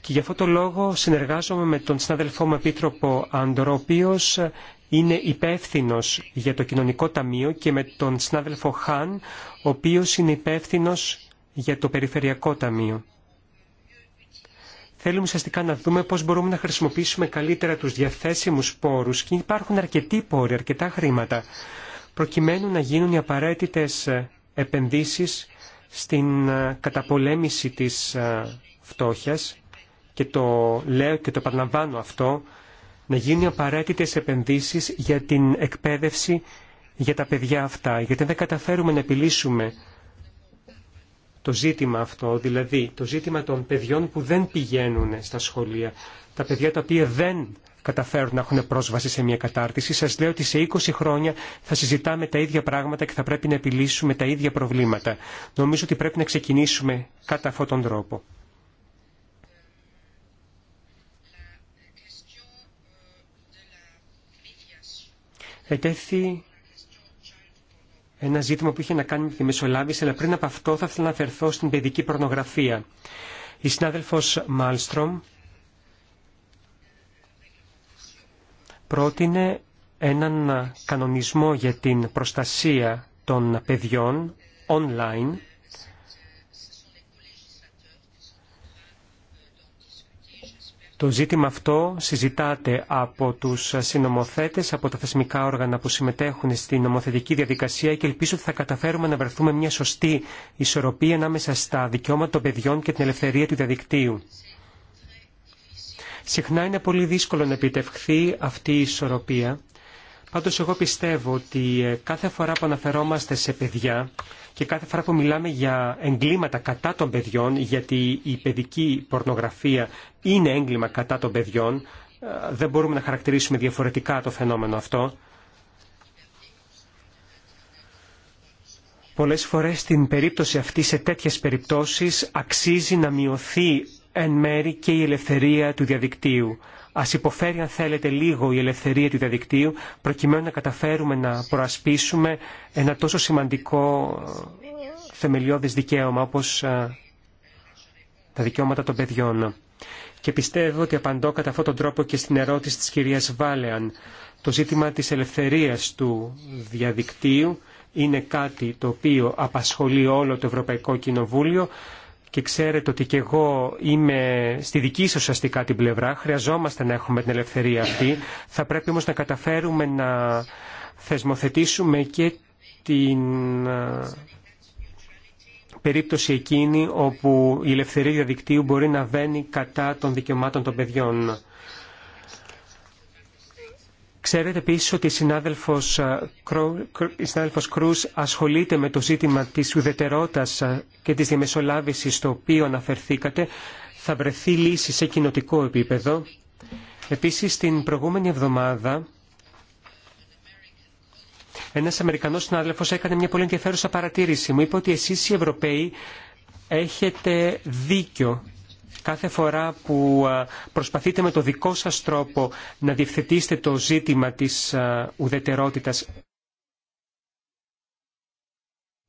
Και γι' αυτό το λόγο συνεργάζομαι με τον συνάδελφό μου επίτροπο Άντορο, είναι υπεύθυνο για το κοινωνικό ταμείο και με τον συνάδελφο Χάν, ο οποίος είναι υπεύθυνο για το περιφερειακό ταμείο. Θέλουμε ουσιαστικά να δούμε πώς μπορούμε να χρησιμοποιήσουμε καλύτερα τους διαθέσιμους πόρους και υπάρχουν αρκετοί πόροι, αρκετά χρήματα, προκειμένου να γίνουν οι απαραίτητες ε, επενδύσει στην ε, καταπολέμηση της ε, φτώχεια και το λέω και το επαναλαμβάνω αυτό να γίνουν απαραίτητες επενδύσεις για την εκπαίδευση για τα παιδιά αυτά, γιατί δεν καταφέρουμε να επιλύσουμε το ζήτημα αυτό, δηλαδή το ζήτημα των παιδιών που δεν πηγαίνουν στα σχολεία, τα παιδιά τα οποία δεν καταφέρουν να έχουν πρόσβαση σε μια κατάρτιση. Σας λέω ότι σε 20 χρόνια θα συζητάμε τα ίδια πράγματα και θα πρέπει να επιλύσουμε τα ίδια προβλήματα. Νομίζω ότι πρέπει να ξεκινήσουμε κατά αυτόν τον τρόπο. ετέθη ένα ζήτημα που είχε να κάνει με τη μεσολάβηση, αλλά πριν από αυτό θα ήθελα να αφαιρθώ στην παιδική πορνογραφία. Η συνάδελφος Μάλστρομ πρότεινε έναν κανονισμό για την προστασία των παιδιών online Το ζήτημα αυτό συζητάται από τους συνομοθέτες, από τα θεσμικά όργανα που συμμετέχουν στην νομοθετική διαδικασία και ελπίζω ότι θα καταφέρουμε να βρεθούμε μια σωστή ισορροπία ανάμεσα στα δικαιώματα των παιδιών και την ελευθερία του διαδικτύου. Συχνά είναι πολύ δύσκολο να επιτευχθεί αυτή η ισορροπία Πάντως εγώ πιστεύω ότι ε, κάθε φορά που αναφερόμαστε σε παιδιά και κάθε φορά που μιλάμε για εγκλήματα κατά των παιδιών, γιατί η παιδική πορνογραφία είναι έγκλημα κατά των παιδιών, ε, δεν μπορούμε να χαρακτηρίσουμε διαφορετικά το φαινόμενο αυτό. Πολλές φορές στην περίπτωση αυτή, σε τέτοιες περιπτώσεις, αξίζει να μειωθεί εν μέρη και η ελευθερία του διαδικτύου. Α υποφέρει αν θέλετε λίγο η ελευθερία του διαδικτύου προκειμένου να καταφέρουμε να προασπίσουμε ένα τόσο σημαντικό ε, θεμελιώδες δικαίωμα όπως ε, τα δικαιώματα των παιδιών. Και πιστεύω ότι απαντώ κατά αυτόν τον τρόπο και στην ερώτηση της κυρίας Βάλεαν. Το ζήτημα της ελευθερίας του διαδικτύου είναι κάτι το οποίο απασχολεί όλο το Ευρωπαϊκό Κοινοβούλιο και ξέρετε ότι και εγώ είμαι στη δική σας αστικά την πλευρά, χρειαζόμαστε να έχουμε την ελευθερία αυτή, θα πρέπει όμως να καταφέρουμε να θεσμοθετήσουμε και την ε, περίπτωση εκείνη όπου η ελευθερία διαδικτύου μπορεί να βαίνει κατά των δικαιωμάτων των παιδιών. Ξέρετε επίση ότι η συνάδελφος, ε, η συνάδελφος Κρούς ασχολείται με το ζήτημα της ουδετερότητας ε, και της διαμεσολάβησης στο οποίο αναφερθήκατε. Θα βρεθεί λύση σε κοινοτικό επίπεδο. Επίσης, την προηγούμενη εβδομάδα ένας Αμερικανός συνάδελφος έκανε μια πολύ ενδιαφέρουσα παρατήρηση. Μου είπε ότι εσείς οι Ευρωπαίοι έχετε δίκιο Κάθε φορά που προσπαθείτε με το δικό σας τρόπο να διευθετήσετε το ζήτημα της ουδετερότητας,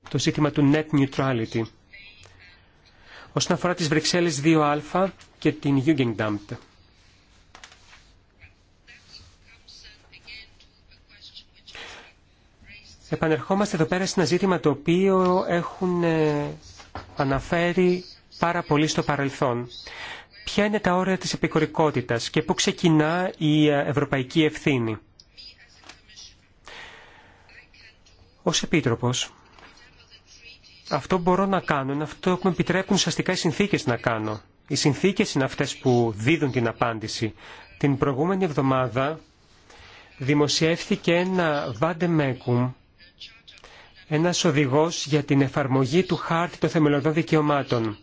το ζήτημα του net neutrality. Όσον αφορά τις Βρυξέλλες 2α και την Jugendamt. Επανερχόμαστε εδώ πέρα σε ένα ζήτημα το οποίο έχουν ε, αναφέρει πάρα πολύ στο παρελθόν. Ποια είναι τα όρια της επικορικότητας και πού ξεκινά η ε, ευρωπαϊκή ευθύνη. Ως Επίτροπος, αυτό μπορώ να κάνω, είναι αυτό που με επιτρέπουν ουσιαστικά οι συνθήκες να κάνω. Οι συνθήκες είναι αυτές που δίδουν την απάντηση. Την προηγούμενη εβδομάδα δημοσιεύθηκε ένα Μέκουμ, ένας οδηγός για την εφαρμογή του χάρτη των θεμελιωδών δικαιωμάτων.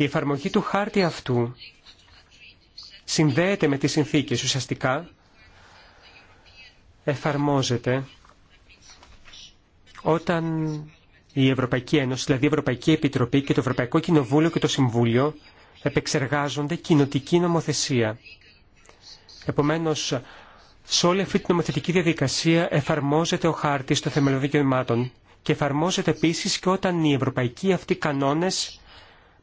Η εφαρμογή του χάρτη αυτού συνδέεται με τις συνθήκες ουσιαστικά εφαρμόζεται όταν η Ευρωπαϊκή Ένωση, δηλαδή η Ευρωπαϊκή Επιτροπή και το Ευρωπαϊκό Κοινοβούλιο και το Συμβούλιο επεξεργάζονται κοινοτική νομοθεσία. Επομένως, σε όλη αυτή τη νομοθετική διαδικασία εφαρμόζεται ο χάρτης των θεμελιωδών και εφαρμόζεται επίσης και όταν οι ευρωπαϊκοί αυτοί κανόνες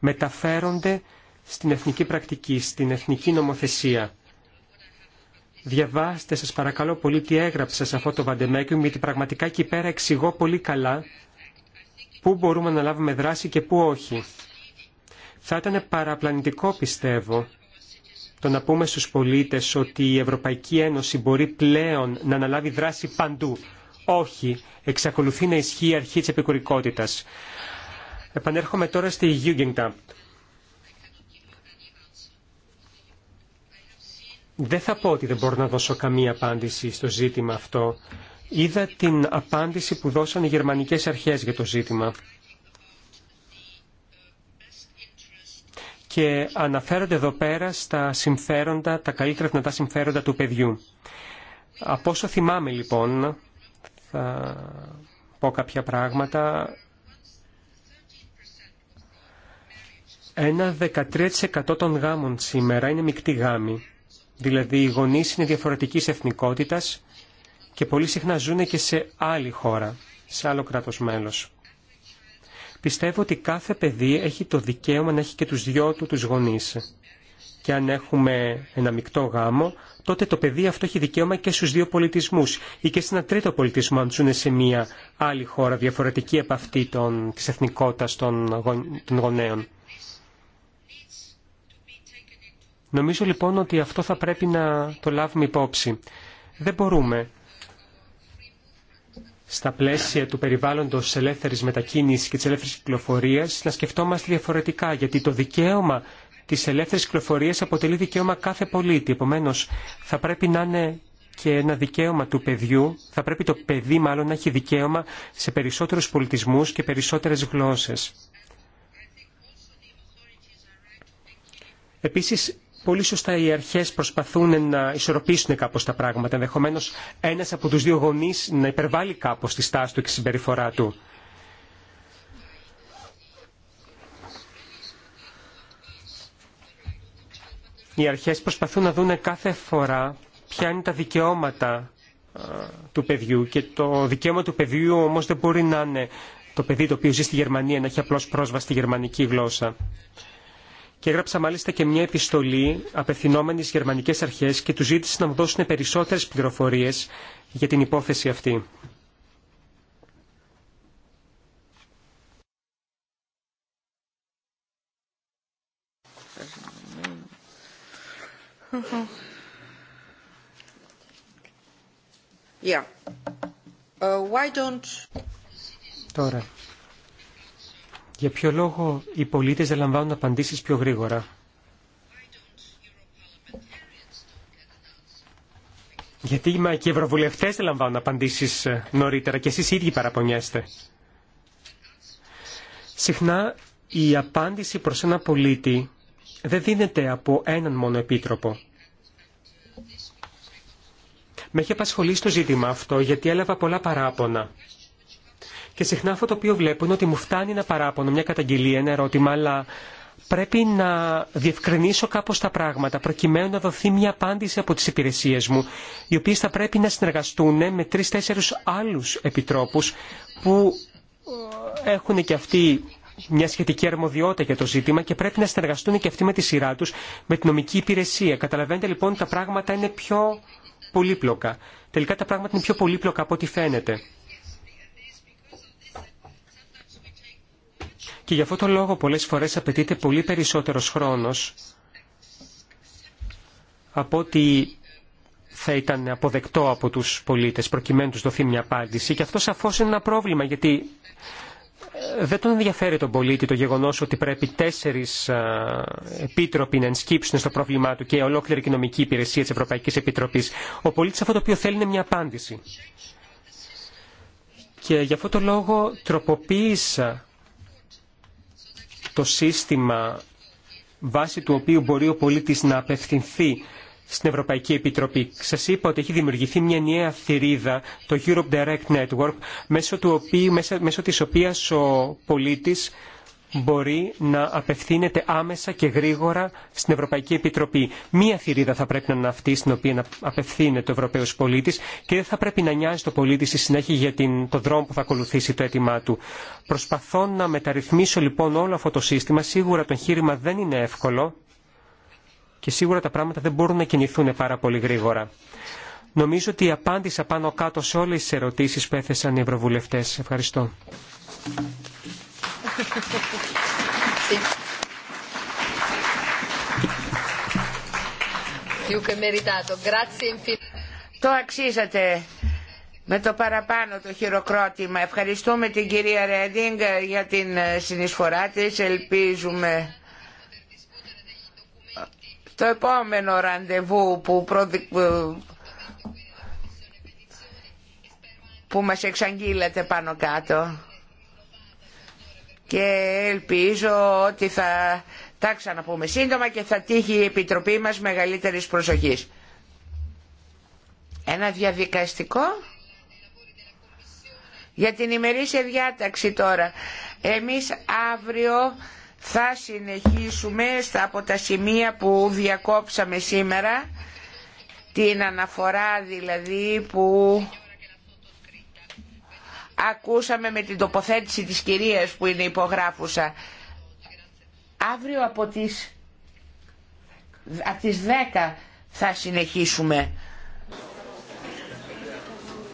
μεταφέρονται στην εθνική πρακτική, στην εθνική νομοθεσία. Διαβάστε σας παρακαλώ πολύ τι έγραψα σε αυτό το βαντεμέκιου, γιατί πραγματικά εκεί πέρα εξηγώ πολύ καλά πού μπορούμε να λάβουμε δράση και πού όχι. Θα ήταν παραπλανητικό πιστεύω το να πούμε στους πολίτες ότι η Ευρωπαϊκή Ένωση μπορεί πλέον να αναλάβει δράση παντού. Όχι, εξακολουθεί να ισχύει η αρχή της επικουρικότητας. Επανέρχομαι τώρα στη Jugendamt. Δεν θα πω ότι δεν μπορώ να δώσω καμία απάντηση στο ζήτημα αυτό. Είδα την απάντηση που δώσαν οι γερμανικές αρχές για το ζήτημα. Και αναφέρονται εδώ πέρα στα συμφέροντα, τα καλύτερα δυνατά συμφέροντα του παιδιού. Από όσο θυμάμαι λοιπόν, θα πω κάποια πράγματα, Ένα 13% των γάμων σήμερα είναι μεικτή γάμη. Δηλαδή οι γονείς είναι διαφορετική εθνικότητας και πολύ συχνά ζουν και σε άλλη χώρα, σε άλλο κράτος μέλος. Πιστεύω ότι κάθε παιδί έχει το δικαίωμα να έχει και τους δυο του τους γονείς. Και αν έχουμε ένα μεικτό γάμο, τότε το παιδί αυτό έχει δικαίωμα και στους δύο πολιτισμούς ή και σε ένα τρίτο πολιτισμό αν ζουν σε μια άλλη χώρα διαφορετική από αυτή των, της των, γονέων. Νομίζω λοιπόν ότι αυτό θα πρέπει να το λάβουμε υπόψη. Δεν μπορούμε στα πλαίσια του περιβάλλοντος ελεύθερης μετακίνησης και της ελεύθερης κυκλοφορίας να σκεφτόμαστε διαφορετικά, γιατί το δικαίωμα της ελεύθερης κυκλοφορίας αποτελεί δικαίωμα κάθε πολίτη. Επομένως, θα πρέπει να είναι και ένα δικαίωμα του παιδιού, θα πρέπει το παιδί μάλλον να έχει δικαίωμα σε περισσότερους πολιτισμούς και περισσότερες γλώσσες. Επίσης, πολύ σωστά οι αρχές προσπαθούν να ισορροπήσουν κάπως τα πράγματα. Ενδεχομένω ένας από τους δύο γονείς να υπερβάλλει κάπως τη στάση του και τη συμπεριφορά του. Οι αρχές προσπαθούν να δουν κάθε φορά ποια είναι τα δικαιώματα του παιδιού και το δικαίωμα του παιδιού όμως δεν μπορεί να είναι το παιδί το οποίο ζει στη Γερμανία να έχει απλώς πρόσβαση στη γερμανική γλώσσα και έγραψα μάλιστα και μια επιστολή απευθυνόμενη στις γερμανικές αρχές και του ζήτησε να μου δώσουν περισσότερες πληροφορίες για την υπόθεση αυτή. Yeah. Uh, why don't... Τώρα, για ποιο λόγο οι πολίτες δεν λαμβάνουν απαντήσεις πιο γρήγορα. Γιατί μα και οι ευρωβουλευτέ δεν λαμβάνουν απαντήσει ε, νωρίτερα και εσεί ίδιοι παραπονιέστε. Συχνά η απάντηση προς ένα πολίτη δεν δίνεται από έναν μόνο επίτροπο. Με έχει απασχολήσει το ζήτημα αυτό γιατί έλαβα πολλά παράπονα και συχνά αυτό το οποίο βλέπω είναι ότι μου φτάνει ένα παράπονο, μια καταγγελία, ένα ερώτημα, αλλά πρέπει να διευκρινίσω κάπως τα πράγματα προκειμένου να δοθεί μια απάντηση από τι υπηρεσίε μου οι οποίε θα πρέπει να συνεργαστούν με τρει-τέσσερι άλλου επιτρόπους που ε, έχουν και αυτοί μια σχετική αρμοδιότητα για το ζήτημα και πρέπει να συνεργαστούν και αυτοί με τη σειρά του με την νομική υπηρεσία. Καταλαβαίνετε λοιπόν ότι τα πράγματα είναι πιο πολύπλοκα. Τελικά τα πράγματα είναι πιο πολύπλοκα από ό,τι φαίνεται. και γι' αυτό το λόγο πολλές φορές απαιτείται πολύ περισσότερος χρόνος από ότι θα ήταν αποδεκτό από τους πολίτες προκειμένου τους δοθεί μια απάντηση και αυτό σαφώς είναι ένα πρόβλημα γιατί ε, δεν τον ενδιαφέρει τον πολίτη το γεγονός ότι πρέπει τέσσερις επίτροποι να ενσκύψουν στο πρόβλημά του και ολόκληρη η υπηρεσία της Ευρωπαϊκής Επιτροπής. Ο πολίτης αυτό το οποίο θέλει είναι μια απάντηση. Και γι' αυτό το λόγο τροποποίησα το σύστημα βάσει του οποίου μπορεί ο πολίτης να απευθυνθεί στην Ευρωπαϊκή Επιτροπή. Σα είπα ότι έχει δημιουργηθεί μια νέα θηρίδα, το Europe Direct Network, μέσω, του οποίου, μέσω, μέσω της οποίας ο πολίτης μπορεί να απευθύνεται άμεσα και γρήγορα στην Ευρωπαϊκή Επιτροπή. Μία θηρίδα θα πρέπει να είναι αυτή στην οποία να απευθύνεται ο Ευρωπαίος πολίτης και δεν θα πρέπει να νοιάζει το πολίτη στη συνέχεια για τον το δρόμο που θα ακολουθήσει το αίτημά του. Προσπαθώ να μεταρρυθμίσω λοιπόν όλο αυτό το σύστημα. Σίγουρα το εγχείρημα δεν είναι εύκολο και σίγουρα τα πράγματα δεν μπορούν να κινηθούν πάρα πολύ γρήγορα. Νομίζω ότι απάντησα πάνω κάτω σε όλες τις ερωτήσεις που έθεσαν οι Ευρωβουλευτές. Ευχαριστώ. Το αξίζατε με το παραπάνω το χειροκρότημα. Ευχαριστούμε την κυρία Ρέντινγκ για την ε, συνεισφορά της. Ελπίζουμε το επόμενο ραντεβού που, προδι... που μας εξαγγείλατε πάνω κάτω και ελπίζω ότι θα τα ξαναπούμε σύντομα και θα τύχει η Επιτροπή μας μεγαλύτερης προσοχής. Ένα διαδικαστικό για την ημερήσια διάταξη τώρα. Εμείς αύριο θα συνεχίσουμε στα από τα σημεία που διακόψαμε σήμερα την αναφορά δηλαδή που ακούσαμε με την τοποθέτηση της κυρίας που είναι υπογράφουσα. Αύριο από τις, 10 θα συνεχίσουμε.